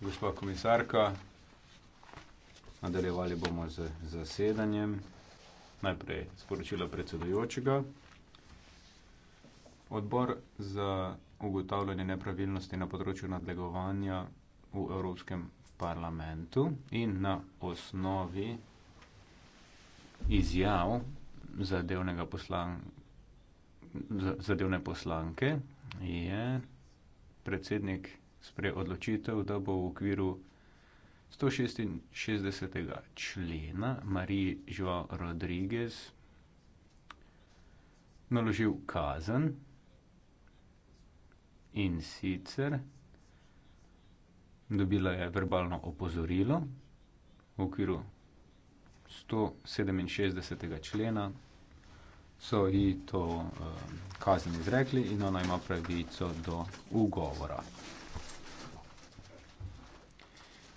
gospod komisarka. Nadaljevali bomo z zasedanjem. Najprej sporočila predsedujočega. Odbor za ugotavljanje nepravilnosti na področju nadlegovanja v Evropskem parlamentu in na osnovi izjav zadevnega poslan, zadevne poslanke je predsednik sprejel odločitev, da bo v okviru 166. člena Marije Žo Rodriguez naložil kazen in sicer dobila je verbalno opozorilo v okviru 167. člena. So ji to um, kazen izrekli in ona ima pravico do ugovora.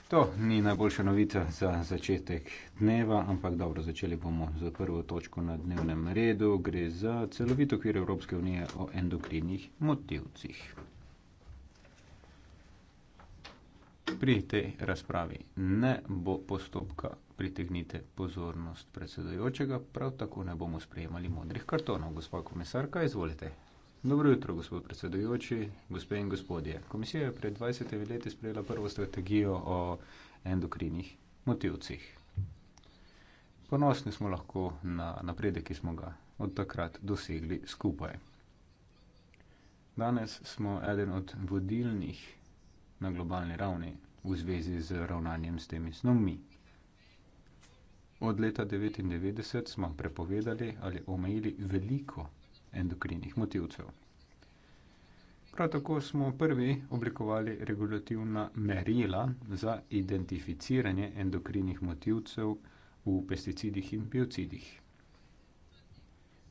To ni najboljša novica za začetek dneva, ampak dobro, začeli bomo z prvo točko na dnevnem redu. Gre za celovito okvir Evropske unije o endokrinih motivcih. Pri tej razpravi ne bo postopka pritegnite pozornost predsedojočega, prav tako ne bomo sprejemali modrih kartonov. Gospod komisarka, izvolite, Dobro jutro, gospod predsedujoči, gospe in gospodje. Komisija je pred 20 leti sprejela prvo strategijo o endokrinih motivcih. Ponosni smo lahko na napredek, ki smo ga od takrat dosegli skupaj. Danes smo eden od vodilnih na globalni ravni v zvezi z ravnanjem s temi snovmi. Od leta 1999 smo prepovedali ali omejili veliko endokrinih motilcev. Prav tako smo prvi oblikovali regulativna merila za identificiranje endokrinih motilcev v pesticidih in biocidih.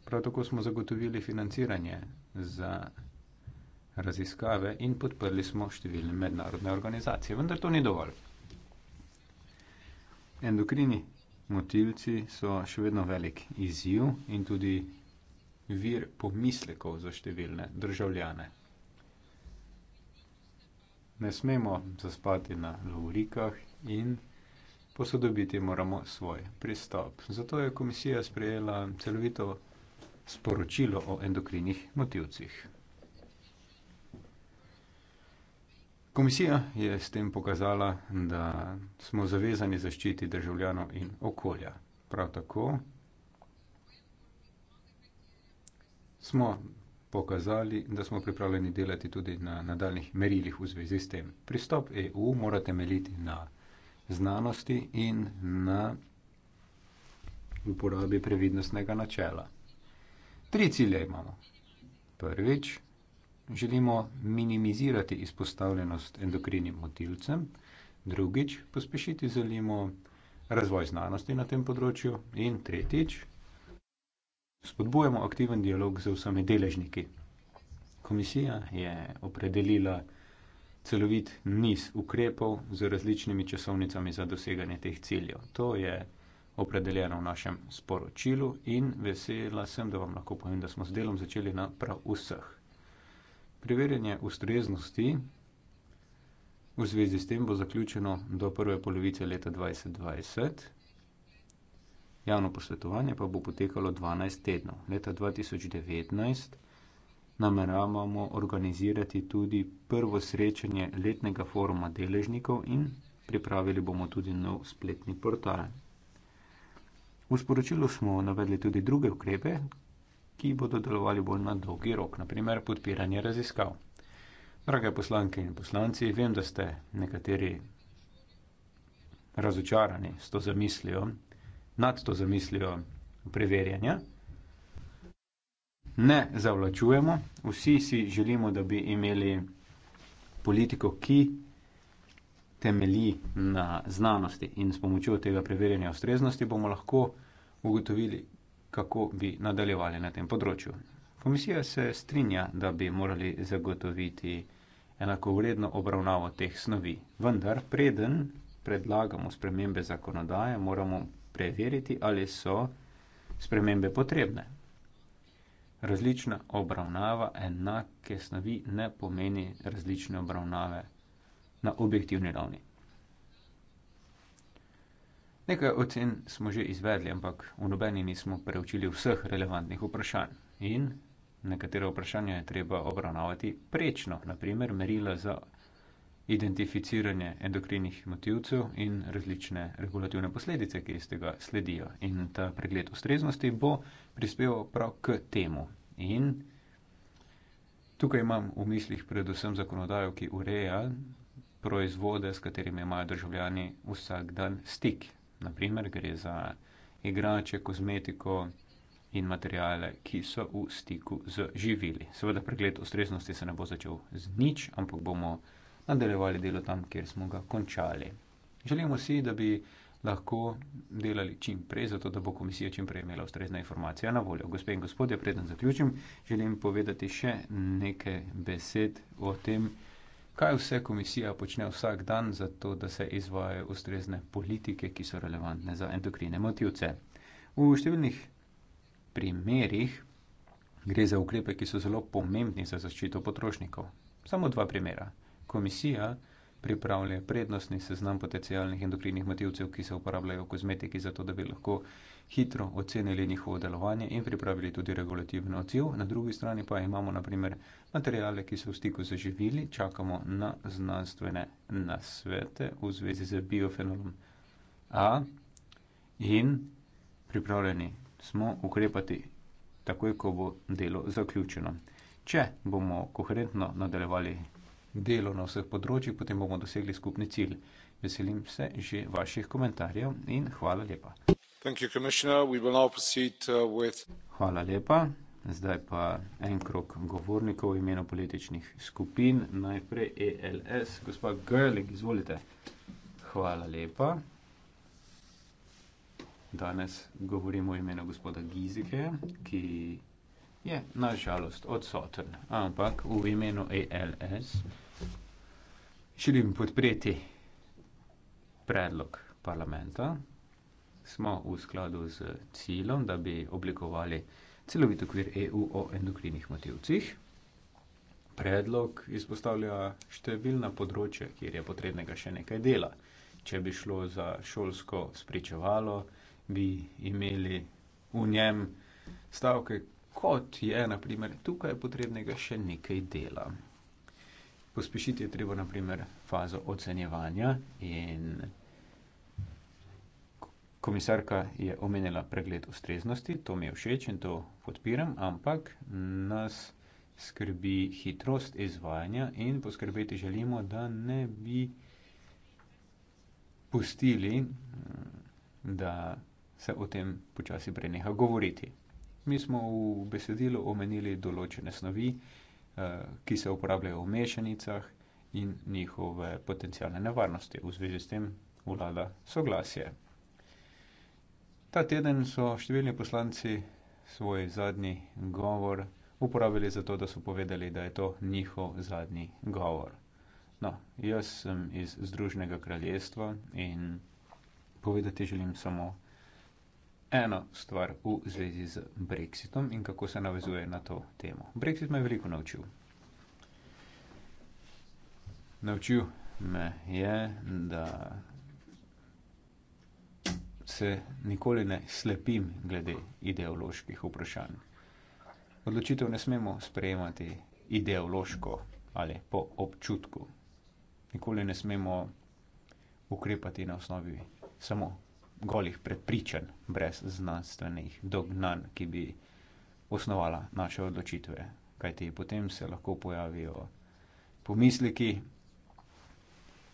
Prav tako smo zagotovili financiranje za raziskave in podprli smo številne mednarodne organizacije, vendar to ni dovolj. Endokrini motilci so še vedno velik izziv in tudi vir pomislekov za številne državljane. Ne smemo zaspati na laurikah in posodobiti moramo svoj pristop. Zato je komisija sprejela celovito sporočilo o endokrinih motivcih. Komisija je s tem pokazala, da smo zavezani zaščiti državljanov in okolja. Prav tako smo pokazali, da smo pripravljeni delati tudi na nadaljnih merilih v zvezi s tem. Pristop EU mora temeljiti na znanosti in na uporabi previdnostnega načela. Tri cilje imamo. Prvič, želimo minimizirati izpostavljenost endokrinim motilcem, drugič, pospešiti želimo razvoj znanosti na tem področju in tretjič, spodbujamo aktiven dialog z vsemi deležniki. Komisija je opredelila celovit niz ukrepov z različnimi časovnicami za doseganje teh ciljev. To je opredeljeno v našem sporočilu in vesela sem, da vam lahko povem, da smo z delom začeli na prav vseh. Preverjanje ustreznosti v zvezi s tem bo zaključeno do prve polovice leta 2020. Javno posvetovanje pa bo potekalo 12 tednov. Leta 2019 nameravamo organizirati tudi prvo srečanje letnega foruma deležnikov in pripravili bomo tudi nov spletni portal. V sporočilu smo navedli tudi druge ukrepe, ki bodo delovali bolj na dolgi rok, naprimer podpiranje raziskav. Drage poslanke in poslanci, vem, da ste nekateri razočarani s to zamislijo, nad to zamislijo preverjanja. Ne zavlačujemo, vsi si želimo, da bi imeli politiko, ki temelji na znanosti in s pomočjo tega preverjanja ustreznosti bomo lahko ugotovili, kako bi nadaljevali na tem področju. Komisija se strinja, da bi morali zagotoviti enako vredno obravnavo teh snovi, vendar preden predlagamo spremembe zakonodaje, moramo preveriti, ali so spremembe potrebne. Različna obravnava enake snovi ne pomeni različne obravnave na objektivni ravni. Nekaj ocen smo že izvedli, ampak v nobeni nismo preučili vseh relevantnih vprašanj. In nekatere vprašanja je treba obravnavati prečno, naprimer merila za identificiranje endokrinih motivcev in različne regulativne posledice, ki iz tega sledijo. In ta pregled ustreznosti bo prispeval prav k temu. In tukaj imam v mislih predvsem zakonodajo, ki ureja proizvode, s katerimi imajo državljani vsak dan stik. Naprimer, gre za igrače, kozmetiko in materijale, ki so v stiku z živili. Seveda pregled ustreznosti se ne bo začel z nič, ampak bomo nadaljevali delo tam, kjer smo ga končali. Želimo si, da bi lahko delali čim prej, zato da bo komisija čim prej imela ustrezna informacija na voljo. Gospe in gospodje, predem zaključim, želim povedati še nekaj besed o tem, kaj vse komisija počne vsak dan za to, da se izvajajo ustrezne politike, ki so relevantne za endokrine motivce. V številnih primerih gre za ukrepe, ki so zelo pomembni za zaščito potrošnikov. Samo dva primera komisija pripravlja prednostni seznam potencialnih endokrinih motilcev ki se uporabljajo v kozmetiki zato da bi lahko hitro ocenili njihovo delovanje in pripravili tudi regulativni odziv na drugi strani pa imamo na primer materiale ki so v stiku z živili čakamo na znanstvene nasvete v zvezi z biofenolom A in pripravljeni smo ukrepati takoj ko bo delo zaključeno če bomo koherentno nadaljevali delo na vseh področjih, potem bomo dosegli skupni cilj. Veselim se že vaših komentarjev in hvala lepa. Uh, hvala lepa. Zdaj pa en krok govornikov v imenu političnih skupin. Najprej ELS, gospod Görlik, izvolite. Hvala lepa. Danes govorimo v imenu gospoda Gizike, ki je nažalost odsoten, ampak v imenu ALS želim podpreti predlog parlamenta. Smo v skladu z ciljem, da bi oblikovali celovit okvir EU o endokrinih motivcih. Predlog izpostavlja številna področja, kjer je potrebnega še nekaj dela. Če bi šlo za šolsko spričevalo, bi imeli v njem stavke, kot je naprimer tukaj potrebnega še nekaj dela. Pospešiti je treba naprimer fazo ocenjevanja in komisarka je omenila pregled ustreznosti, to mi je všeč in to podpiram, ampak nas skrbi hitrost izvajanja in poskrbeti želimo, da ne bi pustili, mm, da se o tem počasi preneha govoriti. Mi smo v besedilu omenili določene snovi, eh, ki se uporabljajo v mešanicah in njihove potencijalne nevarnosti. V zvezi s tem vlada soglasje. Ta teden so številni poslanci svoj zadnji govor uporabili zato, da so povedali, da je to njihov zadnji govor. No, jaz sem iz Združenega kraljestva in povedati želim samo eno stvar v zvezi z Brexitom in kako se navezuje na to temo. Brexit me je veliko naučil. Naučil me je, da se nikoli ne slepim glede ideoloških vprašanj. Odločitev ne smemo sprejemati ideološko ali po občutku. Nikoli ne smemo ukrepati na osnovi samo golih predpričanj, brez znanstvenih dognanj, ki bi osnovala naše odločitve. Kajti potem se lahko pojavijo pomisliki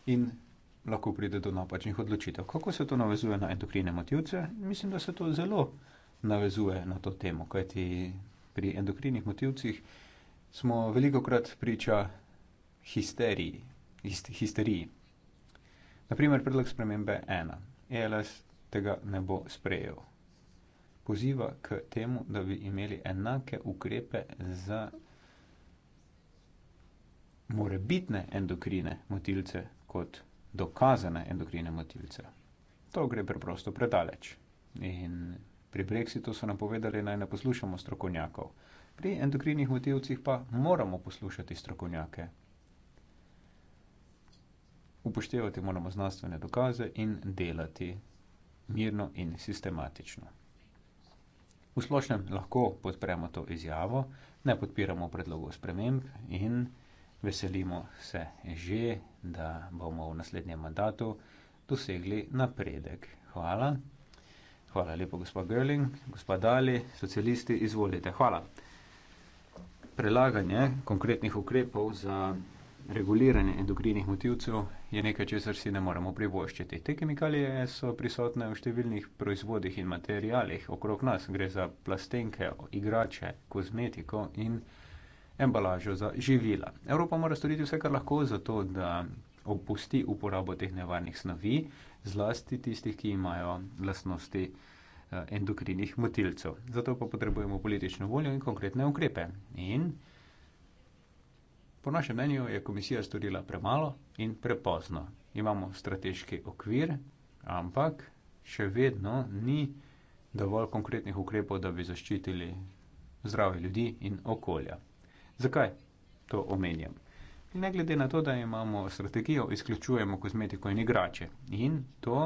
in lahko pride do napačnih odločitev. Kako se to navezuje na endokrine motivce? Mislim, da se to zelo navezuje na to temo, kajti pri endokrinih motivcih smo veliko krat priča histeriji. Hist histeriji. Naprimer, predlog spremembe 1. ELS tega ne bo sprejel. Poziva k temu, da bi imeli enake ukrepe za morebitne endokrine motilce kot dokazane endokrine motilce. To gre preprosto predaleč. In pri Brexitu so napovedali, naj ne poslušamo strokovnjakov. Pri endokrinih motilcih pa moramo poslušati strokovnjake. Upoštevati moramo znanstvene dokaze in delati mirno in sistematično. V splošnem lahko podpremo to izjavo, ne podpiramo predlogov sprememb in veselimo se že, da bomo v naslednjem mandatu dosegli napredek. Hvala. Hvala lepo, gospod Görling, gospod Dali, socialisti, izvolite. Hvala. Prelaganje konkretnih ukrepov za. Reguliranje endokrinih motilcev je nekaj, česar si ne moremo privoščiti. Te kemikalije so prisotne v številnih proizvodih in materijalih okrog nas. Gre za plastenke, igrače, kozmetiko in embalažo za živila. Evropa mora storiti vse, kar lahko, zato da opusti uporabo teh nevarnih snovi, zlasti tistih, ki imajo lasnosti eh, endokrinih motilcev. Zato pa potrebujemo politično voljo in konkretne ukrepe. In Po našem mnenju je komisija storila premalo in prepozno. Imamo strateški okvir, ampak še vedno ni dovolj konkretnih ukrepov, da bi zaščitili zdrave ljudi in okolja. Zakaj to omenjam? Ne glede na to, da imamo strategijo, izključujemo kozmetiko in igrače. In to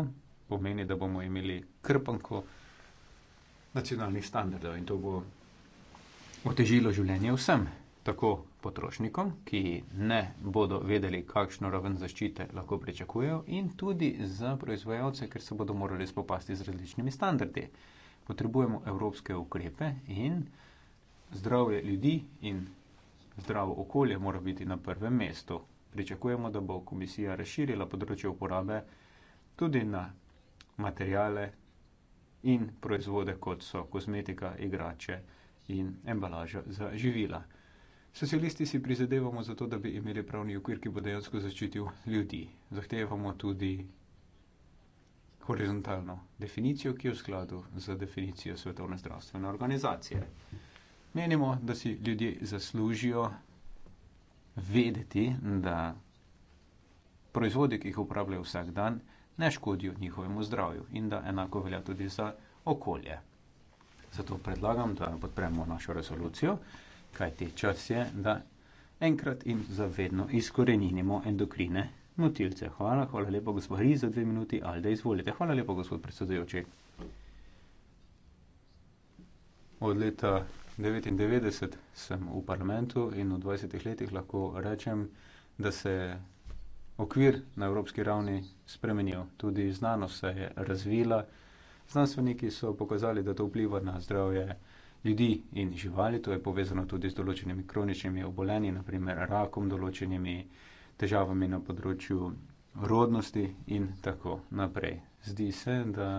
pomeni, da bomo imeli krpanko nacionalnih standardov in to bo otežilo življenje vsem tako potrošnikom, ki ne bodo vedeli, kakšno raven zaščite lahko pričakujejo, in tudi za proizvajalce, ker se bodo morali spopasti z različnimi standardi. Potrebujemo evropske ukrepe in zdravje ljudi in zdravo okolje mora biti na prvem mestu. Pričakujemo, da bo komisija razširila področje uporabe tudi na materijale in proizvode, kot so kozmetika, igrače in embalaža za živila. Socialisti si prizadevamo za to, da bi imeli pravni ukvir, ki bo dejansko zaščitil ljudi. Zahtevamo tudi horizontalno definicijo, ki je v skladu z definicijo Svetovne zdravstvene organizacije. Menimo, da si ljudje zaslužijo vedeti, da proizvodi, ki jih uporabljajo vsak dan, ne škodijo njihovemu zdravju in da enako velja tudi za okolje. Zato predlagam, da podpremo našo resolucijo kajti čas je, da enkrat in zavedno izkorenimo endokrine motilce. Hvala, hvala lepa, gospod Riz, za dve minuti ali da izvolite. Hvala lepa, gospod predsedujoči. Od leta 99 sem v parlamentu in v 20 letih lahko rečem, da se je okvir na evropski ravni spremenil. Tudi znanost se je razvila. Znanstveniki so pokazali, da to vpliva na zdravje ljudi in živali. To je povezano tudi z določenimi kroničnimi obolenji, naprimer rakom, določenimi težavami na področju rodnosti in tako naprej. Zdi se, da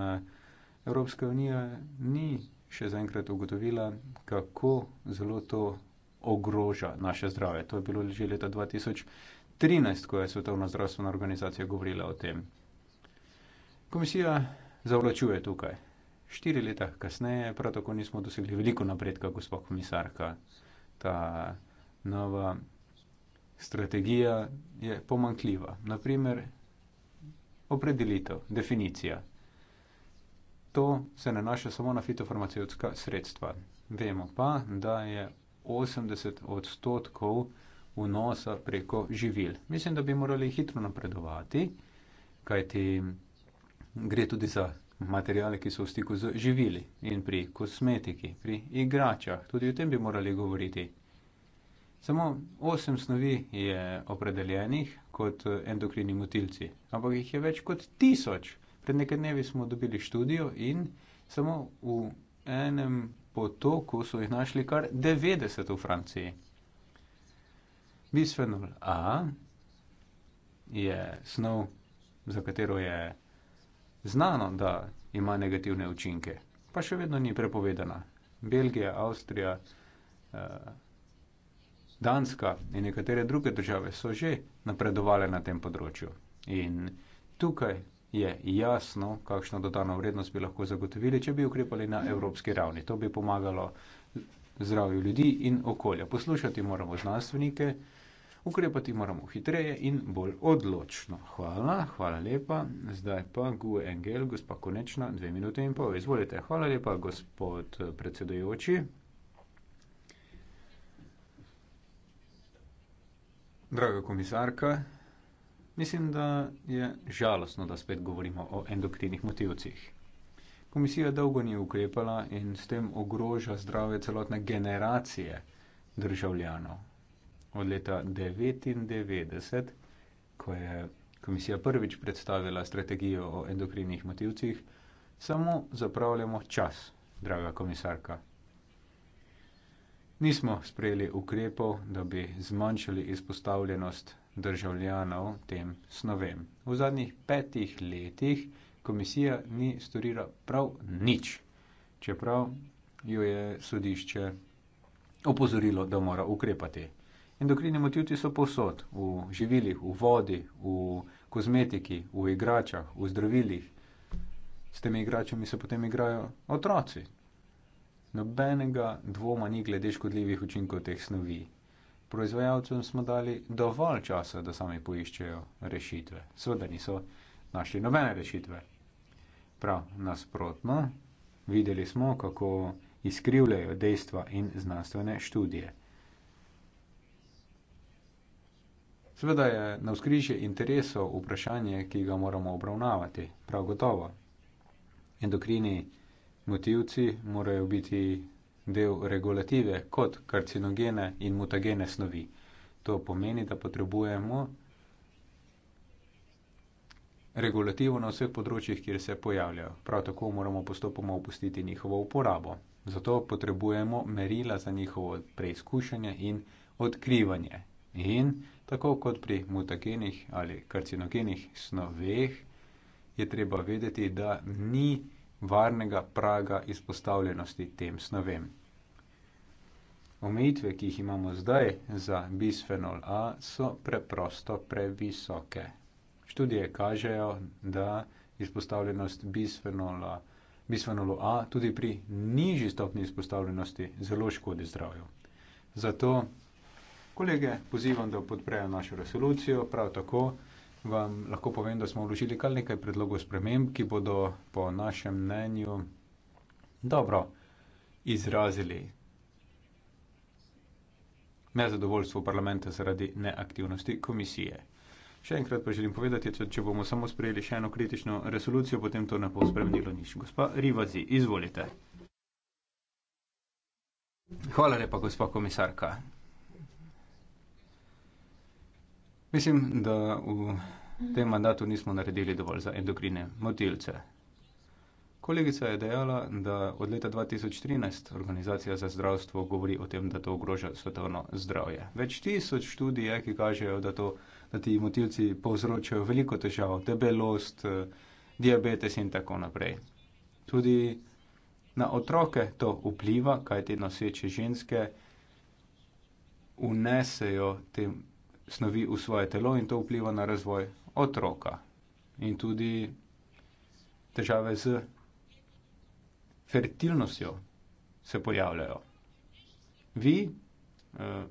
Evropska unija ni še zaenkrat ugotovila, kako zelo to ogroža naše zdrave. To je bilo že leta 2013, ko je Svetovna zdravstvena organizacija govorila o tem. Komisija zavlačuje tukaj štiri leta kasneje, prav tako nismo dosegli veliko napredka, gospod komisarka. Ta nova strategija je pomankljiva. Naprimer, opredelitev, definicija. To se nanaša samo na fitofarmacijska sredstva. Vemo pa, da je 80 odstotkov vnosa preko živil. Mislim, da bi morali hitro napredovati, kajti gre tudi za materiale, ki so v stiku z živili in pri kosmetiki, pri igračah. Tudi o tem bi morali govoriti. Samo osem snovi je opredeljenih kot endokrini motilci, ampak jih je več kot tisoč. Pred nekaj dnevi smo dobili študijo in samo v enem potoku so jih našli kar 90 v Franciji. Bisfenol A je snov, za katero je Znano, da ima negativne učinke, pa še vedno ni prepovedana. Belgija, Avstrija, eh, Danska in nekatere druge države so že napredovali na tem področju. In tukaj je jasno, kakšno dodano vrednost bi lahko zagotovili, če bi ukrepali na evropski ravni. To bi pomagalo zdravju ljudi in okolja. Poslušati moramo znanstvenike, eh, ukrepati moramo hitreje in bolj odločno. Hvala, hvala lepa. Zdaj pa Gue Engel, gospa Konečna, dve minute in pol. Izvolite, hvala lepa, gospod eh, predsedojoči. Draga komisarka, mislim, da je žalostno, da spet govorimo o endokrinih motivcih. Komisija dolgo ni ukrepala in s tem ogroža zdrave celotne generacije državljanov od leta 1999, ko je komisija prvič predstavila strategijo o endokrinih motivcih, samo zapravljamo čas, draga komisarka. Nismo sprejeli ukrepov, da bi zmanjšali izpostavljenost državljanov tem snovem. V zadnjih petih letih komisija ni storila prav nič, čeprav jo je sodišče opozorilo, da mora ukrepati. Endokrini motivi so povsod, v živilih, v vodi, v kozmetiki, v igračah, v zdravilih. S temi igračami se potem igrajo otroci. Nobenega dvoma ni glede škodljivih učinkov teh snovi. Proizvajalcem smo dali dovolj časa, da sami poiščejo rešitve. Sveda niso našli nobene rešitve. Prav nasprotno, videli smo, kako izkrivljajo dejstva in znanstvene študije. Seveda je na vzkrižju interesov vprašanje, ki ga moramo obravnavati, prav gotovo. Endokrini motivci morajo biti del regulative kot karcinogene in mutagene snovi. To pomeni, da potrebujemo regulativo na vseh področjih, kjer se pojavljajo. Prav tako moramo postopoma opustiti njihovo uporabo. Zato potrebujemo merila za njihovo preizkušanje in odkrivanje. In Tako kot pri mutagenih ali karcinogenih snoveh, je treba vedeti, da ni varnega praga izpostavljenosti tem snovem. Omejitve, ki jih imamo zdaj za bisfenol A, so preprosto previsoke. Študije kažejo, da izpostavljenost bisfenola, bisfenolu A tudi pri nižji stopni izpostavljenosti zelo škodi zdravju. Zato kolege pozivam, da podprejo našo resolucijo. Prav tako vam lahko povem, da smo vložili kar nekaj predlogov sprememb, ki bodo po našem mnenju dobro izrazili nezadovoljstvo parlamenta zaradi neaktivnosti komisije. Še enkrat pa želim povedati, da če bomo samo sprejeli še eno kritično resolucijo, potem to ne bo spremenilo nič. Gospa Rivazi, izvolite. Hvala lepa, gospa komisarka. Mislim, da v tem mandatu nismo naredili dovolj za endokrine motilce. Kolegica je dejala, da od leta 2013 organizacija za zdravstvo govori o tem, da to ogroža svetovno zdravje. Več tisoč študij je, ki kažejo, da, to, da ti motilci povzročajo veliko težav, debelost, diabetes in tako naprej. Tudi na otroke to vpliva, kaj te noseče ženske unesejo te snovi v svoje telo in to vpliva na razvoj otroka. In tudi težave z fertilnostjo se pojavljajo. Vi eh,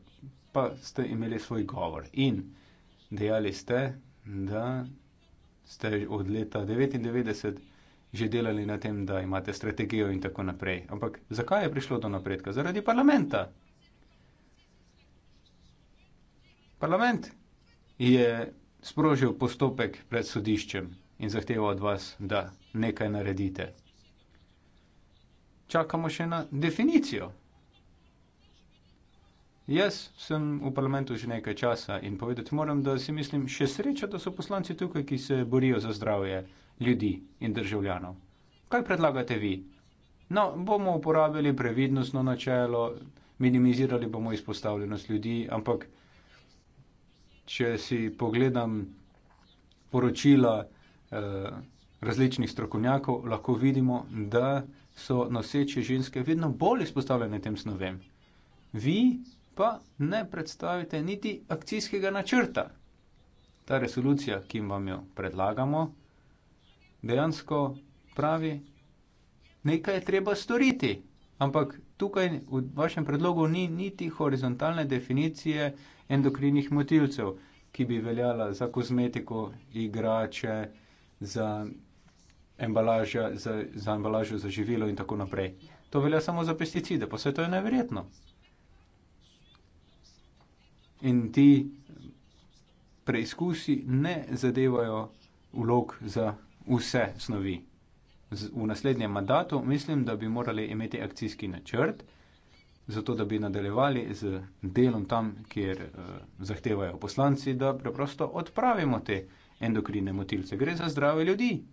pa ste imeli svoj govor in dejali ste, da ste od leta 99 že delali na tem, da imate strategijo in tako naprej. Ampak zakaj je prišlo do napredka? Zaradi parlamenta. Parlament je sprožil postopek pred sodiščem in zahteval od vas, da nekaj naredite. Čakamo še na definicijo. Jaz sem v parlamentu že nekaj časa in povedati moram, da si mislim še sreča, da so poslanci tukaj, ki se borijo za zdravje ljudi in državljanov. Kaj predlagate vi? No, bomo uporabili previdnostno načelo, minimizirali bomo izpostavljenost ljudi, ampak če si pogledam poročila eh, različnih strokovnjakov, lahko vidimo, da so noseče ženske vedno bolj izpostavljene tem snovem. Vi pa ne predstavite niti akcijskega načrta. Ta resolucija, ki vam jo predlagamo, dejansko pravi, nekaj je treba storiti, ampak tukaj v vašem predlogu ni niti horizontalne definicije, endokrinih motilcev, ki bi veljala za kozmetiko, igrače, za, embalaža, za, za embalažo, za živilo in tako naprej. To velja samo za pesticide, pa vse to je neverjetno. In ti preizkusi ne zadevajo ulog za vse snovi. Z, v naslednjem mandatu mislim, da bi morali imeti akcijski načrt, zato da bi nadaljevali z delom tam, kjer uh, zahtevajo poslanci, da preprosto odpravimo te endokrine motilce. Gre za zdrave ljudi.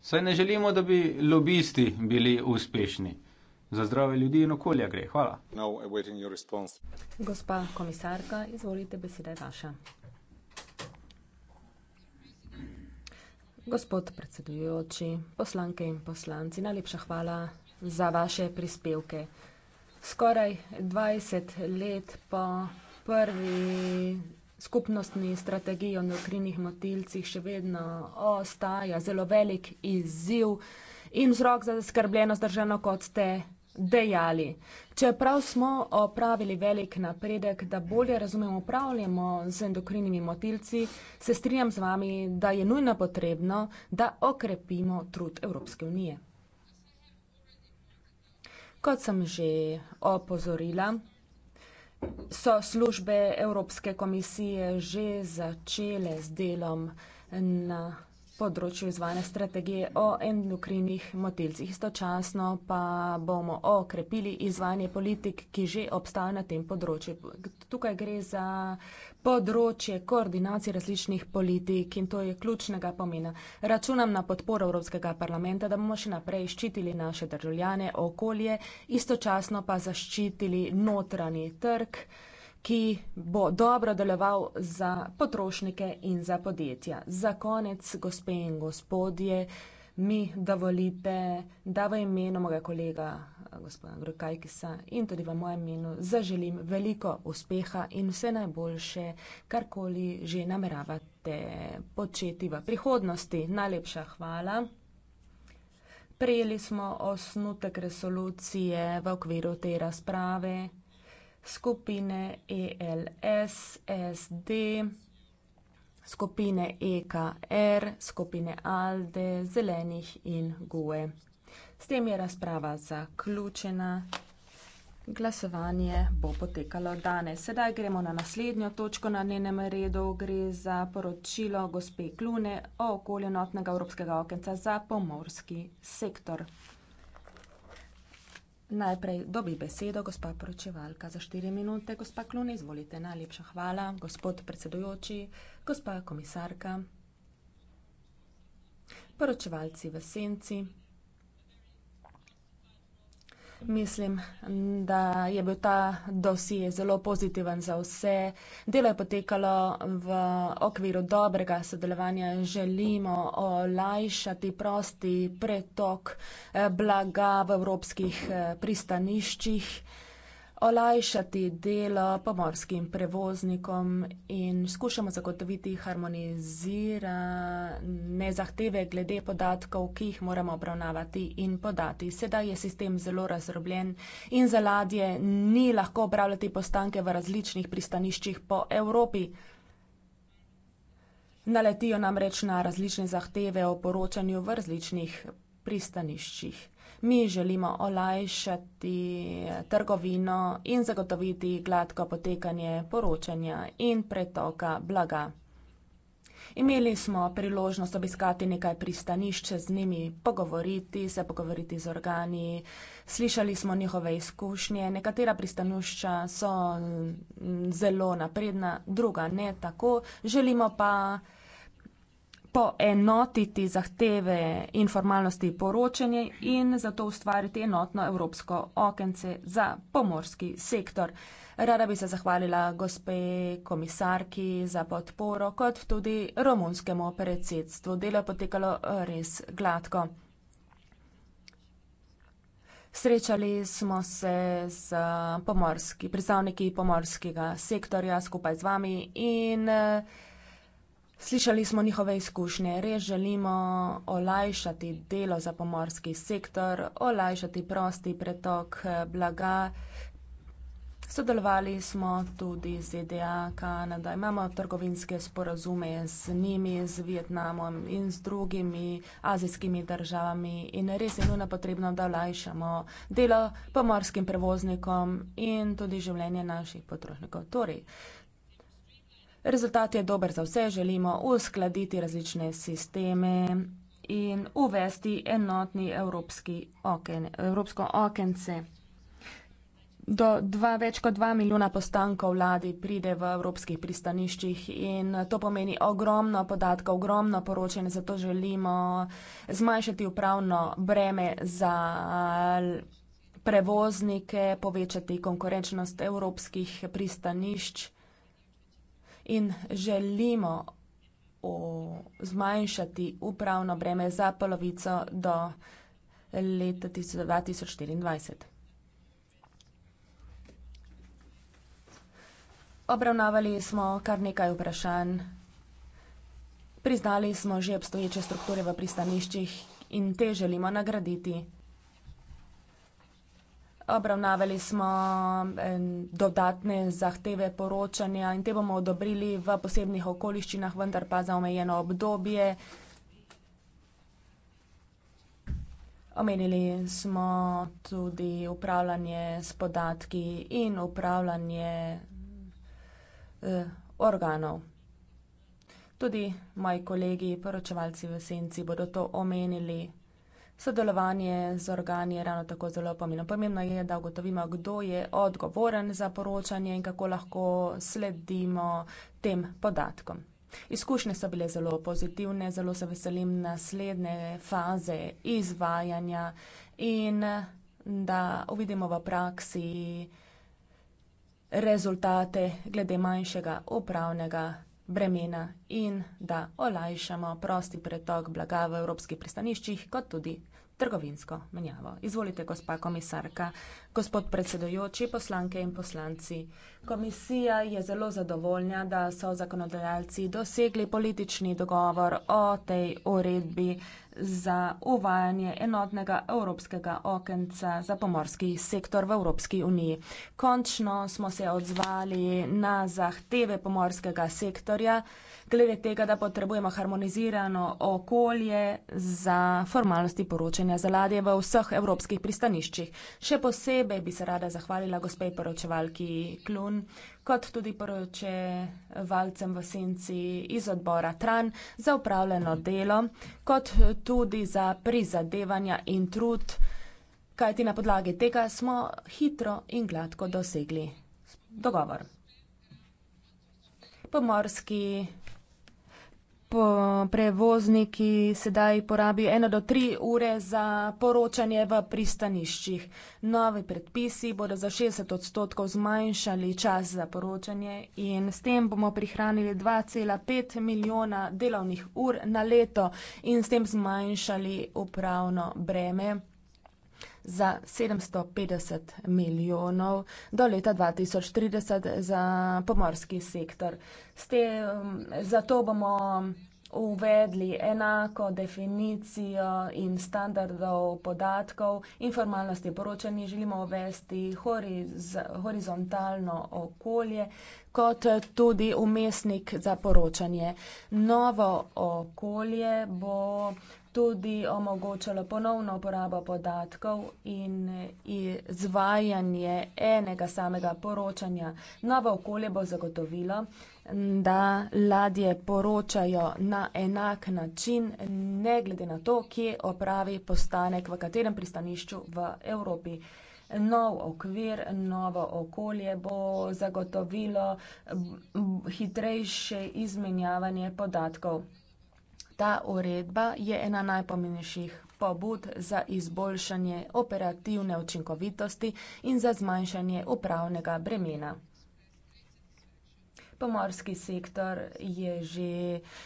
Saj ne želimo, da bi lobisti bili uspešni. Za zdrave ljudi in okolja gre. Hvala. Gospa komisarka, izvolite, beseda je vaša. Gospod predsedujoči, poslanke in poslanci, najlepša hvala za vaše prispevke. Skoraj 20 let po prvi skupnostni strategiji o nukrinih motilcih še vedno ostaja zelo velik izziv in vzrok za zaskrbljenost državno, kot ste dejali. Čeprav smo opravili velik napredek, da bolje razumemo upravljamo z endokrinimi motilci, se strinjam z vami, da je nujno potrebno, da okrepimo trud Evropske unije. Kot sem že opozorila, so službe Evropske komisije že začele z delom na področju izvane strategije o endokrinih motilcih. Istočasno pa bomo okrepili izvanje politik, ki že obstaja na tem področju. Tukaj gre za področje koordinacije različnih politik in to je ključnega pomena. Računam na podporo Evropskega parlamenta, da bomo še naprej ščitili naše državljane, okolje, istočasno pa zaščitili notranji trg, ki bo dobro deloval za potrošnike in za podjetja. Za konec, gospe in gospodje, mi dovolite, da v imenu mojega kolega gospoda Grokajkisa in tudi v mojem imenu zaželim veliko uspeha in vse najboljše, karkoli že nameravate početi v prihodnosti. Najlepša hvala. Prejeli smo osnutek resolucije v okviru te razprave skupine ELS, SD, skupine EKR, skupine ALDE, zelenih in GUE. S tem je razprava zaključena. Glasovanje bo potekalo danes. Sedaj gremo na naslednjo točko na njenem redu. Gre za poročilo gospe Klune o okolju notnega evropskega okenca za pomorski sektor. Najprej dobi besedo gospa poročevalka za štiri minute. Gospa Klune, izvolite. Najlepša hvala. Gospod predsedujoči, gospa komisarka, poročevalci v senci. Mislim, da je bil ta dosije zelo pozitiven za vse. Delo je potekalo v okviru dobrega sodelovanja. Želimo olajšati prosti pretok eh, blaga v evropskih eh, pristaniščih olajšati delo pomorskim prevoznikom in skušamo zagotoviti harmonizirane zahteve glede podatkov, ki jih moramo obravnavati in podati. Sedaj je sistem zelo razrobljen in za ladje ni lahko upravljati postanke v različnih pristaniščih po Evropi. Naletijo namreč na različne zahteve o poročanju v različnih pristaniščih mi želimo olajšati trgovino in zagotoviti gladko potekanje poročanja in pretoka blaga. Imeli smo priložnost obiskati nekaj pristanišče, z njimi pogovoriti, se pogovoriti z organi, slišali smo njihove izkušnje, nekatera pristanišča so mm, zelo napredna, druga ne tako, želimo pa poenotiti zahteve in formalnosti poročanja in zato ustvariti enotno evropsko okence za pomorski sektor. Rada bi se zahvalila gospe komisarki za podporo, kot tudi romunskemu predsedstvu. Delo je potekalo res gladko. Srečali smo se z pomorski, predstavniki pomorskega sektorja skupaj z vami in Slišali smo njihove izkušnje. Res želimo olajšati delo za pomorski sektor, olajšati prosti pretok eh, blaga. Sodelovali smo tudi z ZDA, Kanada, imamo trgovinske sporazume z njimi, z Vietnamom in z drugimi azijskimi državami in res je nujno potrebno, da olajšamo delo pomorskim prevoznikom in tudi življenje naših potrošnikov. Torej, Rezultat je dober za vse, želimo uskladiti različne sisteme in uvesti enotni evropski oken, evropsko okence. Do dva, več kot dva milijona postankov vladi pride v evropskih pristaniščih in to pomeni ogromno podatkov, ogromno poročanja, zato želimo zmanjšati upravno breme za prevoznike, povečati konkurenčnost evropskih pristanišč in želimo o, zmanjšati upravno breme za polovico do leta 2024. Obravnavali smo kar nekaj vprašanj. Priznali smo že obstoječe strukture v pristaniščih in te želimo nagraditi. Obravnavali smo dodatne zahteve poročanja in te bomo odobrili v posebnih okoliščinah, vendar pa za omejeno obdobje. Omenili smo tudi upravljanje s podatki in upravljanje e, organov. Tudi moji kolegi poročevalci v senci bodo to omenili. Sodelovanje z organi je ravno tako zelo pomembno. Pomembno je, da ugotovimo, kdo je odgovoren za poročanje in kako lahko sledimo tem podatkom. Izkušnje so bile zelo pozitivne, zelo se veselim naslednje faze izvajanja in da uvidimo v praksi rezultate glede manjšega upravnega bremena in da olajšamo prosti pretok blaga v evropskih pristaniščih, kot tudi trgovinsko menjavo. Izvolite, gospa komisarka, gospod predsedujoči, poslanke in poslanci. Komisija je zelo zadovoljna, da so zakonodajalci dosegli politični dogovor o tej uredbi za uvajanje enotnega evropskega okenca za pomorski sektor v Evropski uniji. Končno smo se odzvali na zahteve pomorskega sektorja, glede tega, da potrebujemo harmonizirano okolje za formalnosti poročanja za ladje v vseh evropskih pristaniščih. Še posebej bi se rada zahvalila gospej poročevalki Klun, kot tudi poroče valcem v senci iz odbora Tran za upravljeno delo, kot tudi za prizadevanja in trud, kajti na podlagi tega smo hitro in gladko dosegli dogovor. Pomorski prevozniki sedaj porabijo eno do tri ure za poročanje v pristaniščih. Novi predpisi bodo za 60 odstotkov zmanjšali čas za poročanje in s tem bomo prihranili 2,5 milijona delovnih ur na leto in s tem zmanjšali upravno breme za 750 milijonov do leta 2030 za pomorski sektor. Ste, zato bomo uvedli enako definicijo in standardov podatkov informalnosti poročanja. Želimo uvesti horiz horizontalno okolje kot tudi umestnik za poročanje. Novo okolje bo tudi omogočalo ponovno uporabo podatkov in izvajanje enega samega poročanja. Novo okolje bo zagotovilo, da ladje poročajo na enak način, ne glede na to, kje opravi postanek, v katerem pristanišču v Evropi. Nov okvir, novo okolje bo zagotovilo hitrejše izmenjavanje podatkov. Ta uredba je ena najpomembnejših pobud za izboljšanje operativne učinkovitosti in za zmanjšanje upravnega bremena. Pomorski sektor je že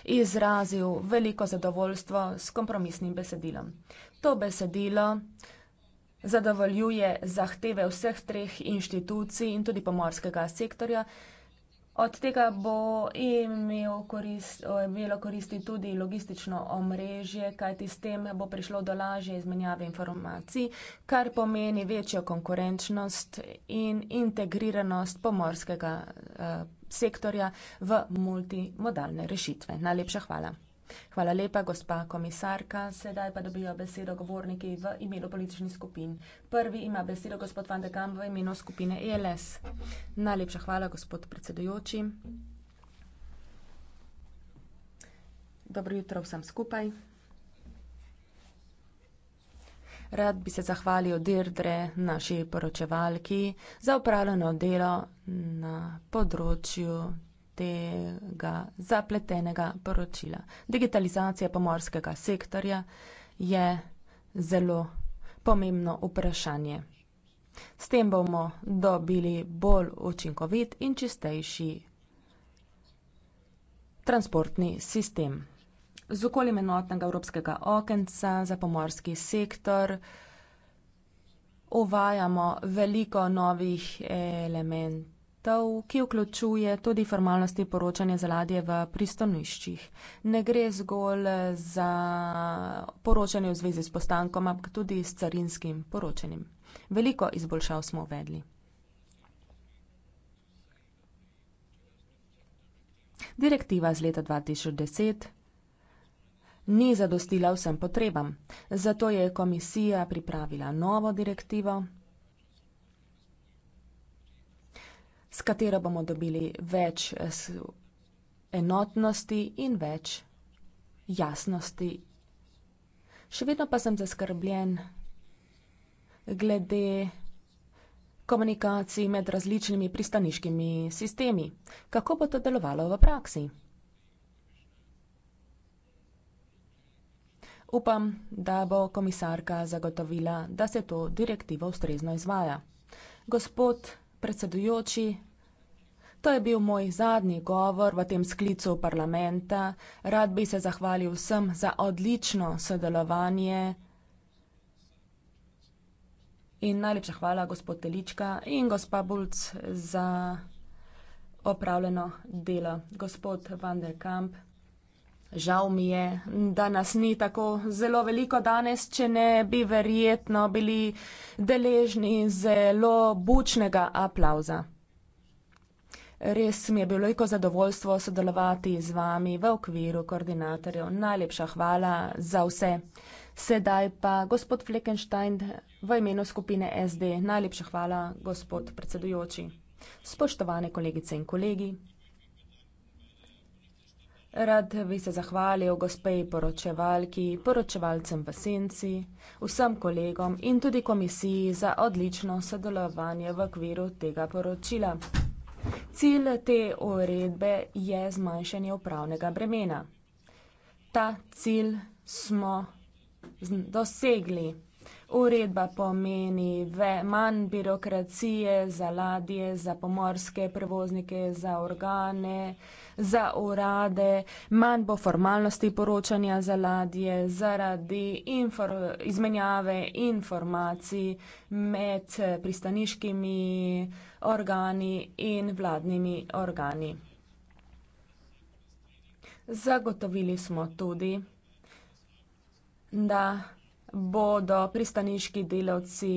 izrazil veliko zadovoljstvo s kompromisnim besedilom. To besedilo zadovoljuje zahteve vseh treh inštitucij in tudi pomorskega sektorja. Od tega bo imel korist, imelo koristi tudi logistično omrežje, kajti s tem bo prišlo do lažje izmenjave informacij, kar pomeni večjo konkurenčnost in integriranost pomorskega eh, sektorja v multimodalne rešitve. Najlepša hvala. Hvala lepa, gospa komisarka. Sedaj pa dobijo besedo govorniki v imenu političnih skupin. Prvi ima besedo gospod Van de Kam v imenu skupine ELS. Najlepša hvala, gospod predsedujoči. Dobro jutro vsem skupaj. Rad bi se zahvalil Dirdre, naši poročevalki, za opravljeno delo na področju tega zapletenega poročila. Digitalizacija pomorskega sektorja je zelo pomembno vprašanje. S tem bomo dobili bolj učinkovit in čistejši transportni sistem. Z okoljem enotnega evropskega okenca za pomorski sektor uvajamo veliko novih elementov omejitev, ki vključuje tudi formalnosti poročanja z ladje v pristaniščih. Ne gre zgolj za poročanje v zvezi s postankom, ampak tudi s carinskim poročanjem. Veliko izboljšav smo uvedli. Direktiva z leta 2010 ni zadostila vsem potrebam, zato je komisija pripravila novo direktivo. s katero bomo dobili več eh, enotnosti in več jasnosti. Še vedno pa sem zaskrbljen glede komunikacij med različnimi pristaniškimi sistemi. Kako bo to delovalo v praksi? Upam, da bo komisarka zagotovila, da se to direktivo ustrezno izvaja. Gospod predsedujoči, to je bil moj zadnji govor v tem sklicu parlamenta. Rad bi se zahvalil vsem za odlično sodelovanje. In najlepša hvala, gospod Telička in gospa Bulc, za opravljeno delo. Gospod Van de Kamp. Žal mi je, da nas ni tako zelo veliko danes, če ne bi verjetno bili deležni zelo bučnega aplauza. Res mi je bilo veliko zadovoljstvo sodelovati z vami v okviru koordinatorjev. Najlepša hvala za vse. Sedaj pa gospod Fleckenstein v imenu skupine SD. Najlepša hvala, gospod predsedujoči. Spoštovane kolegice in kolegi. Rad bi se zahvalil gospej poročevalki, poročevalcem v Senci, vsem kolegom in tudi komisiji za odlično sodelovanje v okviru tega poročila. Cilj te uredbe je zmanjšanje upravnega bremena. Ta cilj smo dosegli. Uredba pomeni ve, manj birokracije za ladje, za pomorske prevoznike, za organe, za urade, manj bo formalnosti poročanja za ladje zaradi infor, izmenjave informacij med pristaniškimi organi in vladnimi organi. Zagotovili smo tudi, da bodo pristaniški delavci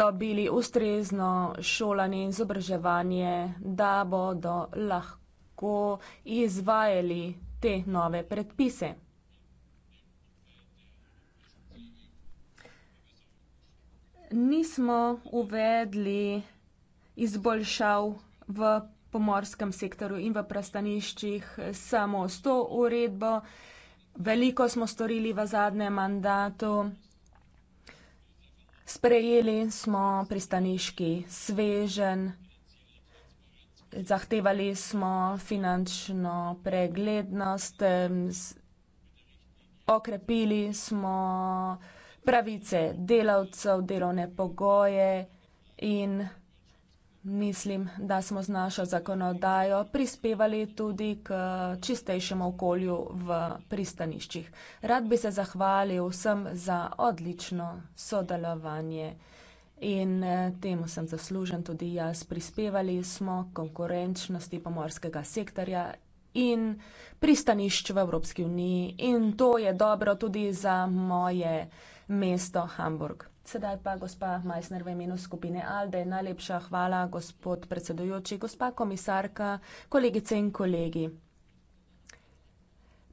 dobili ustrezno šolanje in izobraževanje, da bodo lahko izvajali te nove predpise. Nismo uvedli izboljšav v pomorskem sektorju in v pristaniščih samo s to uredbo. Veliko smo storili v zadnjem mandatu. Sprejeli smo pristaniški svežen. Zahtevali smo finančno preglednost, okrepili smo pravice delavcev, delovne pogoje in Mislim, da smo z našo zakonodajo prispevali tudi k čistejšemu okolju v pristaniščih. Rad bi se zahvalil vsem za odlično sodelovanje in eh, temu sem zaslužen tudi jaz. Prispevali smo konkurenčnosti pomorskega sektorja in pristanišč v Evropski uniji in to je dobro tudi za moje mesto Hamburg. Sedaj pa gospa Majsner v imenu skupine Alde. Najlepša hvala, gospod predsedujoči, gospa komisarka, kolegice in kolegi.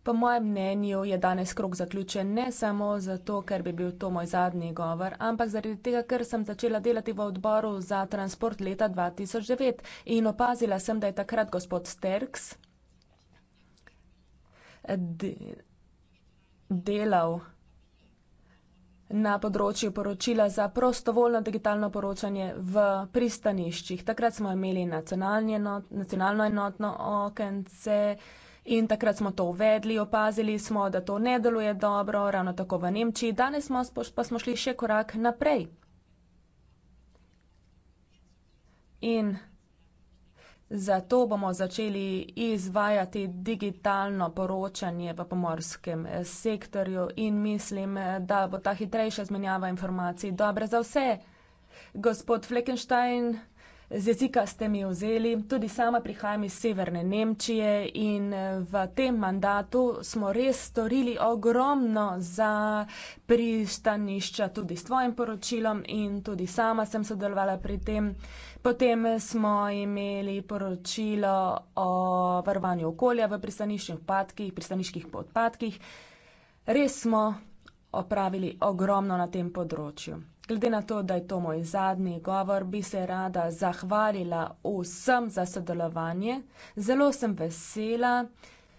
Po mojem mnenju je danes krok zaključen ne samo zato, ker bi bil to moj zadnji govor, ampak zaradi tega, ker sem začela delati v odboru za transport leta 2009 in opazila sem, da je takrat gospod Sterks delal na področju poročila za prostovoljno digitalno poročanje v pristaniščih. Takrat smo imeli enot, nacionalno enotno okence in takrat smo to uvedli, opazili smo, da to ne deluje dobro, ravno tako v Nemčiji, danes smo, pa smo šli še korak naprej. In Zato bomo začeli izvajati digitalno poročanje v pomorskem eh, sektorju in mislim, da bo ta hitrejša izmenjava informacij dobra za vse. Gospod Fleckenstein, Z jezika ste mi vzeli, tudi sama prihajam iz severne Nemčije in eh, v tem mandatu smo res storili ogromno za pristanišča, tudi s tvojim poročilom in tudi sama sem sodelovala pri tem. Potem smo imeli poročilo o varovanju okolja v pristaniških odpadkih, pristaniških podpadkih. Res smo opravili ogromno na tem področju. Glede na to, da je to moj zadnji govor, bi se rada zahvalila vsem za sodelovanje. Zelo sem vesela,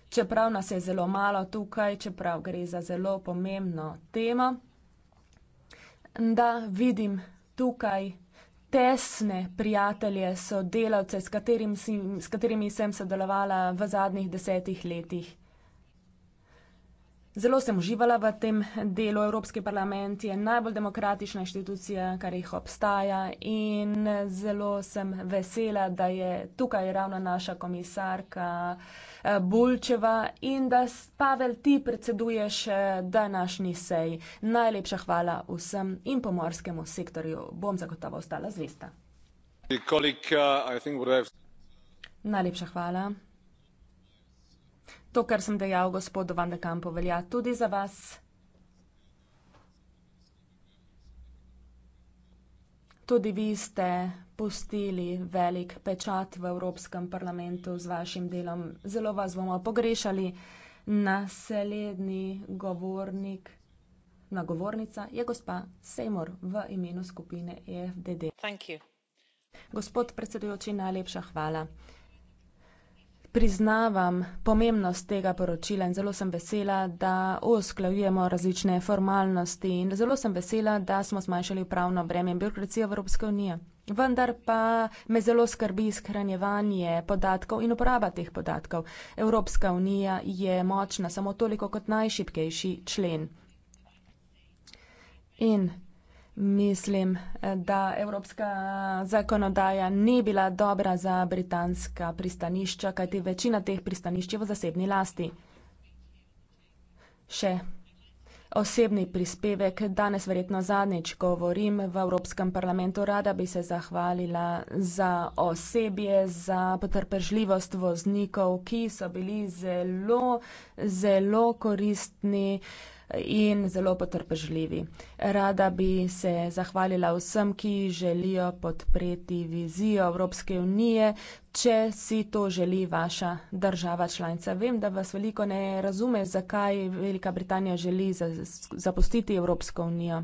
čeprav nas je zelo malo tukaj, čeprav gre za zelo pomembno temo, da vidim tukaj tesne prijatelje, sodelavce, s katerimi sem sodelovala v zadnjih desetih letih. Zelo sem uživala v tem delu. Evropski parlament je najbolj demokratična inštitucija, kar jih obstaja in zelo sem vesela, da je tukaj ravno naša komisarka eh, Bulčeva in da, Pavel, ti predseduješ eh, današnji sej. Najlepša hvala vsem in pomorskemu sektorju. Bom zagotovo ostala zvesta. Eh, Najlepša hvala. To, kar sem dejal gospodu Van de Kampu, velja tudi za vas. Tudi vi ste pustili velik pečat v Evropskem parlamentu z vašim delom. Zelo vas bomo pogrešali. Naslednji govornik, nagovornica je gospa Sejmor v imenu skupine EFDD. Gospod predsedujoči, najlepša hvala priznavam pomembnost tega poročila in zelo sem vesela, da usklajujemo različne formalnosti in zelo sem vesela, da smo zmanjšali pravno breme in birokracijo Evropske unije. Vendar pa me zelo skrbi skranjevanje podatkov in uporaba teh podatkov. Evropska unija je močna samo toliko kot najšipkejši člen. In mislim, da evropska zakonodaja ni bila dobra za britanska pristanišča, kajti večina teh pristanišč je v zasebni lasti. Še osebni prispevek. Danes verjetno zadnjič govorim v Evropskem parlamentu. Rada bi se zahvalila za osebje, za potrpežljivost voznikov, ki so bili zelo, zelo koristni. Uh, in zelo potrpežljivi. Rada bi se zahvalila vsem, ki želijo podpreti vizijo Evropske unije, če si to želi vaša država članica. Vem, da vas veliko ne razume, zakaj Velika Britanija želi zapustiti Evropsko unijo.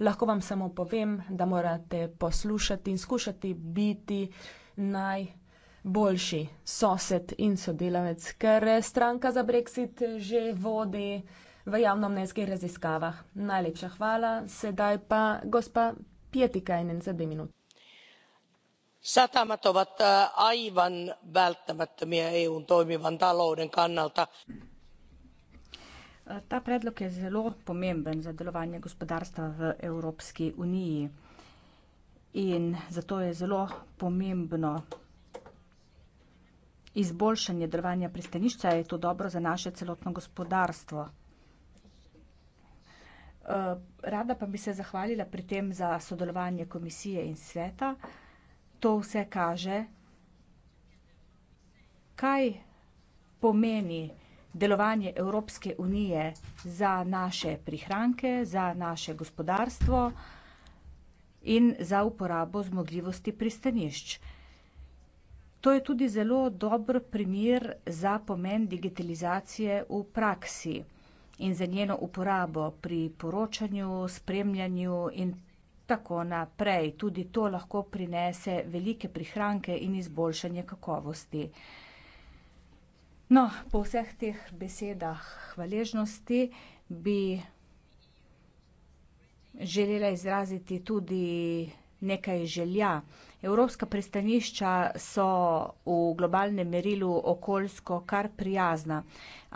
Lahko vam samo povem, da morate poslušati in skušati biti naj. Boljši sosed in sodelavec, ker stranka za Brexit že vodi v javnomnenjskih raziskavah. Najlepša hvala. Sedaj pa gospa Pietikainen za dve minuti. Satamat ovat äh, aivan välttämättömiä EUn toimivan talouden kannalta. Äh, ta predlog je zelo pomemben za delovanje gospodarstva v Evropski uniji in zato je zelo pomembno izboljšanje delovanja pristanišča. Je to dobro za naše celotno gospodarstvo? Eh, rada pa bi se zahvalila pri tem za sodelovanje komisije in sveta. To vse kaže, kaj pomeni delovanje Evropske unije za naše prihranke, za naše gospodarstvo in za uporabo zmogljivosti pristanišč. To je tudi zelo dober primer za pomen digitalizacije v praksi in za njeno uporabo pri poročanju, spremljanju in tako naprej. Tudi to lahko prinese velike prihranke in izboljšanje kakovosti. No, po vseh teh besedah hvaležnosti bi želela izraziti tudi nekaj želja. Evropska pristanišča so v globalnem merilu okoljsko kar prijazna,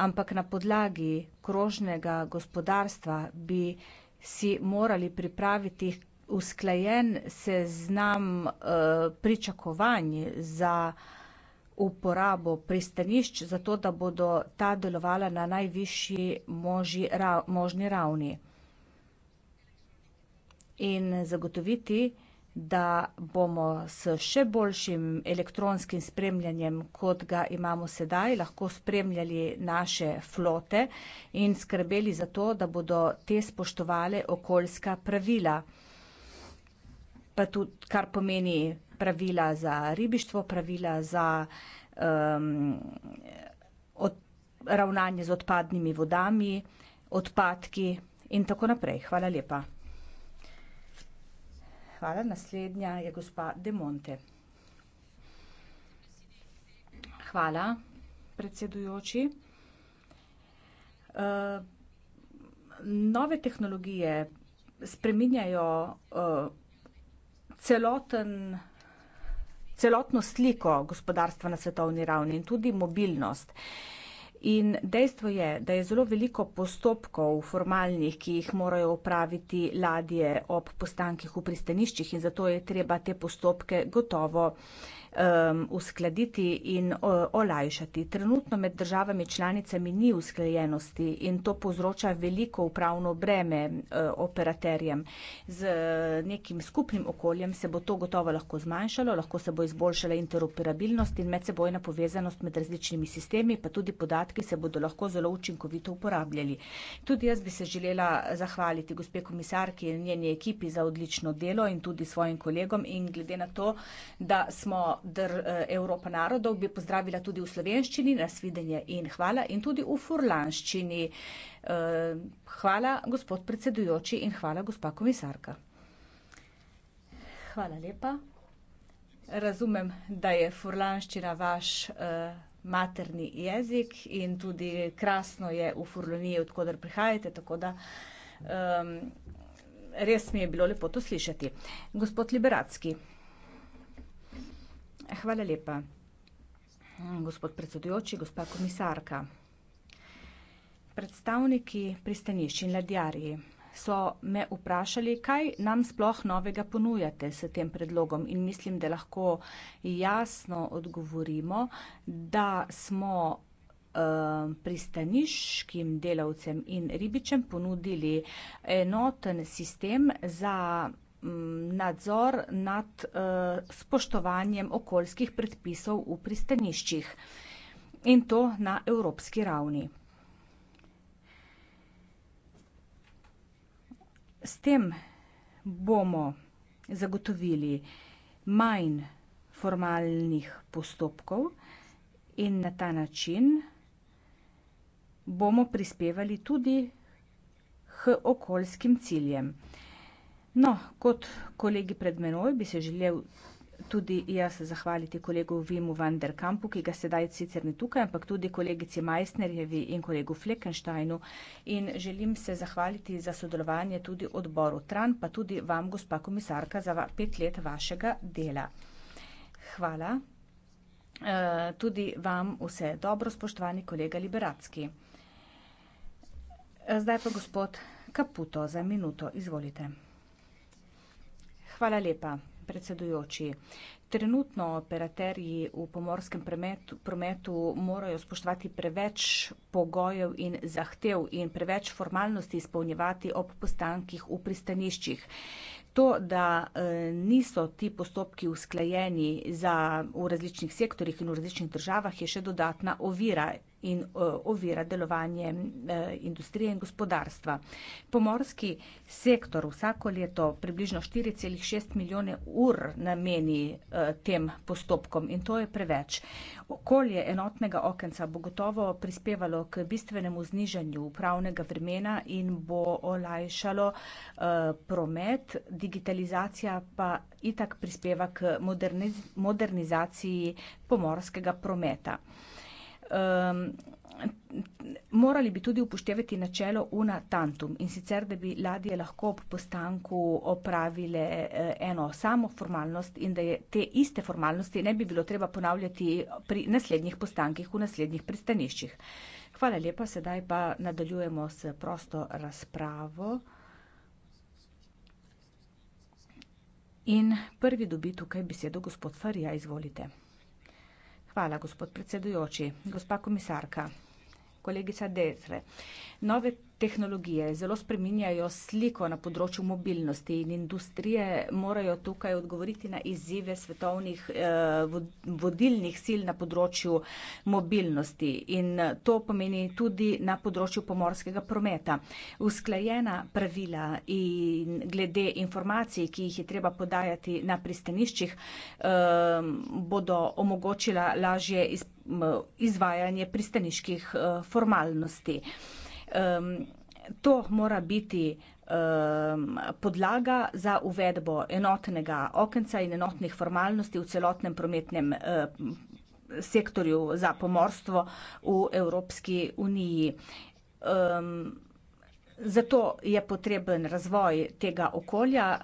ampak na podlagi krožnega gospodarstva bi si morali pripraviti usklajen seznam e, pričakovanj za uporabo pristanišč, zato da bodo ta delovala na najvišji moži, ra, možni ravni in zagotoviti, da bomo s še boljšim elektronskim spremljanjem, kot ga imamo sedaj, lahko spremljali naše flote in skrbeli za to, da bodo te spoštovale okoljska pravila. Pa tudi, kar pomeni pravila za ribištvo, pravila za um, od, ravnanje z odpadnimi vodami, odpadki in tako naprej. Hvala lepa. Hvala. Naslednja je gospa De Monte. Hvala, predsedujoči. Eh, nove tehnologije spreminjajo eh, celoten, celotno sliko gospodarstva na svetovni ravni in tudi mobilnost. In dejstvo je, da je zelo veliko postopkov formalnih, ki jih morajo upraviti ladje ob postankih v pristaniščih in zato je treba te postopke gotovo um, uskladiti in uh, olajšati. Trenutno med državami članicami ni usklajenosti in to povzroča veliko upravno breme uh, operaterjem. Z uh, nekim skupnim okoljem se bo to gotovo lahko zmanjšalo, lahko se bo izboljšala interoperabilnost in medsebojna povezanost med različnimi sistemi, pa tudi podatki se bodo lahko zelo učinkovito uporabljali. Tudi jaz bi se želela zahvaliti gospe komisarki in njeni ekipi za odlično delo in tudi svojim kolegom in glede na to, da smo dr, eh, Evropa narodov bi pozdravila tudi v slovenščini, nasvidenje in hvala in tudi v furlanščini. Eh, hvala, gospod predsedujoči in hvala, gospa komisarka. Hvala lepa. Razumem, da je furlanščina vaš eh, materni jezik in tudi krasno je v furloniji, odkudar prihajate, tako da res mi je bilo lepo to slišati. Gospod Liberacki. Hvala lepa. Gospod predsedujoči, gospa komisarka. Predstavniki pristanišč in ladjarji so me vprašali, kaj nam sploh novega ponujate s tem predlogom in mislim, da lahko jasno odgovorimo, da smo eh, pristaniškim delavcem in ribičem ponudili enoten sistem za Mm, nadzor nad eh, spoštovanjem okoljskih predpisov v pristaniščih in to na evropski ravni. S tem bomo zagotovili manj formalnih postopkov in na ta način bomo prispevali tudi h okoljskim ciljem. No, kot kolegi pred menoj bi se želel tudi jaz zahvaliti kolegu Vimu van der Kampu, ki ga sedaj sicer ne tukaj, ampak tudi kolegici Majsnerjevi in kolegu Fleckensteinu. In želim se zahvaliti za sodelovanje tudi odboru TRAN, pa tudi vam, gospa komisarka, za pet let vašega dela. Hvala. E, tudi vam vse dobro, spoštovani kolega Liberacki. E, zdaj pa gospod Kaputo za minuto. Izvolite. Hvala lepa, predsedujoči. Trenutno operaterji v pomorskem prometu, prometu morajo spoštovati preveč pogojev in zahtev in preveč formalnosti izpolnjevati ob postankih v pristaniščih. To, da e, niso ti postopki usklajeni za, v različnih sektorjih in v različnih državah, je še dodatna ovira in e, ovira delovanje e, industrije in gospodarstva. Pomorski sektor vsako leto približno 4,6 milijone ur nameni e, tem postopkom in to je preveč. Okolje enotnega okenca bo gotovo prispevalo k bistvenemu znižanju upravnega vremena in bo olajšalo promet, digitalizacija pa itak prispeva k moderniz modernizaciji pomorskega prometa um, morali bi tudi upoštevati načelo una tantum in sicer, da bi ladje lahko ob postanku opravile eh, eno samo formalnost in da je te iste formalnosti ne bi bilo treba ponavljati pri naslednjih postankih v naslednjih pristaniščih. Hvala lepa, sedaj pa nadaljujemo s prosto razpravo. In prvi dobi tukaj besedo gospod Farija, izvolite hvala, gospod predsedujoči. Gospa komisarka, kolegica Dezre. Nove tehnologije zelo spreminjajo sliko na področju mobilnosti in industrije morajo tukaj odgovoriti na izzive svetovnih eh, vodilnih sil na področju mobilnosti in eh, to pomeni tudi na področju pomorskega prometa. Usklajena pravila in glede informacij, ki jih je treba podajati na pristaniščih, eh, bodo omogočila lažje izvajanje pristaniških formalnosti. Um, to mora biti um, podlaga za uvedbo enotnega okenca in enotnih formalnosti v celotnem prometnem. Um, sektorju za pomorstvo v Evropski uniji. Um, Zato je potreben razvoj tega okolja,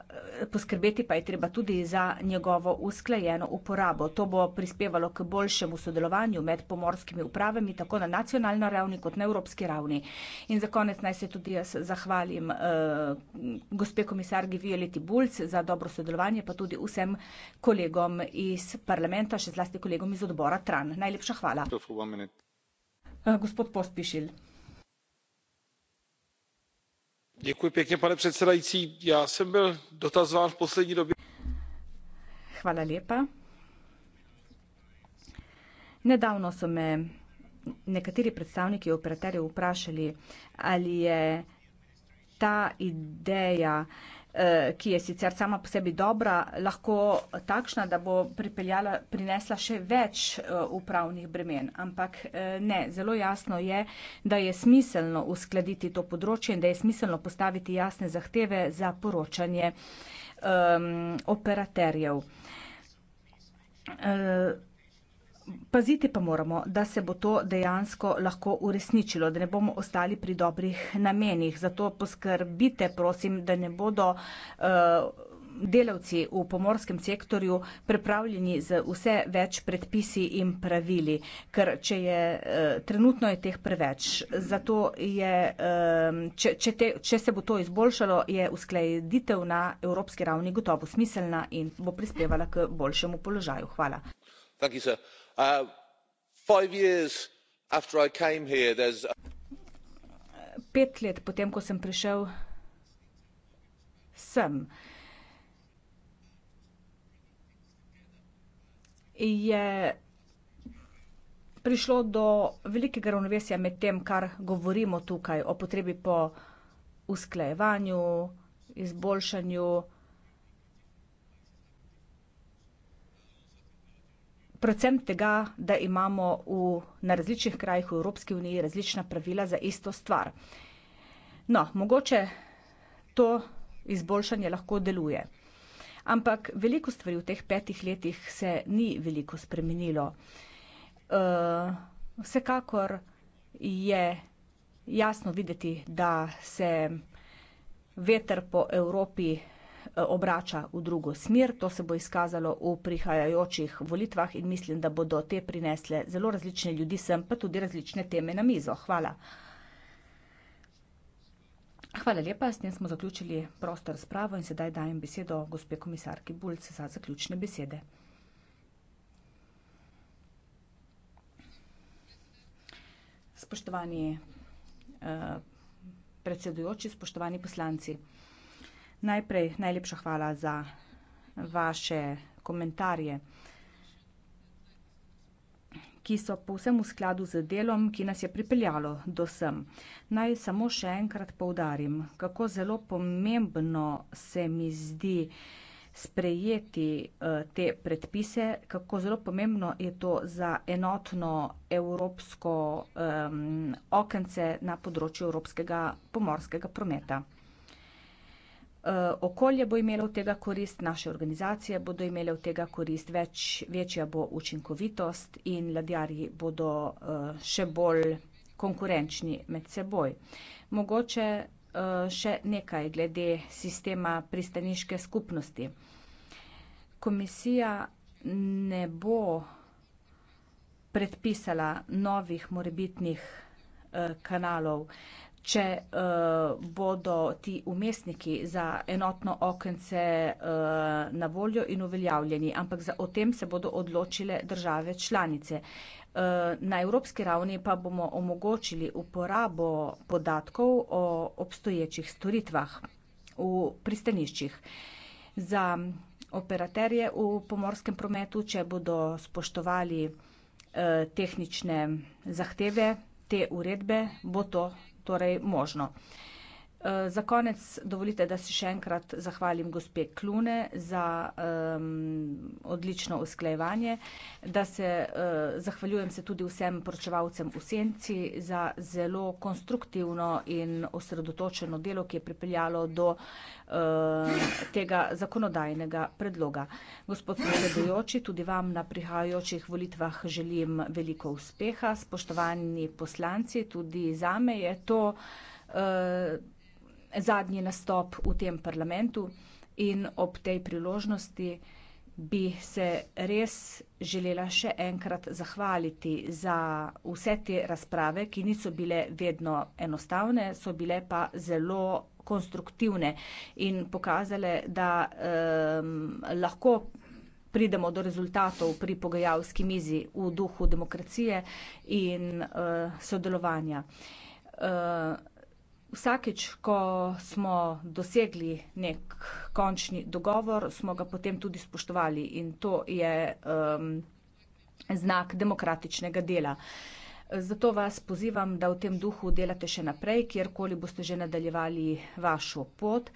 poskrbeti pa je treba tudi za njegovo usklajeno uporabo. To bo prispevalo k boljšemu sodelovanju med pomorskimi upravami, tako na nacionalni ravni kot na evropski ravni. In za konec naj se tudi jaz zahvalim eh, gospe komisarki Violeti Bulc za dobro sodelovanje, pa tudi vsem kolegom iz parlamenta, še zlasti kolegom iz odbora Tran. Najlepša hvala. Eh, gospod Pospišil pane předsedající já jsem byl dotazován v poslední době. nedávno so me nekateri predstavniki operaterjev vprašali ali je ta ideja Eh, ki je sicer sama po sebi dobra, lahko takšna, da bo pripeljala, prinesla še več eh, upravnih bremen. Ampak eh, ne, zelo jasno je, da je smiselno uskladiti to področje in da je smiselno postaviti jasne zahteve za poročanje um, operaterjev. Uh, paziti pa moramo, da se bo to dejansko lahko uresničilo, da ne bomo ostali pri dobrih namenih. Zato poskrbite, prosim, da ne bodo. Uh, Delavci v pomorskem sektorju prepravljeni z vse več predpisi in pravili, ker če je eh, trenutno je teh preveč, zato je, eh, če, če, te, če se bo to izboljšalo, je uskladitev na evropski ravni gotovo smiselna in bo prispevala k boljšemu položaju. Hvala. Thank you, Uh, pet let po tem, ko sem prišel sem, je prišlo do velikega ravnovesja med tem, kar govorimo tukaj o potrebi po usklajevanju, izboljšanju predvsem tega, da imamo v, na različnih krajih v Evropski uniji različna pravila za isto stvar. No, mogoče to izboljšanje lahko deluje. Ampak veliko stvari v teh petih letih se ni veliko spremenilo. E, vsekakor je jasno videti, da se veter po Evropi Eh, obrača v drugo smer. To se bo izkazalo v prihajajočih volitvah in mislim, da bodo te prinesle zelo različne ljudi sem, pa tudi različne teme na mizo. Hvala. Hvala lepa, s tem smo zaključili prosto razpravo in sedaj dajem besedo gospe komisarki Bulc za zaključne besede. Spoštovani eh, predsedujoči, spoštovani poslanci. Najprej najlepša hvala za vaše komentarje, ki so povsem v skladu z delom, ki nas je pripeljalo do sem. Naj samo še enkrat poudarim, kako zelo pomembno se mi zdi sprejeti eh, te predpise, kako zelo pomembno je to za enotno evropsko um, okence na področju evropskega pomorskega prometa. Eh, okolje bo imelo od tega korist, naše organizacije bodo imele od tega korist, več, večja bo učinkovitost in ladjarji bodo uh, še bolj konkurenčni med seboj. Mogoče uh, še nekaj glede sistema pristaniške skupnosti. Komisija ne bo predpisala novih morebitnih uh, kanalov. Uh, če uh, bodo ti umestniki za enotno okence uh, na voljo in uveljavljeni, ampak za, o tem se bodo odločile države članice. Eh, na evropski ravni pa bomo omogočili uporabo podatkov o obstoječih storitvah v pristaniščih. Za operaterje v pomorskem prometu, če bodo spoštovali eh, tehnične zahteve te uredbe, bo to torej možno. Eh, za konec dovolite, da se še enkrat zahvalim gospe Klune za um, odlično usklajevanje, da se uh, zahvaljujem se tudi vsem poročevalcem v Senci za zelo konstruktivno in osredotočeno delo, ki je pripeljalo do uh, tega zakonodajnega predloga. Gospod predsedujoči, tudi vam na prihajajočih volitvah želim veliko uspeha. Spoštovani poslanci, tudi zame je to. Uh, zadnji nastop v tem parlamentu in ob tej priložnosti bi se res želela še enkrat zahvaliti za vse te razprave, ki niso bile vedno enostavne, so bile pa zelo konstruktivne in pokazale, da um, lahko pridemo do rezultatov pri pogajalski mizi v duhu demokracije in uh, sodelovanja. Uh, Vsakeč, ko smo dosegli nek končni dogovor, smo ga potem tudi spoštovali in to je um, znak demokratičnega dela. Uh, Zato vas pozivam, da v tem duhu delate še naprej, kjerkoli boste že nadaljevali vašo pot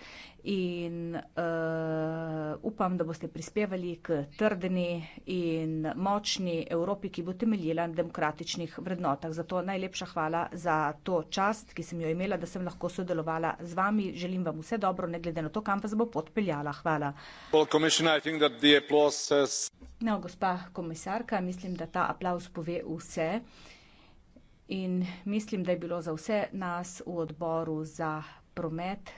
in uh, upam, da boste prispevali k trdni in močni Evropi, ki bo temeljila na demokratičnih vrednotah. Zato najlepša hvala za to čast, ki sem jo imela, da sem lahko sodelovala z vami. Želim vam vse dobro, ne glede na to, kam vas bo pot peljala. Hvala. Well, has... No, gospa komisarka, mislim, da ta aplaus pove vse in mislim, da je bilo za vse nas v odboru za promet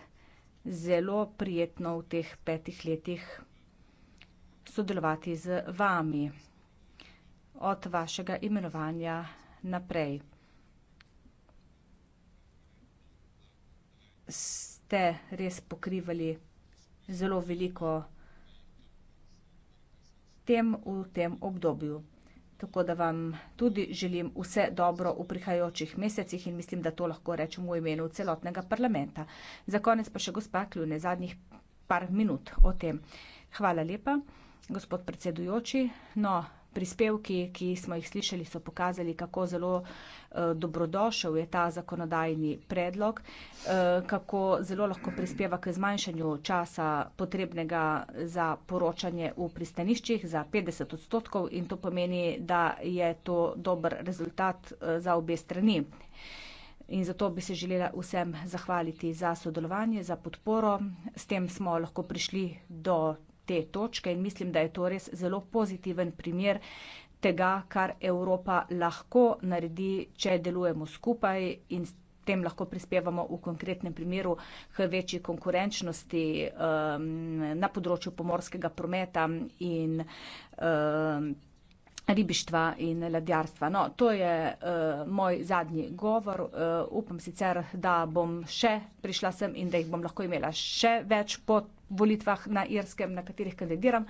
zelo prijetno v teh petih letih sodelovati z vami od vašega imenovanja naprej. Ste res pokrivali zelo veliko tem v tem obdobju. Tako da vam tudi želim vse dobro v prihajajočih mesecih in mislim, da to lahko rečem v imenu celotnega parlamenta. Za konec pa še gospa Kljune, zadnjih par minut o tem. Hvala lepa, gospod predsedujoči. No, prispevki, ki smo jih slišali, so pokazali, kako zelo eh, dobrodošel je ta zakonodajni predlog, eh, kako zelo lahko prispeva k zmanjšanju časa potrebnega za poročanje v pristaniščih za 50 odstotkov in to pomeni, da je to dober rezultat eh, za obe strani. In zato bi se želela vsem zahvaliti za sodelovanje, za podporo. S tem smo lahko prišli do te točke in mislim, da je to res zelo pozitiven primer tega, kar Evropa lahko naredi, če delujemo skupaj in s tem lahko prispevamo v konkretnem primeru k večji konkurenčnosti um, na področju pomorskega prometa in um, ribištva in ladjarstva. No, to je uh, moj zadnji govor. Uh, upam sicer, da bom še prišla sem in da jih bom lahko imela še več po volitvah na Irskem, na katerih kandidiram.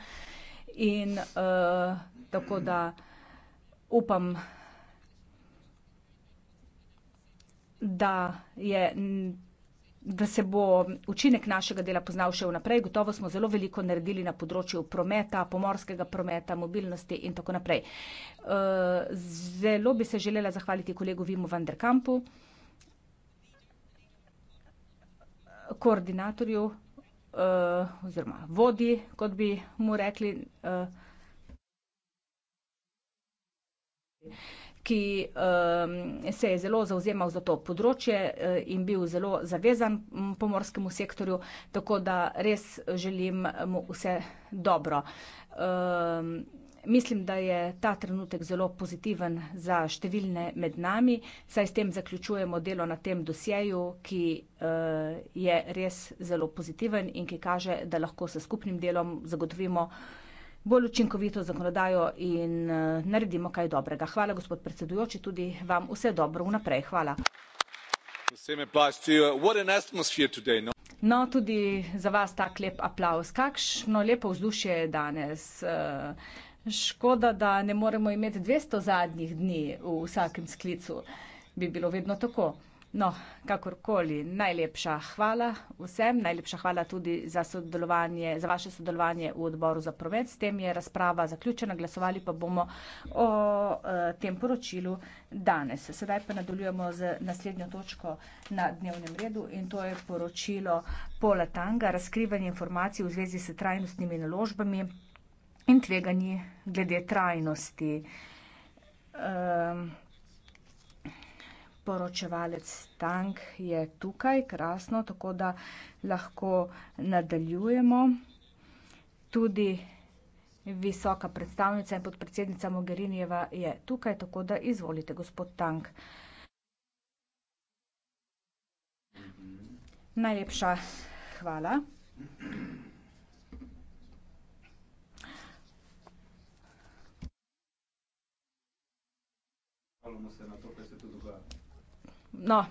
In uh, tako da upam, da je da se bo učinek našega dela poznal še vnaprej. Gotovo smo zelo veliko naredili na področju prometa, pomorskega prometa, mobilnosti in tako naprej. Eh, zelo bi se želela zahvaliti kolegu Vimu van der Kampu, koordinatorju eh, oziroma vodi, kot bi mu rekli. Thank eh, you ki um, se je zelo zauzemal za to področje uh, in bil zelo zavezan um, pomorskemu sektorju, tako da res želim mu vse dobro. Um, Mislim, da je ta trenutek zelo pozitiven za številne med nami, saj s tem zaključujemo delo na tem dosjeju, ki uh, je res zelo pozitiven in ki kaže, da lahko s skupnim delom zagotovimo uh, bolj učinkovito zakonodajo in eh, naredimo kaj dobrega. Hvala, gospod predsedujoči, tudi vam vse dobro vnaprej. Hvala. No? no, tudi za vas tak lep aplaus. Kakšno lepo vzdušje je danes. Eh, škoda, da ne moremo imeti 200 zadnjih dni v vsakem sklicu. Bi bilo vedno tako. No, kakorkoli, najlepša hvala vsem, najlepša hvala tudi za sodelovanje, za vaše sodelovanje v odboru za promet. S tem je razprava zaključena, glasovali pa bomo o eh, tem poročilu danes. Sedaj pa nadaljujemo z naslednjo točko na dnevnem redu in to je poročilo Pola Tanga, razkrivanje informacij v zvezi s trajnostnimi naložbami in tveganji glede trajnosti. Eh, poročevalec Tank je tukaj, krasno, tako da lahko nadaljujemo. Tudi visoka predstavnica in podpredsednica Mogherinijeva je tukaj, tako da izvolite, gospod Tank. Najlepša hvala. Hvala mu se na to, kaj No,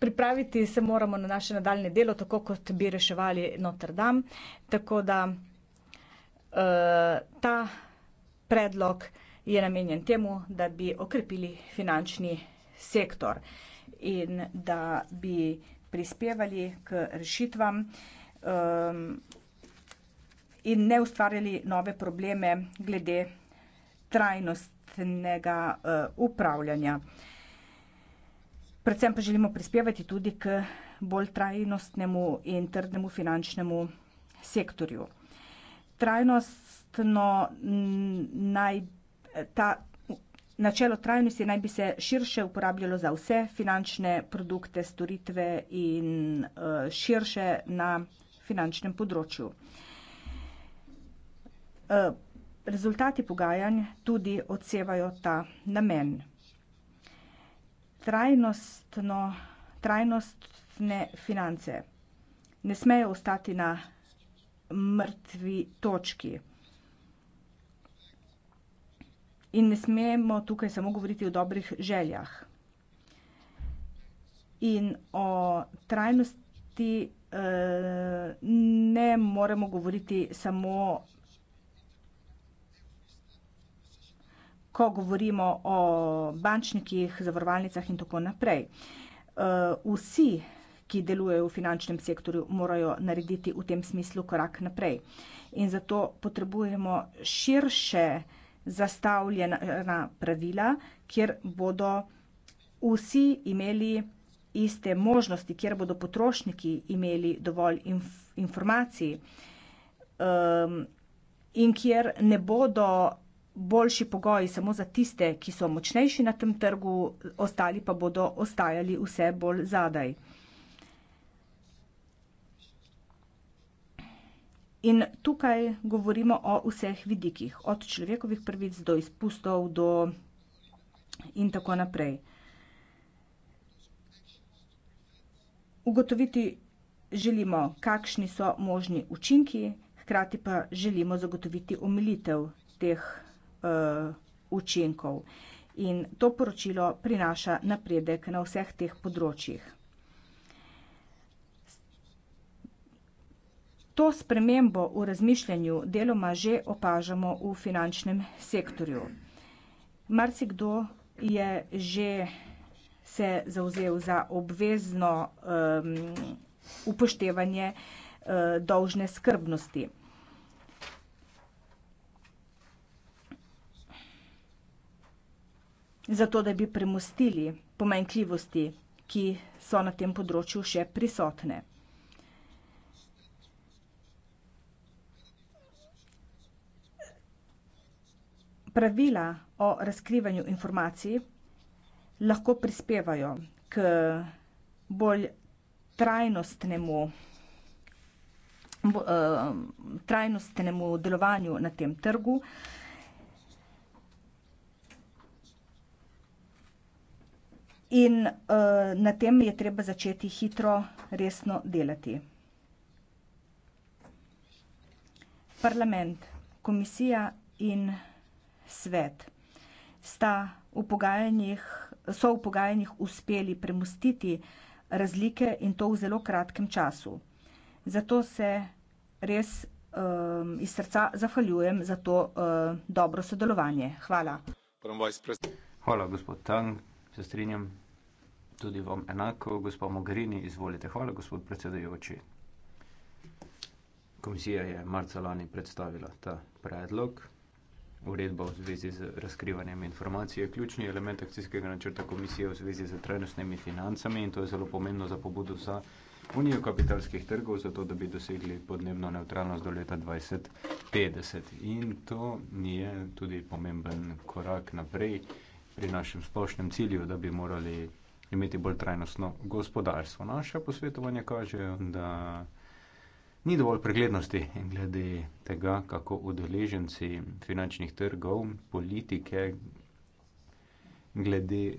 pripraviti se moramo na naše nadaljne delo, tako kot bi reševali Notre Dame. Tako da eh, ta predlog je namenjen temu, da bi okrepili finančni sektor in da bi prispevali k rešitvam um, in ne ustvarjali nove probleme glede trajnostnega uh, upravljanja. Uh, predvsem pa želimo prispevati tudi k bolj trajnostnemu in trdnemu finančnemu sektorju. Trajnostno naj, ta načelo trajnosti naj bi se širše uporabljalo za vse finančne produkte, storitve in eh, širše na finančnem področju. Eh, rezultati pogajanj tudi odsevajo ta namen trajnostno, trajnostne finance ne smejo ostati na mrtvi točki. In ne smemo tukaj samo govoriti o dobrih željah. In o trajnosti eh, ne moremo govoriti samo ko govorimo o bančnikih, zavarovalnicah in tako naprej. Eh, vsi, ki delujejo v finančnem sektorju, morajo narediti v tem smislu korak naprej. In zato potrebujemo širše zastavljena pravila, kjer bodo vsi imeli iste možnosti, kjer bodo potrošniki imeli dovolj inf informacij um, in kjer ne bodo boljši pogoji samo za tiste, ki so močnejši na tem trgu, ostali pa bodo ostajali vse bolj zadaj. In tukaj govorimo o vseh vidikih, od človekovih prvic do izpustov do in tako naprej. Ugotoviti želimo, kakšni so možni učinki, hkrati pa želimo zagotoviti omilitev teh Eh, učinkov. In to poročilo prinaša napredek na vseh teh področjih. To spremembo v razmišljanju deloma že opažamo v finančnem sektorju. Marsikdo je že se zauzel za obvezno um, upoštevanje uh, dolžne skrbnosti. zato da bi premustili pomanjkljivosti, ki so na tem področju še prisotne. Pravila o razkrivanju informacij lahko prispevajo k bolj trajnostnemu, bo, eh, trajnostnemu delovanju na tem trgu. In uh, na tem je treba začeti hitro, resno delati. Parlament, komisija in svet sta v pogajanjih, so v pogajanjih uspeli premustiti razlike in to v zelo kratkem času. Zato se res um, iz srca zahvaljujem za to um, dobro sodelovanje. Hvala. Hvala, gospod Tang, se strinjam. Tudi vam enako, gospod Mogherini, izvolite. Hvala, gospod predsedajoči. Komisija je marca lani predstavila ta predlog. Uredba v zvezi z razkrivanjem informacij je ključni element akcijskega načrta komisije v zvezi z trajnostnimi financami in to je zelo pomembno za pobudo za unijo kapitalskih trgov, zato da bi dosegli podnebno neutralnost do leta 2050. In to je tudi pomemben korak naprej pri našem splošnem cilju, da bi morali imeti bolj trajnostno gospodarstvo. Naše no, posvetovanje kaže, da ni dovolj preglednosti glede tega, kako udeleženci finančnih trgov, politike, glede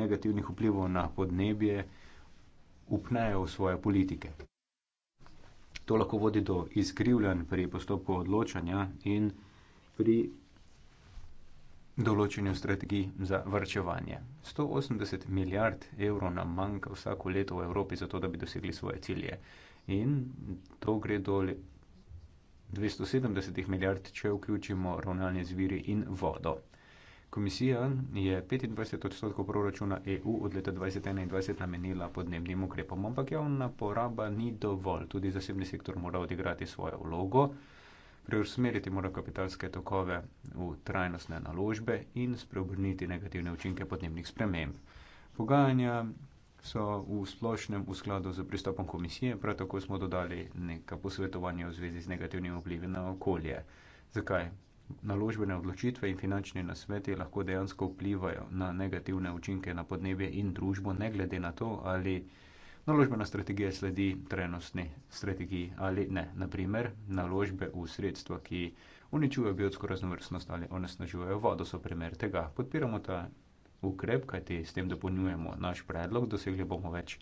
negativnih vplivov na podnebje, upnejo v svoje politike. To lahko vodi do izkrivljanj pri postopku odločanja in pri določenju strategij za vrčevanje. 180 milijard evrov nam manjka vsako leto v Evropi, zato da bi dosegli svoje cilje. In to gre do 270 milijard, če vključimo ravnanje z viri in vodo. Komisija je 25 odstotkov proračuna EU od leta 2021 namenila podnebnim ukrepom, ampak javna poraba ni dovolj. Tudi zasebni sektor mora odigrati svojo vlogo preusmeriti mora kapitalske tokove v trajnostne naložbe in spreobrniti negativne učinke podnebnih sprememb. Pogajanja so v splošnem v skladu z pristopom komisije, prav tako smo dodali neka posvetovanja v zvezi z negativnimi vplivi na okolje. Zakaj? Naložbene odločitve in finančni nasveti lahko dejansko vplivajo na negativne učinke na podnebje in družbo, ne glede na to, ali naložbena strategija sledi trenutni strategiji ali ne. Naprimer, naložbe v sredstva, ki uničujejo biotsko raznovrstnost ali onesnažujejo vodo, so primer tega. Podpiramo ta ukrep, kajti s tem dopolnjujemo naš predlog, dosegli bomo več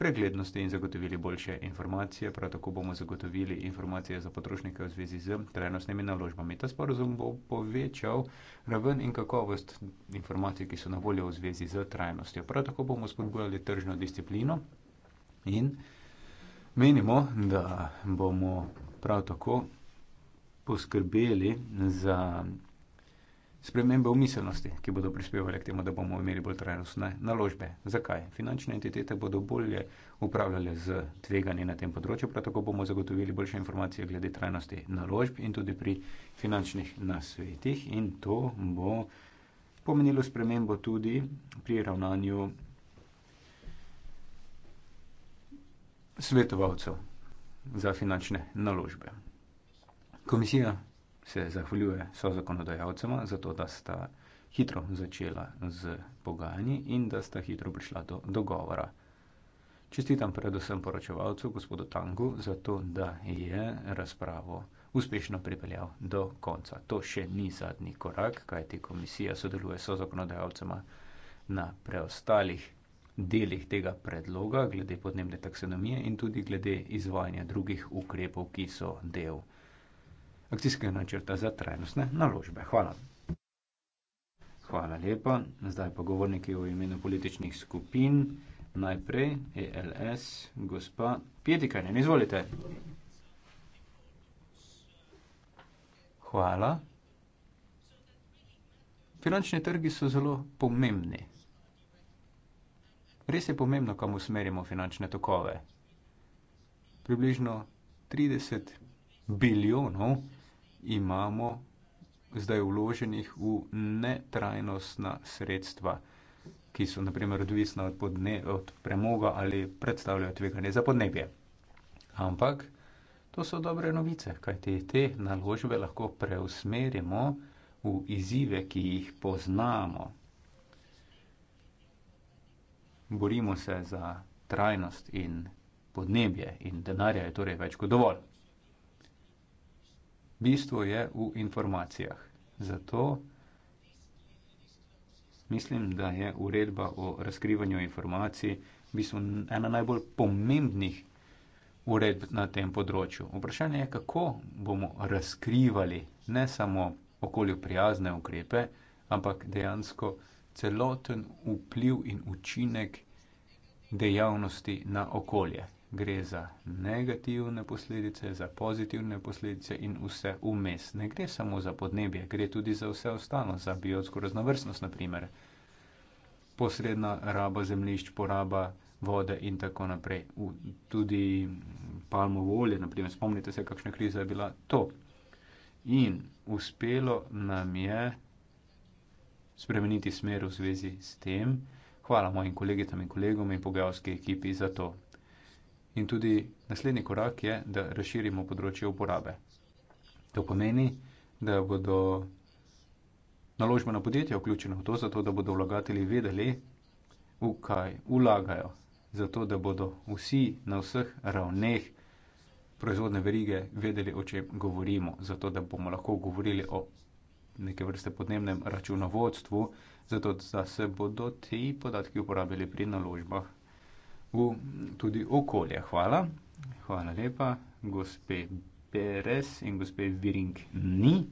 preglednosti in zagotovili boljše informacije, prav tako bomo zagotovili informacije za potrošnike v zvezi z trenutnimi naložbami. Ta sporozum bo povečal raven in kakovost informacij, ki so na voljo v zvezi z trajnostjo. Prav tako bomo spodbujali tržno disciplino In menimo, da bomo prav tako poskrbeli za spremembe v miselnosti, ki bodo prispevali k temu, da bomo imeli bolj trajnostne naložbe. Zakaj? Finančne entitete bodo bolje upravljale z tveganji na tem področju, prav tako bomo zagotovili boljše informacije glede trajnosti naložb in tudi pri finančnih nasvetih in to bo pomenilo spremembo tudi pri ravnanju svetovalcev za finančne naložbe. Komisija se zahvaljuje so zakonodajalcema za to, da sta hitro začela z pogajanji in da sta hitro prišla do dogovora. Čestitam predvsem poročevalcu gospodu Tangu za to, da je razpravo uspešno pripeljal do konca. To še ni zadnji korak, kajti komisija sodeluje so zakonodajalcema na preostalih delih tega predloga, glede podnebne taksonomije in tudi glede izvajanja drugih ukrepov, ki so del akcijskega načrta za trajnostne naložbe. Hvala. Hvala lepa. Zdaj pa govorniki v imenu političnih skupin. Najprej ELS, gospa Pjetikanjen, izvolite. Hvala. Finančni trgi so zelo pomembni. Res je pomembno, kam usmerimo finančne tokove. Približno 30 bilijonov imamo zdaj vloženih v netrajnostna sredstva, ki so naprimer odvisna od, podne, od premoga ali predstavljajo tveganje za podnebje. Ampak to so dobre novice, kajti te naložbe lahko preusmerimo v izzive, ki jih poznamo borimo se za trajnost in podnebje in denarja je torej več kot dovolj. Bistvo je v informacijah. Zato mislim, da je uredba o razkrivanju informacij bistvo ena najbolj pomembnih uredb na tem področju. Vprašanje je, kako bomo razkrivali ne samo okolju prijazne ukrepe, ampak dejansko celoten vpliv in učinek dejavnosti na okolje. Gre za negativne posledice, za pozitivne posledice in vse vmes. Ne gre samo za podnebje, gre tudi za vse ostalo, za biotsko raznovrstnost, naprimer. Posredna raba zemljišč, poraba vode in tako naprej. V, tudi palmovo olje, naprimer, spomnite se, kakšna kriza je bila to. In uspelo nam je spremeniti smer v zvezi s tem. Hvala mojim kolegicam in kolegom in pogajalski ekipi za to. In tudi naslednji korak je, da razširimo področje uporabe. To pomeni, da bodo naložbena podjetja vključena v to, zato da bodo vlagatelji vedeli, v kaj vlagajo, zato da bodo vsi na vseh ravneh proizvodne verige vedeli, o čem govorimo, zato da bomo lahko govorili o neke vrste podnebnem računovodstvu, zato da se bodo ti podatki uporabili pri naložbah v tudi okolje. Hvala. Hvala lepa, gospe Beres in gospe Viring Ni.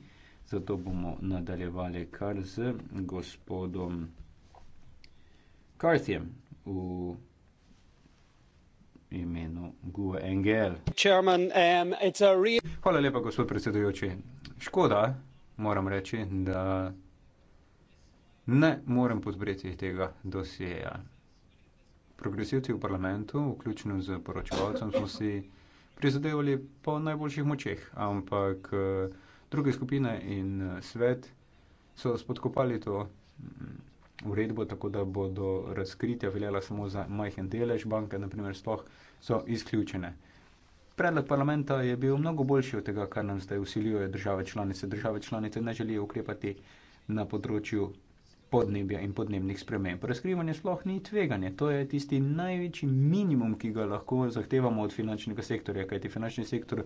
Zato bomo nadaljevali kar z gospodom Karthijem v imenu Gue Engel. Chairman, um, it's a real... Hvala lepa, gospod predsedujoči. Škoda, moram reči, da ne morem podpreti tega dosjeja. Progresivci v parlamentu, vključno z poročevalcem, smo si prizadevali po najboljših močeh, ampak druge skupine in svet so spodkopali to mm, uredbo, tako da bodo razkritja veljala samo za majhen delež banke, naprimer, sploh so izključene. Predlog parlamenta je bil mnogo boljši od tega, kar nam zdaj usiljuje države članice. Države članice ne želijo ukrepati na področju podnebja in podnebnih sprememb. Razkrivanje sploh ni tveganje, to je tisti največji minimum, ki ga lahko zahtevamo od finančnega sektorja, kajti finančni sektor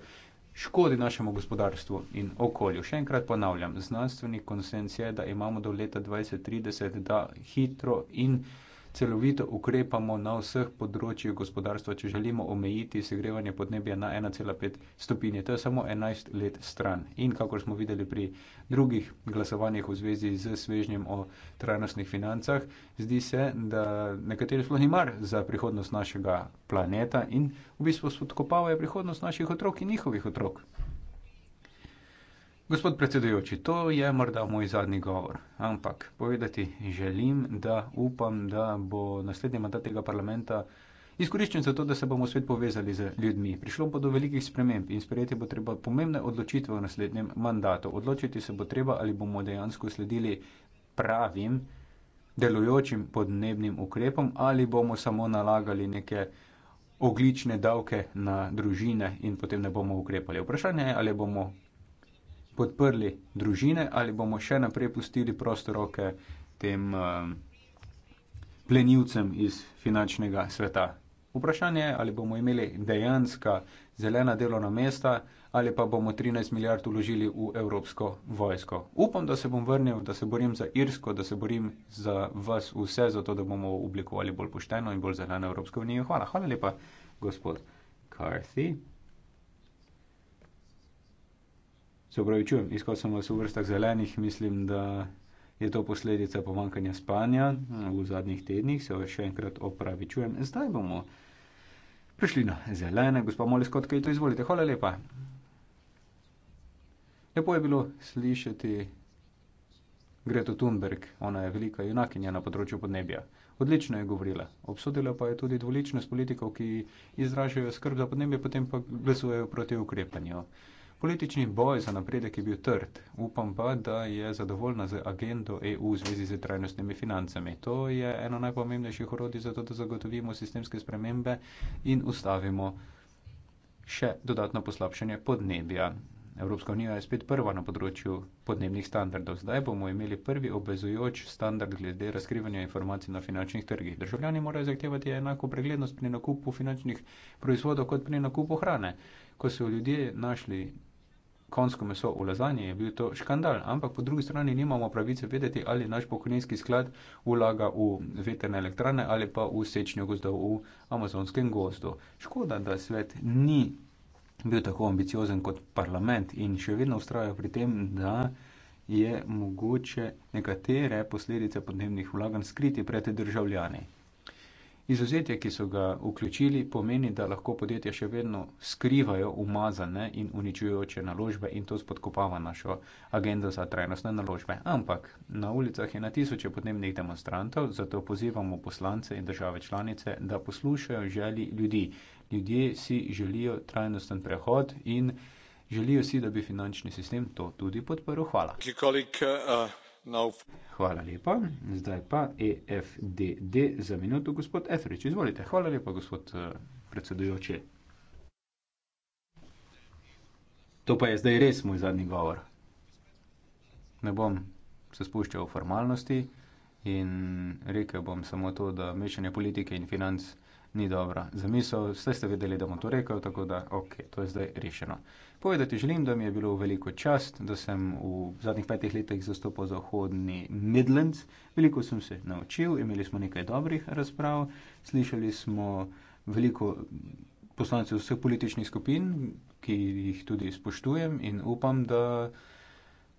škodi našemu gospodarstvu in okolju. Še enkrat ponavljam, znanstveni konsens je, da imamo do leta 2030, da hitro in celovito ukrepamo na vseh področjih gospodarstva če želimo omejiti segrevanje podnebja na 1,5 stopinje to je samo 11 let stran in kakor smo videli pri drugih glasovanjih v zvezi z svežnjem o trajnostnih financah zdi se da nekateri sploh ni mar za prihodnost našega planeta in v bistvu spodkopavajo prihodnost naših otrok in njihovih otrok Gospod predsedujoči, to je morda moj zadnji govor, ampak povedati želim, da upam, da bo naslednji mandat tega parlamenta izkoriščen za to, da se bomo svet povezali z ljudmi. Prišlo bo do velikih sprememb in sprejeti bo treba pomembne odločitve v naslednjem mandatu. Odločiti se bo treba, ali bomo dejansko sledili pravim delujočim podnebnim ukrepom ali bomo samo nalagali neke oglične davke na družine in potem ne bomo ukrepali. Vprašanje je, ali bomo podprli družine ali bomo še naprej pustili proste roke tem um, plenilcem iz finančnega sveta. Vprašanje je, ali bomo imeli dejanska zelena delovna mesta ali pa bomo 13 milijard uložili v evropsko vojsko. Upam, da se bom vrnil, da se borim za Irsko, da se borim za vas vse, zato da bomo oblikovali bolj pošteno in bolj zeleno Evropsko unijo. Hvala, hvala lepa, gospod Carthy. Se upravičujem, iskal sem vas v vrstah zelenih, mislim, da je to posledica pomankanja spanja eh, v zadnjih tednih, se vas še enkrat opravičujem. Zdaj bomo prišli na zelene, gospod Molis, kot kaj to izvolite. Hvala lepa. Lepo je bilo slišati Greto Thunberg, ona je velika junakinja na področju podnebja. Odlično je govorila. Obsodila pa je tudi dvoličnost politikov, ki izražajo skrb za podnebje, potem pa glasujejo proti ukrepanju. Politični boj za napredek je bil trd. Upam pa, da je zadovoljna z agendo EU v zvezi z trajnostnimi financami. To je eno najpomembnejših orodij za to, da zagotovimo sistemske spremembe in ustavimo še dodatno poslabšanje podnebja. Evropska unija je spet prva na področju podnebnih standardov. Zdaj bomo imeli prvi obvezujoč standard glede razkrivanja informacij na finančnih trgih. Državljani morajo zahtevati enako preglednost pri nakupu finančnih proizvodov kot pri nakupu hrane. Ko so ljudje našli konjsko meso v lazanji, je bil to škandal. Ampak po drugi strani nimamo pravice vedeti, ali naš pokojninski sklad vlaga v veterne elektrane ali pa v sečnjo gozdov v amazonskem gozdu. Škoda, da svet ni bil tako ambiciozen kot parlament in še vedno ustraja pri tem, da je mogoče nekatere posledice podnebnih vlaganj skriti pred državljani. Izuzetje, ki so ga vključili, pomeni, da lahko podjetja še vedno skrivajo umazane in uničujoče naložbe in to spodkopava našo agendo za trajnostne naložbe. Ampak na ulicah je na tisoče podnebnih demonstrantov, zato pozivamo poslance in države članice, da poslušajo želji ljudi. Ljudje si želijo trajnosten prehod in želijo si, da bi finančni sistem to tudi podporil. Hvala. Kolik, uh... No. Hvala lepa. Zdaj pa EFDD za minuto, gospod Efrič. Izvolite. Hvala lepa, gospod eh, predsedujoči. To pa je zdaj res moj zadnji govor. Ne bom se spuščal v formalnosti in rekel bom samo to, da mešanje politike in financ ni dobra zamisel, vse ste vedeli, da bom to rekel, tako da ok, to je zdaj rešeno. Povedati želim, da mi je bilo veliko čast, da sem v zadnjih petih letih zastopal zahodni Midlands, veliko sem se naučil, imeli smo nekaj dobrih razprav, slišali smo veliko poslancev vseh političnih skupin, ki jih tudi spoštujem in upam, da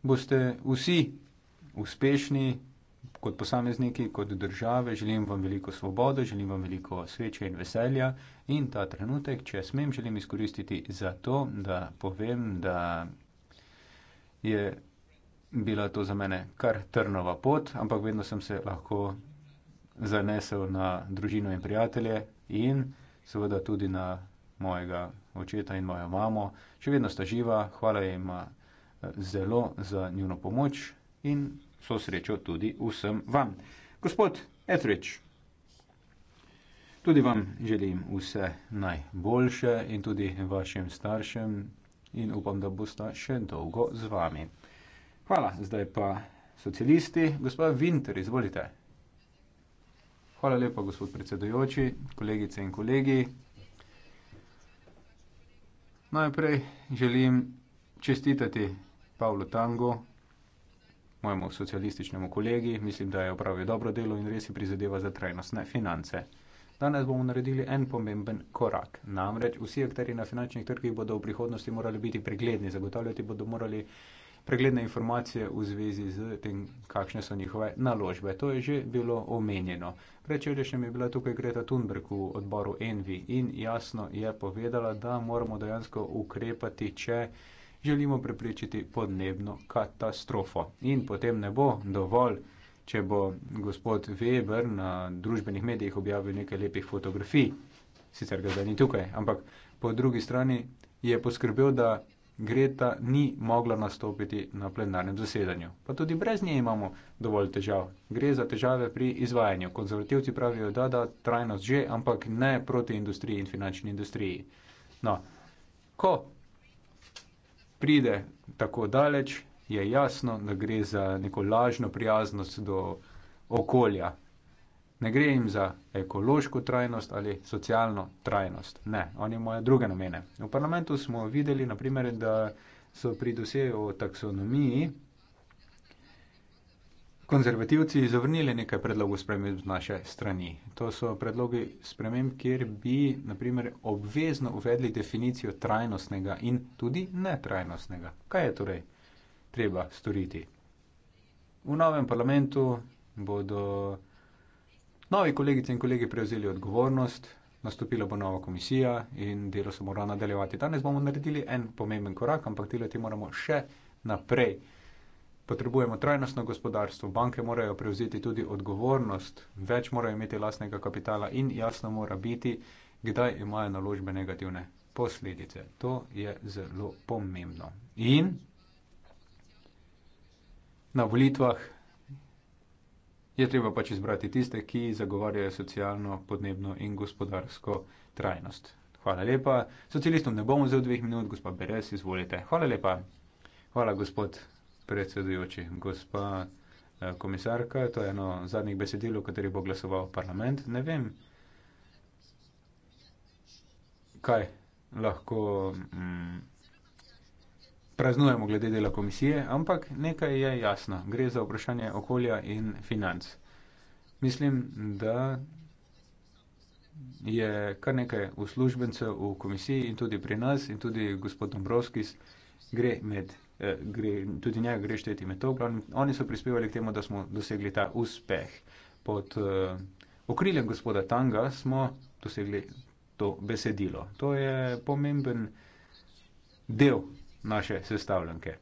boste vsi uspešni kot posamezniki, kot države, želim vam veliko svobode, želim vam veliko sreče in veselja. In ta trenutek, če smem, želim izkoristiti za to, da povem, da je bila to za mene kar trnova pot, ampak vedno sem se lahko zanesel na družino in prijatelje in seveda tudi na mojega očeta in mojo mamo. Še vedno sta živa, hvala jima eh, zelo za njuno pomoč in so srečo tudi vsem vam. Gospod Etrič, tudi vam želim vse najboljše in tudi vašim staršem in upam, da boste še dolgo z vami. Hvala, zdaj pa socialisti, gospod Vinter, izvolite. Hvala lepa, gospod predsedujoči, kolegice in kolegi. Najprej želim čestitati Pavlu Tango, mojemu socialističnemu kolegi, mislim, da je opravil dobro delo in res je prizadeva za trajnostne finance. Danes bomo naredili en pomemben korak. Namreč vsi akteri na finančnih trgih bodo v prihodnosti morali biti pregledni, zagotavljati bodo morali pregledne informacije v zvezi z tem, kakšne so njihove naložbe. To je že bilo omenjeno. Prečevrešnjem je bila tukaj Greta Thunberg v odboru Envi in jasno je povedala, da moramo dejansko ukrepati, če želimo preprečiti podnebno katastrofo. In potem ne bo dovolj, če bo gospod Weber na družbenih medijih objavil nekaj lepih fotografij, sicer ga zdaj ni tukaj, ampak po drugi strani je poskrbel, da Greta ni mogla nastopiti na plenarnem zasedanju. Pa tudi brez nje imamo dovolj težav. Gre za težave pri izvajanju. Konzervativci pravijo, da da trajnost že, ampak ne proti industriji in finančni industriji. No, ko pride tako daleč, je jasno, da gre za neko lažno prijaznost do okolja. Ne gre jim za ekološko trajnost ali socialno trajnost. Ne, oni imajo druge namene. V parlamentu smo videli, naprimer, da so pri dosegu o taksonomiji konzervativci zavrnili nekaj predlogov sprememb z naše strani. To so predlogi sprememb, kjer bi naprimer obvezno uvedli definicijo trajnostnega in tudi netrajnostnega. Kaj je torej treba storiti? V novem parlamentu bodo novi kolegice in kolegi prevzeli odgovornost, nastopila bo nova komisija in delo se mora nadaljevati. Danes bomo naredili en pomemben korak, ampak delati moramo še naprej potrebujemo trajnostno gospodarstvo, banke morajo prevzeti tudi odgovornost, več morajo imeti lastnega kapitala in jasno mora biti, kdaj imajo naložbe negativne posledice. To je zelo pomembno. In na volitvah je treba pač izbrati tiste, ki zagovarjajo socialno, podnebno in gospodarsko trajnost. Hvala lepa. Socialistom ne bom vzel dveh minut, gospod Beres, izvolite. Hvala lepa. Hvala, gospod predsedujoči. Gospa eh, komisarka, to je eno zadnjih besedil, v kateri bo glasoval parlament. Ne vem, kaj lahko mm, praznujemo glede dela komisije, ampak nekaj je jasno. Gre za vprašanje okolja in financ. Mislim, da je kar nekaj uslužbencev v komisiji in tudi pri nas in tudi gospod Dombrovskis gre med Eh, gre, tudi njega gre šteti med to. Glavno, oni so prispevali k temu, da smo dosegli ta uspeh. Pod uh, okriljem gospoda Tanga smo dosegli to besedilo. To je pomemben del naše sestavljanke.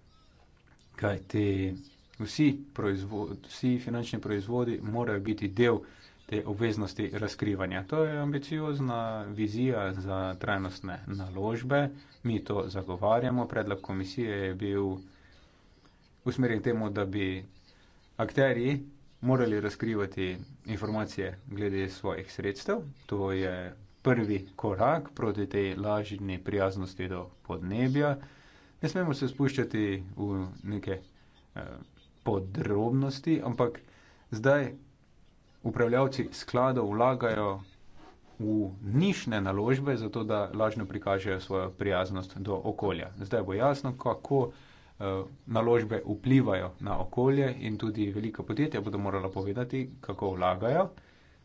Kaj ti vsi, proizvod, vsi finančni proizvodi morajo biti del te obveznosti razkrivanja. To je ambiciozna vizija za trajnostne naložbe, mi to zagovarjamo. Predlog komisije je bil usmerjen temu, da bi akteri morali razkrivati informacije glede svojih sredstev. To je prvi korak proti tej lažni prijaznosti do podnebja. Ne smemo se spuščati v neke eh, podrobnosti, ampak zdaj upravljavci skladov vlagajo v nišne naložbe, zato da lažno prikažejo svojo prijaznost do okolja. Zdaj bo jasno, kako eh, naložbe vplivajo na okolje in tudi velika podjetja bodo morala povedati, kako vlagajo.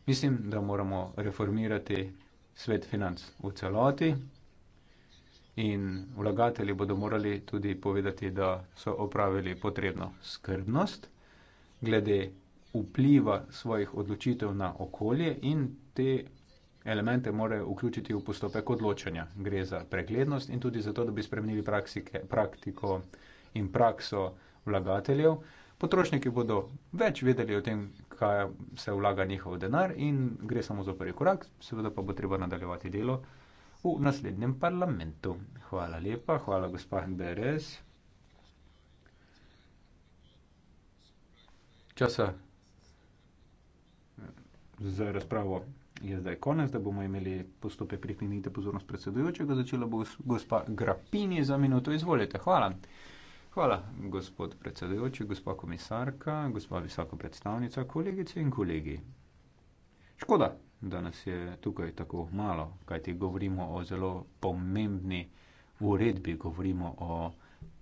Mislim, da moramo reformirati svet financ v celoti in vlagatelji bodo morali tudi povedati, da so opravili potrebno skrbnost glede vpliva svojih odločitev na okolje in te elemente more vključiti v postopek odločanja. Gre za preglednost in tudi zato, da bi spremenili praksike, praktiko in prakso vlagateljev. Potrošniki bodo več vedeli o tem, kaj se vlaga njihov denar in gre samo za prvi korak, seveda pa bo treba nadaljevati delo v naslednjem parlamentu. Hvala lepa, hvala gospa Berez. Časa z razpravo je zdaj konec, da bomo imeli postope prekinite pozornost predsedujočega. Začela bo gospa Grapini za minuto. Izvolite, hvala. Hvala, gospod predsedujoči, gospa komisarka, gospa visoka predstavnica, kolegice in kolegi. Škoda, da nas je tukaj tako malo, kajti govorimo o zelo pomembni uredbi, govorimo o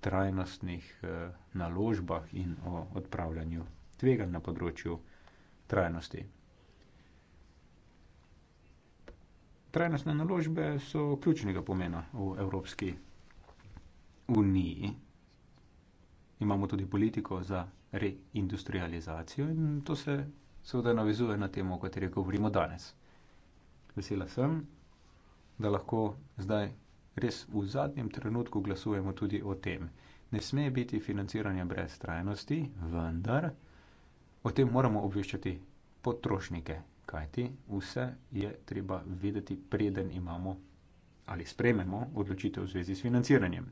trajnostnih eh, naložbah in o odpravljanju tveganj na področju trajnosti. Trajnostne naložbe so ključnega pomena v Evropski uniji. Imamo tudi politiko za reindustrializacijo in to se seveda navezuje na temo, o kateri govorimo danes. Vesela sem, da lahko zdaj res v zadnjem trenutku glasujemo tudi o tem. Ne sme biti financiranja brez trajnosti, vendar o tem moramo obveščati potrošnike. Kajti vse je treba vedeti, preden imamo ali sprememo odločitev v zvezi s financiranjem.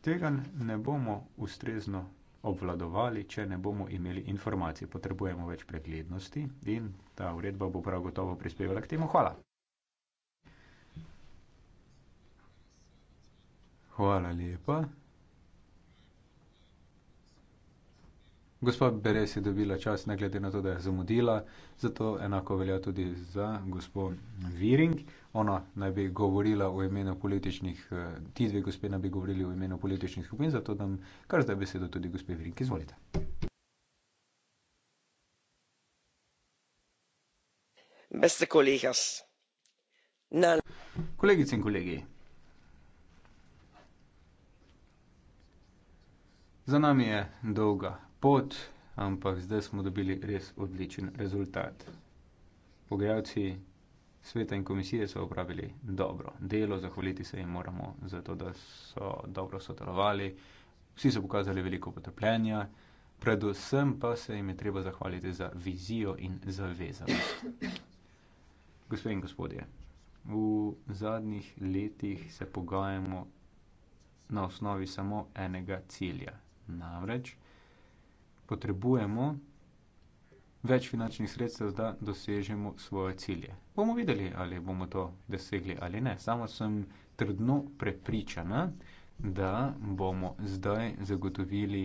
Tega ne bomo ustrezno obvladovali, če ne bomo imeli informacije. Potrebujemo več preglednosti in ta uredba bo prav gotovo prispevala k temu. Hvala. Hvala lepa. Gospa Beres je dobila čas, ne glede na to, da je zamudila, zato enako velja tudi za gospod Viring. Ona naj bi govorila v imenu političnih, eh, ti dve gospe naj bi govorili v imenu političnih skupin, zato dam kar zdaj besedo tudi gospe Viring. Izvolite. Beste kolegas. Na... Kolegice in kolegi. Za nami je dolga pot, ampak zdaj smo dobili res odličen rezultat. Pogajalci sveta in komisije so upravili dobro delo, zahvaliti se jim moramo za to, da so dobro sodelovali. Vsi so pokazali veliko potrpljenja, predvsem pa se jim je treba zahvaliti za vizijo in zavezanost. Gospod in gospodje, v zadnjih letih se pogajamo na osnovi samo enega cilja, namreč, potrebujemo več finančnih sredstev, da dosežemo svoje cilje. Bomo videli, ali bomo to dosegli ali ne. Samo sem trdno prepričana, da bomo zdaj zagotovili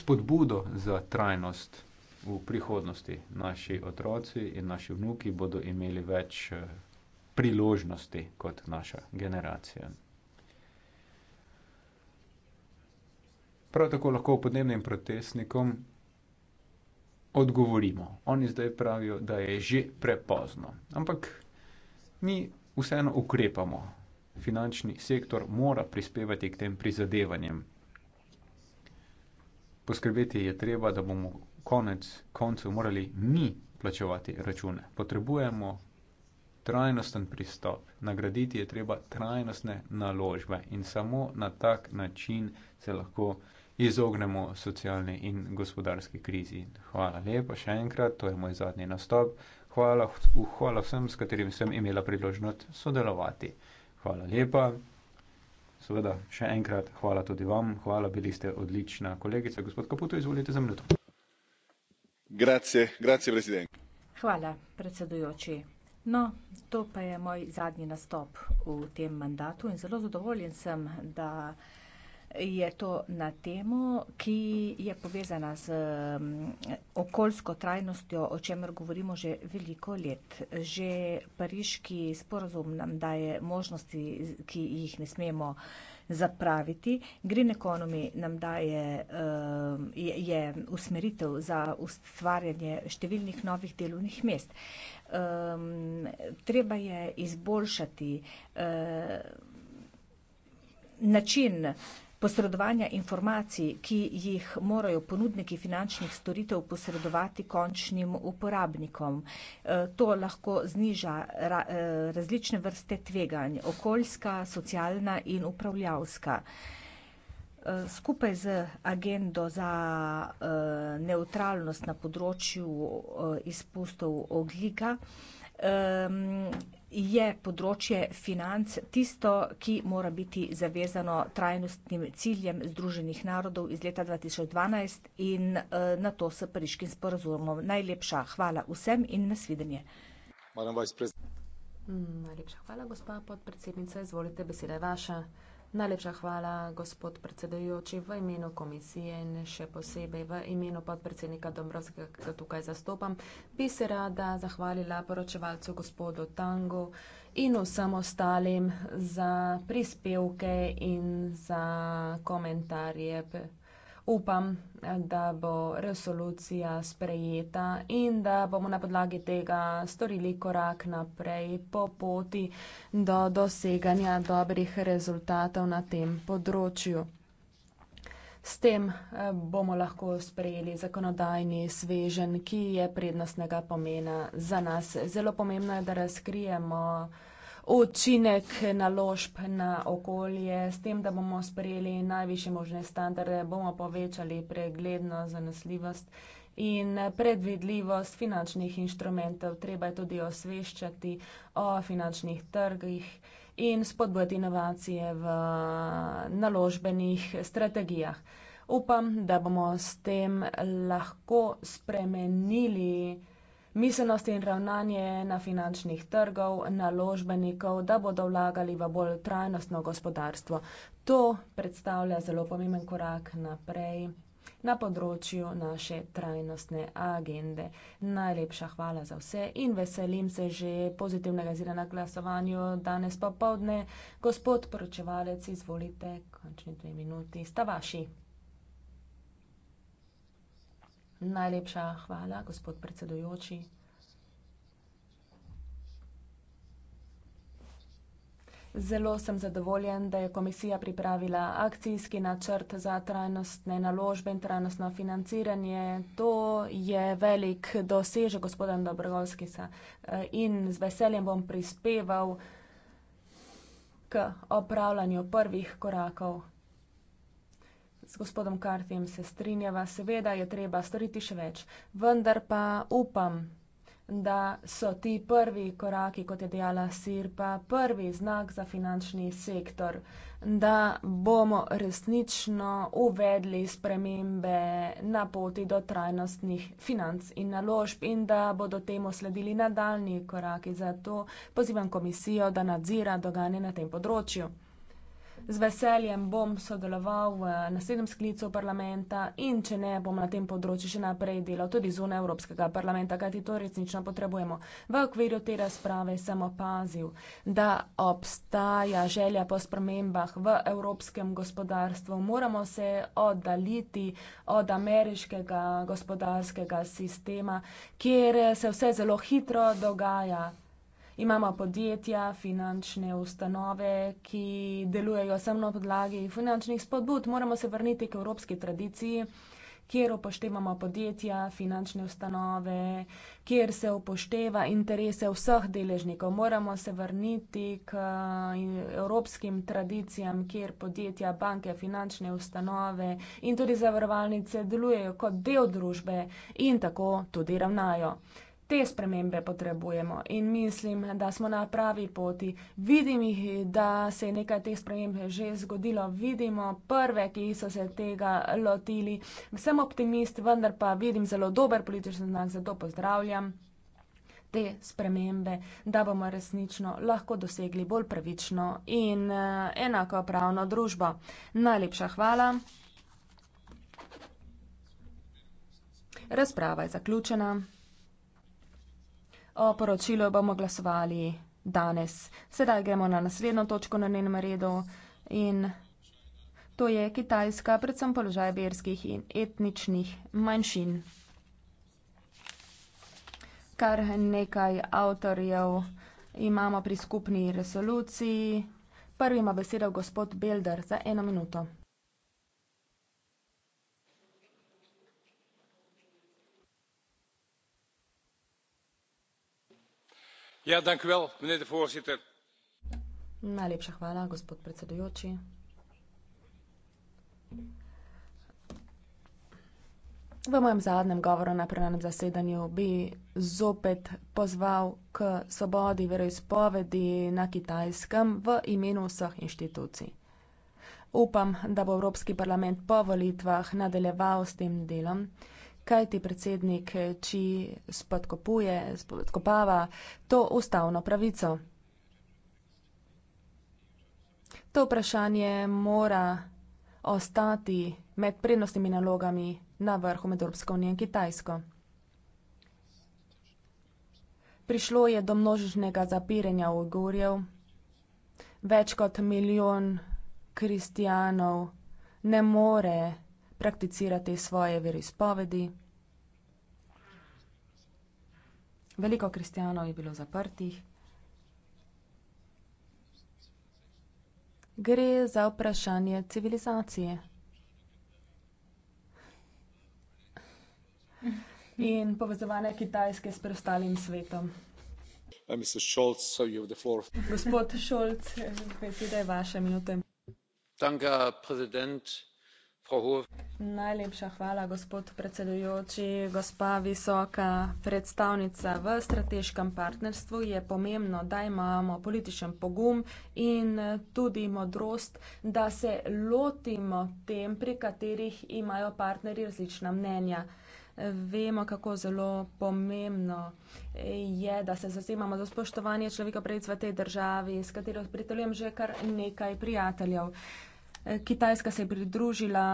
spodbudo za trajnost v prihodnosti. Naši otroci in naši vnuki bodo imeli več eh, priložnosti kot naša generacija. Prav tako lahko podnebnim protestnikom odgovorimo. Oni zdaj pravijo, da je že prepozno. Ampak mi vseeno ukrepamo. Finančni sektor mora prispevati k tem prizadevanjem. Poskrbeti je treba, da bomo konec koncu morali mi plačevati račune. Potrebujemo trajnosten pristop. Nagraditi je treba trajnostne naložbe in samo na tak način se lahko izognemo socialni in gospodarski krizi. Hvala lepa še enkrat, to je moj zadnji nastop. Hvala, uh, hvala vsem, s katerimi sem imela priložnost sodelovati. Hvala lepa. Seveda, še enkrat hvala tudi vam. Hvala, bili ste odlična kolegica. Gospod Kaputo, izvolite za minuto. Grazie, grazie, predsednik. Hvala, predsedujoči. No, to pa je moj zadnji nastop v tem mandatu in zelo zadovoljen sem, da je to na temo, ki je povezana z mm, okoljsko trajnostjo, o čemer govorimo že veliko let. Že pariški sporozum nam daje možnosti, ki jih ne smemo zapraviti. Green economy nam daje mm, je usmeritev za ustvarjanje številnih novih delovnih mest. Mm, treba je izboljšati način posredovanja informacij, ki jih morajo ponudniki finančnih storitev posredovati končnim uporabnikom. E, to lahko zniža e, različne vrste tveganj, okoljska, socialna in upravljavska. E, skupaj z agendo za neutralnost na področju izpustov ogljika je področje financ tisto, ki mora biti zavezano trajnostnim ciljem Združenih narodov iz leta 2012 in eh, na to s pariškim sporozumom. Najlepša hvala vsem in nasvidenje. Hvala, mm, najlepša hvala, gospa podpredsednica. Izvolite, beseda je vaša. Najlepša hvala, gospod predsedujoči, v imenu komisije in še posebej v imenu podpredsednika Dombrovskega, ki ga tukaj zastopam, bi se rada zahvalila poročevalcu gospodu Tangu in vsem ostalim za prispevke in za komentarje upam, da bo resolucija sprejeta in da bomo na podlagi tega storili korak naprej po poti do doseganja dobrih rezultatov na tem področju. S tem eh, bomo lahko sprejeli zakonodajni svežen, ki je prednostnega pomena za nas. Zelo pomembno je, da razkrijemo učinek naložb na okolje, s tem, da bomo sprejeli najviše možne standarde, bomo povečali preglednost, zanesljivost in predvidljivost finančnih inštrumentov. Treba je tudi osveščati o finančnih trgih in spodbujati inovacije v naložbenih strategijah. Upam, da bomo s tem lahko spremenili miselnost in ravnanje na finančnih trgov, naložbenikov, da bodo vlagali v bolj trajnostno gospodarstvo. To predstavlja zelo pomemben korak naprej na področju naše trajnostne agende. Najlepša hvala za vse in veselim se že pozitivnega zira na glasovanju danes popovdne. Gospod poročevalec, izvolite, končni dve minuti sta vaši. Najlepša hvala, gospod predsedujoči. Zelo sem zadovoljen, da je komisija pripravila akcijski načrt za trajnostne naložbe in trajnostno financiranje. To je velik dosežek gospoda Dobrogolskisa in z veseljem bom prispeval k opravljanju prvih korakov s gospodom Karfijem se strinjava, seveda je treba storiti še več, vendar pa upam, da so ti prvi koraki, kot je dejala Sirpa, prvi znak za finančni sektor, da bomo resnično uvedli spremembe na poti do trajnostnih financ in naložb in da bodo temu sledili nadaljni koraki. Zato pozivam komisijo, da nadzira dogajanje na tem področju z veseljem bom sodeloval v eh, naslednjem sklicu parlamenta in če ne, bom na tem področju še naprej delal tudi zunaj Evropskega parlamenta, kajti to resnično potrebujemo. V okviru te razprave sem opazil, da obstaja želja po spremembah v evropskem gospodarstvu. Moramo se oddaliti od ameriškega gospodarskega sistema, kjer se vse zelo hitro dogaja imamo podjetja, finančne ustanove, ki delujejo samo na podlagi finančnih spodbud. Moramo se vrniti k evropski tradiciji, kjer upoštevamo podjetja, finančne ustanove, kjer se upošteva interese vseh deležnikov. Moramo se vrniti k eh, evropskim tradicijam, kjer podjetja, banke, finančne ustanove in tudi zavarovalnice delujejo kot del družbe in tako tudi ravnajo te spremembe potrebujemo in mislim, da smo na pravi poti. Vidim jih, da se je nekaj teh sprememb že zgodilo, vidimo prve, ki so se tega lotili. Sem optimist, vendar pa vidim zelo dober politični znak, zato pozdravljam te spremembe, da bomo resnično lahko dosegli bolj pravično in eh, enakopravno družbo. Najlepša hvala. Razprava je zaključena. O poročilu bomo glasovali danes. Sedaj gremo na naslednjo točko na njenem redu in to je Kitajska, predvsem položaj verskih in etničnih manjšin. Kar nekaj avtorjev imamo pri skupni resoluciji. Prvi ima besedo gospod Belder za eno minuto. Ja, dank u wel, meneer de voorzitter. Najlepša hvala, gospod predsedujoči. V mojem zadnjem govoru na prenanem zasedanju bi zopet pozval k svobodi veroizpovedi na kitajskem v imenu vseh inštitucij. Upam, da bo Evropski parlament po volitvah nadaljeval s tem delom kaj ti predsednik, če spodkopuje, spodkopava to ustavno pravico? To vprašanje mora ostati med prednostnimi nalogami na vrhu med Evropsko unijo in Kitajsko. Prišlo je do množičnega zapiranja Ujgurjev, več kot milijon kristjanov ne more prakticirate svoje veroizpovedi. Veliko kristijanov je bilo zaprtih. Gre za vprašanje civilizacije. In povezovanje Kitajske s preostalim svetom. Uh, Schultz, Gospod Šolc, beseda je vaša, minute. Danke, predsednik. Najlepša hvala, gospod predsedujoči. Gospa visoka predstavnica v strateškem partnerstvu je pomembno, da imamo političen pogum in tudi modrost, da se lotimo tem, pri katerih imajo partnerji različna mnenja. Vemo, kako zelo pomembno je, da se zazemamo za spoštovanje človeka pravic v tej državi, s katero pritolujem že kar nekaj prijateljev. Eh, Kitajska se je pridružila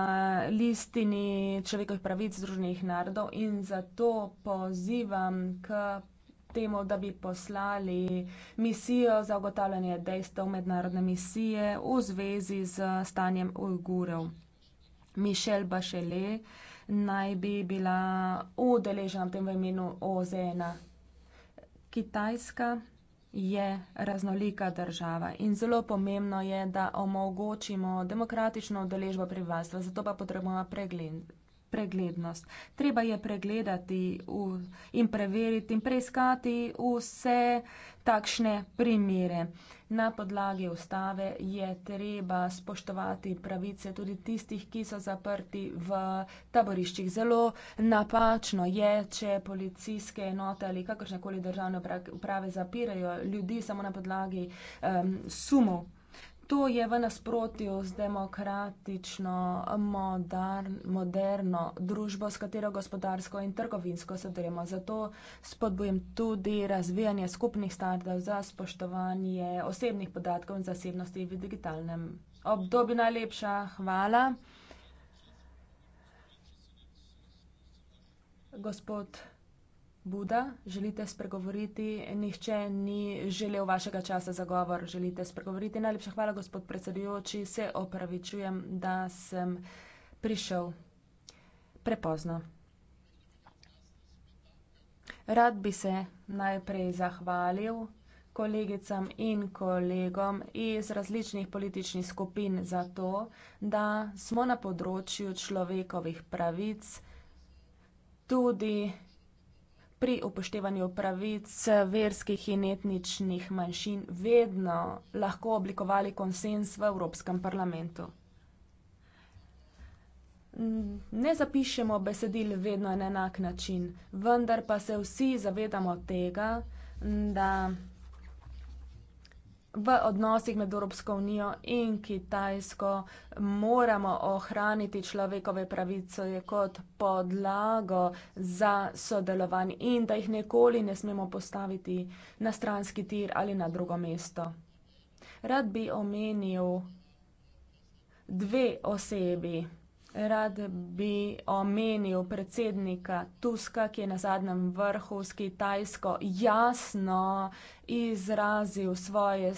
listini človekovih pravic Združenih narodov in zato pozivam k temu, da bi poslali misijo za ugotavljanje dejstev mednarodne misije v zvezi z stanjem Ujgurov. Mišel Bašele naj bi bila udeležena v tem imenu OZN-a. Kitajska je raznolika država in zelo pomembno je, da omogočimo demokratično udeležbo prebivalstva, zato pa potrebujemo pregled, preglednost. Treba je pregledati v, in preveriti in preiskati vse takšne primere. Na podlagi ustave je treba spoštovati pravice tudi tistih, ki so zaprti v taboriščih. Zelo napačno je, če policijske enote ali kakršnekoli državne uprave zapirajo ljudi samo na podlagi um, sumov To je v nasprotju z demokratično, modern, moderno družbo, s katero gospodarsko in trgovinsko sodelujemo. Zato spodbujem tudi razvijanje skupnih standardov za spoštovanje osebnih podatkov in zasebnosti v digitalnem obdobju. Najlepša hvala. Gospod. Buda, želite spregovoriti? Nihče ni želel vašega časa za govor. Želite spregovoriti? Najlepša hvala, gospod predsedujoči. Se opravičujem, da sem prišel prepozno. Rad bi se najprej zahvalil kolegicam in kolegom iz različnih političnih skupin za to, da smo na področju človekovih pravic tudi pri upoštevanju pravic verskih in etničnih manjšin vedno lahko oblikovali konsens v Evropskem parlamentu. Ne zapišemo besedil vedno na enak način, vendar pa se vsi zavedamo tega, da v odnosih med Evropsko unijo in Kitajsko moramo ohraniti človekove pravice kot podlago za sodelovanje in da jih nikoli ne smemo postaviti na stranski tir ali na drugo mesto. Rad bi omenil dve osebi. Rad bi omenil predsednika Tuska, ki je na zadnjem vrhu s Kitajsko jasno izrazil svoje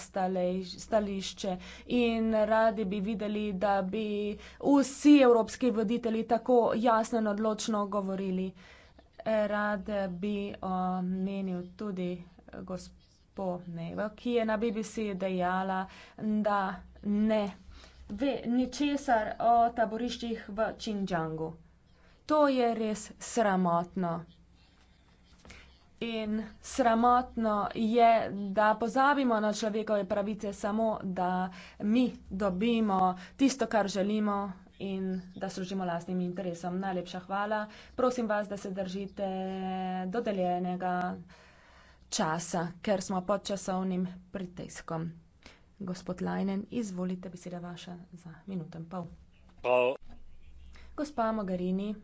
stališče in radi bi videli, da bi vsi evropski voditelji tako jasno in odločno govorili. Rad bi omenil tudi gospo Neva, ki je na BBC dejala, da ne ve ničesar o taboriščih v Xinjiangu. To je res sramotno. In sramotno je, da pozabimo na človekove pravice samo, da mi dobimo tisto, kar želimo in da služimo lastnim interesom. Najlepša hvala. Prosim vas, da se držite dodeljenega časa, ker smo pod časovnim pritiskom. Gospod Lajnen, izvolite, beseda vaša za minuto in pol. Hvala. Gospa Mogarini,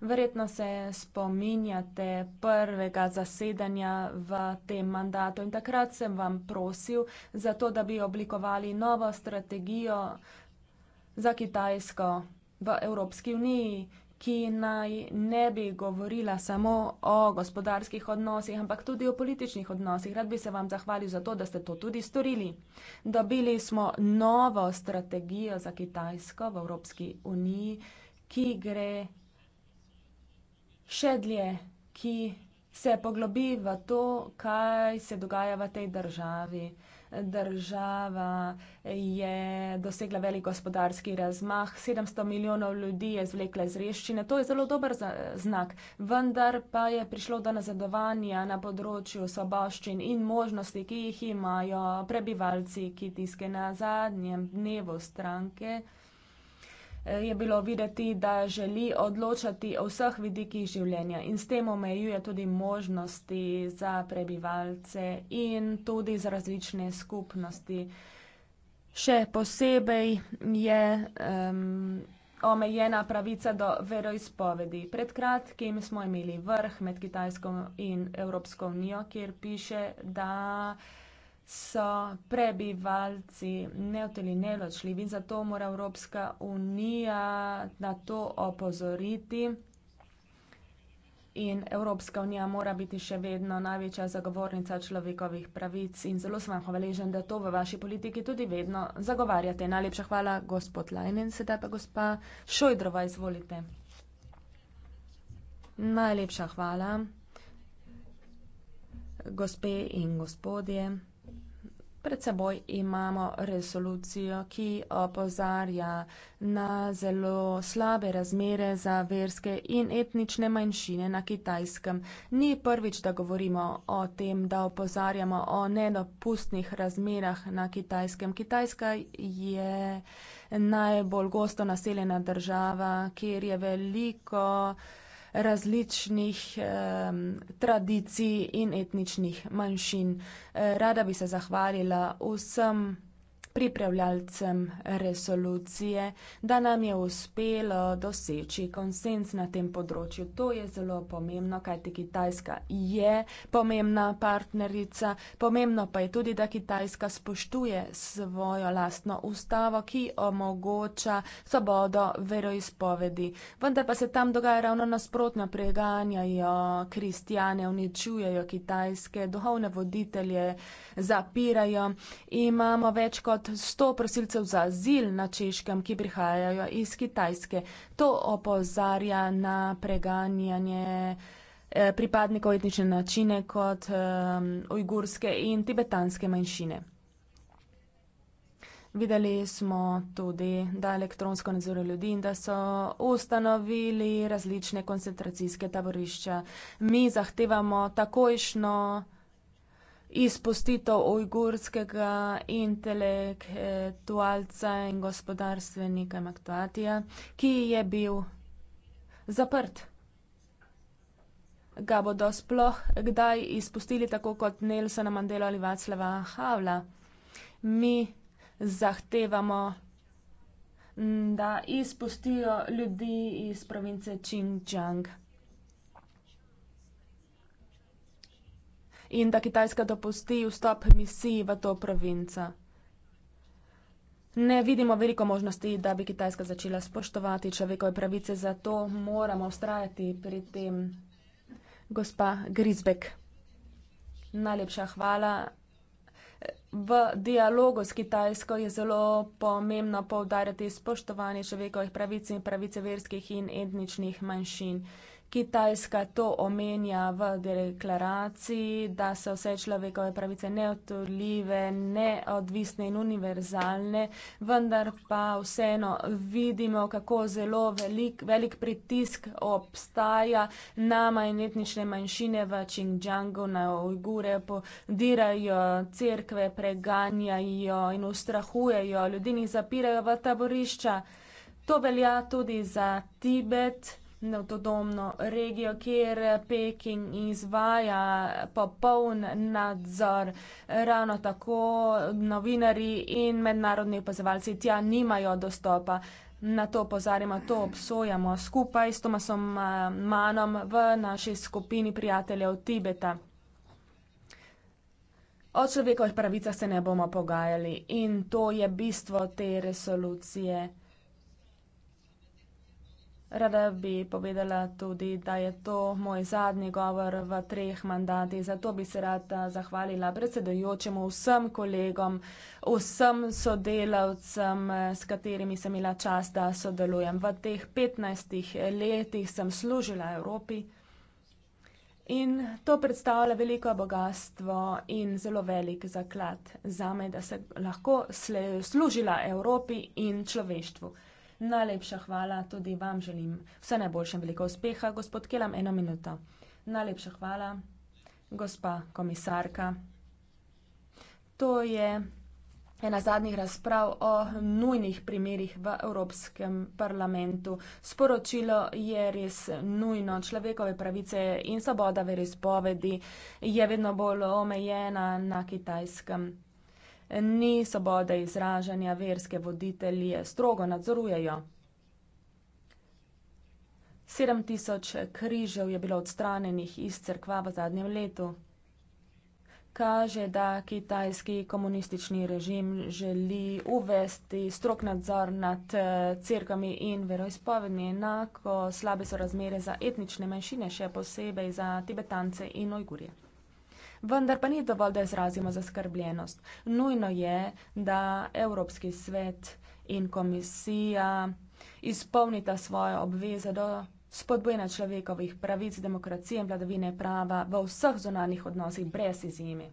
verjetno se spominjate prvega zasedanja v tem mandatu in takrat sem vam prosil za to, da bi oblikovali novo strategijo za Kitajsko v Evropski uniji ki naj ne bi govorila samo o gospodarskih odnosih, ampak tudi o političnih odnosih. Rad bi se vam zahvalil za to, da ste to tudi storili. Dobili smo novo strategijo za Kitajsko v Evropski uniji, ki gre še dlje, ki se poglobi v to, kaj se dogaja v tej državi država je dosegla velik gospodarski razmah, 700 milijonov ljudi je zvlekla iz reščine. To je zelo dober znak, vendar pa je prišlo do nazadovanja na področju soboščin in možnosti, ki jih imajo prebivalci, ki tiske na zadnjem dnevu stranke. Eh, je bilo videti, da želi odločati o vseh vidikih življenja in s tem omejuje tudi možnosti za prebivalce in tudi za različne skupnosti. Še posebej je um, omejena pravica do veroizpovedi. Pred kratkim smo imeli vrh med Kitajsko in Evropsko unijo, kjer piše, da uh, so prebivalci neotili neločljivi in zato mora Evropska unija na to opozoriti. In Evropska unija mora biti še vedno največja zagovornica človekovih pravic in zelo sem vam hvaležen, da to v vaši politiki tudi vedno zagovarjate. Najlepša hvala, gospod Lajnen, sedaj pa gospa Šojdrova, izvolite. Najlepša hvala, gospe in gospodje. Pred seboj imamo resolucijo, ki opozarja na zelo slabe razmere za verske in etnične manjšine na kitajskem. Ni prvič, da govorimo o tem, da opozarjamo o nedopustnih razmerah na kitajskem. Kitajska je najbolj gosto naseljena država, kjer je veliko različnih um, tradicij in etničnih manjšin. Eh, rada bi se zahvalila vsem pripravljalcem resolucije, da nam je uspelo doseči konsens na tem področju. To je zelo pomembno, kajti Kitajska je pomembna partnerica. Pomembno pa je tudi, da Kitajska spoštuje svojo lastno ustavo, ki omogoča svobodo veroizpovedi. Vendar pa se tam dogaja ravno nasprotno, preganjajo kristijane, uničujejo kitajske duhovne voditelje, zapirajo. Imamo več kot kot 100 prosilcev za azil na češkem, ki prihajajo iz Kitajske. To opozarja na preganjanje eh, pripadnikov etnične načine kot um, ujgurske in tibetanske manjšine. Videli smo tudi, da elektronsko nadzorijo ljudi in da so ustanovili različne koncentracijske taborišča. Mi zahtevamo takojšno izpustitev ujgurskega intelektualca in gospodarstvenika Maktuatija, ki je bil zaprt. Ga bodo sploh kdaj izpustili tako kot Nelsona Mandelo ali Václava Havla? Mi zahtevamo, da izpustijo ljudi iz province Činčang. in da Kitajska dopusti vstop misiji v to provinco. Ne vidimo veliko možnosti, da bi Kitajska začela spoštovati človekove pravice, zato moramo ustrajati pri tem. Gospa Grizbek, najlepša hvala. V dialogu s Kitajsko je zelo pomembno poudarjati spoštovanje človekovih pravic in pravice verskih in etničnih manjšin. Kitajska to omenja v deklaraciji, da so vse človekove pravice neotoljive, neodvisne in univerzalne, vendar pa vseeno vidimo, kako zelo velik, velik pritisk obstaja na majnetnične manjšine v Čingdžangu, na Ujgure, podirajo cerkve, preganjajo in ustrahujejo ljudi in jih zapirajo v taborišča. To velja tudi za Tibet avtonomno regijo, kjer Peking izvaja popoln nadzor. Ravno tako novinari in mednarodni opazovalci tja nimajo dostopa. Na to pozarjamo, to obsojamo skupaj s Tomasom eh, Manom v naši skupini prijateljev Tibeta. O človekovih pravicah se ne bomo pogajali in to je bistvo te resolucije. Rada bi povedala tudi, da je to moj zadnji govor v treh mandatih, zato bi se rada zahvalila predsedojočemu, vsem kolegom, vsem sodelavcem, s katerimi sem imela čast, da sodelujem. V teh 15 letih sem služila Evropi in to predstavlja veliko bogatstvo in zelo velik zaklad za me, da sem lahko služila Evropi in človeštvu. Najlepša hvala tudi vam želim. Vse najboljše in veliko uspeha, gospod Kelam, eno minuto. Najlepša hvala, gospa komisarka. To je ena zadnjih razprav o nujnih primerih v Evropskem parlamentu. Sporočilo je res nujno. Človekove pravice in svoboda verizpovedi je vedno bolj omejena na kitajskem ni svobode izražanja, verske voditelje strogo nadzorujejo. 7000 križev je bilo odstranjenih iz cerkva v zadnjem letu. Kaže, da kitajski komunistični režim želi uvesti strok nadzor nad eh, crkvami in veroizpovedmi. Enako slabe so razmere za etnične manjšine, še posebej za tibetance in ojgurje vendar pa ni dovolj, da izrazimo zaskrbljenost. Nujno je, da Evropski svet in komisija izpolnita svojo obvezo do spodbojena človekovih pravic, demokracije in vladavine prava v vseh zonalnih odnosih brez izjeme.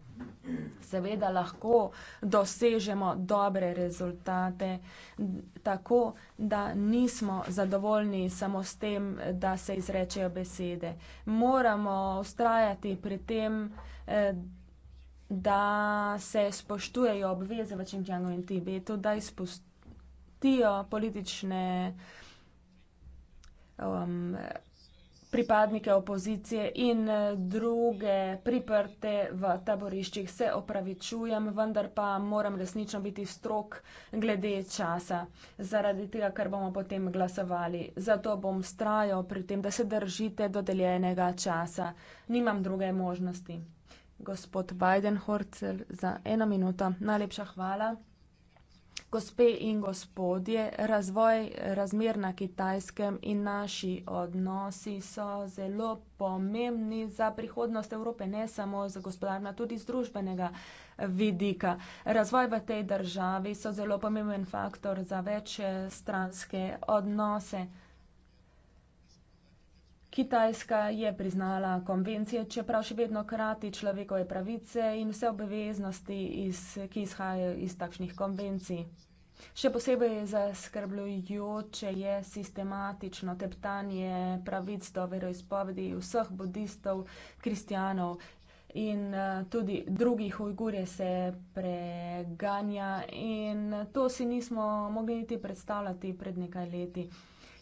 Seveda lahko dosežemo dobre rezultate tako, da nismo zadovoljni samo s tem, da se izrečejo besede. Moramo ustrajati pri tem, eh, da se spoštujejo obveze v Čengdžangu in Tibetu, da izpustijo politične um, pripadnike opozicije in eh, druge priprte v taboriščih. Se opravičujem, vendar pa moram resnično biti strok glede časa, zaradi tega, ker bomo potem glasovali. Zato bom strajal pri tem, da se držite dodeljenega časa. Nimam druge možnosti. Gospod Biden Horcel, za eno minuto. Najlepša hvala. Gospe in gospodje, razvoj razmer na kitajskem in naši odnosi so zelo pomembni za prihodnost Evrope, ne samo za gospodarna, tudi z družbenega vidika. Razvoj v tej državi so zelo pomemben faktor za večje stranske odnose. Kitajska je priznala konvencije, čeprav še vedno krati človekove pravice in vse obveznosti, iz, ki izhajajo iz takšnih konvencij. Še posebej zaskrbljujoče je sistematično teptanje pravic do veroizpovedi vseh budistov, kristijanov in eh, tudi drugih ujgure se preganja in to si nismo mogli niti predstavljati pred nekaj leti.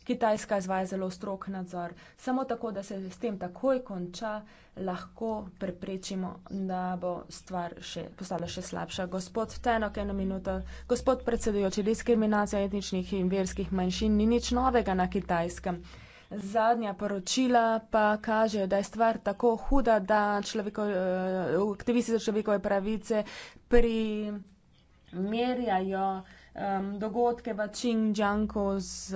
Kitajska izvaja zelo strok nadzor. Samo tako, da se s tem takoj konča, lahko preprečimo, da bo stvar še, postala še slabša. Gospod Tenok, eno minuto. Gospod predsedujoči, diskriminacija etničnih in verskih manjšin ni nič novega na Kitajskem. Zadnja poročila pa kaže, da je stvar tako huda, da človeko, eh, aktivisti za človekove pravice primerjajo um, dogodke v Čingžanku, z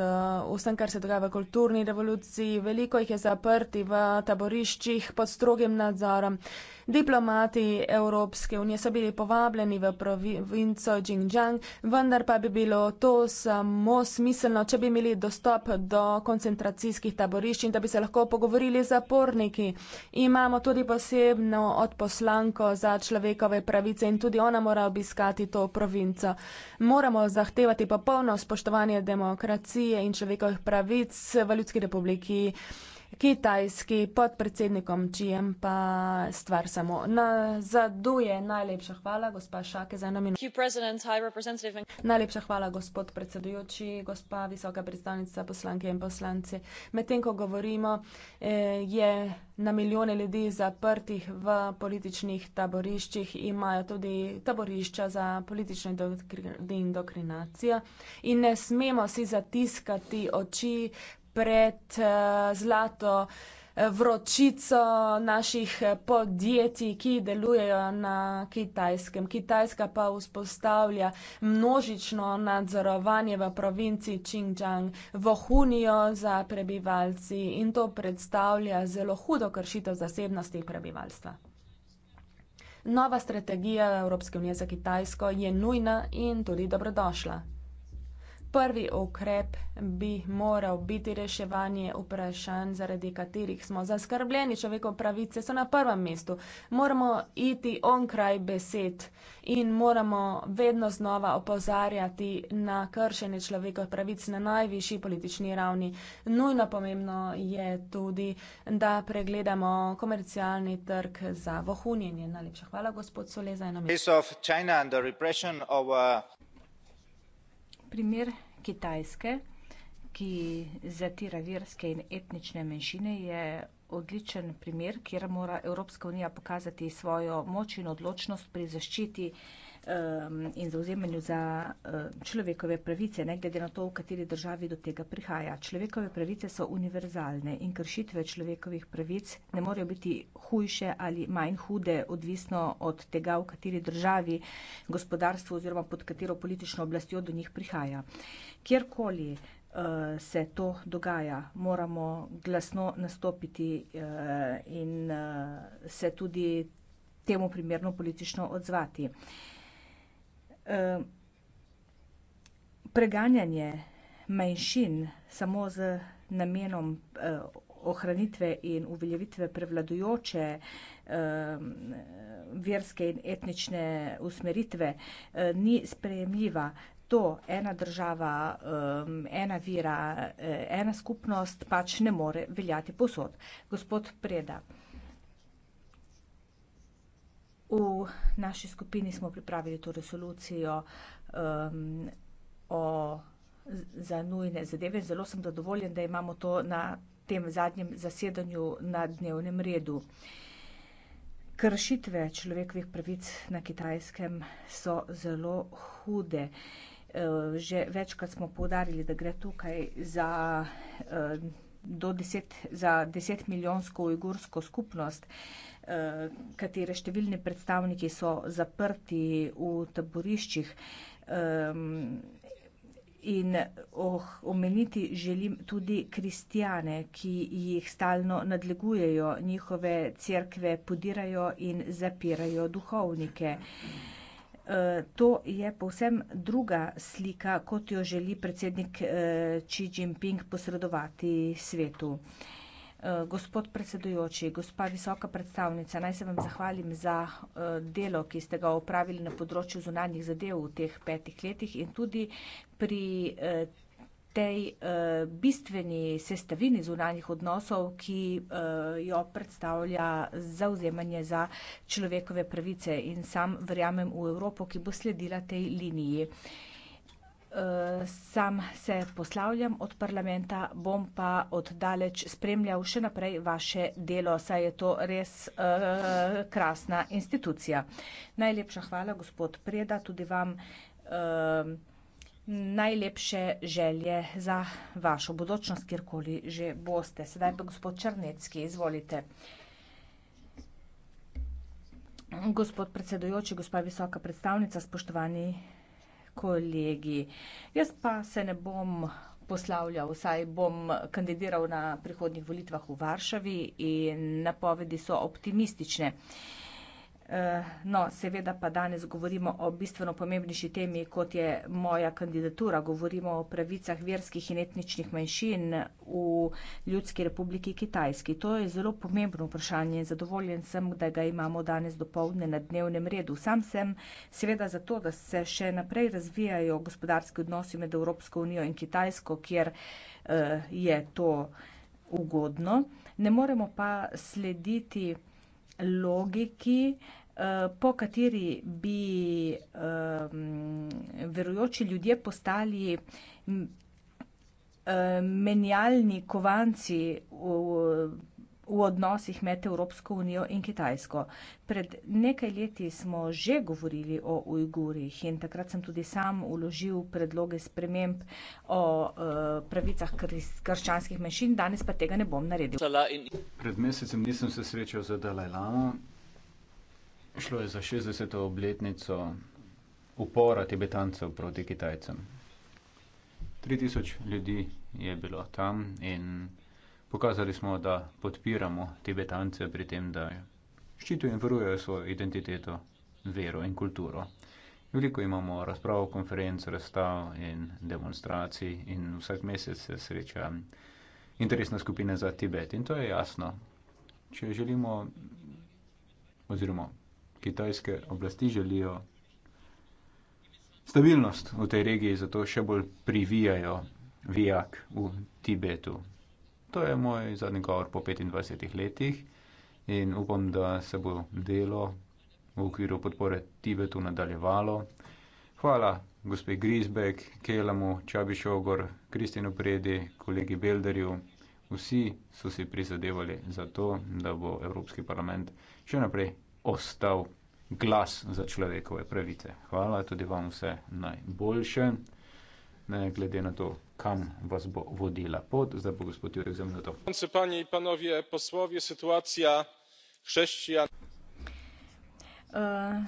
uh, vsem, kar se dogaja v kulturni revoluciji. Veliko jih je zaprti v taboriščih pod strogim nadzorom. Diplomati Evropske unije so bili povabljeni v provinco Xinjiang, vendar pa bi bilo to samo smiselno, če bi imeli dostop do koncentracijskih taborišč in da bi se lahko pogovorili z zaporniki. Imamo tudi posebno odposlanko za človekove pravice in tudi ona mora obiskati to provinco. Moramo zahtevati popolno spoštovanje demokracije in človekovih pravic v Ljudski republiki kitajski podpredsednikom Čijem pa stvar samo nazaduje. Najlepša hvala, gospa Šake, za eno minuto. Najlepša hvala, gospod predsedujoči, gospa visoka predstavnica poslanke in poslanci. Medtem, ko govorimo, eh, je na milijone ljudi zaprtih v političnih taboriščih, imajo tudi taborišča za politično indoktrinacijo in ne smemo si zatiskati oči pred eh, zlato eh, vročico naših eh, podjetij, ki delujejo na Kitajskem. Kitajska pa vzpostavlja množično nadzorovanje v provinci Xinjiang, v Hunijo za prebivalci in to predstavlja zelo hudo kršitev zasebnosti prebivalstva. Nova strategija Evropske unije za Kitajsko je nujna in tudi dobrodošla. Prvi ukrep bi moral biti reševanje vprašanj, zaradi katerih smo zaskrbljeni. Človekov pravice so na prvem mestu. Moramo iti onkraj besed in moramo vedno znova opozarjati na kršene človekov pravic na najvišji politični ravni. Nujno pomembno je tudi, da pregledamo komercialni trg za vohunjenje. Najlepša hvala, gospod Sole, za eno minuto primer Kitajske, ki zatira verske in etnične menšine, je odličen primer, kjer mora Evropska unija pokazati svojo moč in odločnost pri zaščiti um, in zauzemanju za um, človekove pravice, ne glede na to, v kateri državi do tega prihaja. Človekove pravice so univerzalne in kršitve človekovih pravic ne morejo biti hujše ali manj hude, odvisno od tega, v kateri državi, gospodarstvo oziroma pod katero politično oblastjo do njih prihaja. Kjerkoli uh, se to dogaja, moramo glasno nastopiti uh, in uh, se tudi temu primerno politično odzvati. Eh, preganjanje manjšin samo z namenom eh, ohranitve in uveljavitve prevladujoče eh, verske in etnične usmeritve ni sprejemljiva. To ena država, ena vera, ena skupnost pač ne more veljati povsod. Gospod Preda, V naši skupini smo pripravili to resolucijo um, o, za nujne zadeve. Zelo sem zadovoljen, da imamo to na tem zadnjem zasedanju na dnevnem redu. Kršitve človekovih pravic na kitajskem so zelo hude. Uh, že večkrat smo povdarili, da gre tukaj za uh, do deset, za deset milijonsko ujgursko skupnost, eh, katere številni predstavniki so zaprti v taboriščih. Ehm, in oh, omeniti želim tudi kristijane, ki jih stalno nadlegujejo, njihove cerkve podirajo in zapirajo duhovnike. Eh, to je povsem druga slika, kot jo želi predsednik eh, Xi Jinping posredovati svetu. Eh, gospod predsedujoči, gospa visoka predstavnica, naj se vam zahvalim za delo, ki ste ga opravili na področju zunanjih zadev v teh petih letih in tudi pri tej eh, bistveni sestavini zunanjih odnosov, ki eh, jo predstavlja zauzemanje za človekove pravice in sam verjamem v Evropo, ki bo sledila tej liniji. Eh, sam se poslavljam od parlamenta, bom pa oddaleč spremljal še naprej vaše delo, saj je to res uh, krasna institucija. Najlepša hvala, gospod Preda, tudi vam. Uh, najlepše želje za vašo bodočnost, kjerkoli že boste. Sedaj pa gospod Črnecki, izvolite. Gospod predsedujoči, gospa visoka predstavnica, spoštovani kolegi. Jaz pa se ne bom poslavljal, saj bom kandidiral na prihodnjih volitvah v Varšavi in napovedi so optimistične. Eh, no, seveda pa danes govorimo o bistveno pomembnejši temi, kot je moja kandidatura. Govorimo o pravicah verskih in etničnih manjšin v Ljudski republiki Kitajski. To je zelo pomembno vprašanje in zadovoljen sem, da ga imamo danes dopolne na dnevnem redu. Sam sem seveda zato, da se še naprej razvijajo gospodarske odnosi med Evropsko unijo in Kitajsko, kjer uh, je to ugodno. Ne moremo pa slediti logiki, eh, po kateri bi eh, verujoči ljudje postali mm, eh, menjalni kovanci v v odnosih med Evropsko unijo in Kitajsko. Pred nekaj leti smo že govorili o Ujgurih in takrat sem tudi sam uložil predloge sprememb o e, pravicah krščanskih menšin, danes pa tega ne bom naredil. Pred mesecem nisem se srečal z Dalajlamo. Šlo je za 60. obletnico upora Tibetancev proti Kitajcem. 3000 ljudi je bilo tam in Pokazali smo, da podpiramo Tibetance pri tem, da ščitijo in varujejo svojo identiteto, vero in kulturo. Veliko imamo razprav, konferenc, razstav in demonstracij in vsak mesec se sreča interesna skupina za Tibet. In to je jasno. Če želimo, oziroma kitajske oblasti želijo stabilnost v tej regiji, zato še bolj privijajo vijak v Tibetu. To je moj zadnji govor po 25 letih in upam, da se bo delo v okviru podpore Tibetu nadaljevalo. Hvala gospe Grisbek, Kelamu, Čabi Šogor, Kristinu Predi, kolegi Belderju. Vsi so si prizadevali za to, da bo Evropski parlament še naprej ostal glas za človekove pravice. Hvala tudi vam vse najboljše, ne glede na to, kam was bo vodila pot. zdaj bo gospod jurek za minuto. panie i panowie posłowie! sytuacja chrześcijan. E,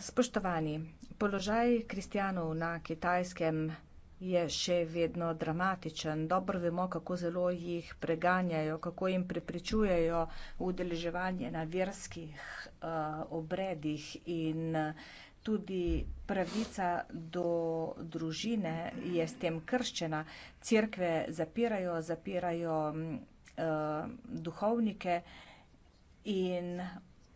spoštovani položaj kristjanov na kitajskem je še vedno dramatičen. Dobro vemo, kako zelo jih preganjajo, kako jim prepričujejo udeleževanje na verskih uh, obredih in uh, tudi pravica do družine je s tem krščena. Cerkve zapirajo, zapirajo mm, eh, duhovnike in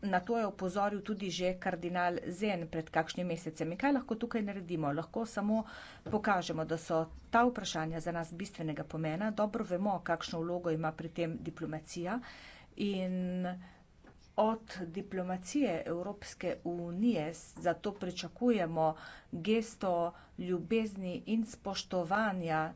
na to je upozoril tudi že kardinal Zen pred kakšnim mesecem. In kaj lahko tukaj naredimo? Lahko samo pokažemo, da so ta vprašanja za nas bistvenega pomena. Dobro vemo, kakšno vlogo ima pri tem diplomacija. In od diplomacije Evropske unije, zato pričakujemo gesto ljubezni in spoštovanja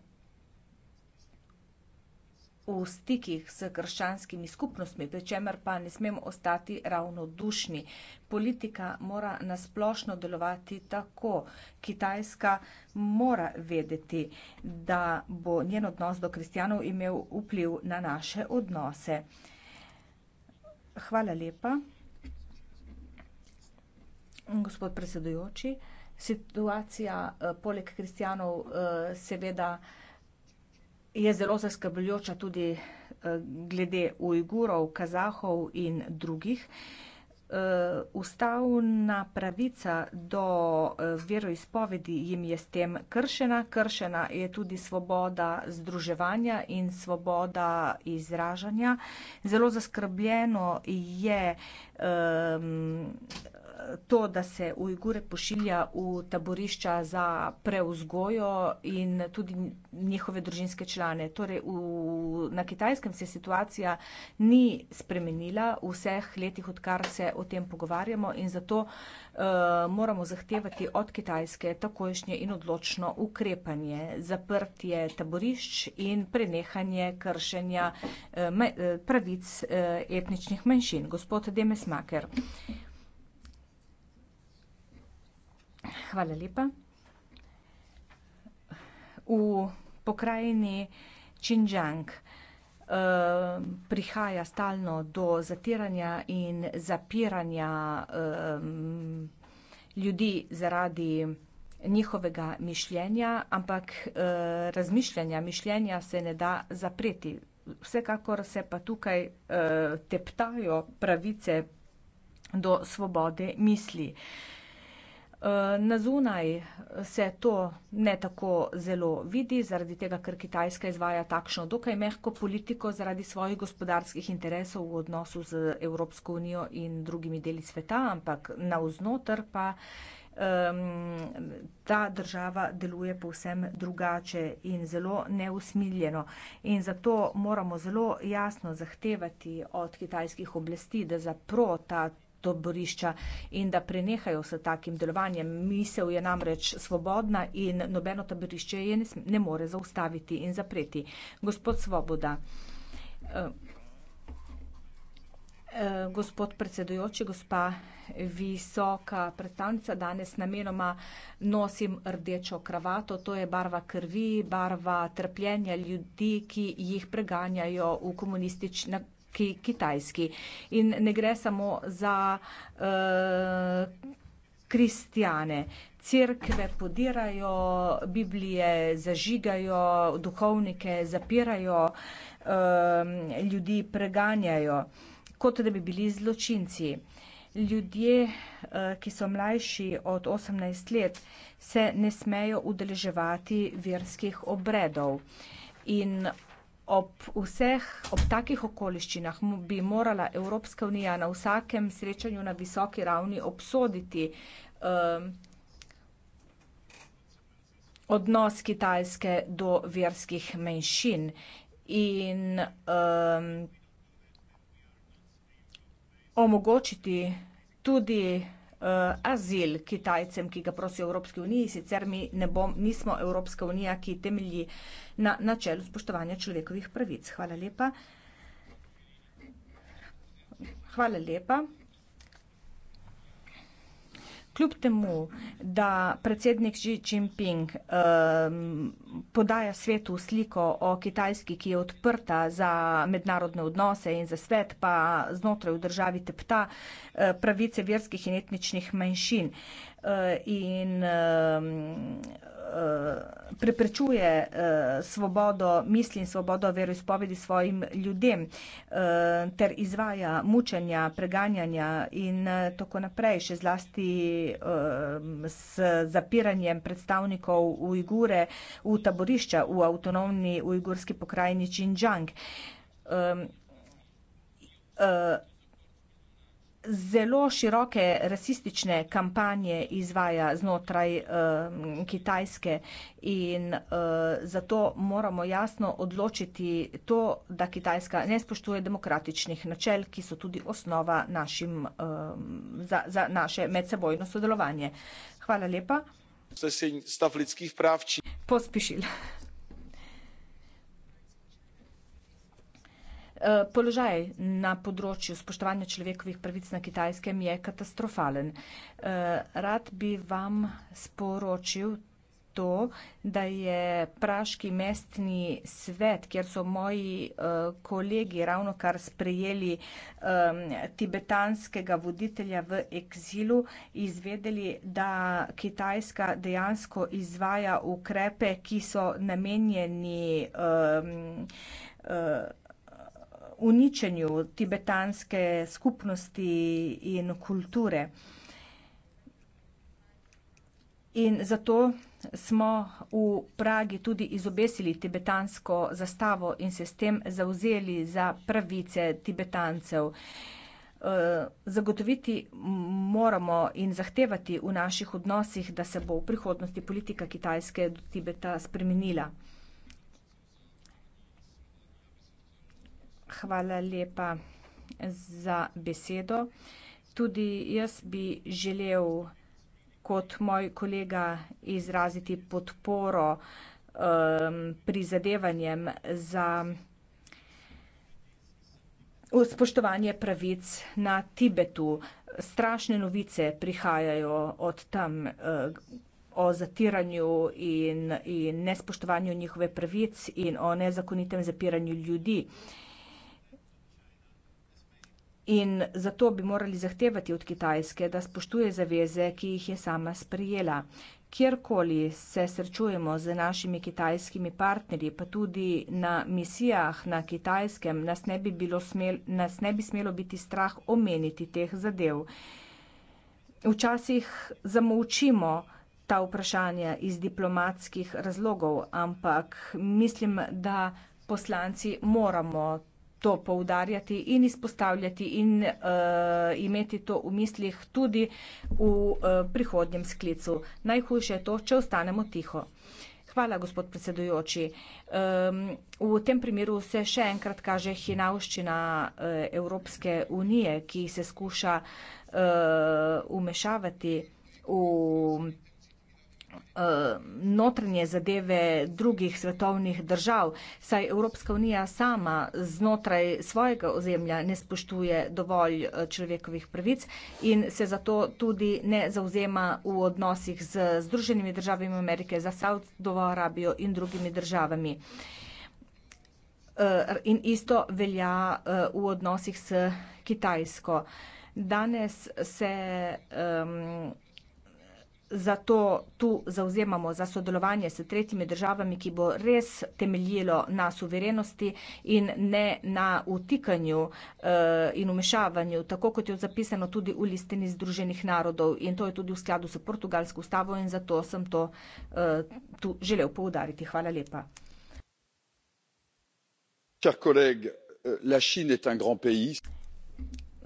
v stikih s krščanskimi skupnostmi, pri čemer pa ne smemo ostati ravnodušni. Politika mora nasplošno delovati tako. Kitajska mora vedeti, da bo njen odnos do kristjanov imel vpliv na naše odnose. Hvala lepa. Gospod predsedujoči, situacija eh, poleg kristijanov eh, seveda je zelo zaskrbljujoča tudi eh, glede Ujgurov, Kazahov in drugih uh, ustavna pravica do uh, veroizpovedi jim je s tem kršena. Kršena je tudi svoboda združevanja in svoboda izražanja. Zelo zaskrbljeno je um, to, da se Ujgure pošilja v taborišča za preuzgojo in tudi njihove družinske člane. Torej, v, na kitajskem se situacija ni spremenila v vseh letih, odkar se o tem pogovarjamo in zato uh, moramo zahtevati od kitajske takojšnje in odločno ukrepanje, zaprtje taborišč in prenehanje kršenja uh, pravic uh, etničnih manjšin. Gospod Demesmaker. Hvala lepa. V pokrajini Činžang uh, eh, prihaja stalno do zatiranja in zapiranja uh, ljudi zaradi njihovega mišljenja, ampak uh, razmišljanja, mišljenja se ne da zapreti. Vsekakor se pa tukaj uh, teptajo pravice do svobode misli. Uh, Eh, na zunaj se to ne tako zelo vidi, zaradi tega, ker Kitajska izvaja takšno dokaj mehko politiko zaradi svojih gospodarskih interesov v odnosu z Evropsko unijo in drugimi deli sveta, ampak na vznoter pa um, ta država deluje povsem drugače in zelo neusmiljeno. In zato moramo zelo jasno zahtevati od kitajskih oblasti, da zapro ta taborišča in da prenehajo s takim delovanjem. Misel je namreč svobodna in nobeno taborišče je ne, ne more zaustaviti in zapreti. Gospod Svoboda. Eh, eh, gospod predsedujoči, gospa visoka predstavnica, danes namenoma nosim rdečo kravato, to je barva krvi, barva trpljenja ljudi, ki jih preganjajo v komunistična ki, kitajski. In ne gre samo za uh, eh, kristijane. Cerkve podirajo, Biblije zažigajo, duhovnike zapirajo, uh, ljudi preganjajo, kot da bi bili zločinci. Ljudje, eh, ki so mlajši od 18 let, se ne smejo udeleževati verskih obredov. In ob vseh, ob takih okoliščinah bi morala Evropska unija na vsakem srečanju na visoki ravni obsoditi um, odnos Kitajske do verskih menšin in um, omogočiti tudi Eh, azil Kitajcem, ki ga prosijo v Evropski uniji, sicer mi ne bom, nismo Evropska unija, ki temelji na načelu spoštovanja človekovih pravic. Hvala lepa. Hvala lepa kljub temu, da predsednik Xi Jinping um, podaja svetu sliko o Kitajski, ki je odprta za mednarodne odnose in za svet, pa znotraj v državi tepta uh, pravice verskih in etničnih manjšin. Uh, in, um, Eh, preprečuje eh, svobodo misli in svobodo veroizpovedi svojim ljudem eh, ter izvaja mučenja, preganjanja in tako naprej, še zlasti s zapiranjem predstavnikov Ujgure v taborišča v avtonomni ujgurski pokrajini Činčang zelo široke rasistične kampanje izvaja znotraj eh, Kitajske in eh, zato moramo jasno odločiti to, da Kitajska ne spoštuje demokratičnih načel, ki so tudi osnova našim, eh, za, za naše medsebojno sodelovanje. Hvala lepa. Pospešil. Eh, položaj na področju spoštovanja človekovih pravic na kitajskem je katastrofalen. Eh, rad bi vam sporočil to, da je Praški mestni svet, kjer so moji eh, kolegi ravno kar sprejeli tibetanskega voditelja v eksilu, izvedeli, da Kitajska dejansko izvaja ukrepe, ki so namenjeni uničenju tibetanske skupnosti in kulture. In zato smo v Pragi tudi izobesili tibetansko zastavo in se s tem zauzeli za pravice tibetancev. Eh, zagotoviti moramo in zahtevati v naših odnosih, da se bo v prihodnosti politika Kitajske do Tibeta spremenila. hvala lepa za besedo. Tudi jaz bi želel kot moj kolega izraziti podporo um, prizadevanjem za spoštovanje pravic na Tibetu. Strašne novice prihajajo od tam uh, o zatiranju in, in nespoštovanju njihove pravic in o nezakonitem zapiranju ljudi. Uh, in zato bi morali zahtevati od Kitajske, da spoštuje zaveze, ki jih je sama sprijela. Kjerkoli se srečujemo z našimi kitajskimi partnerji, pa tudi na misijah na kitajskem, nas ne bi, bilo smel, nas ne bi smelo biti strah omeniti teh zadev. Včasih zamovčimo ta vprašanja iz diplomatskih razlogov, ampak mislim, da poslanci moramo to poudarjati in izpostavljati in uh, imeti to v mislih tudi v uh, prihodnjem sklicu. Najhujše je to, če ostanemo tiho. Hvala, gospod predsedujoči. Um, v tem primeru se še enkrat kaže hinavščina uh, Evropske unije, ki se skuša uh, umešavati v Eh, notranje zadeve drugih svetovnih držav, saj Evropska unija sama znotraj svojega ozemlja ne spoštuje dovolj eh, človekovih pravic in se zato tudi ne zauzema v odnosih z Združenimi državami Amerike, za Saudovo Arabijo in drugimi državami. Eh, in isto velja v odnosih s Kitajsko. Danes se um, zato tu zauzemamo za sodelovanje s tretjimi državami, ki bo res temeljilo na suverenosti in ne na utikanju eh, in umešavanju, tako kot je zapisano tudi v listini Združenih narodov in to je tudi v skladu s portugalsko ustavo in zato sem to eh, tu želel poudariti. Hvala lepa.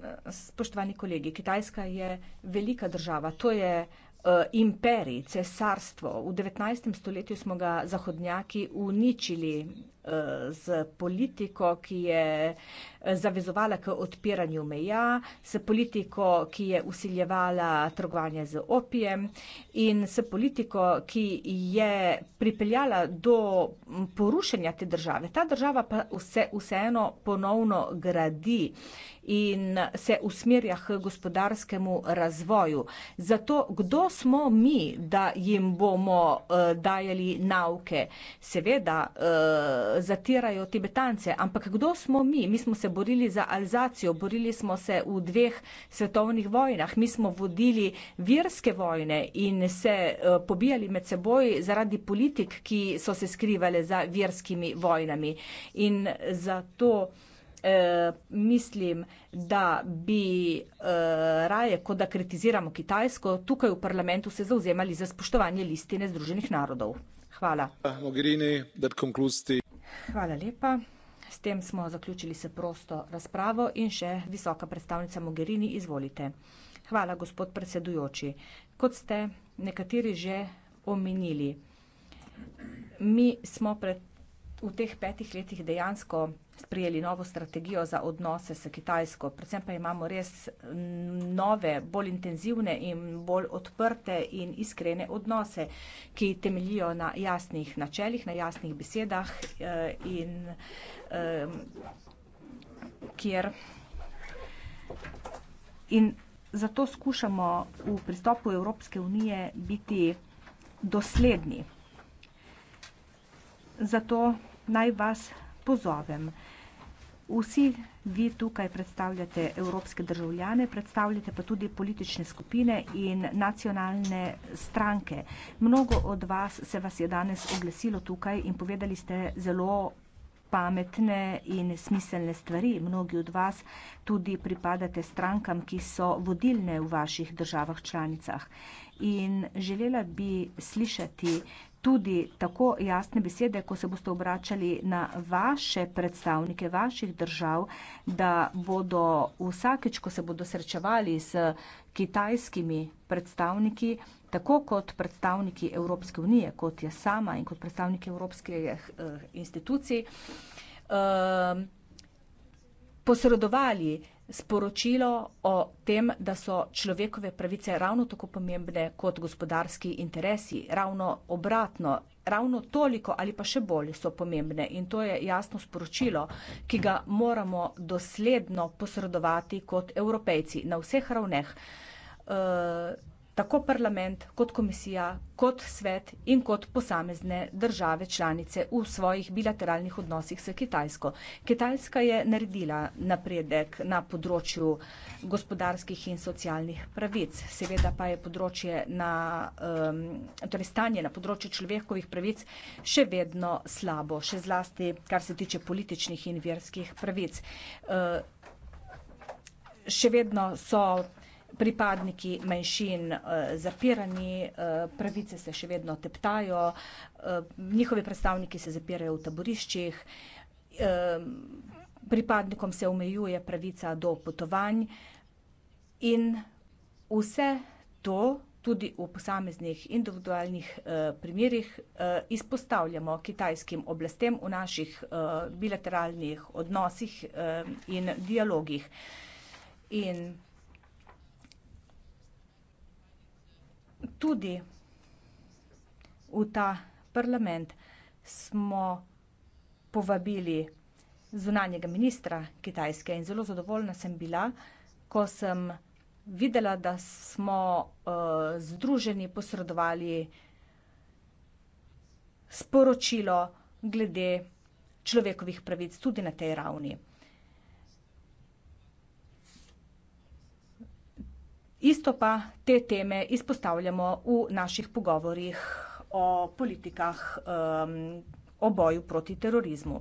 Euh, Spoštovani kolegi, Kitajska je velika država, to je Eh, imperij, cesarstvo. V 19. stoletju smo ga zahodnjaki uničili, z politiko, ki je eh, zavezovala k odpiranju meja, s politiko, ki je usiljevala trgovanje z opijem in s politiko, ki je pripeljala do mm, porušenja te države. Ta država pa vse, vseeno ponovno gradi in se usmerja k gospodarskemu razvoju. Zato, kdo smo mi, da jim bomo uh, dajali nauke? Seveda, uh, zatirajo Tibetance. Ampak kdo smo mi? Mi smo se borili za Alzacijo, borili smo se v dveh svetovnih vojnah, mi smo vodili virske vojne in se eh, pobijali med seboj zaradi politik, ki so se skrivali za virskimi vojnami. In zato. E, mislim, da bi e, raje, kot da kritiziramo Kitajsko, tukaj v parlamentu se zauzemali za spoštovanje listine Združenih narodov. Hvala. Hvala lepa. S tem smo zaključili se prosto razpravo in še visoka predstavnica Mogherini, izvolite. Hvala, gospod predsedujoči. Kot ste nekateri že omenili, mi smo pred v teh petih letih dejansko sprijeli novo strategijo za odnose s Kitajsko. Predvsem pa imamo res nove, bolj intenzivne in bolj odprte in iskrene odnose, ki temeljijo na jasnih načeljih, na jasnih besedah eh, in eh, kjer. In zato skušamo v pristopu Evropske unije biti dosledni. Zato naj vas pozovem. Vsi vi tukaj predstavljate evropske državljane, predstavljate pa tudi politične skupine in nacionalne stranke. Mnogo od vas se vas je danes oglesilo tukaj in povedali ste zelo pametne in smiselne stvari. Mnogi od vas tudi pripadate strankam, ki so vodilne v vaših državah članicah. In želela bi slišati, tudi tako jasne besede, ko se boste obračali na vaše predstavnike vaših držav, da bodo vsakeč, ko se bodo srečevali s kitajskimi predstavniki, tako kot predstavniki Evropske unije, kot je sama in kot predstavniki Evropskih eh, institucij, eh, posredovali eh, sporočilo o tem, da so človekove pravice ravno tako pomembne kot gospodarski interesi, ravno obratno, ravno toliko ali pa še bolj so pomembne. In to je jasno sporočilo, ki ga moramo dosledno posredovati kot evropejci na vseh ravneh. Uh, tako parlament kot komisija, kot svet in kot posamezne države članice v svojih bilateralnih odnosih s Kitajsko. Kitajska je naredila napredek na področju gospodarskih in socialnih pravic. Seveda pa je področje na, um, torej stanje na področju človekovih pravic še vedno slabo, še zlasti, kar se tiče političnih in verskih pravic. Uh, Še vedno so pripadniki manjšin uh, zapirani, uh, pravice se še vedno teptajo, uh, njihovi predstavniki se zapirajo v taboriščih, uh, pripadnikom se omejuje pravica do potovanj in vse to tudi v posameznih individualnih eh, primerjih eh, izpostavljamo kitajskim oblastem v naših eh, bilateralnih odnosih eh, in dialogih. In tudi v ta parlament smo povabili zunanjega ministra Kitajske in zelo zadovoljna sem bila, ko sem videla, da smo uh, združeni posredovali sporočilo glede človekovih pravic tudi na tej ravni. Isto pa te teme izpostavljamo v naših pogovorjih o politikah, um, o boju proti terorizmu.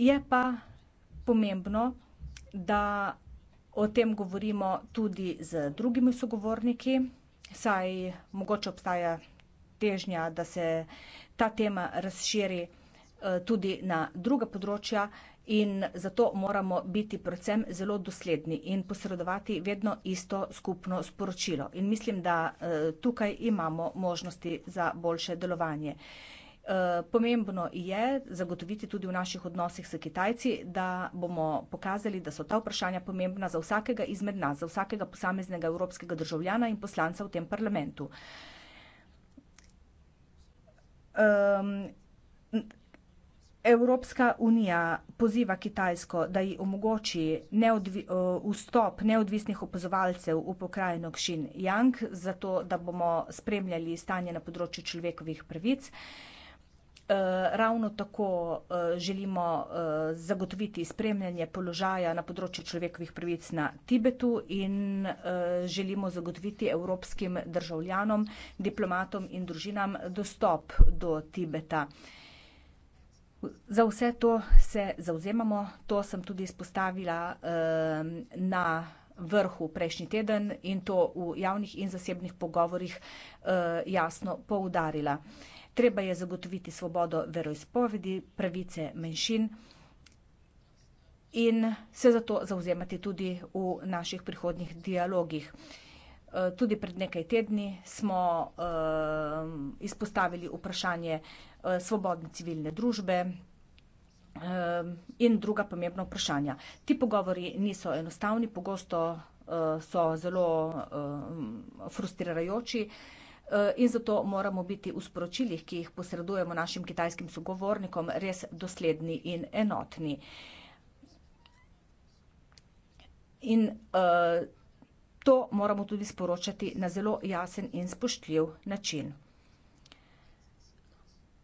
Je pa pomembno, da o tem govorimo tudi z drugimi sogovorniki, saj mogoče obstaja težnja, da se ta tema razširi uh, tudi na druga področja in zato moramo biti predvsem zelo dosledni in posredovati vedno isto skupno sporočilo. In mislim, da eh, tukaj imamo možnosti za boljše delovanje. Eh, pomembno je zagotoviti tudi v naših odnosih s Kitajci, da bomo pokazali, da so ta vprašanja pomembna za vsakega izmed nas, za vsakega posameznega evropskega državljana in poslanca v tem parlamentu. Ehm, Evropska unija poziva Kitajsko, da ji omogoči neodvi, uh, vstop neodvisnih opazovalcev v pokrajino Xinjiang, zato da bomo spremljali stanje na področju človekovih pravic. Uh, ravno tako uh, želimo uh, zagotoviti spremljanje položaja na področju človekovih pravic na Tibetu in uh, želimo zagotoviti evropskim državljanom, diplomatom in družinam dostop do Tibeta. Uh, Za vse to se zauzemamo, to sem tudi izpostavila eh, na vrhu prejšnji teden in to v javnih in zasebnih pogovorjih eh, jasno poudarila. Treba je zagotoviti svobodo veroizpovedi, pravice menšin in se zato zauzemati tudi v naših prihodnih dialogih. Eh, tudi pred nekaj tedni smo uh, izpostavili vprašanje uh, svobodne civilne družbe. Ehm, in druga pomembna vprašanja. Ti pogovori niso enostavni, pogosto eh, so zelo ehm, frustrirajoči. Eh, in zato moramo biti v sporočilih, ki jih posredujemo našim kitajskim sogovornikom, res dosledni in enotni. In uh, to moramo tudi sporočati na zelo jasen in spoštljiv način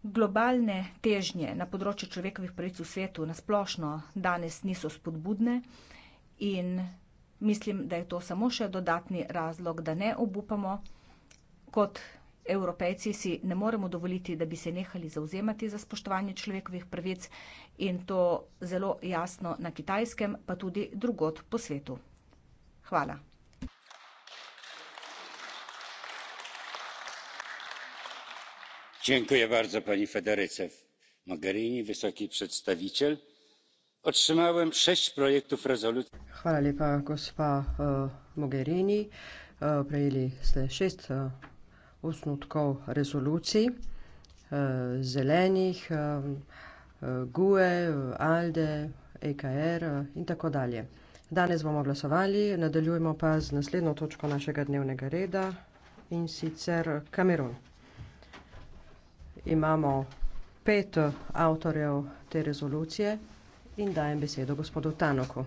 globalne težnje na področju človekovih pravic v svetu nasplošno danes niso spodbudne in mislim, da je to samo še dodatni razlog, da ne obupamo. Kot evropejci si ne moremo dovoliti, da bi se nehali zauzemati za spoštovanje človekovih pravic in to zelo jasno na kitajskem, pa tudi drugot po svetu. Hvala. dziękuję bardzo pani federice mogherini wysokiej przedstawiciel otrzymałem sześć projektów rezolucji hvala lepa gospa e, mogherini e, prejeli ste šest e, osnutkov rezolucij zelenih gue alde ekr in tako dalje danes bomo glasovali nadaljujemo pa z naslednjo točko našega dnevnega reda in sicer kamerun imamo pet avtorjev te rezolucije in dajem besedo gospodu Tanoku.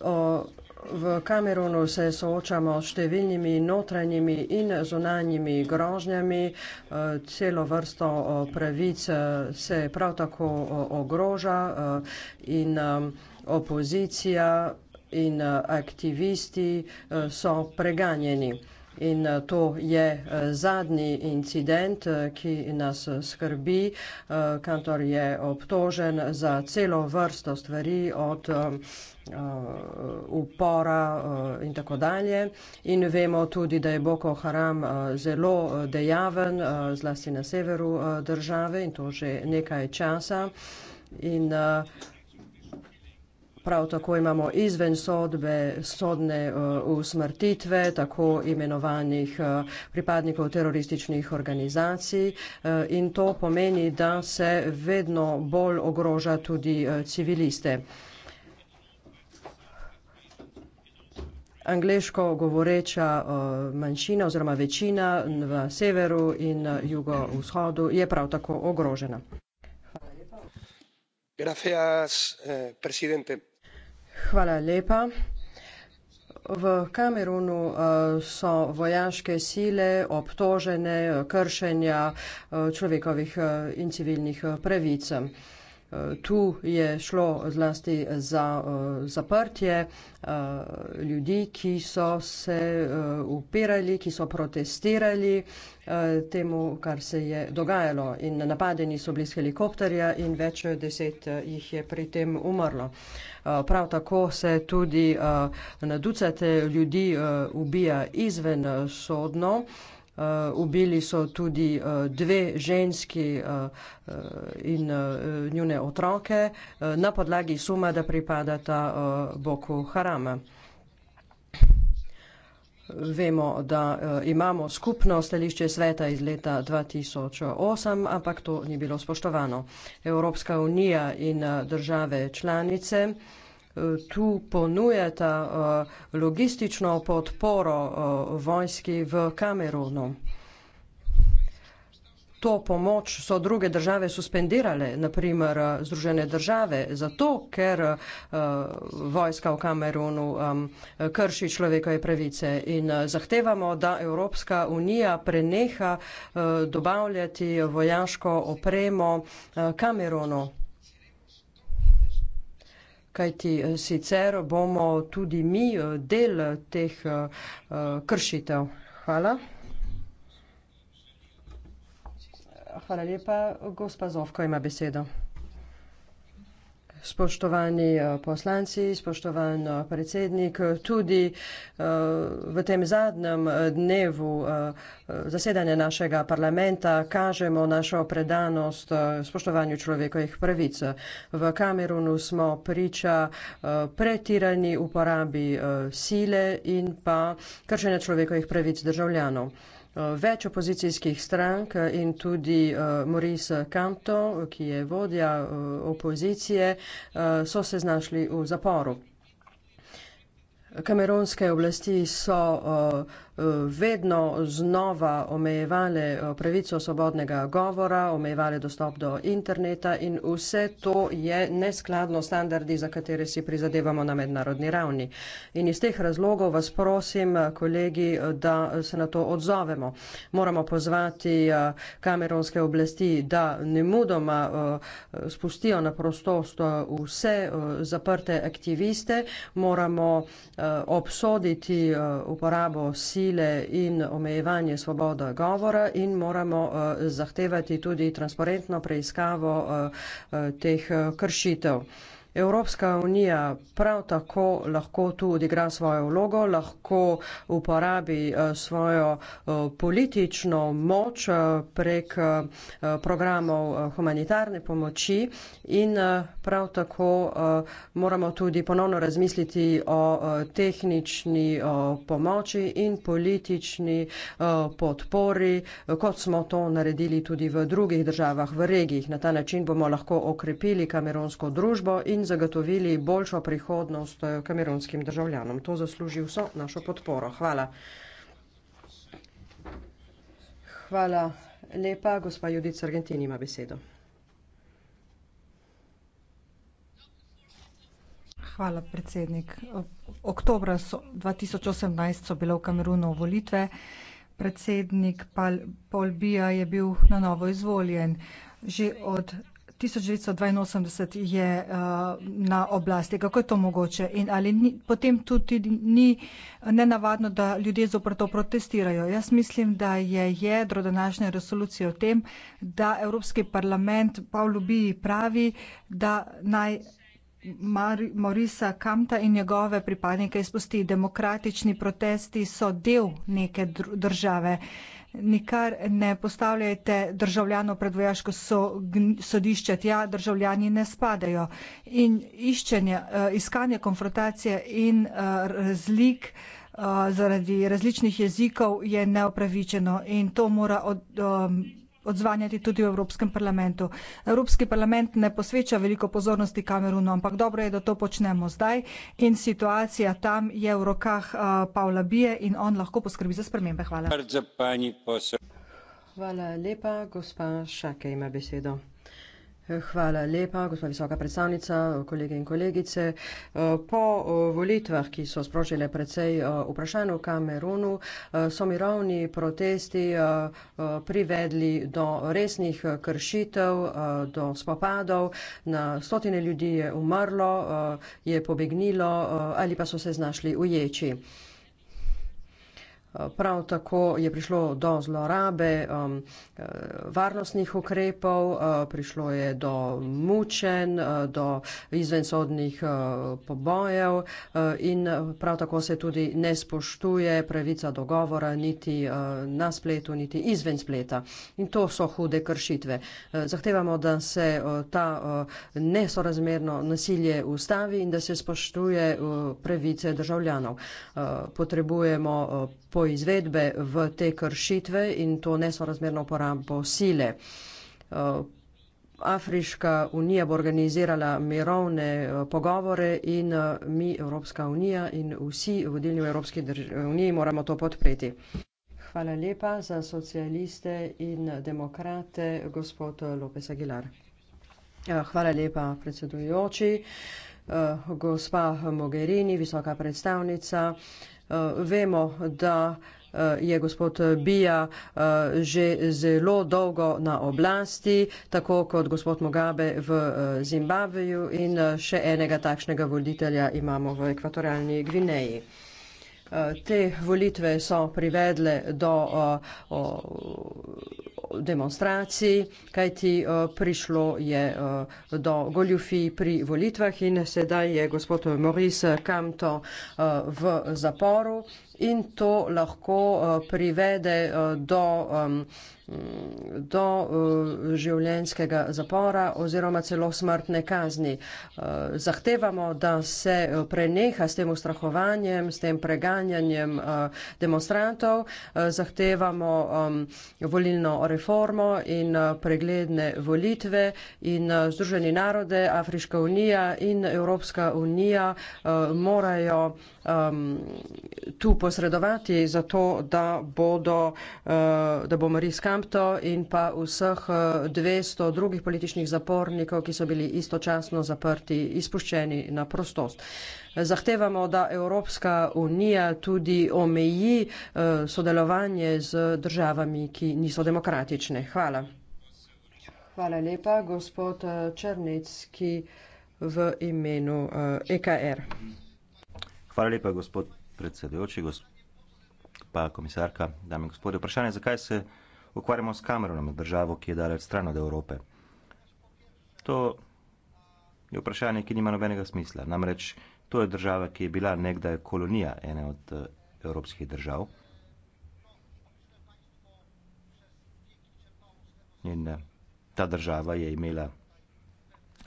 O, v Kamerunu se soočamo s številnimi notranjimi in zunanjimi grožnjami, e, celo vrsto e, pravic e, se prav tako ogroža in opozicija in eh, aktivisti eh, so preganjeni. In eh, to je zadnji incident, ki nas skrbi. Kantor je obtožen za celo vrsto stvari od upora in tako dalje. In vemo tudi, da je Boko Haram zelo dejaven, zlasti na severu države in to že nekaj časa. In, uh, Prav tako imamo izven sodbe sodne eh, usmrtitve tako imenovanih eh, pripadnikov terorističnih organizacij eh, in to pomeni, da se vedno bolj ogroža tudi civiliste. Angliško govoreča manjšina oziroma večina v severu in jugovzhodu je prav tako ogrožena. Gracias, presidente. Hvala lepa. V Kamerunu eh, so vojaške sile obtožene eh, kršenja eh, človekovih in civilnih pravic. Tu je šlo zlasti za uh, zaprtje uh, ljudi, ki so se uh, upirali, ki so protestirali uh, temu, kar se je dogajalo. In napadeni so bili z helikopterja in več deset jih je pri tem umrlo. Uh, prav tako se tudi uh, na ducate ljudi uh, ubija izven sodno. Uh, Eh, ubili so tudi eh, dve ženski eh, in njune otroke na podlagi suma, da pripadata Boku Harama. Vemo, da imamo skupno stališče sveta iz leta 2008, ampak to ni bilo spoštovano. Evropska unija in države članice tu ponujata eh, logistično podporo eh, vojski v Kamerunu. To pomoč so druge države suspendirale, naprimer eh, Združene države, zato ker vojska v Kamerunu krši človekove pravice in zahtevamo, da Evropska unija preneha dobavljati vojaško opremo Kamerunu kajti eh, sicer bomo tudi mi eh, del eh, teh kršitev. Hvala. Hvala lepa. Gospa Zovko ima besedo spoštovani eh, poslanci, spoštovan eh, predsednik, eh, tudi v tem zadnjem dnevu zasedanja našega parlamenta kažemo našo predanost spoštovanju človekovih pravic. V Kamerunu smo priča pretirani uporabi sile in pa kršenja človekovih pravic državljanov več opozicijskih strank in tudi eh, Maurice Kanto, ki je vodja eh, opozicije, eh, so se znašli v zaporu. Kamerunske oblasti so uh, Eh, vedno znova omejevale eh, pravico svobodnega govora, omejevale dostop do interneta in vse to je neskladno standardi, za katere si prizadevamo na mednarodni ravni. In iz teh razlogov vas prosim, eh, kolegi, da se na to odzovemo. Moramo pozvati kameronske oblasti, da ne mudoma spustijo na prostost vse zaprte aktiviste, moramo obsoditi uporabo si sile in omejevanje svobode govora in moramo eh, zahtevati tudi transparentno preiskavo eh, eh, teh kršitev. Evropska unija prav tako lahko tu odigra svojo vlogo, lahko uporabi eh, svojo eh, politično moč eh, prek programov humanitarne pomoči in prav tako moramo tudi ponovno razmisliti o tehnični pomoči in politični podpori, kot smo to naredili tudi v drugih državah v regiji. Na ta način bomo lahko okrepili kamerunsko družbo in zagotovili boljšo prihodnost eh, kamerunskim državljanom. To zasluži vso našo podporo. Hvala. Hvala lepa. Gospa Judica Argentin ima besedo. Hvala, predsednik. Oktobra 2018 so bile v Kamerunu volitve. Predsednik Paul Bia je bil na novo izvoljen. Že od 1982 je uh, na oblasti. Kako je to mogoče? In ali ni, potem tudi ni nenavadno, da ljudje zoprto protestirajo? Jaz mislim, da je jedro današnje resolucije o tem, da Evropski parlament pa v Lubiji pravi, da naj Mar Morisa Kamta in njegove pripadnike izpusti. Demokratični protesti so del neke dr države. Uh, Nikar ne postavljajte državljanov pred vojaško sodišče, tja državljani ne spadajo. In iščenje, eh, iskanje konfrontacije in eh, razlik eh, zaradi različnih jezikov je neopravičeno in to mora od, um, odzvanjati tudi v Evropskem parlamentu. Evropski parlament ne posveča veliko pozornosti Kamerunu, ampak dobro je, da to počnemo zdaj in situacija tam je v rokah uh, Pavla Bije in on lahko poskrbi za spremembe. Hvala. Hvala lepa, gospa Šake ima besedo. Hvala lepa, gospod visoka predstavnica, kolege in kolegice. Po volitvah, ki so sprožile precej vprašanj v Kamerunu, so mirovni protesti privedli do resnih kršitev, do spopadov. Na stotine ljudi je umrlo, je pobegnilo ali pa so se znašli v ječi. Prav tako je prišlo do zlorabe um, eh, varnostnih ukrepov, uh, prišlo je do mučen, uh, eh, do izvensodnih uh, pobojev uh, in prav tako se tudi ne spoštuje pravica dogovora niti uh, na spletu, niti izven spleta. In to so hude kršitve. Uh, zahtevamo, da se uh, ta uh, nesorazmerno nasilje ustavi in da se spoštuje uh, pravice državljanov. Uh, potrebujemo uh, po izvedbe v te kršitve in to nesorazmerno porabo sile. Uh, Afriška unija bo organizirala mirovne uh, pogovore in uh, mi, Evropska unija in vsi vodilni v Evropski uniji moramo to podpreti. Hvala lepa za socialiste in demokrate, gospod Lopes Aguilar. Ja, hvala lepa, predsedujoči, gospa Mogherini, visoka predstavnica. Eh, vemo, da eh, je gospod Bija eh, že zelo dolgo na oblasti, tako kot gospod Mugabe v Zimbabveju in še enega takšnega voditelja imamo v ekvatorialni Gvineji. Te volitve so privedle do demonstraciji, kajti eh, prišlo je eh, do goljufi pri volitvah in sedaj je gospod Maurice Kamto eh, v zaporu in to lahko eh, privede eh, do, do eh, življenjskega zapora oziroma celo smrtne kazni. Zahtevamo, da se preneha s tem ustrahovanjem, s tem preganjanjem demonstrantov, zahtevamo volilno reformo in pregledne volitve in Združeni narode, Afriška unija in Evropska unija morajo um, tu posredovati, zato da, bodo, uh, da bomo res kampto in pa vseh 200 uh, drugih političnih zapornikov, ki so bili istočasno zaprti, izpuščeni na prostost. Zahtevamo, da Evropska unija tudi omeji uh, sodelovanje z državami, ki niso demokratične. Hvala. Hvala lepa, gospod uh, Črnec, ki v imenu uh, EKR. Mm -hmm. Hvala lepa, gospod predsedujoči, gospa komisarka, dame in gospode. Vprašanje, zakaj se ukvarjamo s Kamerunom, državo, ki je daleč stran od Evrope? To je vprašanje, ki nima nobenega smisla. Namreč to je država, ki je bila nekdaj kolonija ene od eh, evropskih držav. In eh, ta država je imela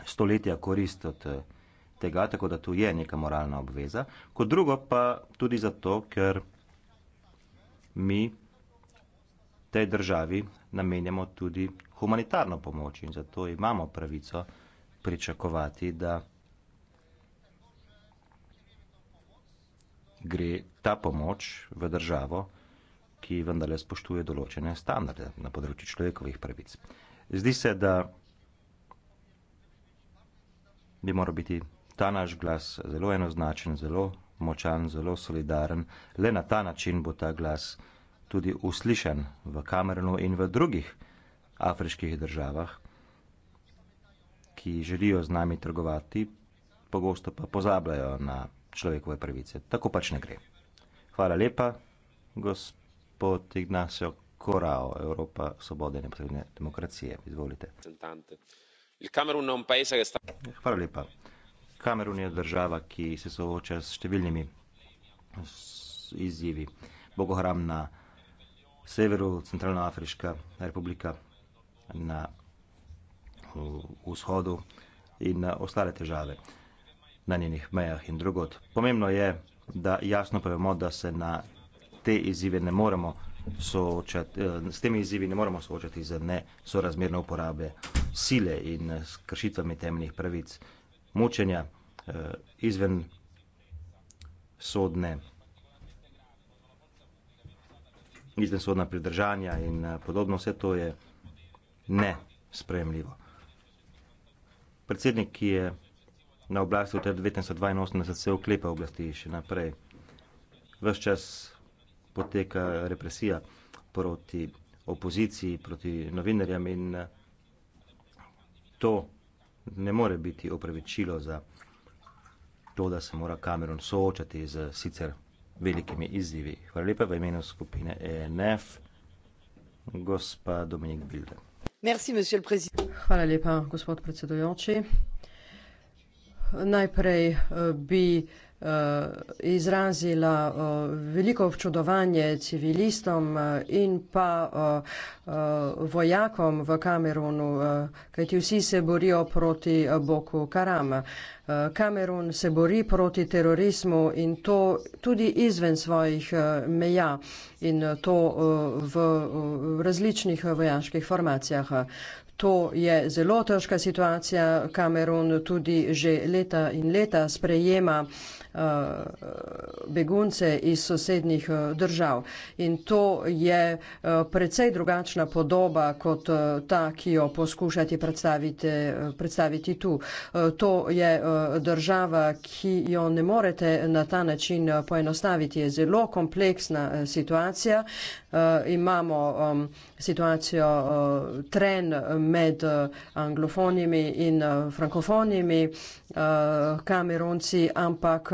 stoletja korist od Evrope eh, tega, tako da tu je neka moralna obveza, kot drugo pa tudi zato, ker mi tej državi namenjamo tudi humanitarno pomoč in zato imamo pravico pričakovati, da gre ta pomoč v državo, ki vendarle spoštuje določene standarde na področju človekovih pravic. Zdi se, da bi moral biti ta naš glas zelo enoznačen, zelo močan, zelo solidaren. Le na ta način bo ta glas tudi uslišen v Kamerunu in v drugih afriških državah, ki želijo z nami trgovati, pogosto pa pozabljajo na človekove pravice. Tako pač ne gre. Hvala lepa, gospod Ignacio Corao, Evropa svobode in neposredne demokracije. Izvolite. Hvala lepa. Kamerun je država, ki se sooča s številnimi izzivi. Boko Haram na severu, Centralna Afriška republika na vzhodu in ostale težave na njenih mejah in drugod. Pomembno je, da jasno povemo, da se na te izzive ne moremo soočati, eh, s temi izzivi ne moremo soočati za ne sorazmerne uporabe sile in s kršitvami temnih pravic mučenja eh, izven sodne izven sodna pridržanja in eh, podobno vse to je ne sprejemljivo. Predsednik, ki je na oblasti v 1982 se oklepa oblasti še naprej. Ves čas poteka represija proti opoziciji, proti novinarjem in eh, to ne more biti opravičilo za to, da se mora Cameron soočati z sicer velikimi izzivi. Hvala lepa v imenu skupine ENF, gospa Dominik Bilde. Hvala lepa, gospod predsedujoči. Najprej eh, bi Eh, izrazila eh, veliko občudovanje civilistom eh, in pa vojakom v Kamerunu, kajti vsi se borijo proti Boku Karama. Kamerun se bori proti terorizmu in to tudi izven svojih meja in to v različnih vojaških formacijah. To je zelo težka situacija. Kamerun tudi že leta in leta sprejema eh, begunce iz sosednjih eh, držav. In to je eh, precej drugačna podoba kot ta, ki jo poskušate predstaviti, predstaviti tu. To je država, ki jo ne morete na ta način poenostaviti. Je zelo kompleksna situacija. Imamo situacijo, eh, tren med eh, anglofonimi in eh, frankofonimi kameronci, ampak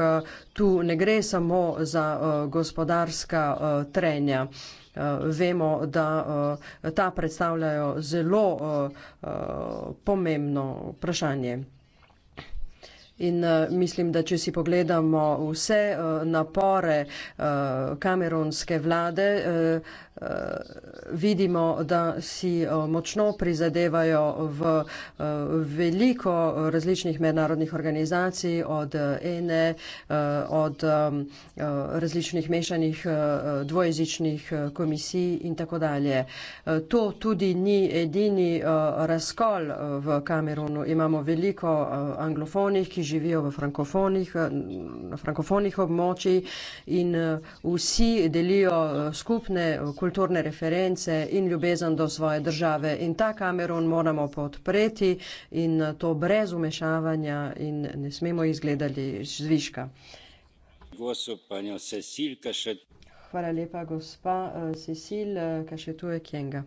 tu ne gre samo za gospodarska trenja. Vemo, da ta predstavljajo zelo pomembno vprašanje. In mislim, da če si pogledamo vse napore kameronske vlade, vidimo, da si eh, močno prizadevajo v eh, veliko različnih mednarodnih organizacij, od ENE, eh, od različnih mešanih dvojezičnih komisij in tako dalje. To tudi ni edini razkol v Kamerunu. Imamo veliko anglofonih, ki živijo v frankofonih, na frankofonih območjih in vsi delijo skupne kulture, kulturne reference in ljubezen do svoje države. In ta Kamerun moramo podpreti in to brez umešavanja in ne smemo izgledati zviška. Hvala lepa, gospa eh, Cecil eh, Kašetue Kjenga.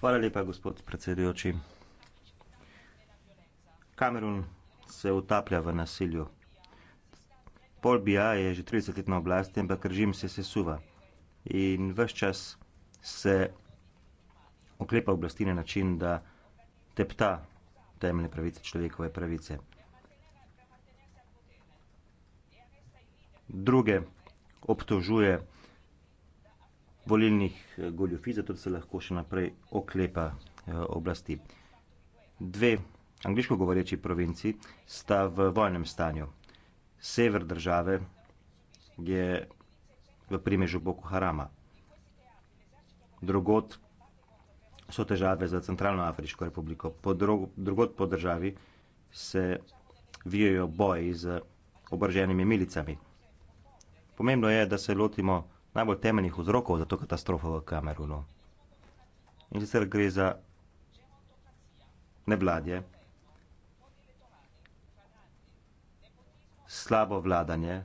Hvala lepa, gospod predsedujoči. Kamerun se utaplja v nasilju. Pol Bija je že 30 let na oblasti, ampak režim se sesuva. In vse čas se oklepa oblasti na način, da tepta temeljne pravice, človekove pravice. Druge obtožuje volilnih eh, goljofi, zato se lahko še naprej oklepa eh, oblasti. Dve angliško govoreči provinci sta v vojnem stanju sever države je v primežu Boko Harama. Drugod so težave za Centralno Afriško republiko. Po drugo, drugod po državi se vijajo boji z oboroženimi milicami. Pomembno je, da se lotimo najbolj temeljnih vzrokov za to katastrofo v Kamerunu. In sicer gre za nevladje, slabo vladanje,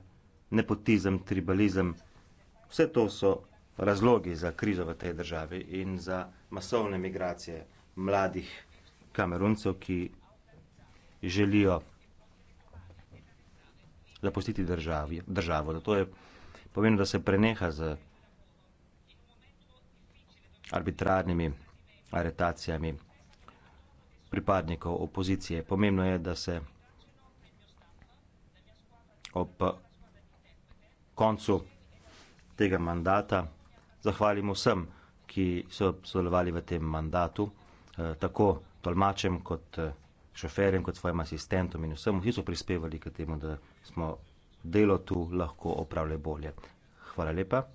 nepotizem, tribalizem, vse to so razlogi za krizo v tej državi in za masovne migracije mladih kameruncev, ki želijo zapustiti državi, državo. Zato je pomembno, da se preneha z arbitrarnimi aretacijami pripadnikov opozicije. Pomembno je, da se ob koncu tega mandata zahvalim vsem, ki so sodelovali v tem mandatu, eh, tako tolmačem kot eh, šoferjem, kot svojim asistentom in vsem, ki so prispevali k temu, da smo delo tu lahko opravljali bolje. Hvala lepa.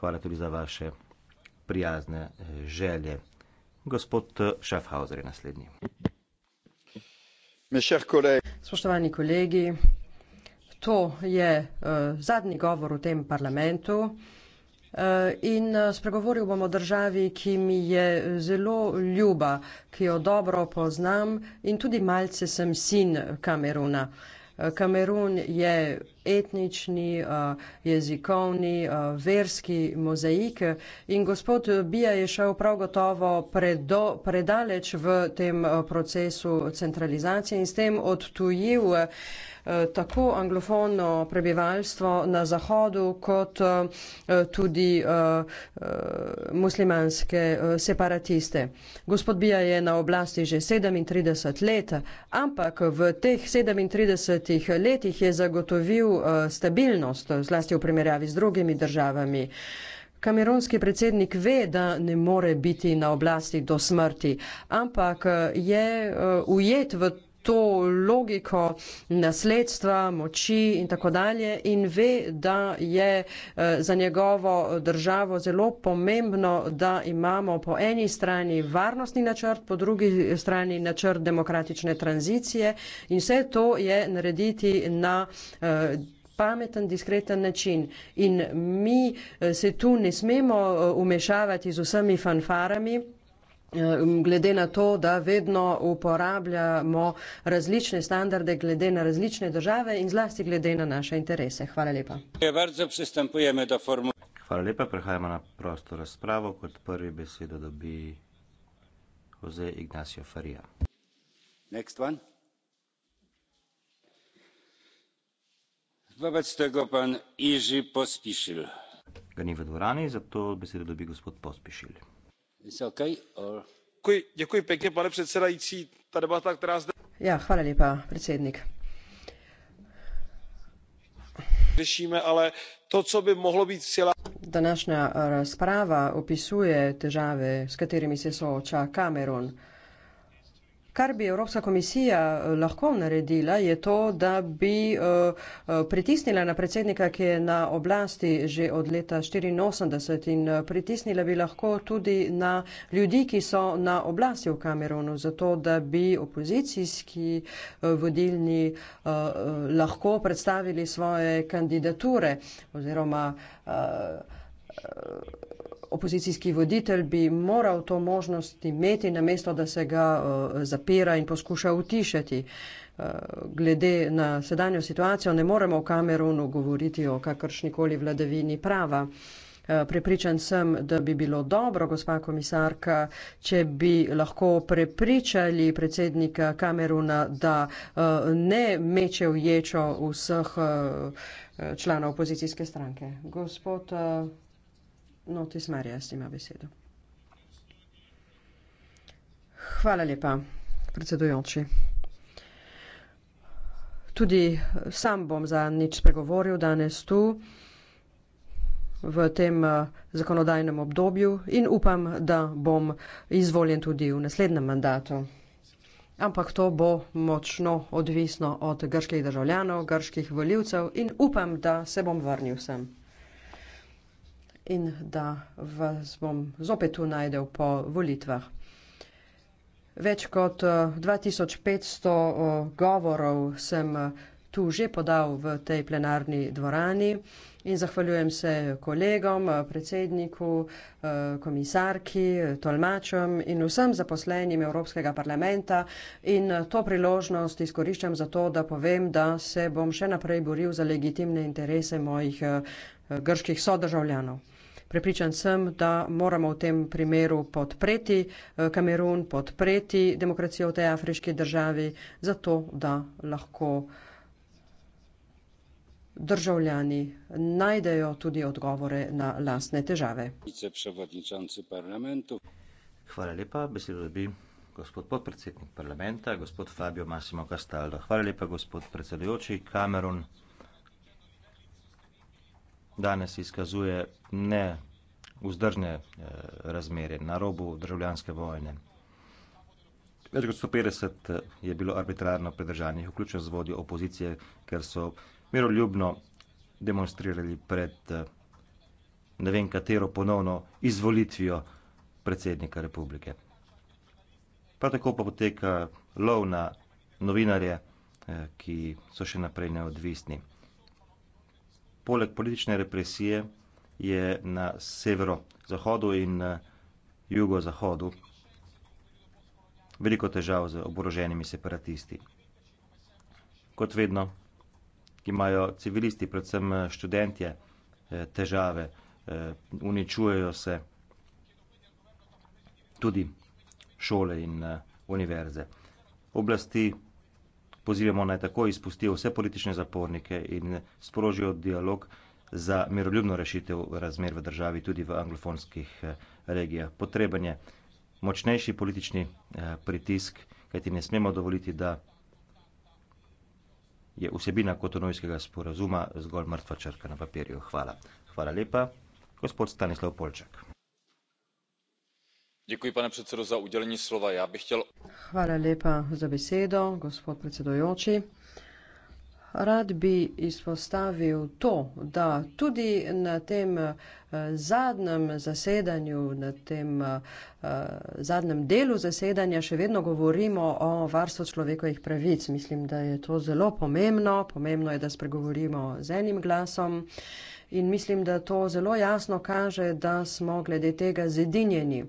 Hvala tudi za vaše prijazne eh, želje. Gospod Schaffhauser je naslednji. Spoštovani kolegi, to je uh, zadnji govor v tem parlamentu eh, in eh, spregovoril bom o državi, ki mi je zelo ljuba, ki jo dobro poznam in tudi malce sem sin Kameruna. Kamerun je etnični, eh, jezikovni, eh, verski mozaik. In gospod Bija je šel prav gotovo predo, predaleč v tem eh, procesu centralizacije in s tem odtujil tako anglofono prebivalstvo na zahodu, kot tudi muslimanske separatiste. Gospod Bija je na oblasti že 37 let, ampak v teh 37 letih je zagotovil Eh, stabilnost, zlasti v primerjavi z drugimi državami. Kameronski predsednik ve, da ne more biti na oblasti do smrti, ampak eh, je eh, ujet v to logiko nasledstva, moči in tako dalje in ve, da je eh, za njegovo državo zelo pomembno, da imamo po eni strani varnostni načrt, po drugi strani načrt demokratične tranzicije in vse to je narediti na eh, pameten, diskreten način. In mi eh, se tu ne smemo umešavati z vsemi fanfarami glede na to, da vedno uporabljamo različne standarde glede na različne države in zlasti glede na naše interese. Hvala lepa. Hvala lepa, prehajamo na prosto razpravo. Kot prvi besedo dobi Jose Ignacio Faria. Next one. Vobec tega pan Iži Pospišil. Ga ni v dvorani, zato besedo dobi gospod Pospišil pane předsedající ta debata která zde ja, řešíme ale to co by mohlo být vzděláním. današní eh, zpráva popisuje težavy s kterými se setká kamerun. Kar bi Evropska komisija eh, lahko naredila, je to, da bi eh, eh, pritisnila na predsednika, ki je na oblasti že od leta 1984 in pritisnila bi lahko tudi na ljudi, ki so na oblasti v Kamerunu, zato da bi opozicijski vodilni lahko predstavili svoje kandidature oziroma opozicijski voditelj bi moral to možnost imeti, namesto da se ga uh, zapira in poskuša utišati. Uh, glede na sedanjo situacijo ne moremo v Kamerunu govoriti o kakršnikoli vladavini prava. Uh, prepričan sem, da bi bilo dobro, gospa komisarka, če bi lahko prepričali predsednika Kameruna, da ne meče v ječo vseh članov opozicijske stranke. Gospod Notis Marijas ima besedo. Hvala lepa, predsedujoči. Tudi sam bom za nič spregovoril danes tu, v tem eh, zakonodajnem obdobju in upam, da bom izvoljen tudi v naslednjem mandatu. Ampak to bo močno odvisno od grških državljanov, grških voljivcev in upam, da se bom vrnil sem in da vas bom zopet tu najdel po volitvah. Več kot 2500 eh, eh, govorov sem eh, tu že podal v tej plenarni dvorani in zahvaljujem se kolegom, predsedniku, komisarki, tolmačem in vsem zaposlenim Evropskega parlamenta in to priložnost izkoriščam za to, da povem, da se bom še naprej boril za legitimne interese mojih grških sodržavljanov. Prepričan sem, da moramo v tem primeru podpreti eh, Kamerun, podpreti demokracijo v tej afriški državi, zato da lahko državljani najdejo tudi odgovore na lasne težave. Hvala lepa, besedo dobi gospod podpredsednik parlamenta, gospod Fabio Massimo Castaldo. Hvala lepa, gospod predsedujoči, Kamerun danes izkazuje ne vzdržne eh, razmere na robu državljanske vojne. Več kot 150 eh, je bilo arbitrarno pridržanih, vključno z vodjo opozicije, ker so miroljubno demonstrirali pred eh, ne vem katero ponovno izvolitvijo predsednika republike. Prav tako pa poteka lov na novinarje, ki so še naprej neodvisni poleg politične represije je na severo-zahodu in eh, jugo-zahodu veliko težav z oboroženimi separatisti. Kot vedno imajo civilisti, predvsem eh, študentje, eh, težave, uničujejo se tudi šole in univerze. Oblasti pozivamo naj tako izpustijo vse politične zapornike in sprožijo dialog za miroljubno rešitev razmer v državi tudi v anglofonskih eh, regijah. Potreben je močnejši politični eh, pritisk, kajti ne smemo dovoliti, da je vsebina kotonovskega sporazuma zgolj mrtva črka na papirju. Hvala. Hvala lepa, gospod Stanislav Polček pane predsedujoči rad bi izpostavil to da tudi na tem eh, zadnjem zasedanju na tem eh, zadnjem delu zasedanja še vedno govorimo o varstvu človekovih pravic mislim da je to zelo pomembno pomembno je da spregovorimo z enim glasom in mislim da to zelo jasno kaže da smo glede tega zedinjeni.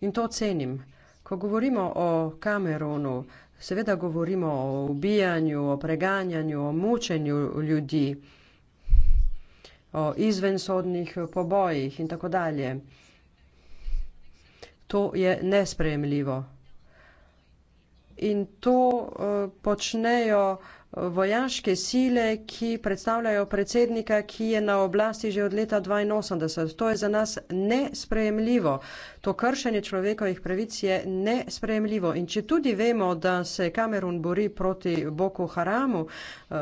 In to cenim. Ko govorimo o Kamerunu, seveda govorimo o ubijanju, o preganjanju, o mučenju ljudi, o izvensodnih pobojih in tako dalje. To je nesprejemljivo in to eh, počnejo eh, vojaške sile, ki predstavljajo predsednika, ki je na oblasti že od leta 1982. To je za nas nesprejemljivo. To kršenje človekovih pravic je nesprejemljivo. In če tudi vemo, da se Kamerun bori proti Boku Haramu, eh,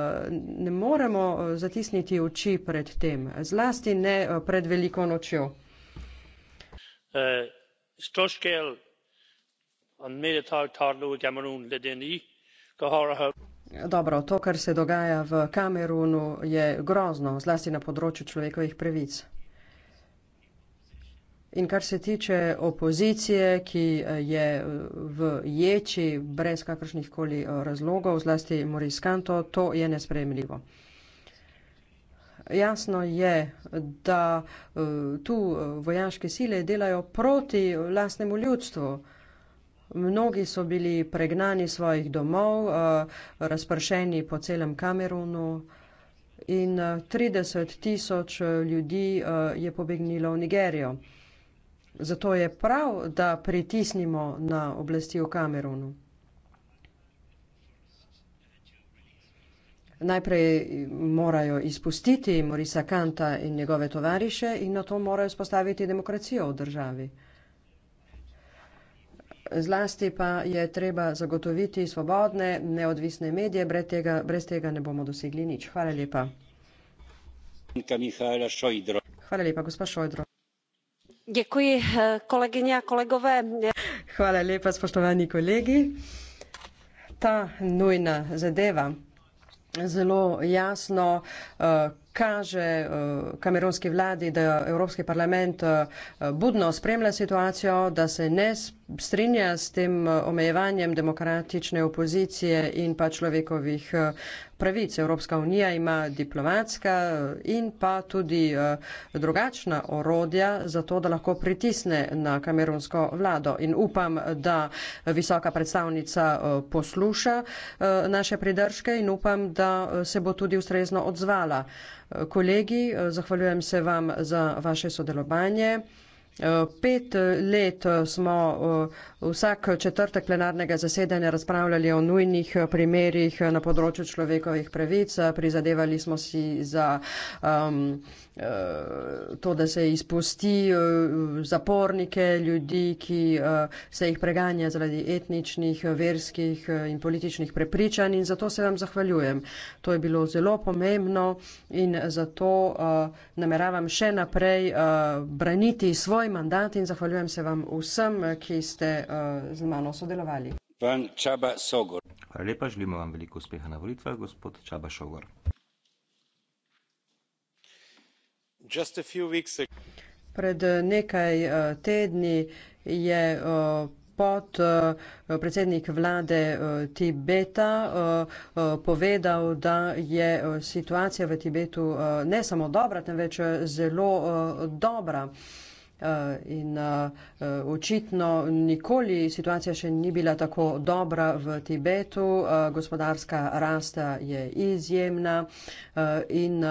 ne moremo zatisniti oči pred tem, zlasti ne pred veliko nočjo. Uh, Dobro, to, kar se dogaja v Kamerunu, je grozno, zlasti na področju človekovih pravic. In kar se tiče opozicije, ki eh, je eh, v ječi brez kakršnih koli eh, razlogov, zlasti Moris Kanto, to je nespremljivo. Jasno je, da tu vojaške sile delajo proti lastnemu ljudstvu. Mnogi so bili pregnani svojih domov, eh, razpršeni po celem Kamerunu in 30 eh, tisoč eh, ljudi je pobegnilo v Nigerijo. Zato je prav, da pritisnimo na oblasti v Kamerunu. Najprej morajo izpustiti Morisa Kanta in njegove tovariše in na to morajo spostaviti demokracijo v državi. Zlasti pa je treba zagotoviti svobodne, neodvisne medije, brez tega, brez tega ne bomo dosegli nič. Hvala lepa. Hvala lepa, gospa Šojdro. Děkuji, kolegyně a kolegové. Hvala lepa, spoštovani kolegi. Ta nujna zadeva zelo jasno uh, kaže eh, kamerunski vladi, da Evropski parlament eh, budno spremlja situacijo, da se ne strinja s tem eh, omejevanjem demokratične opozicije in pa človekovih pravic. Evropska unija ima diplomatska eh, in pa tudi eh, drugačna orodja za to, da lahko pritisne na kamerunsko vlado. In upam, da visoka predstavnica eh, posluša naše pridržke in upam, da se bo tudi ustrezno odzvala. Kolegi, zahvaljujem se vam za vaše sodelovanje. Eh, pet eh, let eh, smo vsak četrtek plenarnega zasedanja razpravljali o nujnih primerjih na področju človekovih pravic. Prizadevali smo si za. Um, to, da se izpusti eh, zapornike, ljudi, ki eh, se jih preganja zaradi etničnih, eh, verskih in političnih prepričanj in zato se vam zahvaljujem. To je bilo zelo pomembno in zato nameravam še naprej braniti svoj mandat in zahvaljujem se vam vsem, ki ste z mano sodelovali. Hvala lepa, želimo vam veliko uspeha na volitvah, gospod Čaba Šogor. Pred eh, nekaj eh, tedni je eh, pod predsednik vlade Tibeta povedal, da je situacija v Tibetu ne samo dobra, temveč zelo dobra. In očitno nikoli situacija še ni bila tako dobra v Tibetu, gospodarska rasta je izjemna in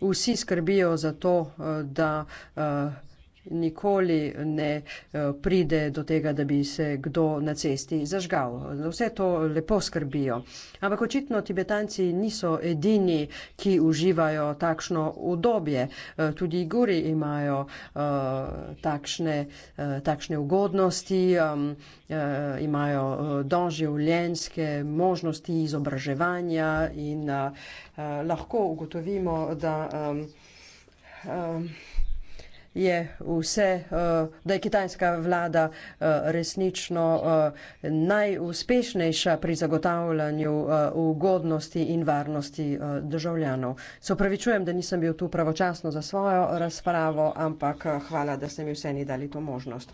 vsi skrbijo za to, eh, da eh, nikoli ne eh, pride do tega, da bi se kdo na cesti zažgal. Vse to lepo skrbijo. Ampak očitno tibetanci niso edini, ki uživajo takšno udobje. Eh, tudi guri imajo uh, takšne, uh, takšne ugodnosti, um, uh, imajo doživljenske možnosti izobraževanja in uh, uh, lahko ugotovimo, da um, um, je vse, eh, da je kitajska vlada eh, resnično eh, najuspešnejša pri zagotavljanju ugodnosti in varnosti državljanov. Se upravičujem, da nisem bil tu pravočasno za svojo razpravo, ampak hvala, da ste mi vseeni dali to možnost.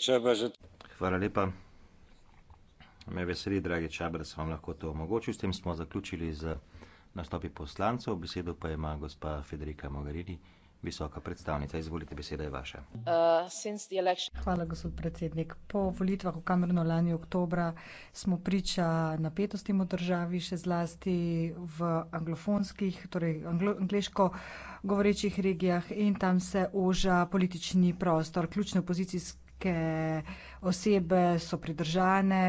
Hvala lepa. Me veseli, dragi Čabr, da sem vam lahko to omogočil. S tem smo zaključili z nastopi poslancev. Besedo pa ima gospa Federika Mogherini visoka predstavnica izvolite beseda je vaša hvala gospod predsednik po volitvah v kamerno lani oktobra smo priča napetostim v državi še zlasti v anglofonskih torej anglo angliško govorečih regijah in tam se oža politični prostor ključne opozicijske osebe so pridržane,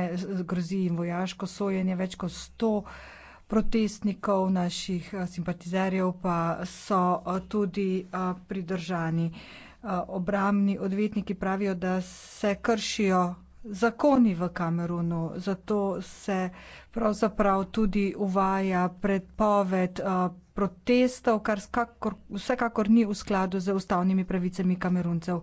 grozi jim vojaško sojenje, več kot sto 100 protestnikov, naših eh, simpatizerjev pa so eh, tudi eh, pridržani. Obramni odvetniki pravijo, da se kršijo zakoni v Kamerunu, zato se pravzaprav tudi uvaja predpoved protestov, kar skakor, vsekakor ni v skladu z ustavnimi pravicami kameruncev.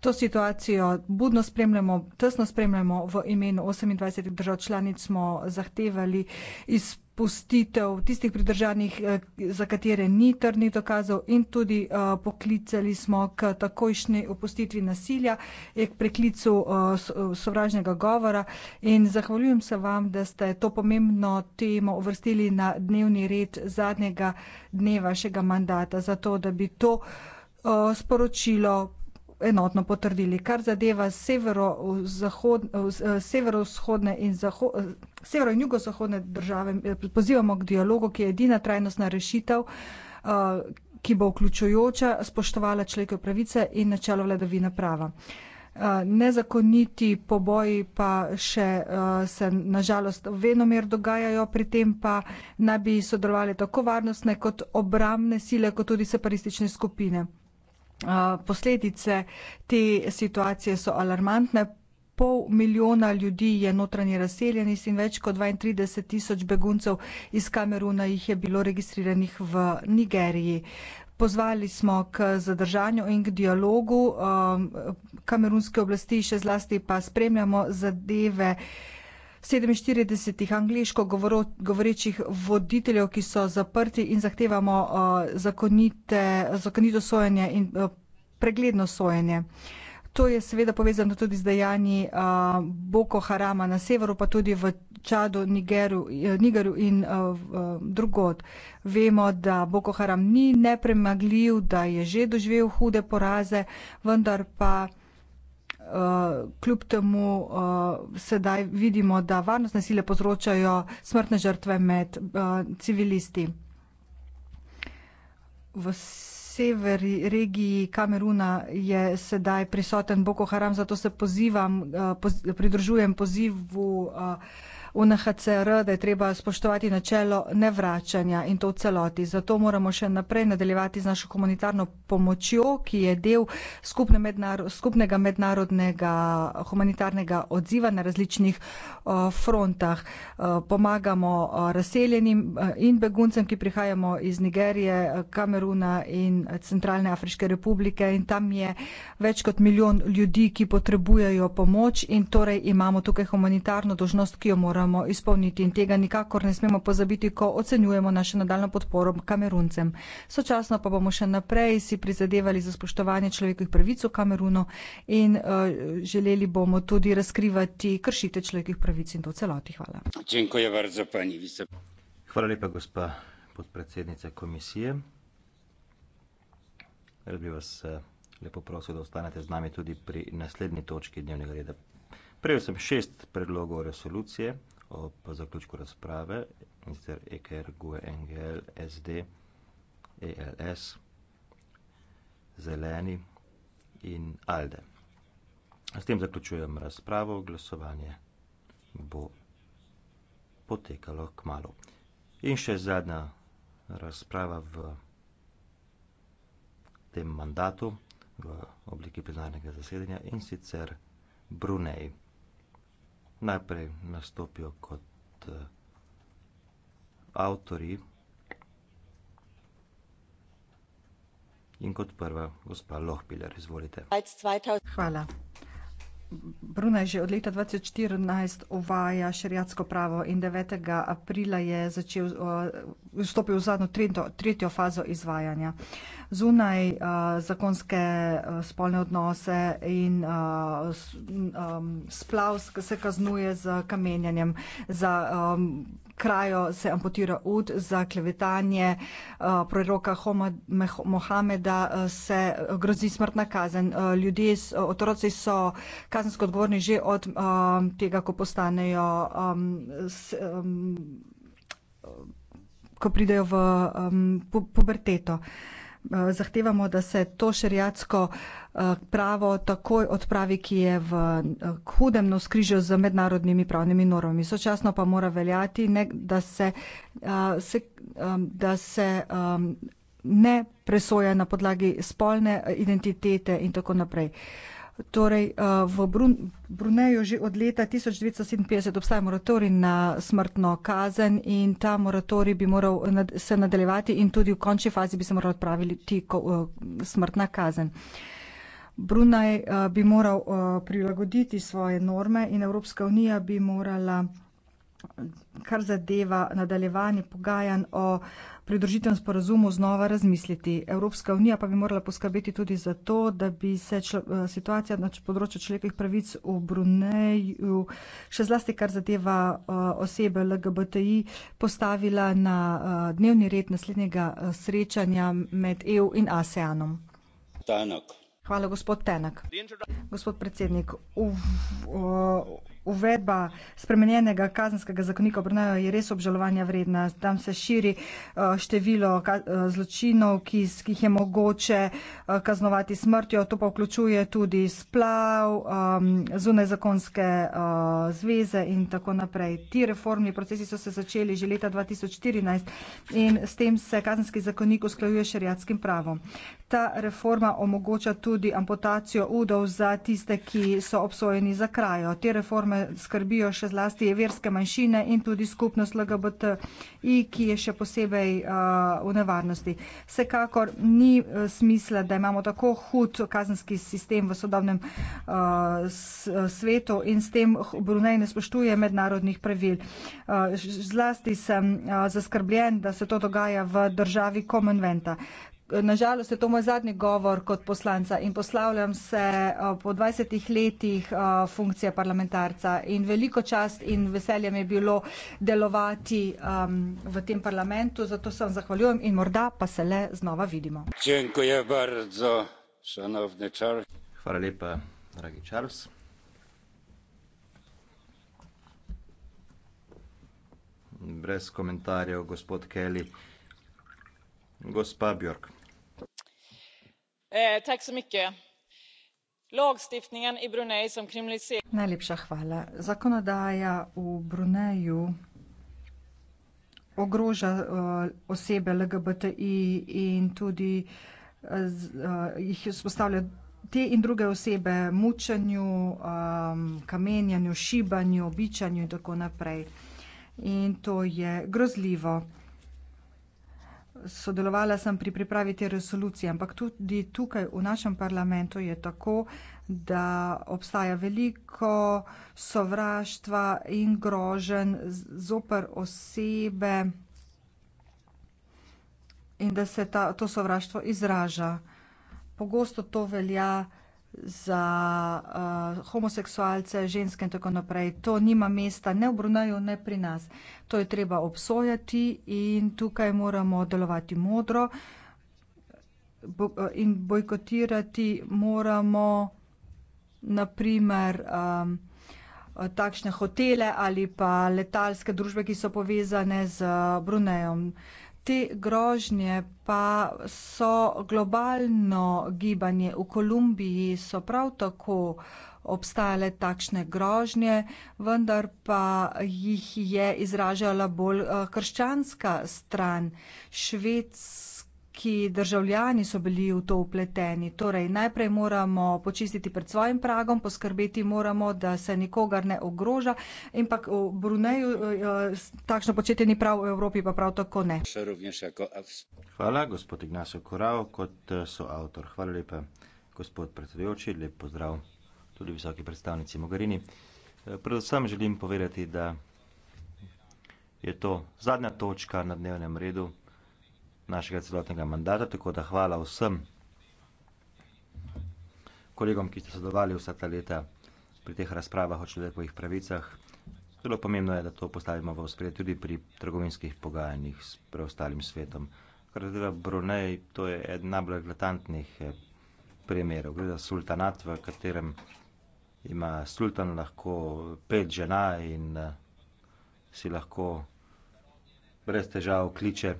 To situacijo budno spremljamo, tesno spremljamo v imenu 28 držav članic, smo zahtevali izpustiti pustitev tistih pridržanih, eh, za katere ni trdnih dokazov in tudi eh, poklicali smo k takojšnji opustitvi nasilja in k preklicu eh, sovražnega govora in zahvaljujem se vam, da ste to pomembno temo uvrstili na dnevni red zadnjega dne vašega mandata, zato da bi to sporočilo enotno potrdili. Kar zadeva eh, severovzhodne in zahodne, eh, severo in jugozahodne države, eh, pozivamo k dialogu, ki je edina trajnostna rešitev, ki bo vključujoča, spoštovala človekove pravice in načelo vladavine prava. Nezakoniti poboji pa še se nažalost venomer dogajajo, pri tem pa naj bi sodelovali tako varnostne kot obramne sile, kot tudi separistične skupine posledice te situacije so alarmantne. Pol milijona ljudi je notranje razseljenih in več kot 32 tisoč beguncev iz Kameruna jih je bilo registriranih v Nigeriji. Pozvali smo k zadržanju in k dialogu. Kamerunske oblasti še zlasti pa spremljamo zadeve. 47 angliško govoro, govorečih voditeljev, ki so zaprti in zahtevamo uh, zakonite, zakonito sojenje in uh, pregledno sojenje. To je seveda povezano tudi z dejanji uh, Boko Harama na severu, pa tudi v Čadu, Nigeru, eh, Nigeru in uh, drugod. Vemo, da Boko Haram ni nepremagljiv, da je že doživel hude poraze, vendar pa uh, kljub temu uh, sedaj vidimo, da varnostne sile povzročajo smrtne žrtve med uh, civilisti. V severi regiji Kameruna je sedaj prisoten Boko Haram, zato se pozivam, uh, poz pridružujem pozivu. Uh, UNHCR, da je treba spoštovati načelo nevračanja in to v celoti. Zato moramo še naprej nadaljevati z našo komunitarno pomočjo, ki je del skupne mednaro, skupnega mednarodnega humanitarnega odziva na različnih uh, frontah. Uh, pomagamo uh, razseljenim uh, in beguncem, ki prihajamo iz Nigerije, uh, Kameruna in Centralne Afriške republike in tam je več kot milijon ljudi, ki potrebujejo pomoč in torej imamo tukaj humanitarno dožnost, ki jo moramo moramo izpolniti in tega nikakor ne smemo pozabiti, ko ocenjujemo našo nadaljno podporo kameruncem. Sočasno pa bomo še naprej si prizadevali za spoštovanje človekovih pravic v Kameruno in uh, želeli bomo tudi razkrivati kršite človekovih pravic in to celoti. Hvala. Hvala lepa, gospa podpredsednica komisije. Rad bi vas eh, lepo prosil, da ostanete z nami tudi pri naslednji točki dnevnega reda. Prejel sem šest predlogov resolucije ob zaključku razprave, in sicer EKR, GUE, NGL, SD, ELS, Zeleni in ALDE. S tem zaključujem razpravo, glasovanje bo potekalo k malu. In še zadnja razprava v tem mandatu v obliki plenarnega zasedanja in sicer Brunei najprej nastopijo kot uh, avtori in kot prva gospa Lohpiler. Izvolite. Hvala. Brunaj že od leta 2014 uvaja šariatsko pravo in 9. aprila je začel, vstopil v zadnjo tretjo, tretjo fazo izvajanja. Zunaj zakonske spolne odnose in splav se kaznuje z kamenjanjem za krajo se amputira ud za klevetanje eh, proroka Mohameda, eh, se eh, grozi smrtna kazen. Ljudje, otroci so kazensko odgovorni že od tega, ko postanejo, ko pridejo v puberteto. Eh, zahtevamo, da se to šerijatsko eh, pravo takoj odpravi, ki je v eh, hudem navskrižju z mednarodnimi pravnimi normami. Sočasno pa mora veljati, ne, da se, se, da se ne presoja na podlagi spolne identitete in tako naprej. Torej, eh, v Brun Bruneju že od leta 1957 obstaja moratorij na smrtno kazen in ta moratorij bi moral nad se nadaljevati in tudi v končni fazi bi se morali odpraviti eh, smrtna kazen. Brunaj uh, bi moral uh, prilagoditi svoje norme in Evropska unija bi morala, kar zadeva nadaljevanje pogajanj o uh, pridružitvenem sporazumu znova razmisliti. Evropska unija pa bi morala poskrbeti tudi za to, da bi se čl, eh, situacija na področju človekovih pravic v Bruneju, še zlasti kar zadeva eh, osebe LGBTI, postavila na eh, dnevni red naslednjega srečanja med EU in ASEANom. Tenak. Hvala, gospod Tenak. Gospod predsednik, v, v, v, uvedba spremenjenega kaznskega zakonika obrnajo je res obžalovanja vredna. Tam se širi eh, število eh, zločinov, ki jih je mogoče eh, kaznovati smrtjo. To pa vključuje tudi splav, ehm, zunajzakonske zveze in tako naprej. Ti reformni procesi so se začeli že leta 2014 in s tem se kazenski zakonik usklajuje šariatskim pravom. Ta reforma omogoča tudi amputacijo udov za tiste, ki so obsojeni za krajo. Te reforme skrbijo še zlasti verske manjšine in tudi skupnost LGBTI, ki je še posebej uh, v nevarnosti. Vsekakor ni uh, smisla, da imamo tako hud kazenski sistem v sodobnem uh, uh svetu in s tem Brunej ne spoštuje mednarodnih pravil. Uh, zlasti sem uh, zaskrbljen, da se to dogaja v državi Commonwealtha. Nažalost je to moj zadnji govor kot poslanca in poslavljam se eh, po 20 letih eh, funkcije parlamentarca in veliko čast in veselje mi je bilo delovati um, v tem parlamentu, zato se vam zahvaljujem in morda pa se le znova vidimo. Bardzo, Hvala lepa, dragi Charles. Brez komentarjev, gospod Kelly. Gospa Björk. Eh, Najlepša hvala. Zakonodaja v Bruneju ogroža, e, osebe LGBTI in tudi, e, e, jih izpostavlja te in druge osebe mučenju, kamenjanju, šibanju, bičanju in tako naprej. In to je grozljivo sodelovala sem pri pripravi te resolucije, ampak tudi tukaj v našem parlamentu je tako, da obstaja veliko sovraštva in grožen zoper osebe in da se ta, to sovraštvo izraža. Pogosto to velja za uh, homoseksualce, ženske in tako naprej. To nima mesta ne v Bruneju, ne pri nas. To je treba obsojati in tukaj moramo delovati modro eh, in bojkotirati moramo naprimer um, takšne hotele ali pa letalske družbe, ki so povezane z Brunejem. Uh, te grožnje pa so globalno gibanje. V Kolumbiji so prav tako obstajale takšne grožnje, vendar pa jih je izražala bolj eh, krščanska stran. Švedska ki državljani so bili v to upleteni. Torej, najprej moramo počistiti pred svojim pragom, poskrbeti moramo, da se nikogar ne ogroža, ampak v Bruneju eh, eh, takšno početje ni prav, v Evropi pa prav tako ne. Hvala, gospod Ignacio Korao, kot eh, so avtor. Hvala lepa, gospod predsedujoči, lep pozdrav tudi visoki predstavnici Mogarini. Predvsem želim povedati, da je to zadnja točka na dnevnem redu našega celotnega mandata, tako da hvala vsem kolegom, ki ste sodelovali vsa ta leta pri teh razpravah o človekovih pravicah. Zelo pomembno je, da to postavimo v spred tudi pri trgovinskih pogajanjih s preostalim svetom. Kar zadeva Brunei, to je eden najbolj glatantnih eh, primerov. Gre za sultanat, v katerem ima sultan lahko pet žena in eh, si lahko brez težav kliče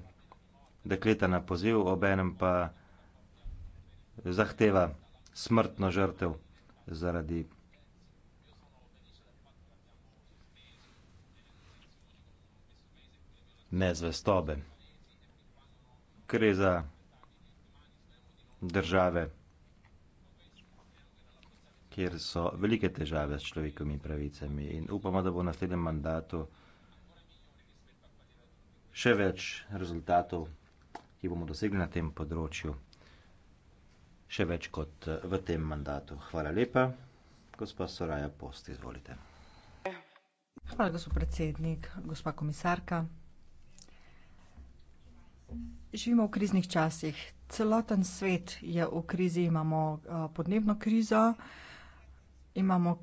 dekleta na poziv, obenem pa zahteva smrtno žrtev zaradi nezvestobe. Gre za države, kjer so velike težave s človekovimi pravicami in upamo, da bo v naslednjem mandatu še več rezultatov ki bomo dosegli na tem področju, še več kot eh, v tem mandatu. Hvala lepa, gospa Soraja Post, izvolite. Hvala, gospod predsednik, gospa komisarka. Živimo v kriznih časih. Celoten svet je v krizi, imamo eh, podnebno krizo, imamo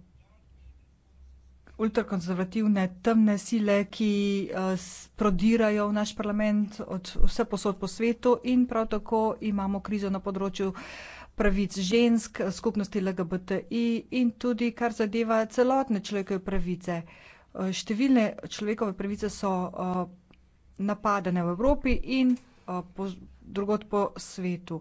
ultrakonzervativne temne sile, ki eh, prodirajo v naš parlament od vse posod po svetu in prav tako imamo krizo na področju pravic žensk, skupnosti LGBTI in tudi kar zadeva celotne človekove pravice. Eh, številne človekove pravice so eh, napadene v Evropi in drugot po svetu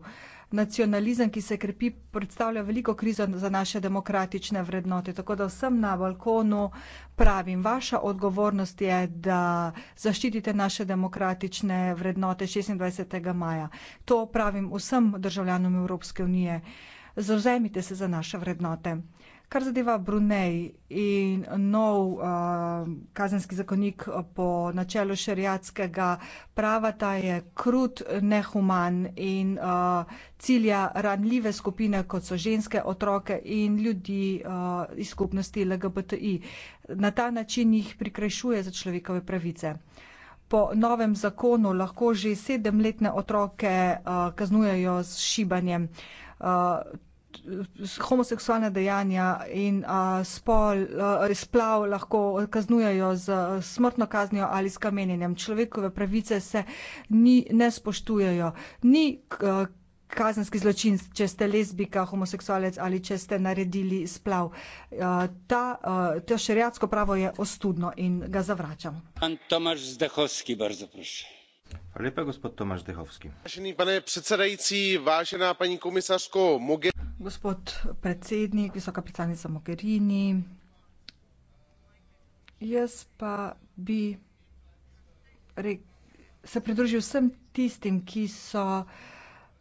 nacionalizem, ki se krepi, predstavlja veliko krizo za naše demokratične vrednote. Tako da vsem na balkonu pravim, vaša odgovornost je, da zaščitite naše demokratične vrednote 26. maja. To pravim vsem državljanom Evropske unije. Zavzemite se za naše vrednote. Kar zadeva Brunei in nov uh, kazenski zakonik po načelu šariatskega prava, ta je krut, nehuman in uh, cilja ranljive skupine, kot so ženske, otroke in ljudi uh, iz skupnosti LGBTI. Na ta način jih prikrajšuje za človekove pravice. Po novem zakonu lahko že sedemletne otroke uh, kaznujejo s šibanjem. Uh, homoseksualna dejanja in a, spol, a, splav lahko kaznujejo z a, smrtno kaznjo ali s kamenjenjem. Človekove pravice se ni, ne spoštujejo. Ni a, kazenski zločin, če ste lezbika, homoseksualec ali če ste naredili splav. A, ta, a, to šariatsko pravo je ostudno in ga zavračam. Tomaš Zdehovski, brzo prosim pane predsedajúci vážená pani komisárko mogherini jaz pa bi se pridružil vsem tistim ki so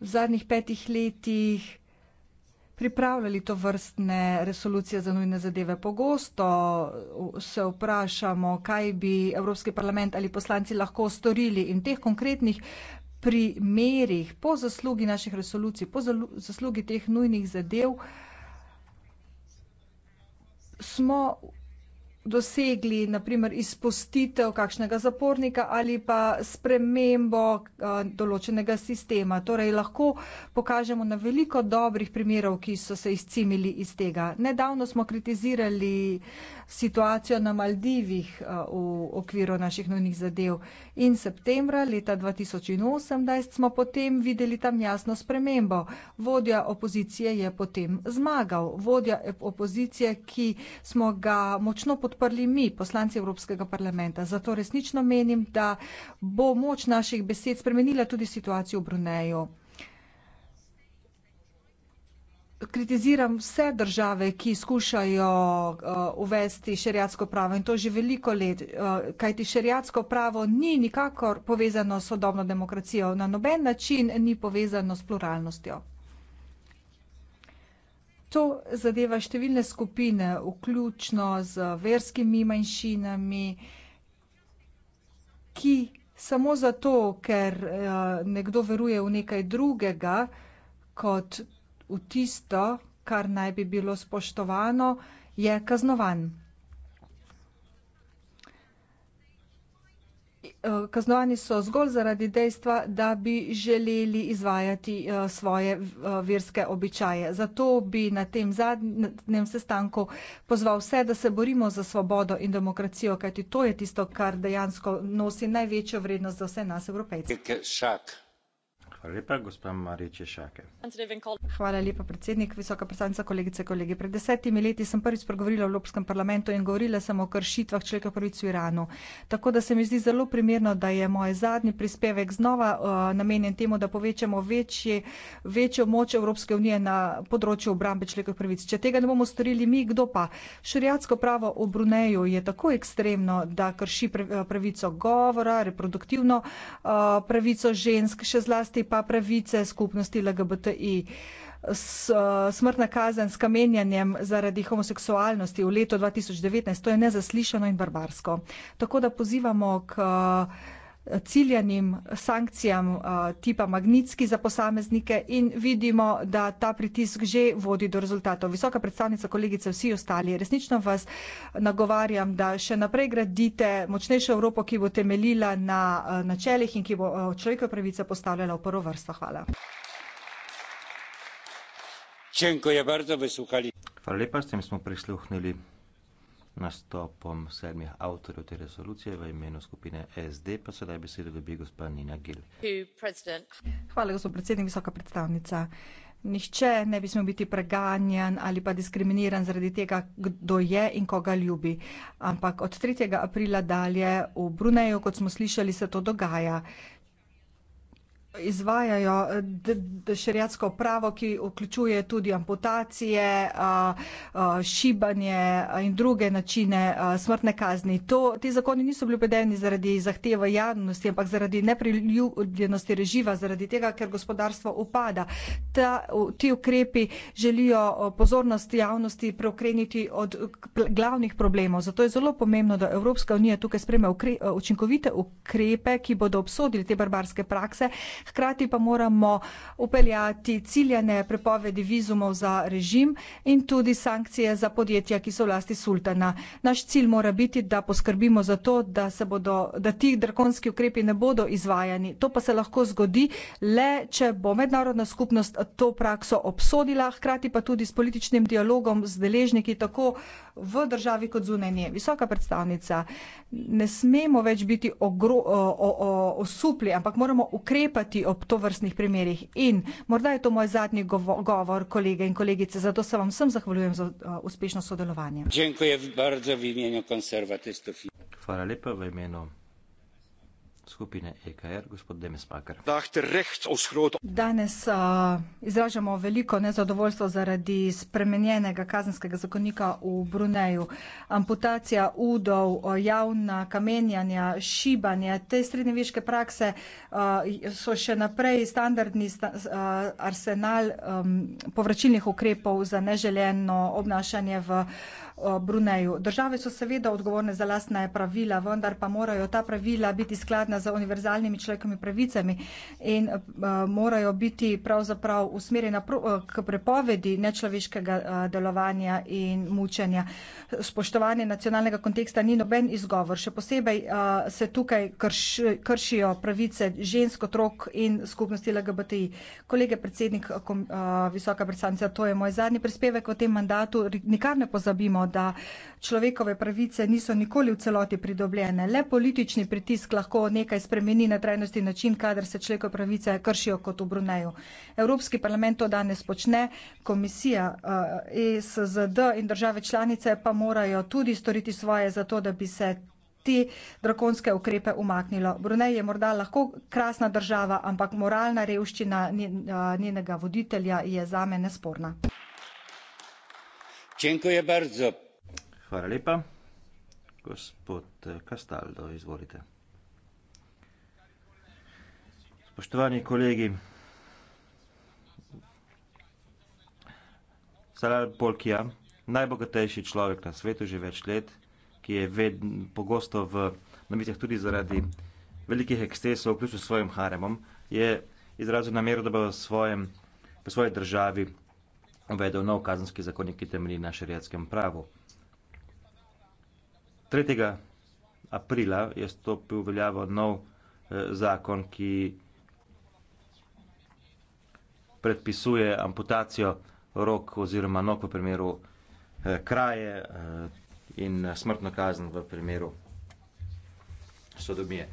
v zadnjih petih letih pripravljali to vrstne resolucije za nujne zadeve. Pogosto se vprašamo, kaj bi Evropski parlament ali poslanci lahko storili in teh konkretnih primerih po zaslugi naših resolucij, po zaslugi teh nujnih zadev smo dosegli naprimer izpustitev kakšnega zapornika ali pa spremembo uh, določenega sistema. Torej lahko pokažemo na veliko dobrih primerov, ki so se izcimili iz tega. Nedavno smo kritizirali situacijo na Maldivih uh, v okviru naših novnih zadev in septembra leta 2018 smo potem videli tam jasno spremembo. Vodja opozicije je potem zmagal. Vodja opozicije, ki smo ga močno potrebovali, podprli mi, poslanci Evropskega parlamenta. Zato resnično menim, da bo moč naših besed spremenila tudi situacijo v Bruneju. Kritiziram vse države, ki skušajo uh, uvesti šeriatsko pravo in to že veliko let, uh, kajti šeriatsko pravo ni nikakor povezano s sodobno demokracijo, na noben način ni povezano s pluralnostjo. To zadeva številne skupine, vključno z verskimi manjšinami, ki samo zato, ker eh, nekdo veruje v nekaj drugega kot v tisto, kar naj bi bilo spoštovano, je kaznovan. Eh, kaznovani so zgolj zaradi dejstva, da bi želeli izvajati eh, svoje eh, verske običaje. Zato bi na tem zadnjem sestanku pozval vse, da se borimo za svobodo in demokracijo, kajti to je tisto, kar dejansko nosi največjo vrednost za vse nas, evropejce. Hvala lepa, gospa Marija Češake. Hvala lepa, predsednik, visoka predstavnica, kolegice, kolegi. Pred desetimi leti sem prvič spregovorila v Evropskem parlamentu in govorila sem o kršitvah človekovih pravic v Iranu. Tako da se mi zdi zelo primerno, da je moj zadnji prispevek znova uh, namenjen temu, da povečamo večji, večjo moč Evropske unije na področju obrambe človekovih pravic. Če tega ne bomo storili mi, kdo pa? Šariatsko pravo v Bruneju je tako ekstremno, da krši pravico govora, reproduktivno uh, pravico žensk, še zlasti pa pravice skupnosti LGBTI. S, eh, smrtna kazen s kamenjanjem zaradi homoseksualnosti v letu 2019, to je nezaslišano in barbarsko. Tako da pozivamo k uh, ciljanim sankcijam eh, tipa Magnitski za posameznike in vidimo, da ta pritisk že vodi do rezultatov. Visoka predstavnica, kolegice, vsi ostali, resnično vas nagovarjam, da še naprej gradite močnejšo Evropo, ki bo temeljila na eh, načelih in ki bo eh, človekove pravice postavljala v prvo vrsto. Hvala. Hvala lepa, s tem smo prisluhnili nastopom sedmih avtorjev te resolucije v imenu skupine SD pa sedaj besedo dobi gospa Nina Gil. Hvala, gospod predsednik, visoka predstavnica. Nihče ne bi smel biti preganjan ali pa diskriminiran zaradi tega, kdo je in koga ljubi. Ampak od 3. aprila dalje v Bruneju, kot smo slišali, se to dogaja izvajajo eh, šeriatsko pravo, ki vključuje tudi amputacije, eh, eh, šibanje in druge načine smrtne kazni. To, te zakoni niso bili uvedeni zaradi zahteva javnosti, ampak zaradi nepriljubljenosti režima, zaradi tega, ker gospodarstvo upada. Ta, ti ukrepi želijo pozornost javnosti preokreniti od glavnih problemov. Zato je zelo pomembno, da Evropska unija tukaj spreme ukre učinkovite ukrepe, ki bodo obsodili te barbarske prakse hkrati pa moramo upeljati ciljane prepovedi vizumov za režim in tudi sankcije za podjetja, ki so vlasti sultana. Naš cilj mora biti, da poskrbimo za to, da se bodo, da ti drakonski ukrepi ne bodo izvajani. To pa se lahko zgodi le, če bo mednarodna skupnost to prakso obsodila, hkrati pa tudi s političnim dialogom z deležniki tako v državi kot zunanje, visoka predstavnica, ne smemo več biti ogro, o, o, o, osupli, ampak moramo ukrepati ob to vrstnih primerjih. In morda je to moj zadnji govor, govor kolege in kolegice, zato se vam vsem zahvaljujem za o, uspešno sodelovanje. Hvala lepa v imenu skupine EKR, gospod Demis Makar. Danes uh, izražamo veliko nezadovoljstvo zaradi spremenjenega kazenskega zakonika v Bruneju. Amputacija udov, javna kamenjanja, šibanje, te srednjeviške prakse uh, so še naprej standardni sta, uh, arsenal um, povračilnih ukrepov za neželeno obnašanje v uh, Eh, Bruneju. Države so seveda odgovorne za lastna pravila, vendar pa morajo ta pravila biti skladna z univerzalnimi človekovimi pravicami in eh, morajo biti pravzaprav usmerjena eh, k prepovedi nečloveškega delovanja in mučenja. Spoštovanje nacionalnega konteksta ni noben izgovor, še posebej se tukaj krš, kršijo pravice žensk, otrok in skupnosti LGBTI. Kolege predsednik, visoka predstavnica, to je moj zadnji prispevek v tem mandatu, nikar ne pozabimo, da človekove pravice niso nikoli v celoti pridobljene. Le politični pritisk lahko nekaj spremeni na trajnosti način, kadar se človekove pravice kršijo kot v Bruneju. Evropski parlament to danes počne, komisija ESZD eh, e in države članice pa morajo tudi storiti svoje za to, da bi se te drakonske ukrepe umaknilo. Brunej je morda lahko krasna država, ampak moralna revščina eh, njenega voditelja je zame nesporna. Hvala lepa. Gospod eh, Castaldo, izvolite. Spoštovani kolegi, Salal Polkija, najbogatejši človek na svetu že več let, ki je vedn, pogosto v novicah tudi zaradi velikih ekscesov, vključno s svojim haremom, je izrazil namero, da bo v svojem, v svoji državi uvedel nov kazenski zakonik, ki temelji na šariatskem pravu. 3. aprila je stopil v veljavo nov eh, zakon, ki predpisuje amputacijo rok oziroma nog v primeru eh, kraje eh, in smrtno kazen v primeru sodomije.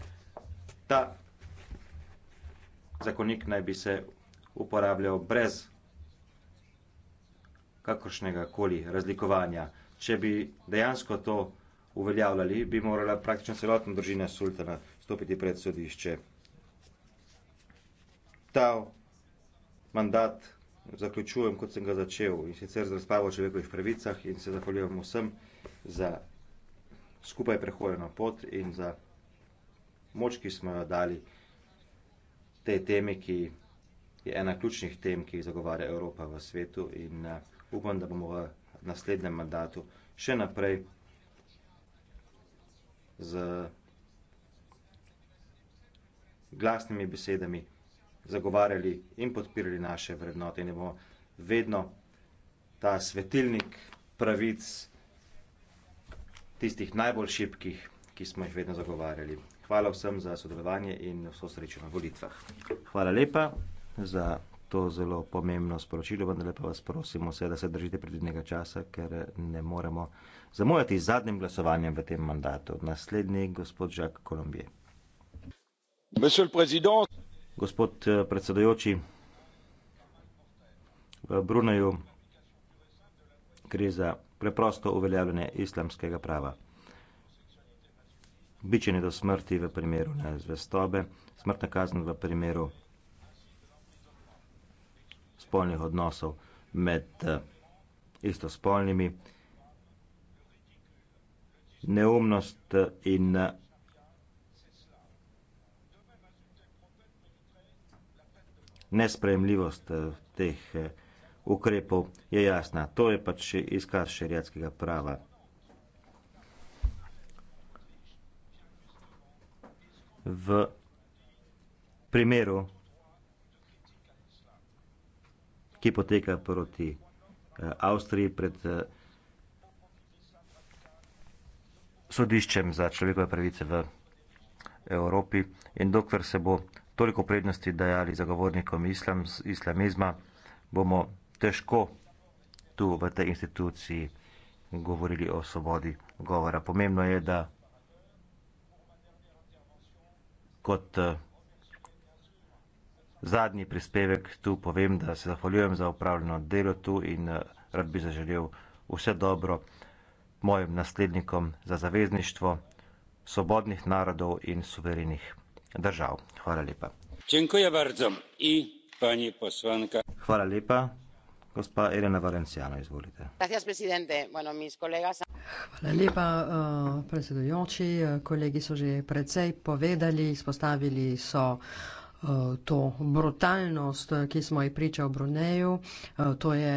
Ta zakonik naj bi se uporabljal brez kakršnega koli razlikovanja. Če bi dejansko to uveljavljali, bi morala praktično celotna družina sultana stopiti pred sodišče. Ta mandat zaključujem, kot sem ga začel, in sicer z razpravo o človekovih pravicah in se zahvaljujem vsem za skupaj prehojeno pot in za moč, ki smo jo dali tej temi, ki je ena ključnih tem, ki jih zagovarja Evropa v svetu in uh, upam, da bomo v naslednjem mandatu še naprej z glasnimi besedami zagovarjali in podpirali naše vrednote in bomo vedno ta svetilnik pravic tistih najbolj šibkih, ki smo jih vedno zagovarjali. Hvala vsem za sodelovanje in vso srečo na volitvah. Hvala lepa za pozornost to zelo pomembno sporočilo, vendar pa vas prosim vse, da se držite predvidnega časa, ker ne moremo zamujati z zadnjim glasovanjem v tem mandatu. Naslednji gospod Jacques Colombier. Gospod eh, predsedujoči, v Bruneju gre za preprosto uveljavljanje islamskega prava. Bičenje do smrti v primeru nezvestobe, smrtna kazen v primeru spolnih odnosov med eh, istospolnimi, neumnost eh, in eh, nesprejemljivost teh ukrepov je jasna. To je pač izkaz šerijatskega prava. V primeru ki poteka proti eh, Avstriji pred eh, sodiščem za človekove pravice v Evropi. In dokler se bo toliko prednosti dajali zagovornikom islam, islamizma, bomo težko tu v tej instituciji govorili o svobodi govora. Pomembno je, da kot eh, zadnji prispevek tu povem, da se zahvaljujem za upravljeno delo tu in eh, rad bi zaželel vse dobro mojim naslednikom za zavezništvo svobodnih narodov in suverenih držav. Hvala lepa. Hvala lepa. Gospa Elena Valenciano, izvolite. Hvala lepa, eh, predsedujoči. Kolegi so že precej povedali, izpostavili so Eh, to brutalnost, eh, ki smo ji priča v Bruneju. Eh, to je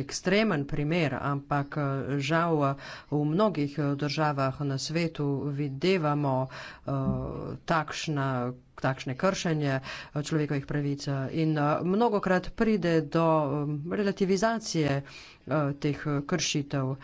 ekstremen primer, ampak žal v mnogih državah na svetu videvamo takšna takšne kršenje človekovih pravic in mnogokrat pride do relativizacije teh kršitev.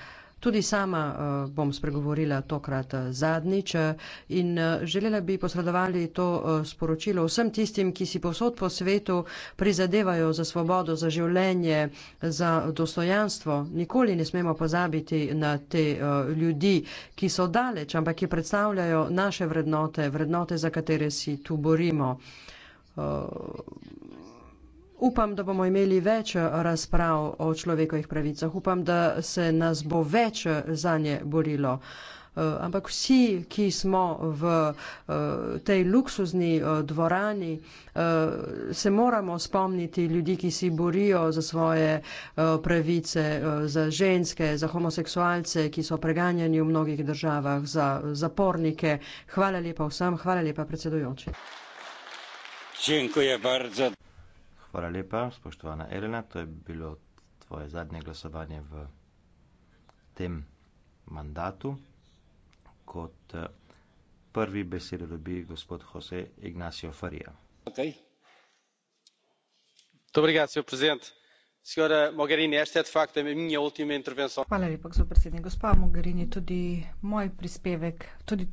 Tudi sama uh, bom spregovorila tokrat uh, zadnjič eh, in uh, želela bi posredovali to uh, sporočilo vsem tistim, ki si posod po svetu prizadevajo za svobodo, za življenje, za dostojanstvo. Nikoli ne smemo pozabiti na te uh, ljudi, ki so daleč, ampak ki predstavljajo naše vrednote, vrednote, za katere si tu borimo. Uh, upam, da bomo imeli več eh, razprav o človekovih pravicah, upam, da se nas bo več eh, za nje borilo. Eh, ampak vsi, ki smo v tej luksuzni dvorani, se moramo spomniti ljudi, ki si borijo za svoje pravice, za ženske, za homoseksualce, ki so preganjani v mnogih državah, za zapornike. Hvala lepa vsem, hvala lepa predsedujoči. Dziękuję bardzo. Hvala lepa, spoštovana Elena. To je bilo tvoje zadnje glasovanje v tem mandatu. Kot eh, prvi besedo dobi gospod Jose Ignacio Faria. Okay. Hvala lepa, gospod predsednik. Gospa Mogherini, tudi moj prispevek, tudi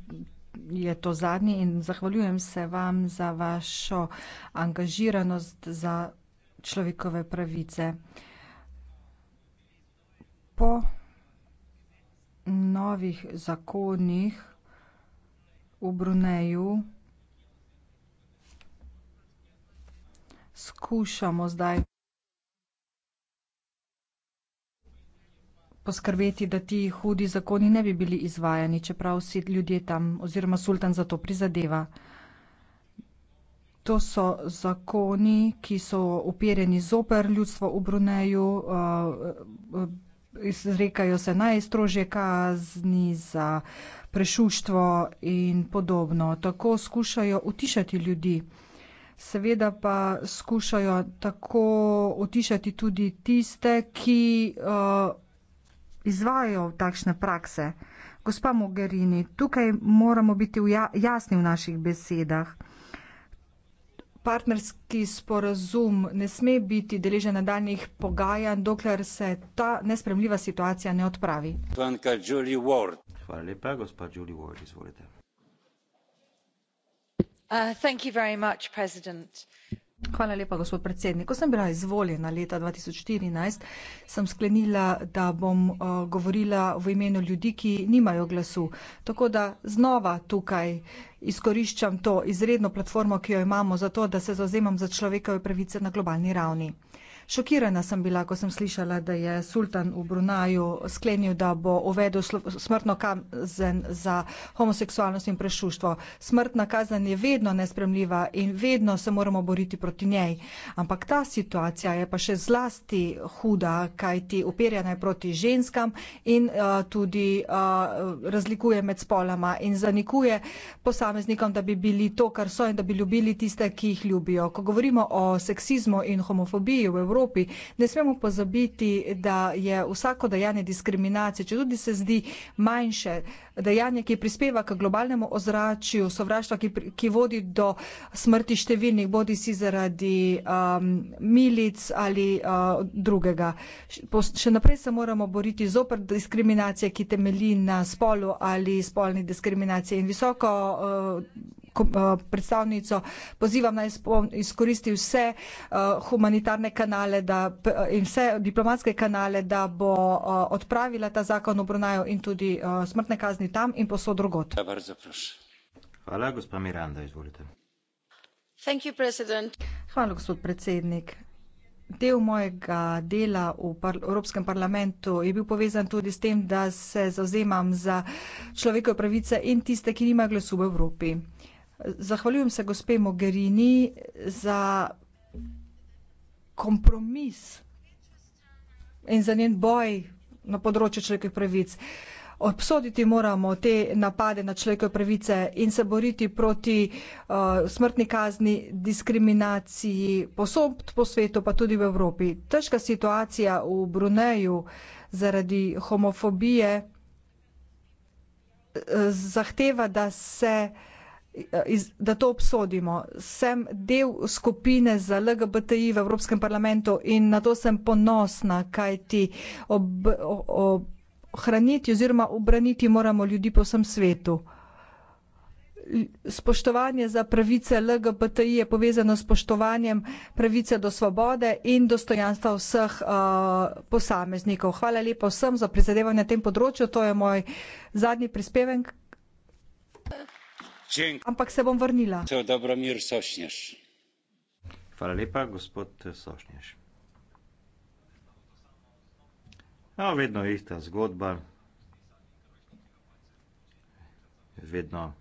je to zadnji in zahvaljujem se vam za vašo angažiranost za človekove pravice. Po novih zakonih v Bruneju skušamo zdaj poskrbeti, da ti hudi zakoni ne bi bili izvajani, čeprav si ljudje tam oziroma sultan za to prizadeva. To so zakoni, ki so upereni zoper ljudstvo v Bruneju, eh, eh, izrekajo se najstrožje kazni za prešuštvo in podobno. Tako skušajo utišati ljudi. Seveda pa skušajo tako utišati tudi tiste, ki uh, izvajajo takšne prakse. Gospa Mogherini, tukaj moramo biti ja-, jasni v naših besedah. Partnerski sporazum ne sme biti deležen nadaljnih pogajanj, dokler se ta nespremljiva situacija ne odpravi. Hvala lepa, gospa Julie Ward, izvolite. Uh, thank you very much, President. Hvala lepa, gospod predsednik. Ko sem bila izvoljena leta 2014, sem sklenila, da bom uh, govorila v imenu ljudi, ki nimajo glasu. Tako da znova tukaj izkoriščam to izredno platformo, ki jo imamo, zato da se zauzemam za človekove pravice na globalni ravni. Šokirana sem bila, ko sem slišala, da je sultan v Brunaju sklenil, da bo uvedel smrtno kazen za homoseksualnost in prešuštvo. Smrtna kazen je vedno nespremljiva in vedno se moramo boriti proti njej. Ampak ta situacija je pa še zlasti huda, kajti uperjena je proti ženskam in uh, tudi uh, razlikuje med spolama in zanikuje posameznikom, da bi bili to, kar so in da bi ljubili tiste, ki jih ljubijo. Ko govorimo o seksizmu in homofobiji v Evropi, Evropi. Ne smemo pozabiti, da je vsako dejanje diskriminacije, če tudi se zdi manjše, dejanje, ki prispeva k globalnemu ozračju, sovraštva, ki, ki vodi do smrti številnih, bodi si zaradi um, milic ali uh, drugega. Še naprej se moramo boriti zopr diskriminacije, ki temelji na spolu ali spolni diskriminaciji. In visoko uh, Eh, predstavnico pozivam naj izkoristi vse eh, humanitarne kanale da, eh, in vse diplomatske kanale, da bo odpravila ta zakon obronajo in tudi smrtne kazni tam in posod drugot. Ja, Hvala, gospa Miranda, izvolite. Thank you, Hvala, gospod predsednik. Del mojega dela v par Evropskem parlamentu je bil povezan tudi s tem, da se zauzemam za človekove pravice in tiste, ki nimajo glasu v Evropi. Uh, Zahvaljujem se gospe Mogherini za kompromis in za njen boj na področju človekovih pravic. Obsoditi moramo te napade na človekove pravice in se boriti proti uh, smrtni kazni, diskriminaciji posod po svetu, pa tudi v Evropi. Težka situacija v Bruneju zaradi homofobije eh, zahteva, da se uh, iz, da to obsodimo. Sem del skupine za LGBTI v Evropskem parlamentu in na to sem ponosna, kaj ti ob, ob, ohraniti oziroma obraniti moramo ljudi po vsem svetu. Spoštovanje za pravice LGBTI je povezano s spoštovanjem pravice do svobode in dostojanstva vseh uh, posameznikov. Hvala lepa vsem za prizadevanje na tem področju. To je moj zadnji prispevek. Thank you ampak se bom vrnila. Hvala lepa, gospod Sošnješ. No, vedno je ta zgodba, vedno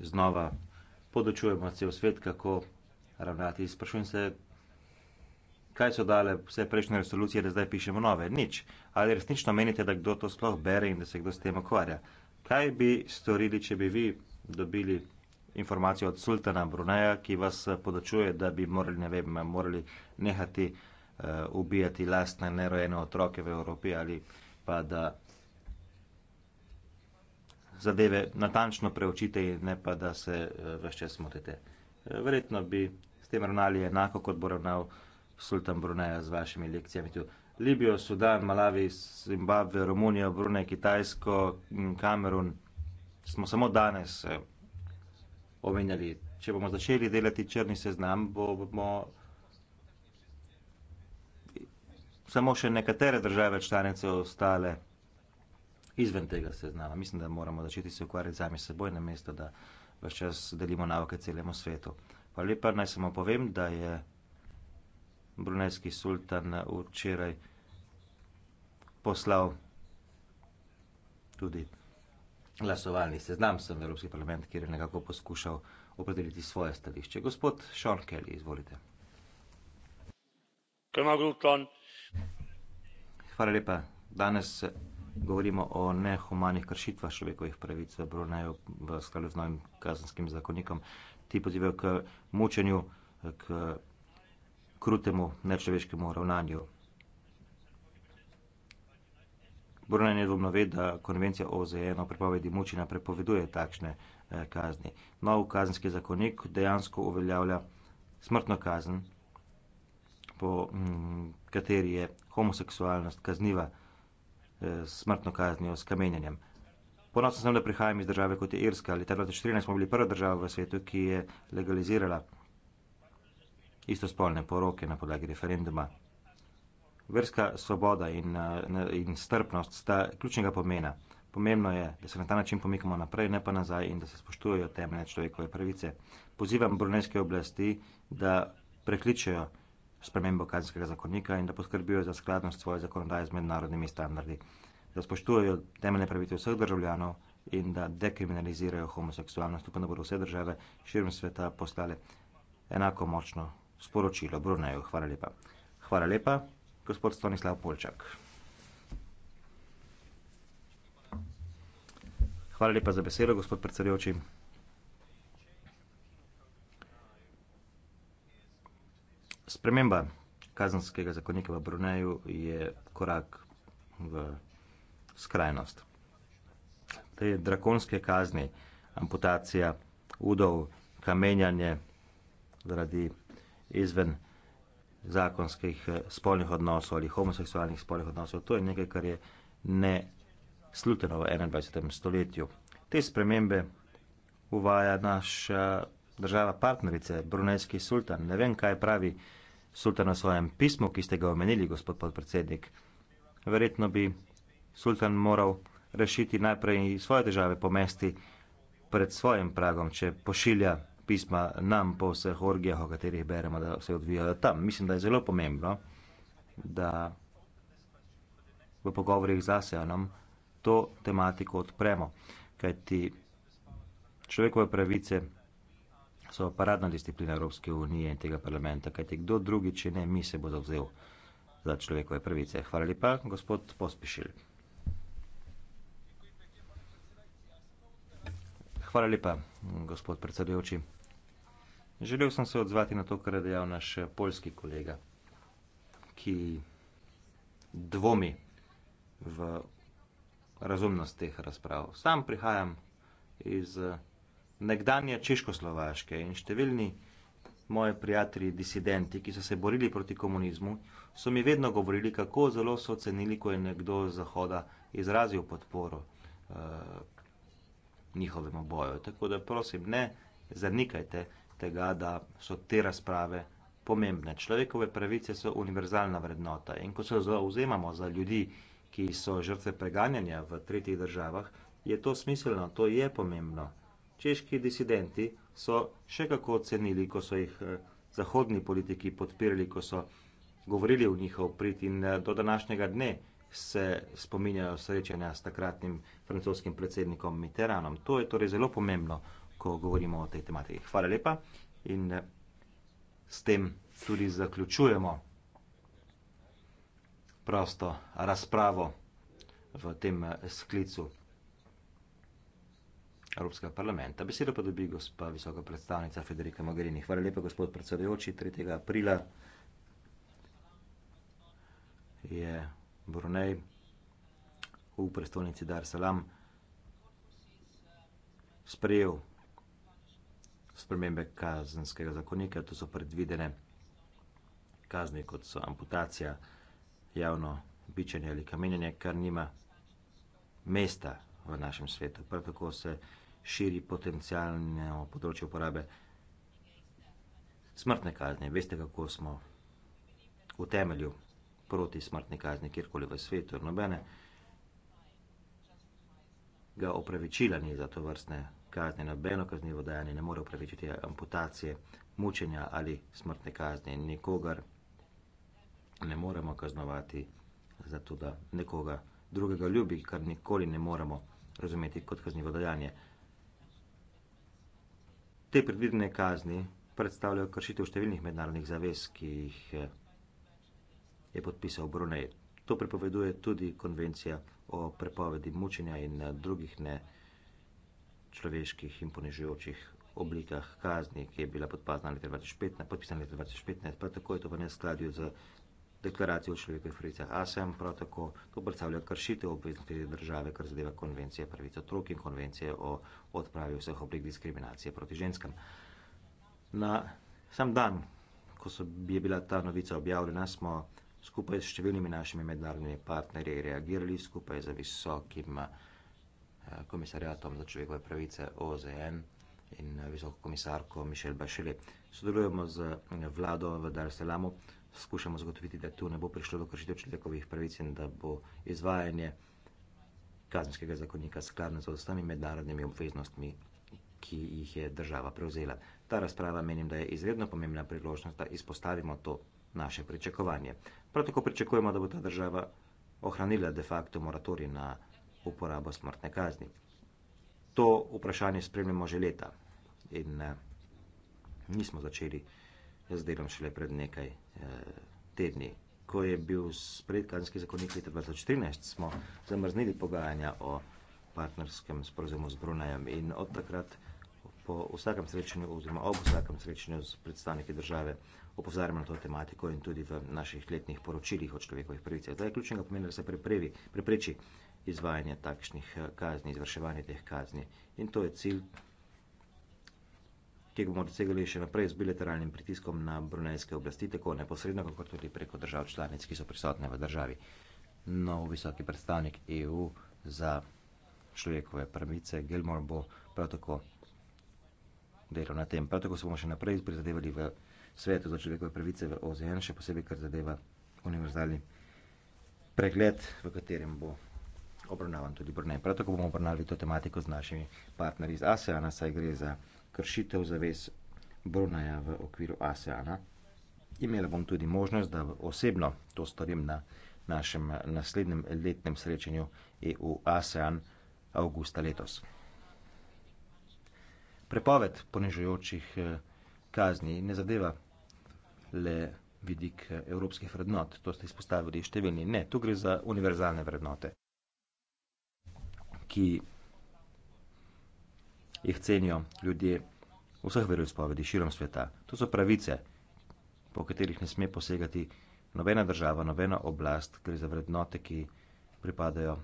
znova podočujemo cel svet, kako ravnati. Sprašujem se, kaj so dale vse prejšnje resolucije, da zdaj pišemo nove? Nič. Ali resnično menite, da kdo to sploh bere in da se kdo s tem ukvarja? Kaj bi storili, če bi vi dobili informacijo od sultana Bruneja, ki vas eh, podačuje, da bi morali, ne vem, morali nehati uh, ubijati lastne nerojene otroke v Evropi ali pa da zadeve natančno preučite in ne pa da se uh, eh, vešče smotite. Verjetno bi s tem ravnali enako, kot bo ravnal sultan Bruneja z vašimi lekcijami. Tu. Libijo, Sudan, Malavi, Zimbabve, Romunijo, Brune, Kitajsko, mm, Kamerun smo samo danes eh, omenjali. Če bomo začeli delati črni seznam, bomo samo še nekatere države članice ostale izven tega seznama. Mislim, da moramo začeti se ukvarjati sami seboj, na mesto, da vse čas delimo nauke celemu svetu. Pa lepa naj samo povem, da je brunejski sultan včeraj poslal tudi glasovalni seznam sem v Evropski parlament, kjer je nekako poskušal opredeliti svoje stališče. Gospod Sean Kelly, izvolite. Hvala lepa. Danes govorimo o nehumanih kršitvah človekovih pravic v Bruneju v skladu z novim kazenskim zakonikom. Ti pozivajo k mučenju, k krutemu nečloveškemu ravnanju Bruno je nedvomno ve, da konvencija OZN o e prepovedi mučenja prepoveduje takšne eh, kazni. Nov kazenski zakonik dejansko uveljavlja smrtno kazen, po mm, kateri je homoseksualnost kazniva eh, smrtno kaznijo s kamenjanjem. Ponosen sem, da prihajam iz države kot je Irska. Leta 2014 smo bili prva država v svetu, ki je legalizirala istospolne poroke na podlagi referenduma. Verska svoboda in, eh, in strpnost sta ključnega pomena. Pomembno je, da se na ta način pomikamo naprej, ne pa nazaj in da se spoštujejo temeljne človekove pravice. Pozivam brunejske oblasti, da prekličejo spremembo kazenskega zakonika in da poskrbijo za skladnost svoje zakonodaje z mednarodnimi standardi, da spoštujejo temeljne pravice vseh državljanov in da dekriminalizirajo homoseksualnost, upam, da bodo vse države širom sveta postale enako močno sporočilo Bruneju. Hvala lepa. Hvala lepa gospod Stanislav Polčak. Hvala lepa za besedo, gospod predsedujoči. Sprememba kazanskega zakonika v Bruneju je korak v skrajnost. Te drakonske kazni, amputacija, udov, kamenjanje zaradi izven zakonskih eh, spolnih odnosov ali homoseksualnih spolnih odnosov. To je nekaj, kar je nesluteno v 21. stoletju. Te spremembe uvaja naša država partnerice, brunejski sultan. Ne vem, kaj pravi sultan na svojem pismu, ki ste ga omenili, gospod podpredsednik. Verjetno bi sultan moral rešiti najprej svoje države pomesti pred svojim pragom, če pošilja pisma nam po vseh orgijah, o katerih beremo, da se odvijajo tam. Mislim, da je zelo pomembno, da v pogovorih z ASEANom to tematiko odpremo, kajti človekove pravice so paradna disciplina Evropske unije in tega parlamenta, kajti kdo drugi, če ne mi, se bo zavzel za človekove pravice. Hvala lepa, gospod Pospišil. Hvala lepa, gospod predsedujoči. Želel sem se odzvati na to, kar je dejal naš eh, polski kolega, ki dvomi v razumnost teh razprav. Sam prihajam iz eh, nekdanje Češkoslovaške in številni moji prijatelji, disidenti, ki so se borili proti komunizmu, so mi vedno govorili, kako zelo so ocenili, ko je nekdo z Zahoda izrazil podporo eh, njihovemu boju. Tako da prosim, ne zanikajte tega, da so te razprave pomembne. Človekove pravice so univerzalna vrednota in ko se zauzemamo za ljudi, ki so žrtve preganjanja v tretjih državah, je to smiselno, to je pomembno. Češki disidenti so še kako ocenili, ko so jih eh, zahodni politiki podpirali, ko so govorili v njihov prid in eh, do današnjega dne se spominjajo srečanja s takratnim francoskim predsednikom Mitterrandom. To je torej zelo pomembno ko govorimo o tej tematiki. Hvala lepa in eh, s tem tudi zaključujemo prosto razpravo v tem eh, sklicu Evropskega parlamenta. Besedo pa dobi gospa visoka predstavnica Federika Mogherini. Hvala lepa, gospod predsedujoči. 3. aprila je Brunej v predstavnici Dar Salam sprejel spremembe kazenskega zakonika, to so predvidene kazni, kot so amputacija, javno bičenje ali kamenjanje, kar nima mesta v našem svetu. Prav tako se širi potencijalno področje uporabe smrtne kazni. Veste, kako smo v temelju proti smrtni kazni, kjerkoli v svetu, nobene ga opravičila ni za to vrstne kazni, nobeno kaznivo dejanje ne more upravičiti amputacije, mučenja ali smrtne kazni. Nikogar ne moremo kaznovati zato, da nekoga drugega ljubi, kar nikoli ne moremo razumeti kot kaznivo dejanje. Te predvidene kazni predstavljajo kršitev številnih mednarodnih zavez, ki jih eh, je podpisal Brunei. To prepoveduje tudi konvencija o prepovedi mučenja in eh, drugih ne človeških in ponižujočih oblikah kazni, ki je bila podpazna leta 2015, podpisana leta 2015, prav tako je to v neskladju z deklaracijo o človekovih pravicah ASEM, prav tako to predstavlja kršitev obveznosti države, kar zadeva konvencije pravic otrok in konvencije o odpravi vseh oblik diskriminacije proti ženskam. Na sam dan, ko so, je bila ta novica objavljena, smo skupaj s številnimi našimi mednarodnimi partnerji reagirali skupaj za visokim uh, komisarjatom za človekove pravice OZN in eh, visoko komisarko Mišel Bašele. Sodelujemo z eh, vlado v Dar Salamu, skušamo zagotoviti, da tu ne bo prišlo do kršitev človekovih pravic in da bo izvajanje kazenskega zakonika skladno z vsemi mednarodnimi obveznostmi, ki jih je država prevzela. Ta razprava menim, da je izredno pomembna priložnost, da izpostavimo to naše pričakovanje. Prav tako pričakujemo, da bo ta država ohranila de facto moratorij na uporabo smrtne kazni. To vprašanje spremljamo že leta in eh, nismo začeli z delom šele pred nekaj eh, tedni. Ko je bil sprejet kazenski zakonik leta 2013, smo zamrznili pogajanja o partnerskem sporozumu z Brunejem in od takrat po vsakem srečanju oziroma ob vsakem srečanju z predstavniki države opozarjamo na to tematiko in tudi v naših letnih poročilih o človekovih pravicah. Zdaj je ključnega pomena, da se prepreči izvajanja takšnih eh, kazni, izvrševanja teh kazni. In to je cilj, ki ga bomo dosegli še naprej z bilateralnim pritiskom na brunejske oblasti, tako neposredno, kako tudi preko držav članic, ki so prisotne v državi. Nov visoki predstavnik EU za človekove pravice, Gilmore, bo prav tako delal na tem. Prav tako se bomo še naprej prizadevali v svetu za človekove pravice v OZN, še posebej, kar zadeva univerzalni pregled, v katerem bo obravnavan tudi Brunei. Prav tako bomo obravnavali to tematiko z našimi partnerji iz ASEANA, saj gre za kršitev zavez Brunaja v okviru ASEANA. Imela bom tudi možnost, da osebno to storim na našem naslednjem letnem srečanju EU-ASEAN avgusta letos. Prepoved ponižujočih eh, kazni ne zadeva le vidik eh, evropskih vrednot, to ste izpostavili številni. Ne, tu gre za univerzalne vrednote ki jih cenijo ljudje vseh veroizpovedi širom sveta. To so pravice, po katerih ne sme posegati nobena država, nobena oblast, gre za vrednote, ki pripadajo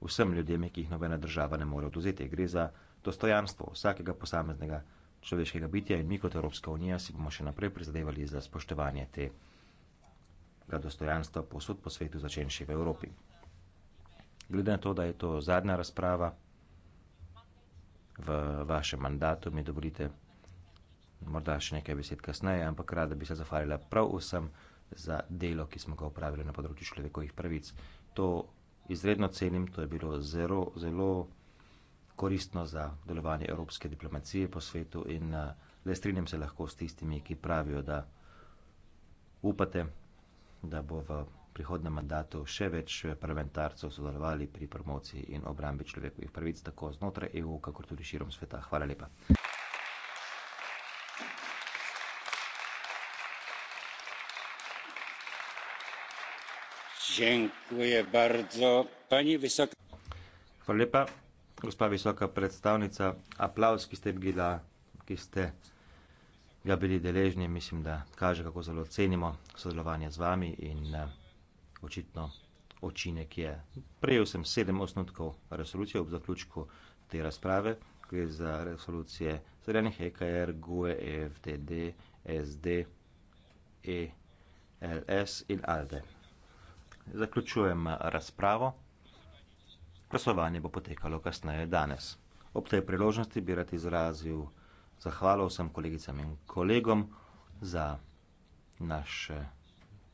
vsem ljudem, ki jih nobena država ne more oduzeti. Gre za dostojanstvo vsakega posameznega človeškega bitja in mi kot Evropska unija si bomo še naprej prizadevali za spoštevanje tega dostojanstva posod po svetu, začenši v Evropi. Glede na to, da je to zadnja razprava v vašem mandatu, mi dovolite morda še nekaj besed kasneje, ampak rada bi se zahvalila prav vsem za delo, ki smo ga upravili na področju človekovih pravic. To izredno cenim, to je bilo zelo, zelo koristno za delovanje evropske diplomacije po svetu in eh, le strinjam se lahko s tistimi, ki pravijo, da upate, da bo v prihodnem mandatu še več parlamentarcev sodelovali pri promociji in obrambi človekovih pravic, tako znotraj EU, kakor tudi širom sveta. Hvala lepa. Hvala lepa, gospa visoka predstavnica. Aplavz, ki ste bila, ki ste ga bili deležni, mislim, da kaže, kako zelo cenimo sodelovanje z vami in uh, očitno očinek je. Prejel sem sedem osnutkov resolucije ob zaključku te razprave, ki je za resolucije zelenih EKR, GUE, EFTD, SD, ELS in ALDE. Zaključujem razpravo. Glasovanje bo potekalo kasneje danes. Ob tej priložnosti bi rad izrazil zahvalo vsem kolegicam in kolegom za naš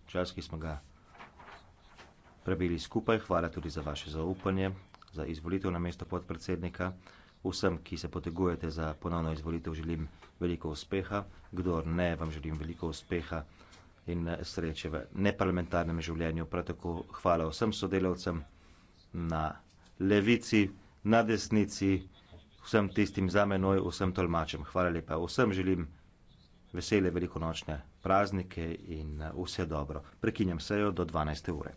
čas, ki smo ga prebili skupaj. Hvala tudi za vaše zaupanje, za izvolitev na mesto podpredsednika. Vsem, ki se potegujete za ponovno izvolitev, želim veliko uspeha. Kdor ne, vam želim veliko uspeha in sreče v neparlamentarnem življenju. Prav tako hvala vsem sodelavcem na levici, na desnici, vsem tistim za menoj, vsem tolmačem. Hvala lepa. Vsem želim vesele velikonočne praznike in vse dobro. Prekinjam sejo do 12. ure.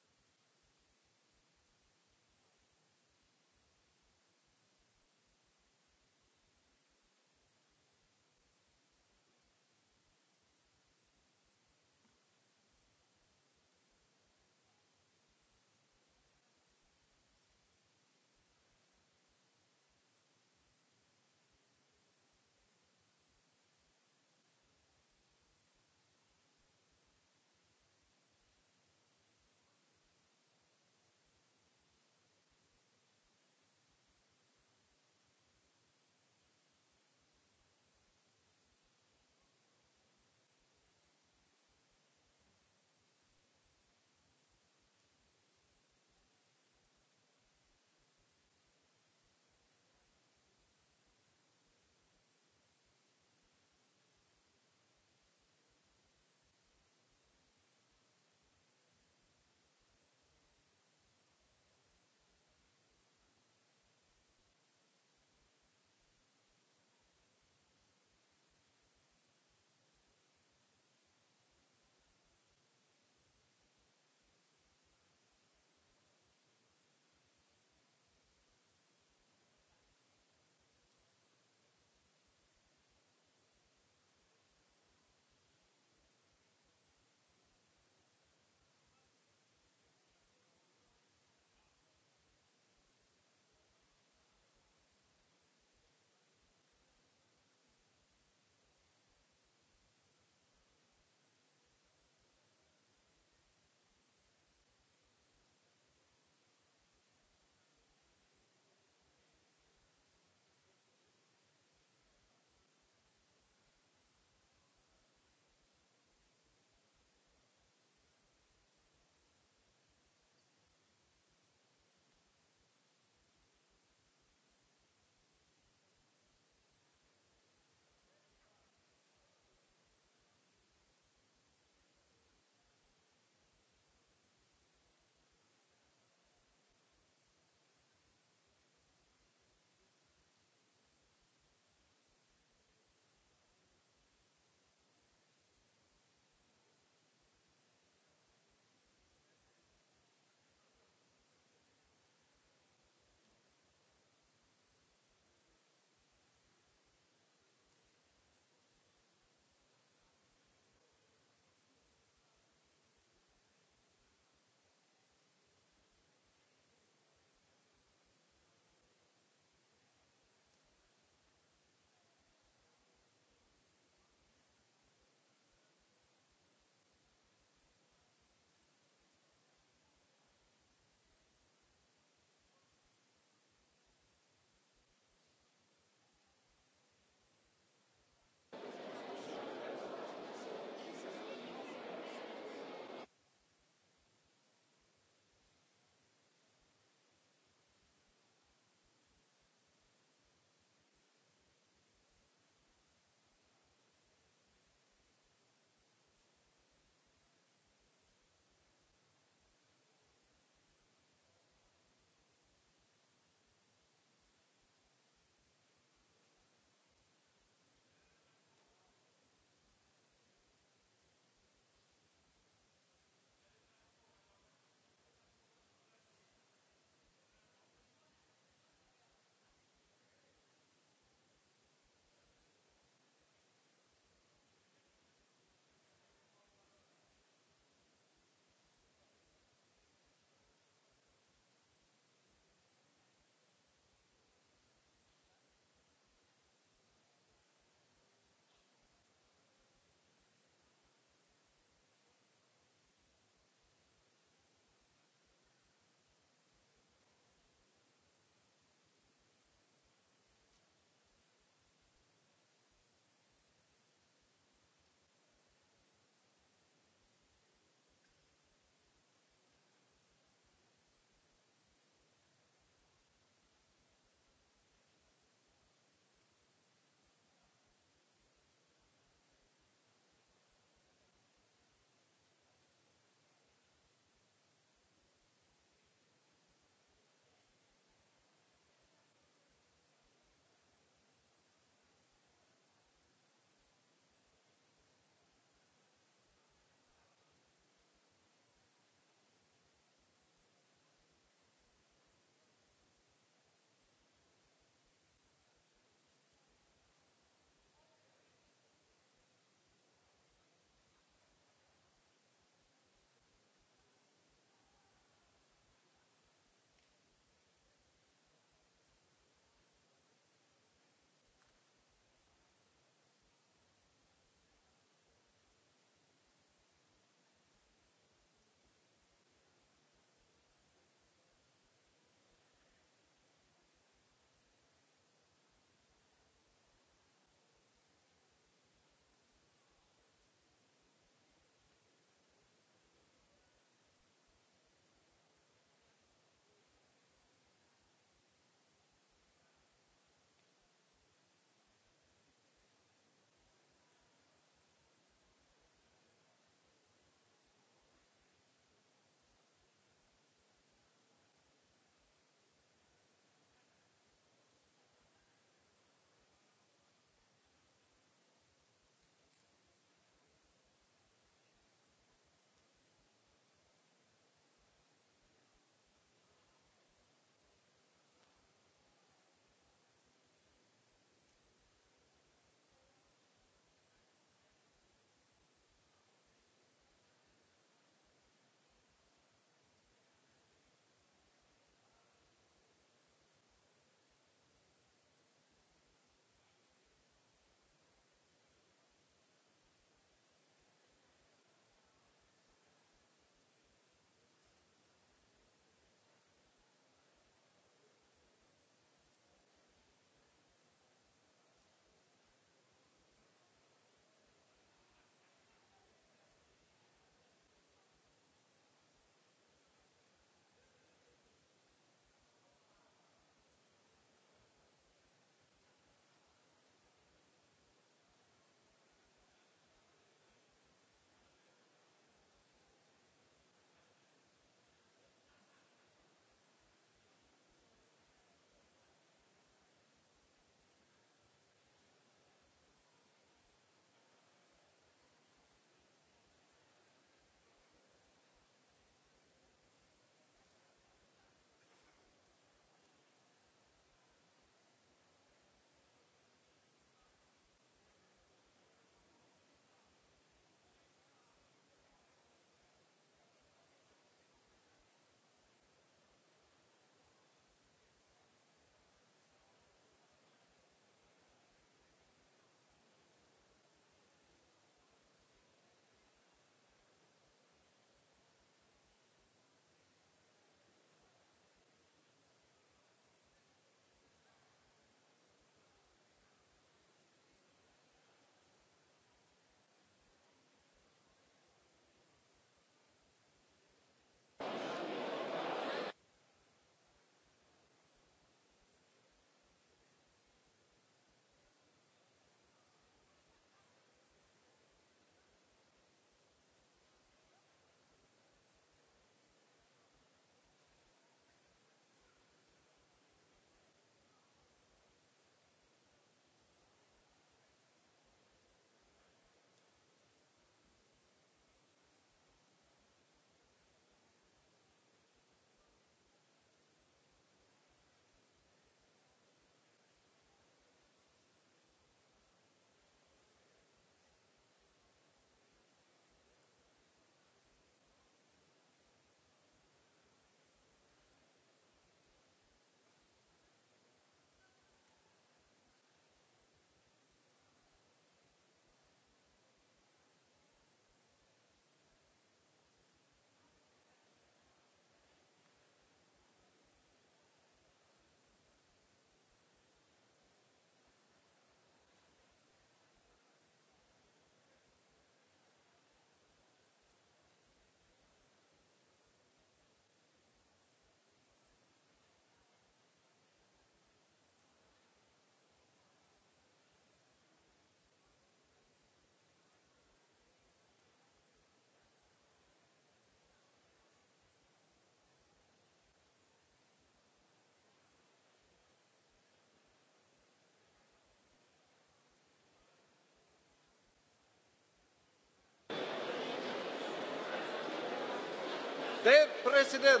Ste president.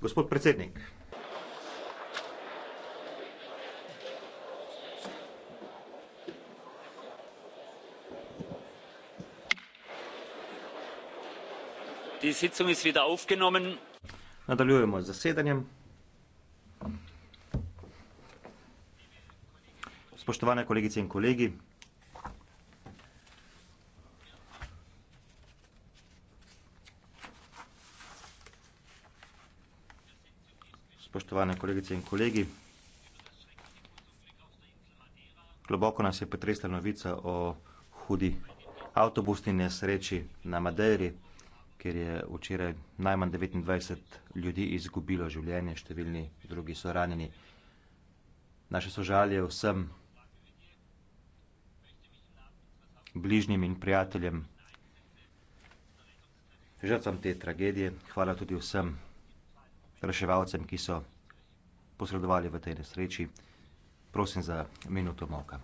Gospod predsednik. Nadaljujemo z zasedanjem. Spoštovane kolegice in kolegi! spoštovane kolegice in kolegi. Globoko nas je potresla novica o hudi avtobusni nesreči na Madeiri, kjer je včeraj najmanj 29 ljudi izgubilo življenje, številni drugi so ranjeni. Naše sožalje vsem bližnjim in prijateljem, žrtvam te tragedije. Hvala tudi vsem reševalcem, ki so posredovali v tej nesreči. Prosim za minuto molka.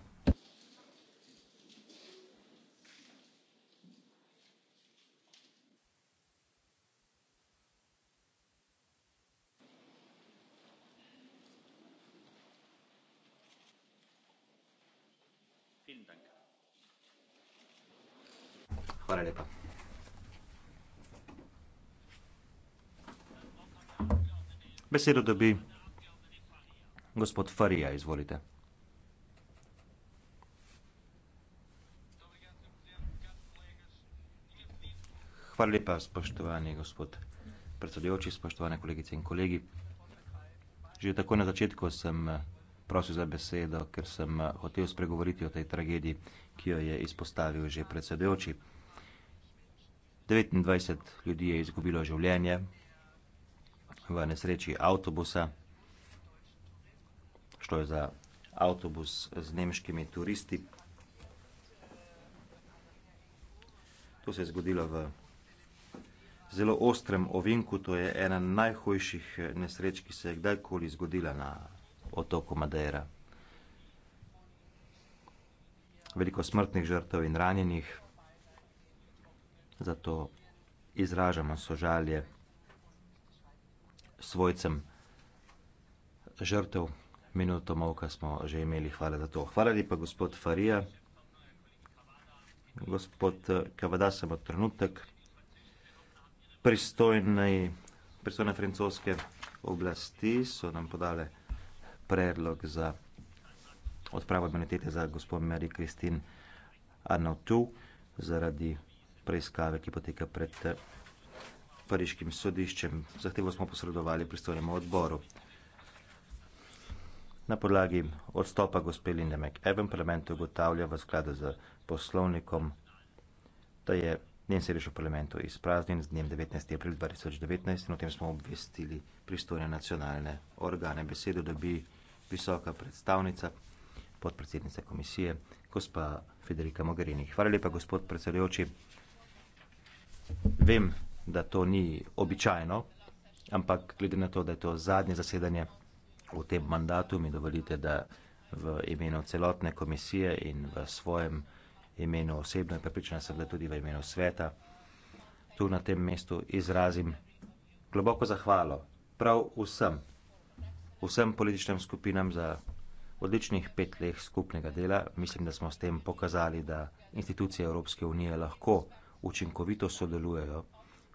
Hvala lepa. Besedo dobi... Gospod Farija, izvolite. Hvala lepa, spoštovani gospod predsedujoči, spoštovane kolegice in kolegi. Že tako na začetku sem eh, prosil za besedo, ker sem eh, hotel spregovoriti o tej tragediji, ki jo je izpostavil že predsedujoči. 29 ljudi je izgubilo življenje v nesreči avtobusa, šlo je za avtobus z nemškimi turisti. To se je zgodilo v zelo ostrem ovinku, to je ena najhujših nesreč, ki se je kdajkoli zgodila na otoku Madeira. Veliko smrtnih žrtev in ranjenih, zato izražamo sožalje svojcem žrtev minuto molka smo že imeli. Hvala za to. Hvala lepa, gospod Farija. Gospod eh, Kavada, samo trenutek. Pristojni, pristojne francoske oblasti so nam podale predlog za odpravo imunitete za gospod Marie Christine Arnautu zaradi preiskave, ki poteka pred eh, pariškim sodiščem. Zahtevo smo posredovali pristojnemu odboru. Na podlagi odstopa gospe Linde McEwen parlament ugotavlja v skladu z poslovnikom, da je njen sedež v parlamentu izpraznjen z dnem 19. april 2019 in o tem smo obvestili pristojne nacionalne organe. Besedo dobi visoka predstavnica, podpredsednica komisije, gospa Federika Mogherini. Hvala lepa, gospod predsedujoči. Vem, da to ni običajno, ampak glede na to, da je to zadnje zasedanje, v tem mandatu mi dovolite, da v imenu celotne komisije in v svojem imenu osebno in prepričana sem, da tudi v imenu sveta, tu na tem mestu izrazim globoko zahvalo prav vsem, vsem političnim skupinam za odličnih pet let skupnega dela. Mislim, da smo s tem pokazali, da institucije Evropske unije lahko učinkovito sodelujejo,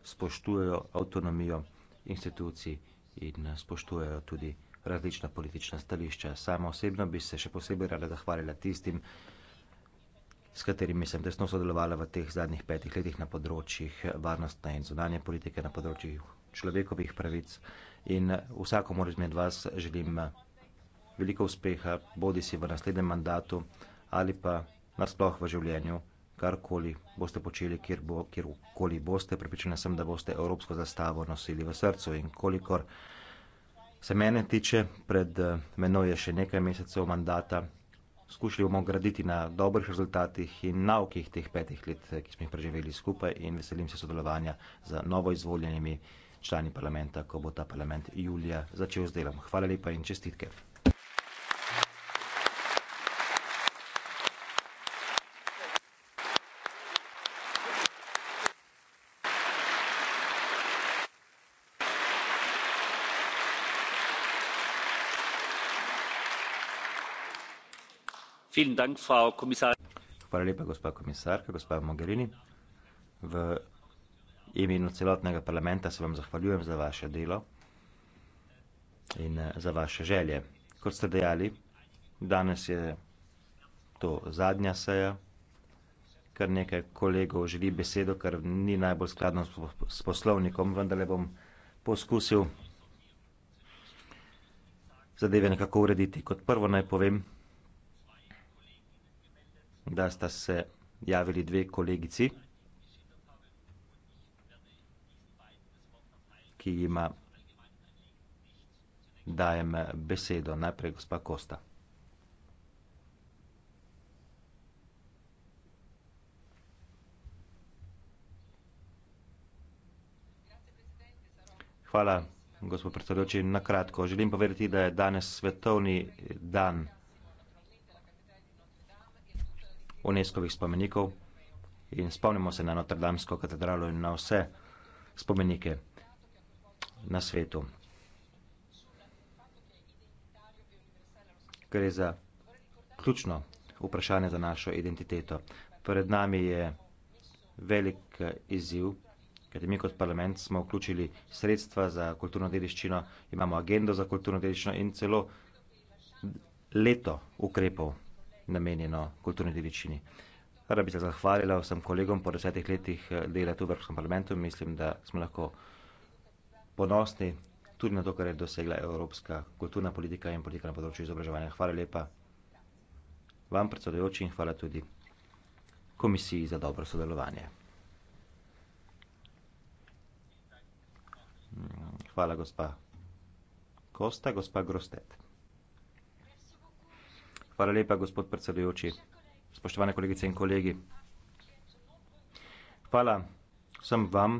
spoštujejo avtonomijo institucij in spoštujejo tudi različna politična stališča. Samo osebno bi se še posebej rada zahvalila tistim, s katerimi sem tesno sodelovala v teh zadnjih petih letih na področjih varnostne in zunanje politike, na področjih človekovih pravic. In vsakomor izmed vas želim veliko uspeha, bodi si v naslednjem mandatu ali pa nasploh v življenju, karkoli boste počeli, kjer, bo, kjer koli boste. Pripričana sem, da boste evropsko zastavo nosili v srcu in kolikor se mene tiče, pred eh, menoj je še nekaj mesecev mandata. Skušali bomo graditi na dobrih rezultatih in naukih teh petih let, eh, ki smo jih preživeli skupaj in veselim se sodelovanja z novo izvoljenimi člani parlamenta, ko bo ta parlament julija začel z delom. Hvala lepa in čestitke. Hvala lepa, gospa komisarka, gospa Mogherini. V imenu celotnega parlamenta se vam zahvaljujem za vaše delo in eh, za vaše želje. Kot ste dejali, danes je to zadnja seja, kar nekaj kolegov želi besedo, kar ni najbolj skladno s poslovnikom, vendarle bom poskusil zadeve nekako urediti. Kot prvo naj povem, da sta se javili dve kolegici, ki ima dajem besedo. Najprej gospa Kosta. Hvala, gospod predsedujoči. Na kratko, želim povedati, da je danes svetovni dan UNESCO-ovih spomenikov in spomnimo se na Notrdamsko katedralo in na vse spomenike na svetu. Gre za ključno vprašanje za našo identiteto. Pred nami je velik izziv, ker mi kot parlament smo vključili sredstva za kulturno dediščino, imamo agendo za kulturno dediščino in celo leto ukrepov namenjeno kulturni devičini. Rada bi se zahvalila vsem kolegom po desetih letih eh, dela tu v Evropskem parlamentu. Mislim, da smo lahko ponosni tudi na to, kar je dosegla evropska kulturna politika in politika na področju izobraževanja. Hvala lepa vam, predsedujoči, in hvala tudi komisiji za dobro sodelovanje. Hmm, hvala, gospa Kosta, gospa Grostet. Hvala lepa, gospod predsedujoči. Spoštovane kolegice in kolegi. Hvala vsem vam,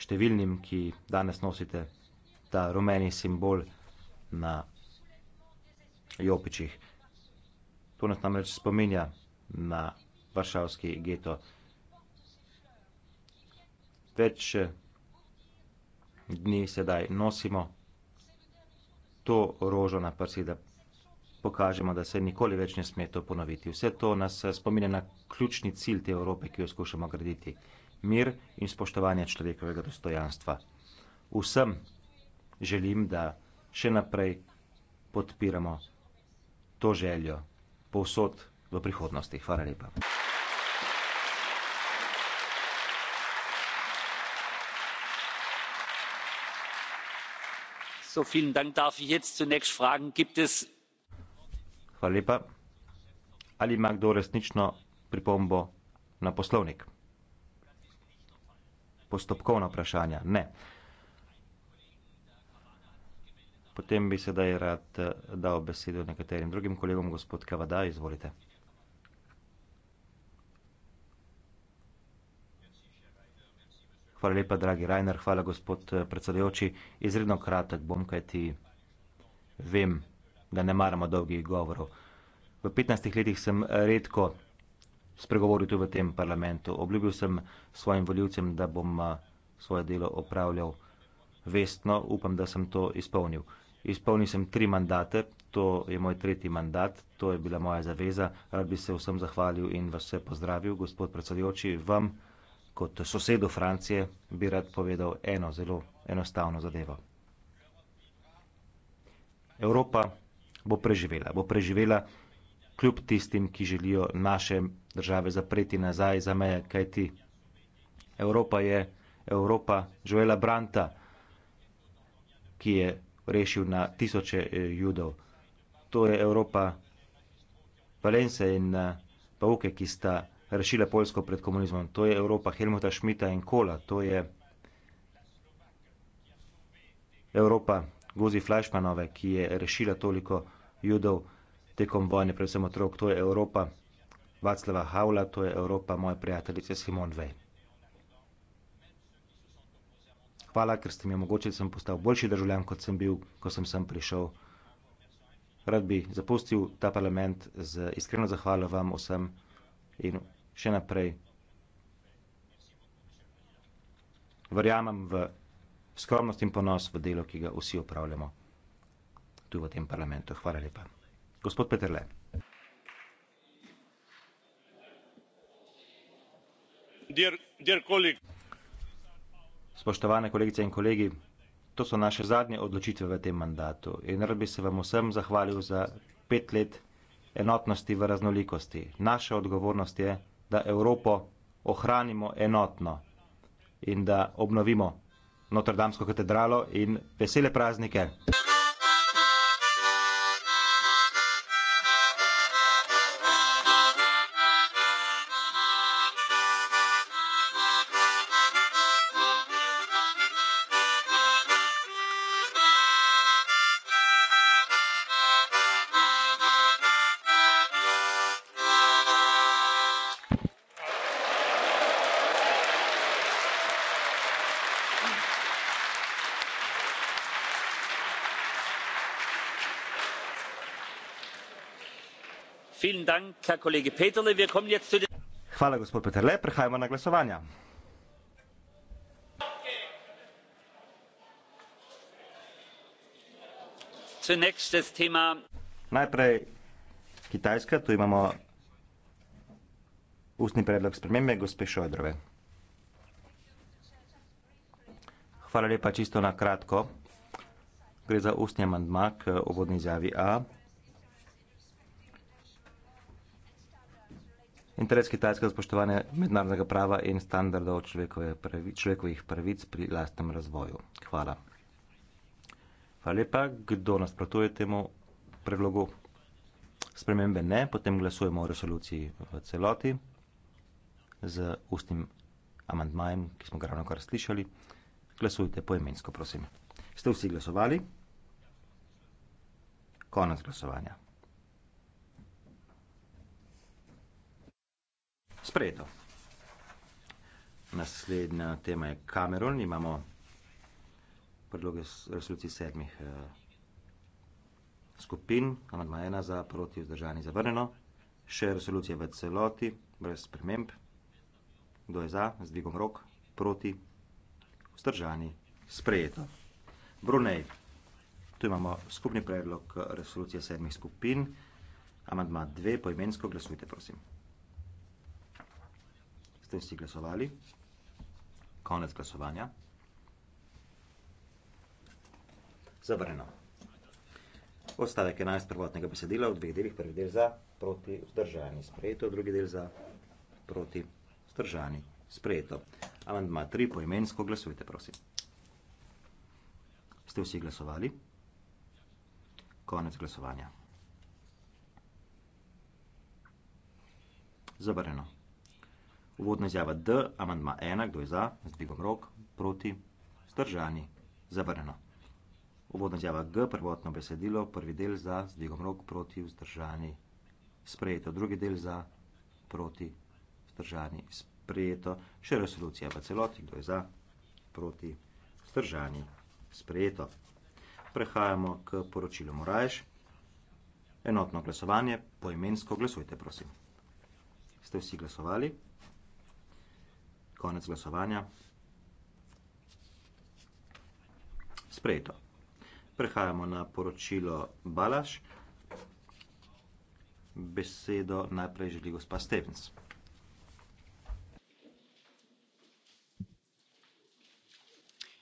številnim, ki danes nosite ta rumeni simbol na jopičih. To nas namreč spominja na varšavski geto. Več dni sedaj nosimo to rožo na prsi, da pokažemo, da se nikoli več ne sme to ponoviti. Vse to nas eh, spominja na ključni cilj te Evrope, ki jo skušamo graditi - mir in spoštovanje človekovega dostojanstva. Vsem želim, da še naprej podpiramo to željo povsod v prihodnosti. Hvala lepa. So, vielen Dank. Darf ich jetzt zunächst fragen, gibt es Hvala lepa. Ali ima kdo resnično pripombo na poslovnik? Postopkovna vprašanja? Ne. Potem bi sedaj rad eh, dal besedo nekaterim drugim kolegom. Gospod Kavada, izvolite. Hvala lepa, dragi Rainer. Hvala, gospod eh, predsedujoči. Izredno kratek bom, kajti vem, da ne maramo dolgih govorov. V 15 letih sem redko spregovoril tu v tem parlamentu. Obljubil sem svojim voljivcem, da bom svoje delo opravljal vestno. Upam, da sem to izpolnil. Izpolnil sem tri mandate, to je moj tretji mandat, to je bila moja zaveza. Rad bi se vsem zahvalil in vas vse pozdravil, gospod predsedujoči, vam kot sosedu Francije bi rad povedal eno zelo enostavno zadevo. Evropa bo preživela. Bo preživela kljub tistim, ki želijo naše države zapreti nazaj za meje, kaj ti. Evropa je Evropa Joela Branta, ki je rešil na tisoče eh, judov. To je Evropa Valence in eh, Pavuke, ki sta rešila Poljsko pred komunizmom. To je Evropa Helmuta Šmita in Kola. To je Evropa Gozi Flašmanove, ki je rešila toliko ljudi judov tekom vojne, predvsem otrok, to je Evropa. Vaclava Havla, to je Evropa, moja prijateljica Simon Vej. Hvala, ker ste mi omogočili, da sem postal boljši državljan, kot sem bil, ko sem sem prišel. Rad bi zapustil ta parlament z iskreno zahvalo vam vsem in še naprej. Verjamem v skromnost in ponos v delo, ki ga vsi upravljamo tu v tem parlamentu. Hvala lepa. Gospod Peterle. Spoštovane kolegice in kolegi, to so naše zadnje odločitve v tem mandatu in rad bi se vam vsem zahvalil za pet let enotnosti v raznolikosti. Naša odgovornost je, da Evropo ohranimo enotno in da obnovimo Notrdamsko katedralo in vesele praznike. Hvala. hvala gospod peterle prehajamo na glasovanja najprej kitajska tu imamo ustni predlog spremembe gospe šojdrove hvala lepa čisto na kratko gre za ustni amandma k uvodni izjavi a interes Kitajskega spoštovanja mednarodnega prava in standardov človekove pravi, človekovih pravic pri lastnem razvoju. Hvala. Hvala lepa. Kdo nasprotuje temu predlogu? Spremembe ne, potem glasujemo o resoluciji v celoti z ustnim amantmajem, ki smo ga ravno kar slišali. Glasujte poimensko, prosim. Ste vsi glasovali? Konec glasovanja. sprejeto. Naslednja tema je Kamerun. Imamo predloge resolucij sedmih eh, skupin, amadma ena za proti vzdržani zavrneno, še resolucije v celoti, brez sprememb, kdo je za, z dvigom rok, proti, vzdržani, sprejeto. Brunej, tu imamo skupni predlog eh, resolucije sedmih skupin, amadma dve, poimensko glasujte, prosim ste si glasovali. Konec glasovanja. Zavrneno. Odstavek 11 prvotnega besedila v dveh delih. Prvi del za, proti, vzdržani, sprejeto. Drugi del za, proti, vzdržani, sprejeto. Amandma 3 poimensko glasujte, prosim. Ste vsi glasovali? Konec glasovanja. Zavrneno. Uvodna izjava D, amandma ena, kdo je za, z dvigom rok, proti, zdržani, zavrnjeno. Uvodna izjava G, prvotno besedilo, prvi del za, z dvigom rok, proti, vzdržani, sprejeto. Drugi del za, proti, vzdržani, sprejeto. Še resolucija v celoti, kdo je za, proti, vzdržani, sprejeto. Prehajamo k poročilu Morajš. Enotno glasovanje, poimensko glasujte, prosim. Ste vsi glasovali? Konec glasovanja. Sprejeto. Prehajamo na poročilo Balaš. Besedo najprej želi gospa Stevens.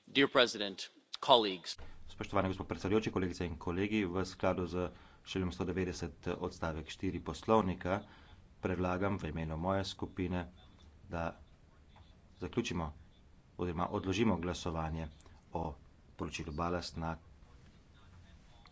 Dear president, colleagues. Spoštovani gospod predsedujoči, kolegice in kolegi, v skladu z šeljem 190 odstavek 4 poslovnika predlagam v imenu moje skupine, da zaključimo oziroma odložimo glasovanje o poročilu Balast na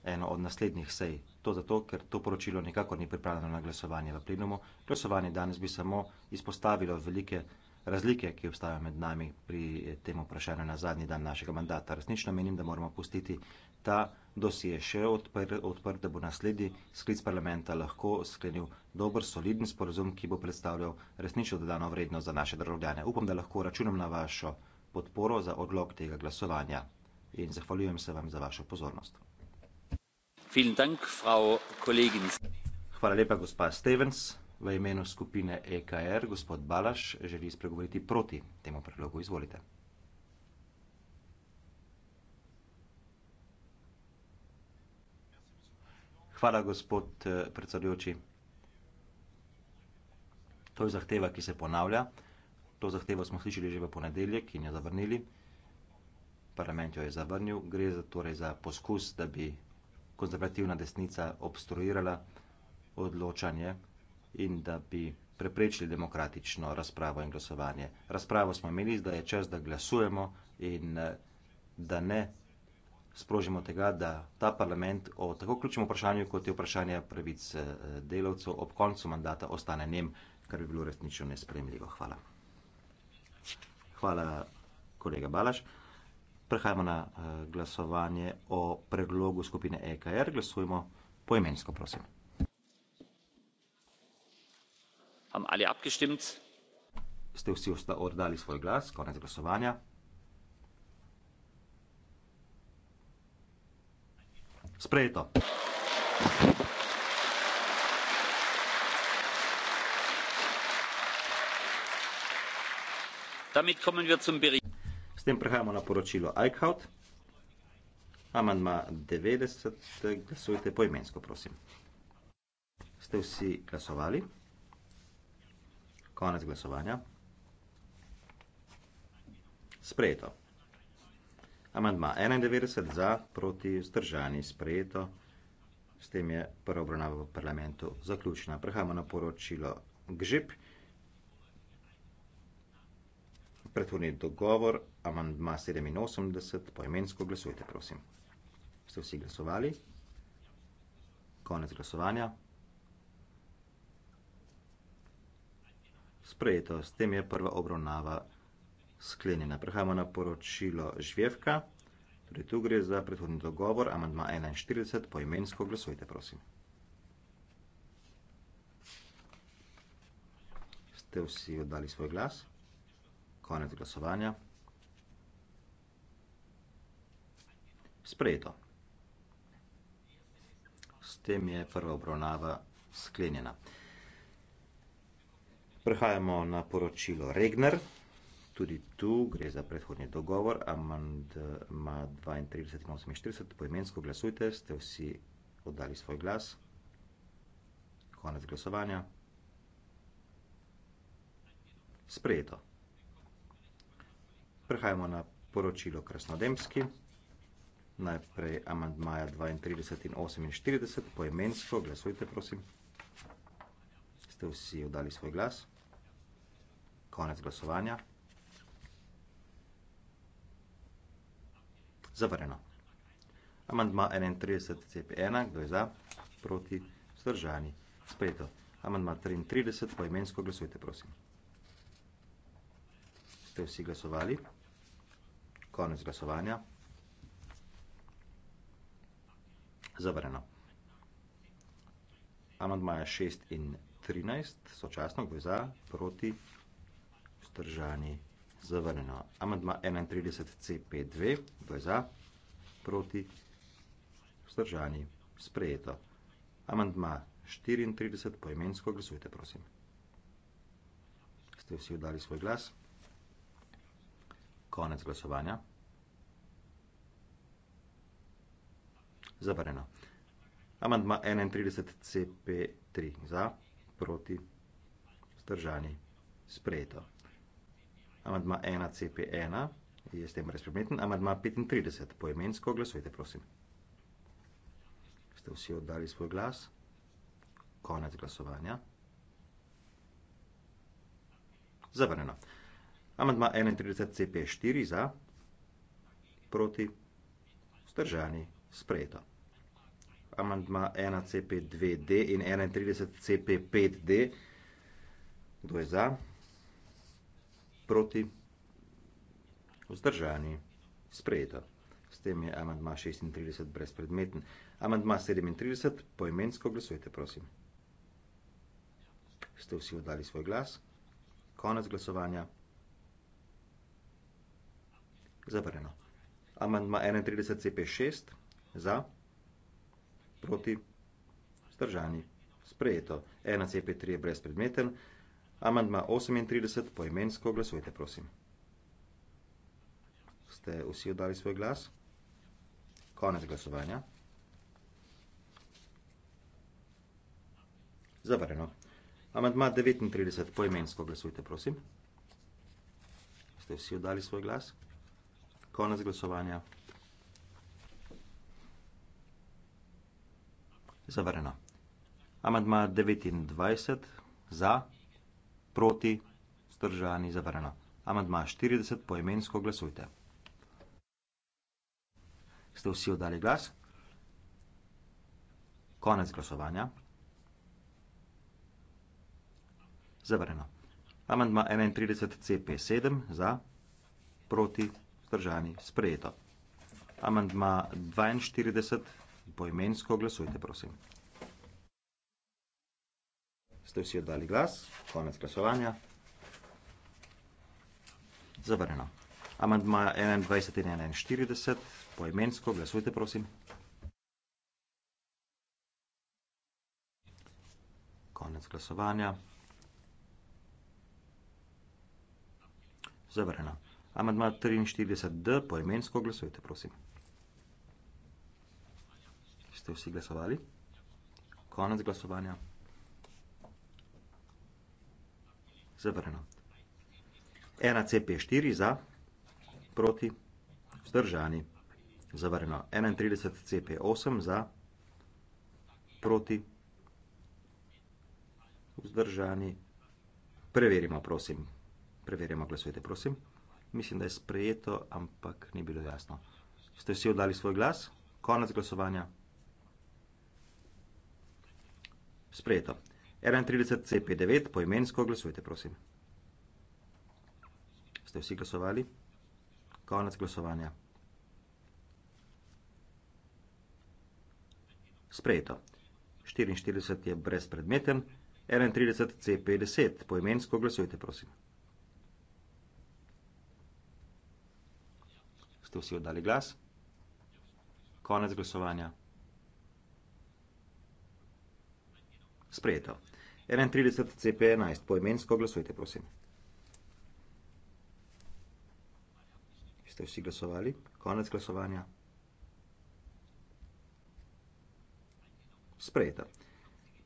eno od naslednjih sej. To zato, ker to poročilo nikakor ni pripravljeno na glasovanje v plenumu. Glasovanje danes bi samo izpostavilo velike razlike, ki obstajajo med nami pri tem vprašanju na zadnji dan našega mandata. Resnično menim, da moramo pustiti ta dosi je še odpr, odprt, da bo naslednji sklic parlamenta lahko sklenil dober, soliden sporozum, ki bo predstavljal resnično dodano vrednost za naše državljane. Upam, da lahko računam na vašo podporo za odlog tega glasovanja in zahvaljujem se vam za vašo pozornost. Hvala lepa, gospa Stevens. V imenu skupine EKR, gospod Balaš, želi spregovoriti proti temu predlogu. Izvolite. Hvala, gospod eh, predsedujoči. To je zahteva, ki se ponavlja. To zahtevo smo slišali že v ponedeljek in jo zavrnili. Parlament jo je zavrnil. Gre za, torej za poskus, da bi konzervativna desnica obstruirala odločanje in da bi preprečili demokratično razpravo in glasovanje. Razpravo smo imeli, zdaj je čas, da glasujemo in eh, da ne sprožimo tega, da ta parlament o tako ključnem vprašanju, kot je vprašanje pravic eh, delavcev ob koncu mandata, ostane njem, kar bi bilo resnično nespremljivo. Hvala. Hvala, kolega Balaš. Prehajamo na eh, glasovanje o predlogu skupine EKR. Glasujemo poimensko, prosim. Ste vsi oddali svoj glas? Konec glasovanja. sprejeto. S tem prehajamo na poročilo Eichhout. Amandma devetdeset, glasujte poimensko, prosim. Ste vsi glasovali? Konec glasovanja. Sprejeto. Amandma 91 za, proti vzdržani sprejeto. S tem je prva obravnava v parlamentu zaključena. Prehajamo na poročilo GŽIP. Predhodni dogovor, amandma 87, poimensko glasujte, prosim. Ste vsi glasovali? Konec glasovanja. Sprejeto, s tem je prva obravnava sklenjena. Prehajamo na poročilo Žvjevka. Tudi torej, tu gre za predhodni dogovor, amantma 41, poimensko glasujte, prosim. Ste vsi oddali svoj glas? Konec glasovanja. Sprejeto. S tem je prva obravnava sklenjena. Prehajamo na poročilo Regner. Tudi tu gre za predhodni dogovor, amandma 32 in 48, poimensko glasujte, ste vsi oddali svoj glas. Konec glasovanja. Sprejeto. Prehajamo na poročilo Krasnodemski. Najprej amandmaja 32 in 48, poimensko glasujte, prosim. Ste vsi oddali svoj glas. Konec glasovanja. zavrnjeno. Amandma 31, CP1, kdo je za, proti, vzdržani, sprejeto. Amandma 33, poimensko glasujte, prosim. Ste vsi glasovali? Konec glasovanja. Zavrnjeno. Amandmaja 6 in 13, sočasno, kdo je za, proti, vzdržani, sprejeto zavrnjeno. Amandma 31 CP2 bo za, proti, vzdržani, sprejeto. Amandma 34 poimensko glasujte, prosim. Ste vsi vdali svoj glas? Konec glasovanja. Zavrnjeno. Amandma 31 CP3 za, proti, vzdržani, sprejeto. Amadma 1 CP1 je s tem brezpredmeten. Amadma 35 poimensko, glasujte prosim. Ste vsi oddali svoj glas? Konec glasovanja. Zavrneno. Amadma 31 CP4 za, proti, vzdržani, sprejeto. Amandma 1 CP2D in 31 CP5D. Kdo je za? proti, vzdržani, sprejeto. S tem je amantma 36 brezpredmeten. Amantma 37, poimensko glasujte, prosim. Ste vsi oddali svoj glas? Konec glasovanja. Zavrjeno. Amantma 31 CP6, za, proti, vzdržani, sprejeto. 1 CP3 je brezpredmeten. Amandma 38, poimensko glasujte, prosim. Ste vsi oddali svoj glas? Konec glasovanja. Zavrjeno. Amandma 39, poimensko glasujte, prosim. Ste vsi oddali svoj glas? Konec glasovanja. Zavrjeno. Amandma 29, za proti, vzdržani, zavrnjeno. Amandma 40, poimensko glasujte. Ste vsi oddali glas? Konec glasovanja. Zavrnjeno. Amandma 31 CP7 za, proti, vzdržani, sprejeto. Amandma 42, poimensko glasujte, prosim ste vsi oddali glas, konec glasovanja. Zavrneno. Amandma 21 in 41, poimensko, glasujte prosim. Konec glasovanja. Zavrneno. Amandma 43d, poimensko, glasujte prosim. Ste vsi glasovali? Konec glasovanja. zavrnjeno. Ena CP4 za, proti, vzdržani, zavrnjeno. 31 CP8 za, proti, vzdržani. Preverimo, prosim. Preverimo, glasujte, prosim. Mislim, da je sprejeto, ampak ni bilo jasno. Ste vsi oddali svoj glas? Konec glasovanja. Sprejeto. 31 CP9, poimensko glasujte, prosim. Ste vsi glasovali? Konec glasovanja. Sprejeto. 44 je brezpredmeten, 31 CP10, poimensko glasujte, prosim. Ste vsi oddali glas? Konec glasovanja. Sprejeto. 31 CP11. Poimensko glasujte, prosim. Ste vsi glasovali? Konec glasovanja. Sprejeta.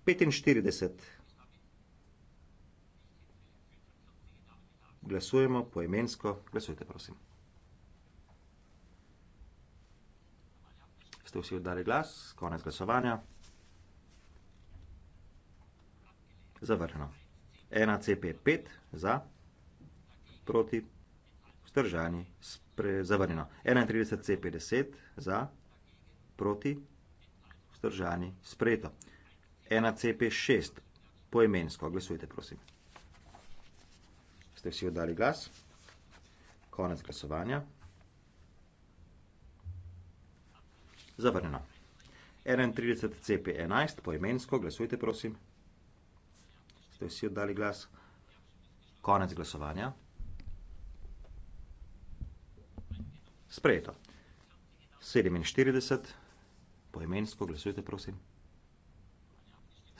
45. Glasujemo poimensko. Glasujte, prosim. Ste vsi oddali glas? Konec glasovanja. zavrnjeno. 1 CP5 za, proti, vzdržani, zavrnjeno. 31 CP10 za, proti, vzdržani, sprejeto. 1 CP6, poimensko, glasujte prosim. Ste vsi oddali glas? Konec glasovanja. Zavrnjeno. 31 CP11, poimensko, glasujte prosim ste vsi oddali glas. Konec glasovanja. Sprejeto. 47, poimensko glasujte, prosim.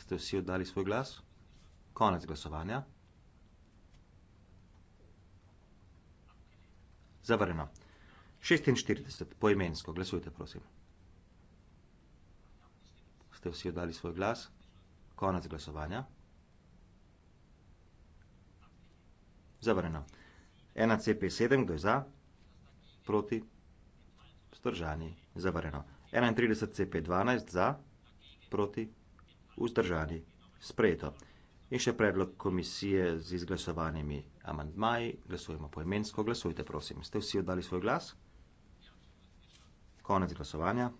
Ste vsi oddali svoj glas? Konec glasovanja. Zavrnjeno. 46, poimensko glasujte, prosim. Ste vsi oddali svoj glas? Konec glasovanja. Zavrnjeno. 1CP7, kdo je za? Proti. Vzdržani. Zavrnjeno. 31CP12, za? Proti. Vzdržani. Sprejeto. In še predlog komisije z izglasovanimi amandmaji. Glasujemo poimensko. Glasujte, prosim. Ste vsi oddali svoj glas? Konec glasovanja.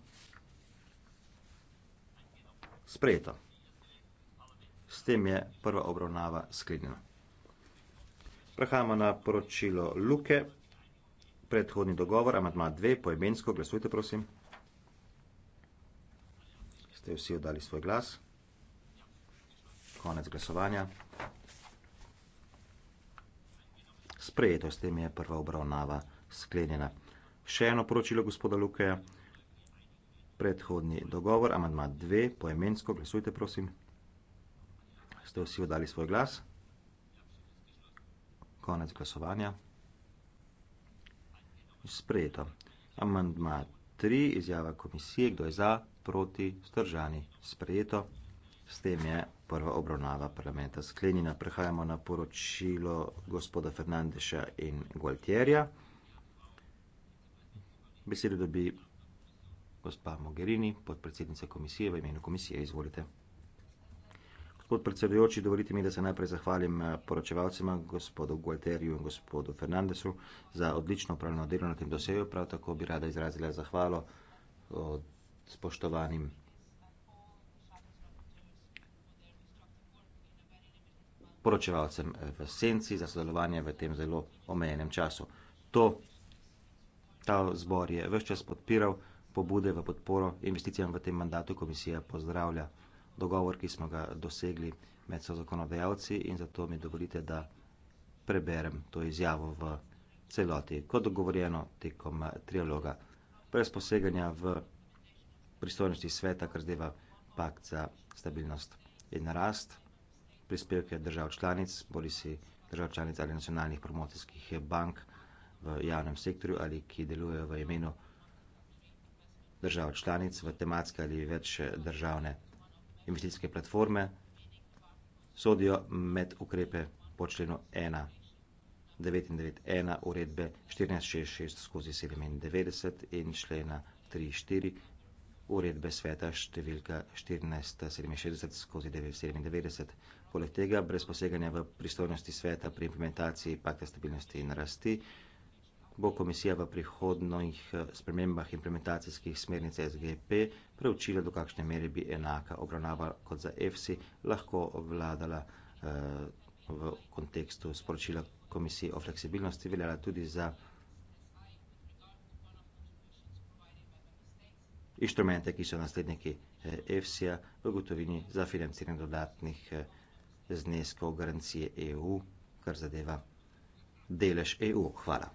Sprejeto. S tem je prva obravnava sklenjena. Prehajamo na poročilo Luke, predhodni dogovor, amatma dve, poimensko, glasujte prosim. Ste vsi oddali svoj glas? Konec glasovanja. Sprejeto, s tem je prva obravnava sklenjena. Še eno poročilo gospoda Lukeja, predhodni dogovor, amatma dve, poimensko, glasujte prosim. Ste vsi oddali svoj glas? Glas konec glasovanja. Sprejeto. Amandma 3, izjava komisije, kdo je za, proti, stržani. Sprejeto. S tem je prva obravnava parlamenta sklenjena. Prehajamo na poročilo gospoda Fernandeša in Gualtierja. Besedo dobi gospa Mogherini, podpredsednica komisije v imenu komisije. Izvolite kot predsedujoči, dovolite mi, da se najprej zahvalim eh, poročevalcema, gospodu Gualterju in gospodu Fernandesu, za odlično upravljeno delo na tem doseju. Prav tako bi rada izrazila zahvalo spoštovanim poročevalcem eh, v senci za sodelovanje v tem zelo omejenem času. To, ta zbor je ves čas podpiral pobude v podporo investicijam v tem mandatu, komisija pozdravlja dogovor, ki smo ga dosegli med so zakonodajalci in zato mi dovolite, da preberem to izjavo v celoti, kot dogovorjeno tekom eh, trialoga, brez poseganja v pristojnosti sveta, kar zdeva pakt za stabilnost in rast, prispevke držav članic, bodi si držav članic ali nacionalnih promocijskih bank v javnem sektorju ali ki delujejo v imenu držav članic v tematske ali več eh, državne investicijske platforme sodijo med ukrepe po členu 1. 991 uredbe 1466 skozi 97 in člena 34 uredbe sveta številka 1467 skozi 997. Poleg tega, brez poseganja v pristojnosti sveta pri implementaciji pakta stabilnosti in rasti, bo komisija v prihodnjih eh, spremembah implementacijskih smernic SGP preučila, do kakšne mere bi enaka obravnava kot za EFSI lahko vladala eh, v kontekstu sporočila komisije o fleksibilnosti, veljala tudi za inštrumente, ki so nasledniki EFSI-ja eh, v gotovini za financiranje dodatnih zneskov garancije EU, kar zadeva delež EU. Hvala.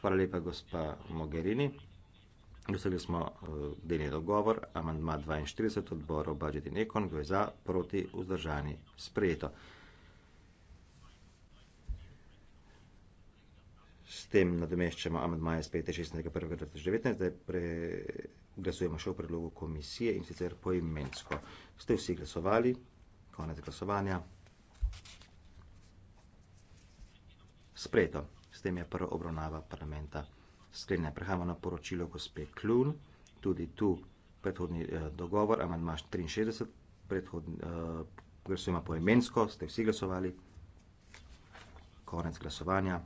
Hvala lepa, gospa Mogherini. Dosegli smo eh, delni dogovor, amandma 42 odborov Budget in Ekon, kdo je za, proti, vzdržani, sprejeto. S tem nadomeščamo amandmaje iz 5.16.1.2019, zdaj preglasujemo še v predlogu komisije in sicer poimensko. Ste vsi glasovali? Konec glasovanja. sprejeto. S tem je prva obravnava parlamenta sklenjena. Prehajamo na poročilo gospe Klun, tudi tu predhodni eh, dogovor, amandmaš 63, predhodni, eh, glasujemo poimensko, ste vsi glasovali, konec glasovanja.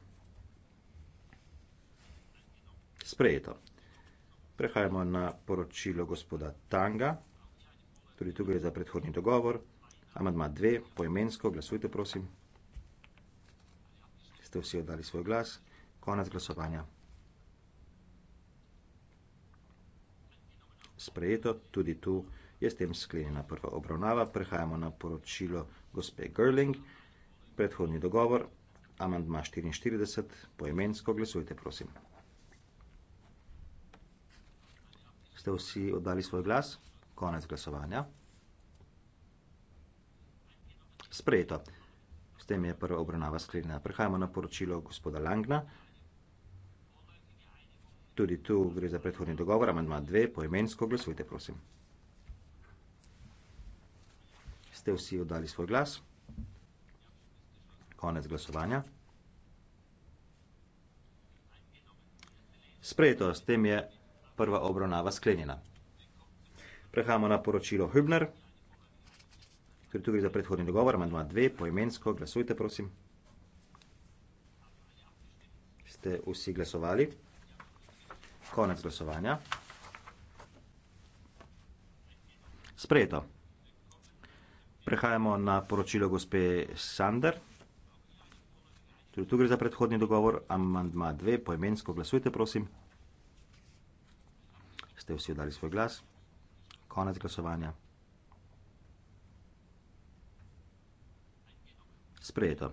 Sprejeto. Prehajamo na poročilo gospoda Tanga, tudi tu gre za predhodni dogovor, amandma 2, poimensko, glasujte prosim ste vsi oddali svoj glas. Konec glasovanja. Sprejeto tudi tu je s tem sklenjena prva obravnava. Prehajamo na poročilo gospe Gerling. Predhodni dogovor, amandma 44, poimensko glasujte, prosim. Ste vsi oddali svoj glas? Konec glasovanja. Sprejeto. S tem je prva obravnava sklenjena. Prehajamo na poročilo gospoda Langna. Tudi tu gre za predhodni dogovor, amandma 2, poimensko glasujte, prosim. Ste vsi oddali svoj glas? Konec glasovanja. Sprejeto, s tem je prva obravnava sklenjena. Prehajamo na poročilo Hübner. Tudi tu gre za predhodni dogovor, amandma dve, poimensko, glasujte, prosim. Ste vsi glasovali? Konec glasovanja. Sprejeto. Prehajamo na poročilo gospe Sander. Tudi torej, tu gre za predhodni dogovor, amandma dve, poimensko, glasujte, prosim. Ste vsi dali svoj glas? Konec glasovanja. sprejeto.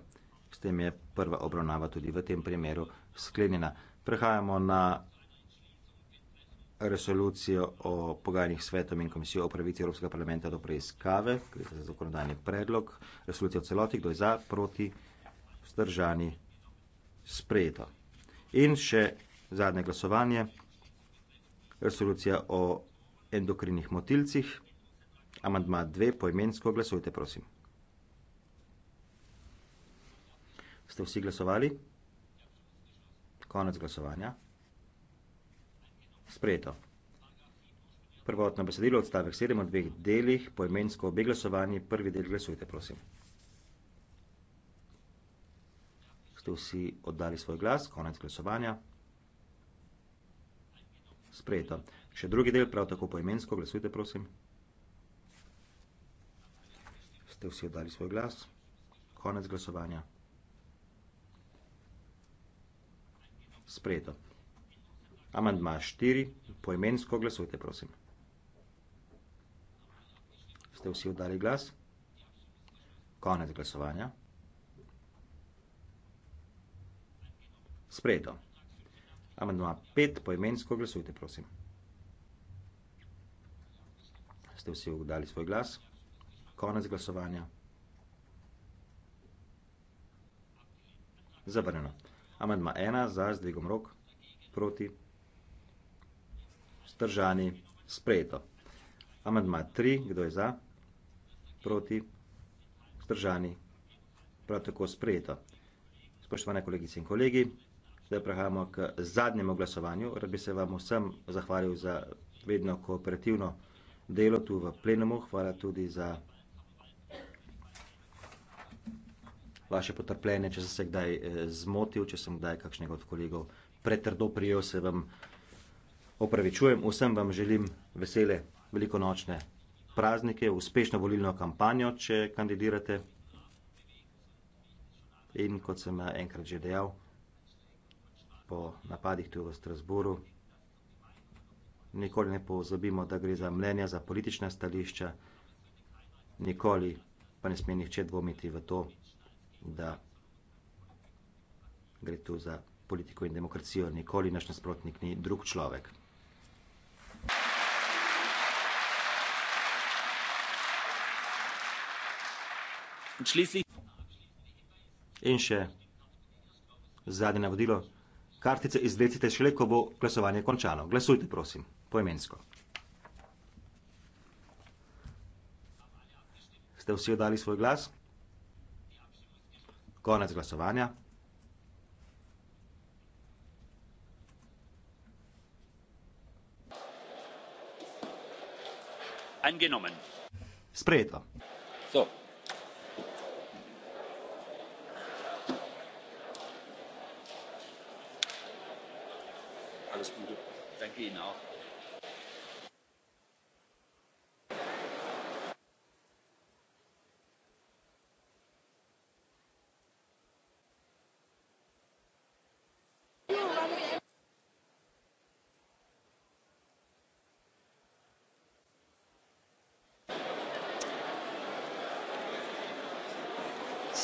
S tem je prva obravnava tudi v tem primeru sklenjena. Prehajamo na resolucijo o pogajanjih svetom in komisijo o pravici Evropskega parlamenta do preiskave, gre za zakonodajni predlog, resolucija o celoti, kdo je za, proti, vzdržani, sprejeto. In še zadnje glasovanje, resolucija o endokrinih motilcih, amandma dve, poimensko glasujte, prosim. Ste vsi glasovali? Konec glasovanja. Sprejeto. Prvotno besedilo odstavek 7 v dveh delih, poimensko obe glasovanji, prvi del glasujte, prosim. Ste vsi oddali svoj glas, konec glasovanja. Sprejeto. Še drugi del, prav tako poimensko, glasujte, prosim. Ste vsi oddali svoj glas, konec glasovanja. sprejeto. Amandma štiri, poimensko glasujte, prosim. Ste vsi oddali glas? Konec glasovanja. Sprejeto. Amandma pet, poimensko glasujte, prosim. Ste vsi oddali svoj glas? Konec glasovanja. Zabrneno. Amandma ena za z dvigom rok proti vzdržani sprejeto. Amandma tri, kdo je za? Proti vzdržani prav tako sprejeto. Spoštovane kolegice in kolegi, zdaj prehajamo k zadnjemu glasovanju. Rad bi se vam vsem zahvalil za vedno kooperativno delo tu v plenumu. Hvala tudi za vaše potrpljenje, če sem se kdaj e, zmotil, če sem kdaj kakšnega od kolegov pretrdo prijel, se vam opravičujem. Vsem vam želim vesele velikonočne praznike, uspešno volilno kampanjo, če kandidirate. In kot sem eh, enkrat že dejal, po napadih tu v Strasburu, nikoli ne pozabimo, da gre za mnenja, za politična stališča, nikoli pa ne sme nihče dvomiti v to da gre tu za politiko in demokracijo, nikoli naš nasprotnik ni drug človek. In še zadnje navodilo. Kartice izvedite šele, ko bo glasovanje končano. Glasujte, prosim, poimensko. Ste vsi oddali svoj glas? Konec glasovanja. Angenomen. Sprejeto. So. Alles Gute. Danke Ihnen auch.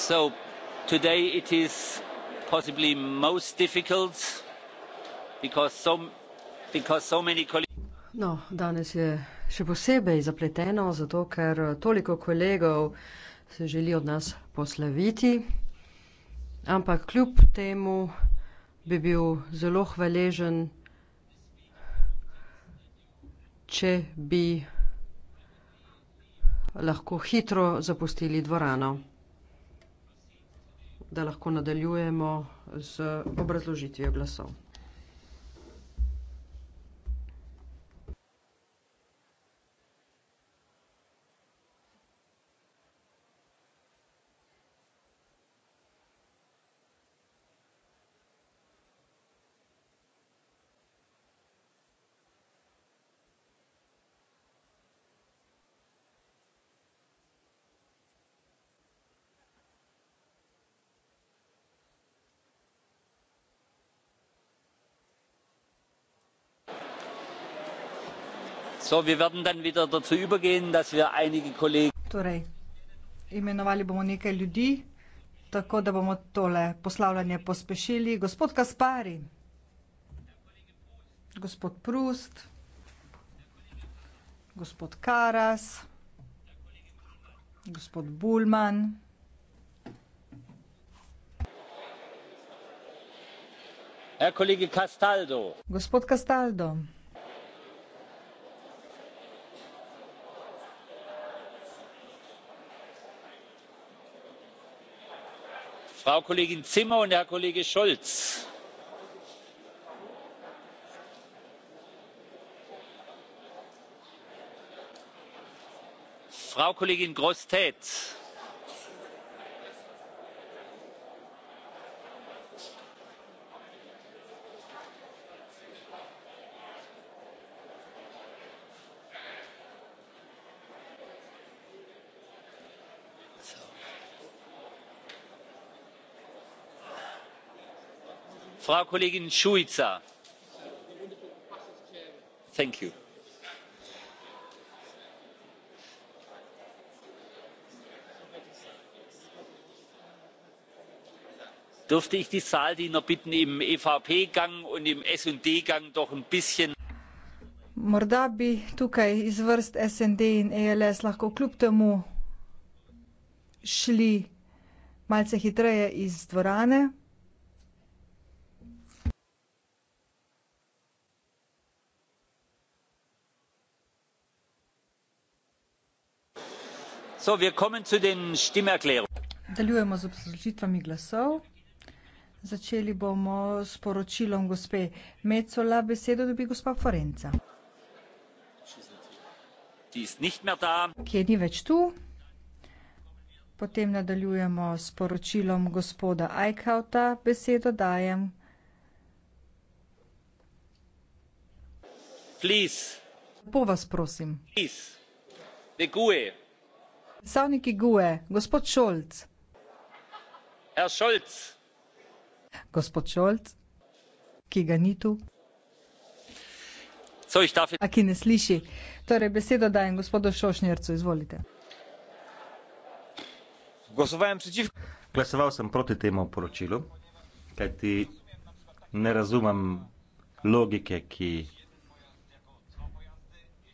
so today it is possibly most difficult because so because so many No, danes je še posebej zapleteno, zato ker toliko kolegov se želi od nas poslaviti, ampak kljub temu bi bil zelo hvaležen, če bi lahko hitro zapustili dvorano da lahko nadaljujemo z obrazložitvijo glasov. torej imenovali bomo nekaj ljudi tako da bomo tole poslavljanje pospešili gospod Kaspari gospod Prust gospod Karas gospod Bullmann gospod Castaldo frau kollegin zimmer und herr kollege scholz frau kollegin grossette frau kollegin uica dürfte ich die zahldiener bitten im evp gang und im s d gang doch ein bisschen. morda bi tukaj iz vrst sd in els lahko kljub temu šli malce hitreje iz dvorane. nadaljujemo z obrazložitvami glasov začeli bomo s poročilom gospe metsola besedo dobi gospa forenza ki je ni več tu potem nadaljujemo s poročilom gospoda eickhouta besedo dajem lepo vas prosim predstavniki gue gospod scholz herr scholz gospod scholz ki ga ni tu a ki ne sliši torej besedo dajem gospodu sonierzu izvolite glasoval sem proti temu poročilu kajti ne razumem logike ki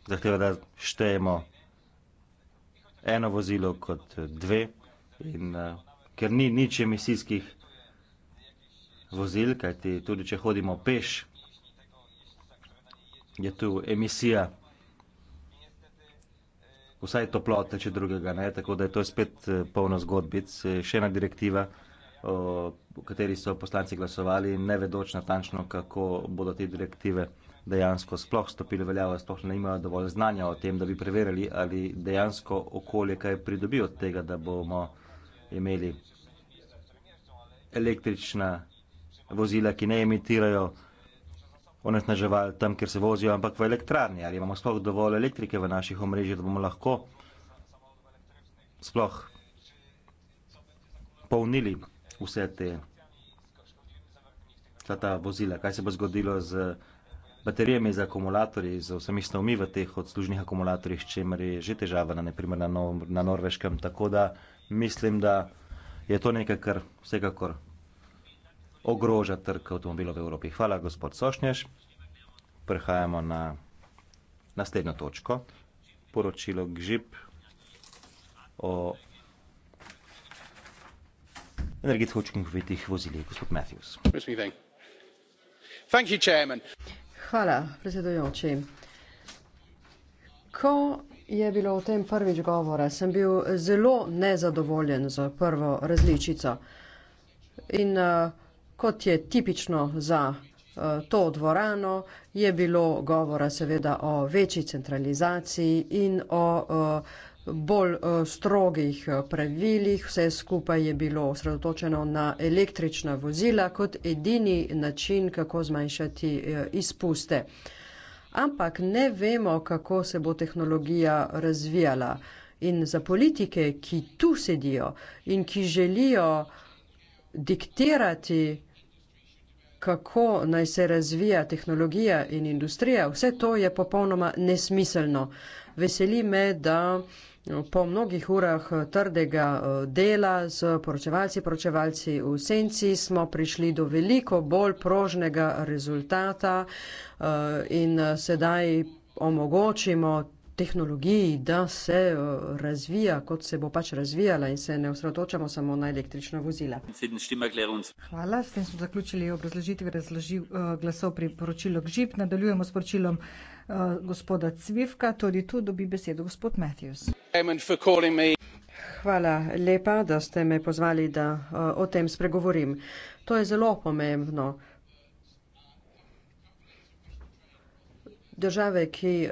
zahteva da štejemo eno vozilo kot eh, dve. In, uh, ker ni nič emisijskih vozil, kajti tudi če hodimo peš, je tu emisija vsaj toplote, če drugega ne. Tako da je to spet eh, polno zgodbic. Še ena direktiva, o kateri so poslanci glasovali, ne vedoč natančno, kako bodo te direktive dejansko sploh stopili veljavo, sploh ne imajo dovolj znanja o tem, da bi preverili, ali dejansko okolje kaj pridobi od tega, da bomo imeli električna vozila, ki ne emitirajo onesnaževal tam, kjer se vozijo, ampak v elektrarni, ali imamo sploh dovolj elektrike v naših omrežjih, da bomo lahko sploh polnili vse te ta vozila, kaj se bo zgodilo z baterijami, z akumulatorji, z vsemi snovmi v teh odslužnih akumulatorjih, če mar je že težava na, neprimer, na, nov, na norveškem. Tako da mislim, da je to nekaj, kar vsekakor ogroža trg avtomobilov v Evropi. Hvala, gospod Sošnješ. Prehajamo na naslednjo točko. Poročilo GŽIP o energetsko učinkovitih vozilih, gospod Matthews. Thank you, Chairman. Hvala, predsedujoči. Ko je bilo o tem prvič govora, sem bil zelo nezadovoljen z prvo različico. In uh, kot je tipično za uh, to dvorano, je bilo govora seveda o večji centralizaciji in o uh, bolj eh, strogih eh, pravilih. Vse skupaj je bilo osredotočeno na električna vozila kot edini način, kako zmanjšati eh, izpuste. Ampak ne vemo, kako se bo tehnologija razvijala. In za politike, ki tu sedijo in ki želijo diktirati, kako naj se razvija tehnologija in industrija, vse to je popolnoma nesmiselno. Veseli me, da uh, po mnogih urah eh, trdega eh, dela z poročevalci, poročevalci v senci smo prišli do veliko bolj prožnega rezultata eh, in sedaj omogočimo tehnologiji, da se razvija, kot se bo pač razvijala in se ne osredotočamo samo na električna vozila. Hvala, s tem smo zaključili obrazložitve razložil, glasov pri poročilu GŽIP. Nadaljujemo s poročilom. Eh, gospoda Cvivka, tudi tu dobi besedo gospod Matthews. Hvala lepa, da ste me pozvali, da eh, o tem spregovorim. To je zelo pomembno. Države, ki eh,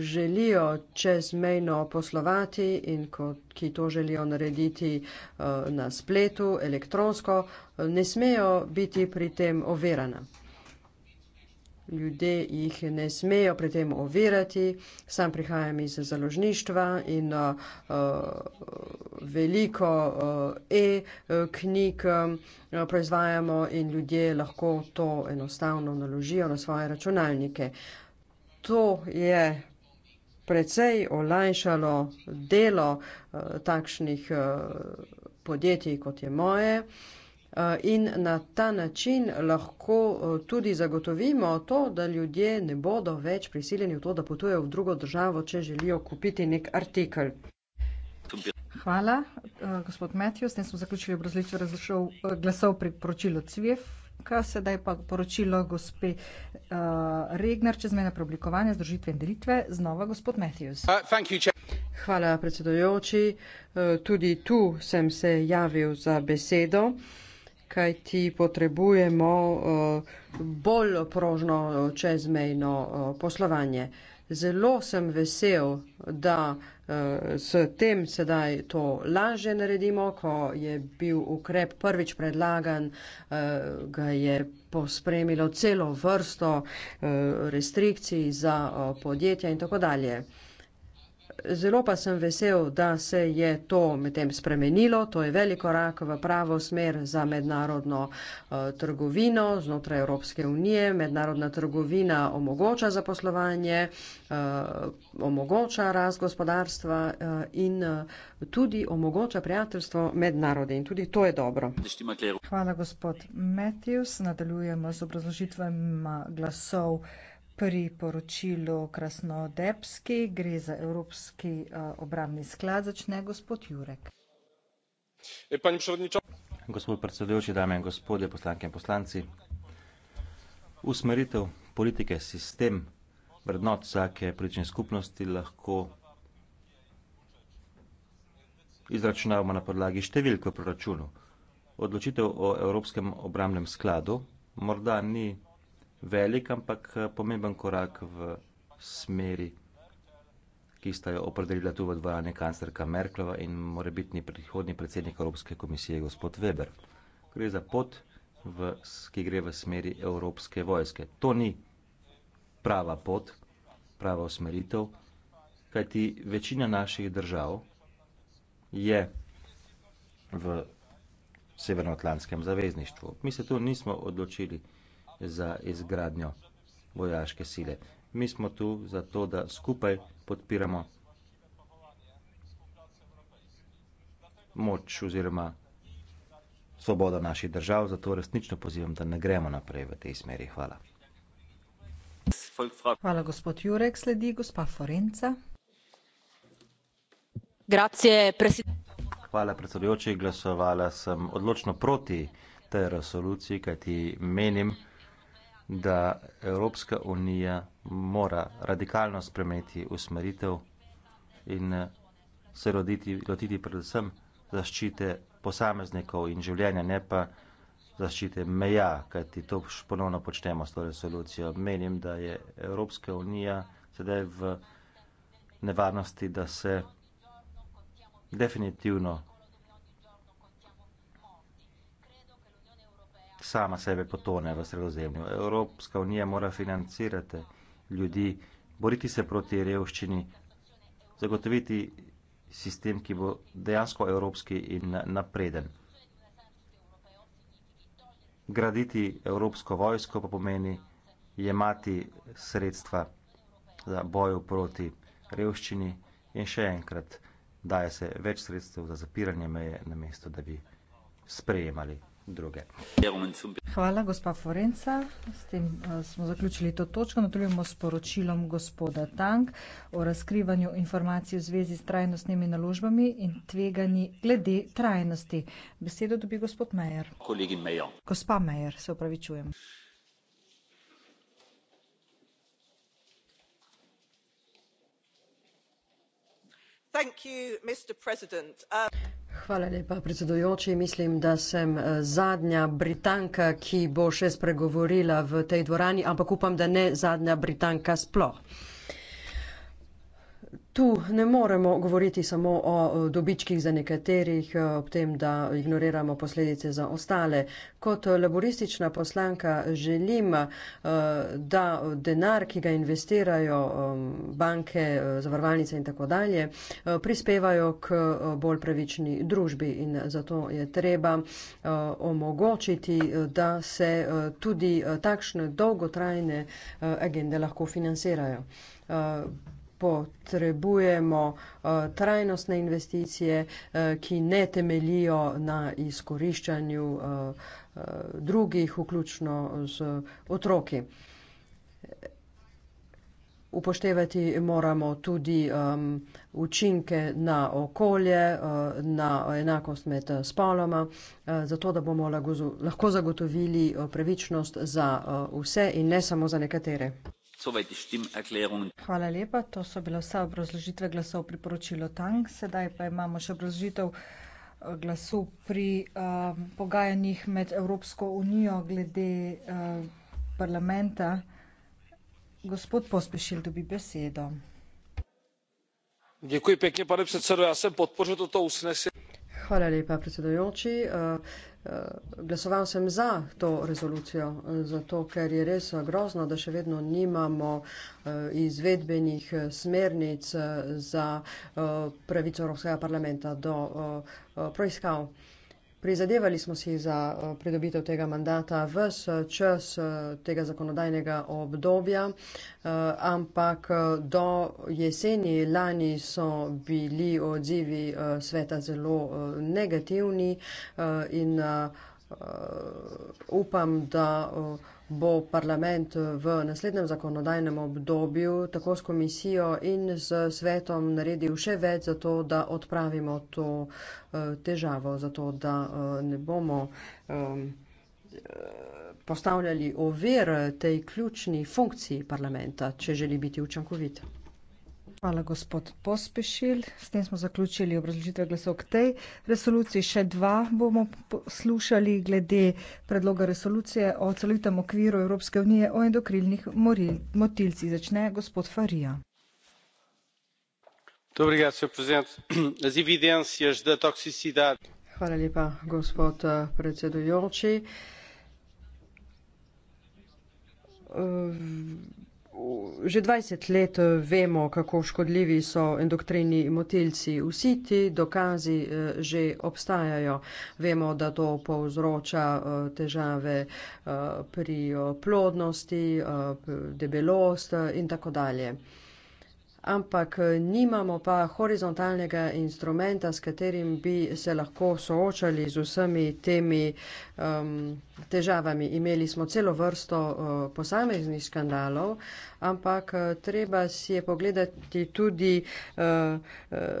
želijo čezmejno poslovati in ki to želijo narediti na spletu, elektronsko, ne smejo biti pri tem overana ljudje jih ne smejo pri tem ovirati. Sam prihajam iz založništva in uh, uh veliko uh, e-knjig um, uh, proizvajamo in ljudje lahko to enostavno naložijo na svoje računalnike. To je precej olajšalo delo uh, takšnih uh, podjetij, kot je moje. Uh, Eh, in na ta način lahko eh, tudi zagotovimo to, da ljudje ne bodo več prisiljeni v to, da potujejo v drugo državo, če želijo kupiti nek artikel. Hvala, eh, gospod Matthew. S tem smo zaključili obrazličje glasov pri poročilu CVF. Sedaj pa poročilo gospe uh, Regner čez mene preoblikovanje združitve in delitve. Znova gospod Matthews. Uh, Hvala predsedojoči. Uh, tudi tu sem se javil za besedo. Uh, kaj ti potrebujemo eh, bolj prožno eh, čezmejno eh, poslovanje. Zelo sem vesel, da s tem sedaj to lažje naredimo, ko je bil ukrep prvič predlagan, ga je pospremilo celo vrsto restrikcij za podjetja in tako dalje. Zelo pa sem vesel, da se je to medtem spremenilo. To je veliko rak v pravo smer za mednarodno eh, trgovino znotraj Evropske unije. Mednarodna trgovina omogoča zaposlovanje, eh, omogoča raz gospodarstva eh, in tudi omogoča prijateljstvo med narodi. In tudi to je dobro. Hvala, gospod Matthews. Nadaljujemo z obrazložitvama glasov. Pri poročilu Krasnodebski gre za Evropski eh, obramni sklad, začne gospod Jurek. E, gospod predsedujoči, dame in gospodje, poslanke in poslanci. Usmeritev politike sistem vrednot vsake politične skupnosti lahko izračunavamo na podlagi številko proračunu. Odločitev o Evropskem obramnem skladu morda ni velik, ampak eh, pomemben korak v smeri, ki sta jo opredelila tu v dvorani kanclerka Merklova in morebitni prihodni predsednik Evropske komisije gospod Weber. Gre za pot, v, ki gre v smeri Evropske vojske. To ni prava pot, prava usmeritev, kajti večina naših držav je v Severoatlantskem zavezništvu. Mi se tu nismo odločili za izgradnjo vojaške sile. Mi smo tu zato, da skupaj podpiramo moč oziroma svobodo naših držav, zato resnično pozivam, da ne gremo naprej v tej smeri. Hvala. Hvala, gospod Jurek. Sledi gospa Forenca. Hvala, predsedujoči. Glasovala sem odločno proti tej resoluciji, kajti menim, da Evropska unija mora radikalno spremeniti usmeritev in eh, se roditi, lotiti predvsem zaščite posameznikov in življenja, ne pa zaščite meja, kajti to ponovno počnemo s to resolucijo. Menim, da je Evropska unija sedaj v nevarnosti, da se definitivno sama sebe potone v sredozemlju. Evropska unija mora financirati ljudi, boriti se proti revščini, zagotoviti sistem, ki bo dejansko evropski in napreden. Graditi evropsko vojsko pa pomeni jemati sredstva za boju proti revščini in še enkrat daje se več sredstev za zapiranje meje na mesto, da bi sprejemali druge. Hvala, gospa Forenca. S tem eh, smo zaključili to točko. Natoljujemo s poročilom gospoda Tank o razkrivanju informacij v zvezi s trajnostnimi naložbami in tveganji glede trajnosti. Besedo dobi gospod Mejer. Gospa Mejer, se upravičujem. Thank you, Mr. President. Uh... Hvala lepa, predsedujoči. Mislim, da sem eh, zadnja Britanka, ki bo še spregovorila v tej dvorani, ampak upam, da ne zadnja Britanka sploh. Tu ne moremo govoriti samo o dobičkih za nekaterih, eh, ob tem, da ignoriramo posledice za ostale. Kot eh, laboristična poslanka želim, eh, da denar, ki ga investirajo banke, zavarvalnice in tako dalje, prispevajo k bolj pravični družbi in zato je treba omogočiti, da se tudi takšne dolgotrajne agende lahko financirajo potrebujemo uh, trajnostne investicije, uh, ki ne temelijo na izkoriščanju uh, uh, drugih, vključno z otroki. Upoštevati moramo tudi um, učinke na okolje, uh, na enakost med spoloma, uh, zato da bomo lahko zagotovili uh, pravičnost za uh, vse in ne samo za nekatere. Hvala lepa, to so bile vse obrazložitve glasov pri poročilu Tang. Sedaj pa imamo še obrazložitev eh, glasu pri um, pogajanjih med Evropsko unijo glede um, parlamenta. Gospod Pospešil dobi besedo. Děkuji pěkně, pane předsedo, já jsem podpořil toto usnesení. Hvala lepa, predsedujoči. Eh, eh, glasoval sem za to rezolucijo, eh, zato ker je res grozno, da še vedno nimamo izvedbenih smernic za pravico Evropskega parlamenta do preiskav. Prizadevali smo si za eh, pridobitev tega mandata vs eh, čas eh, tega zakonodajnega obdobja, ampak do jeseni lani so bili odzivi sveta zelo negativni in upam, da bo parlament v naslednjem zakonodajnem obdobju tako s komisijo in s svetom naredil še več za to, da odpravimo to eh, težavo, za to, da eh, ne bomo eh, postavljali ovir tej ključni funkciji parlamenta, če želi biti učinkovit. Hvala, gospod Pospešil. S tem smo zaključili obrazložitve glasov k tej resoluciji. Še dva bomo poslušali glede predloga resolucije o celovitem okviru Evropske unije o endokrilnih motilci. Začne gospod Farija. Hvala lepa, gospod eh, predsedujoči. Eh, že 20 let eh, vemo, kako škodljivi so endokrini motilci. Vsi ti dokazi eh, že obstajajo. Vemo, da to povzroča eh, težave pri plodnosti, debelost in tako dalje ampak eh, nimamo pa horizontalnega instrumenta, s katerim bi se lahko soočali z vsemi temi um, težavami. Imeli smo celo vrsto uh, posameznih skandalov, ampak uh, treba si je pogledati tudi uh,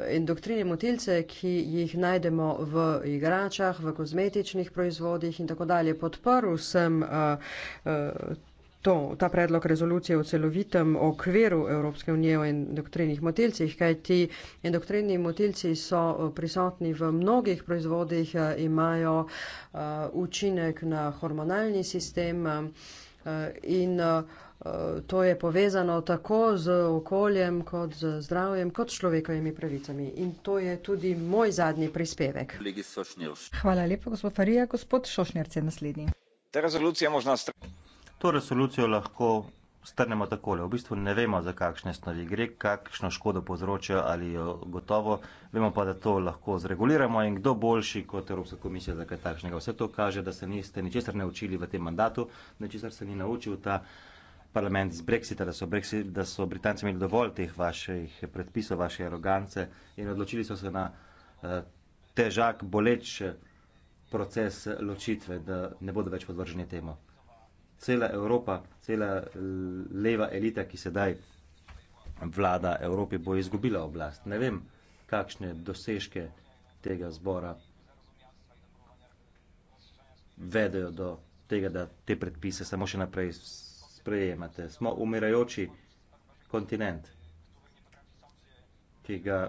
endoktrine motilce, ki jih najdemo v igračah, v kozmetičnih proizvodih in tako dalje. Podprl sem uh, uh, to, ta predlog rezolucije v celovitem okviru Evropske unije o endoktrinih motilcih, kaj ti endoktrini motilci so eh, prisotni v mnogih proizvodih, eh, imajo eh, učinek na hormonalni sistem in to je povezano tako z okoljem, kot z zdravjem, kot človekovimi pravicami. In to je tudi moj zadnji prispevek. Hvala lepa, gospod Farija. Gospod Šošnjerce naslednji. Ta rezolucija možna strati. To resolucijo lahko strnemo takole. V bistvu ne vemo, za kakšne snovi gre, kakšno škodo povzročajo ali jo gotovo. Vemo pa, da to lahko zreguliramo in kdo boljši kot Evropska komisija za kaj takšnega. Vse to kaže, da se niste ničesar ne učili v tem mandatu, ničesar se ni naučil ta parlament z Brexita, da so, Brexit, da so Britanci imeli dovolj teh vaših predpisov, vaše arogance in odločili so se na eh, težak, boleč eh, proces ločitve, da ne bodo več podvrženi temu cela Evropa, cela eh, leva elita, ki sedaj vlada Evropi, bo izgubila oblast. Ne vem, kakšne dosežke tega zbora vedejo do tega, da te predpise samo še naprej sprejemate. Smo umirajoči kontinent, ki ga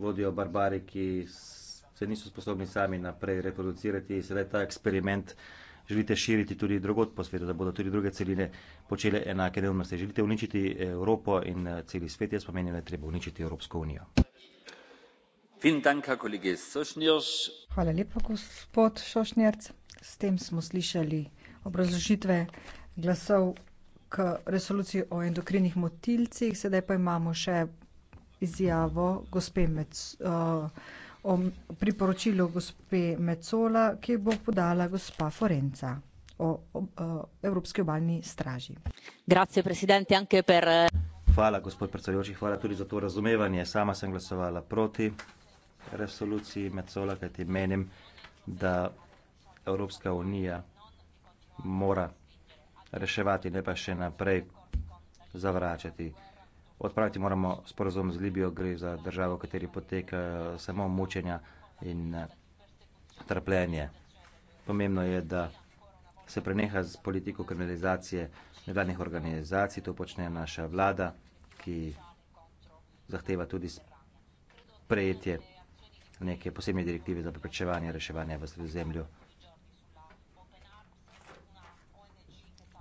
vodijo barbari, ki se niso sposobni sami naprej reproducirati in sedaj ta eksperiment vsega, želite širiti tudi drugot po svetu, da bodo tudi druge celine počele enake neumnosti. Želite uničiti Evropo in eh, celi svet, jaz pomenim, da je treba uničiti Evropsko unijo. Hvala lepa, gospod Šošnjerc. S tem smo slišali obrazložitve glasov k resoluciji o endokrinih motilcih. Sedaj pa imamo še izjavo gospe med. Uh, eh, o priporočilu gospe Mecola, ki bo podala gospa Forenca o, o, o Evropski obalni straži. Grazie, presidente, anche per... Eh, hvala, gospod predsedujoči, hvala tudi za to razumevanje. Sama sem glasovala proti resoluciji Mecola, kajti menim, da Evropska unija mora reševati, ne pa še naprej zavračati. Odpraviti moramo sporozum z Libijo, gre za državo, v kateri poteka samo mučenja in eh, trpljenje. Pomembno je, da se preneha z politiko kriminalizacije nevladnih organizacij, to počne naša vlada, ki zahteva tudi prejetje neke posebne direktive za preprečevanje reševanja v sredozemlju.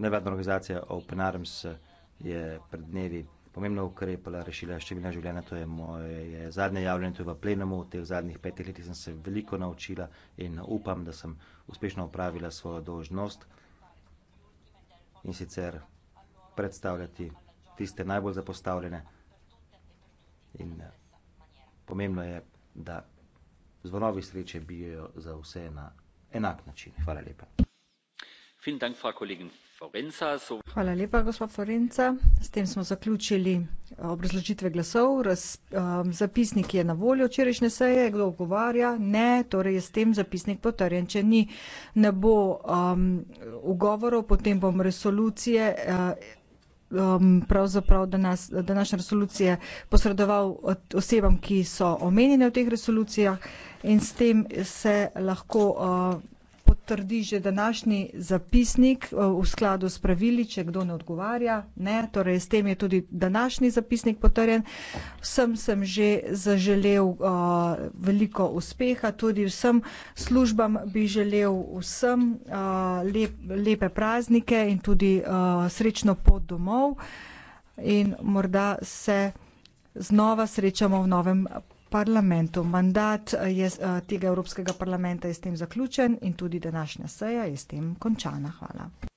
Nevladna organizacija Open Arms eh, je pred dnevi pomembno ukrepala, rešila številna življenja. To je moje zadnje javljanje, to je v plenumu. V teh zadnjih petih letih sem se veliko naučila in upam, da sem uspešno upravila svojo dožnost in sicer predstavljati tiste najbolj zapostavljene. In pomembno je, da zvonovi sreče bijajo za vse na enak način. Hvala lepa hvala lepa gospa forenza s tem smo zaključili eh, obrazložitve glasov eh, zapisnik je na voljo včerajšnje seje kdo ugovarja ne torej je s tem zapisnik potrjen če ni ne bo ugovorov potem bom resolucije eh, pravzaprav današnje resolucije posredoval osebam ki so omenjene v teh resolucijah in s tem se lahko potrdi že današnji zapisnik eh, v skladu s pravili, če kdo ne odgovarja, ne, torej s tem je tudi današnji zapisnik potrjen. Vsem sem že zaželel uh, veliko uspeha, tudi vsem službam bi želel vsem uh, lep, lepe praznike in tudi uh, srečno pot domov in morda se znova srečamo v novem parlamentu. Mandat eh, je, eh, tega Evropskega parlamenta je s tem zaključen in tudi današnja seja je s tem končana. Hvala.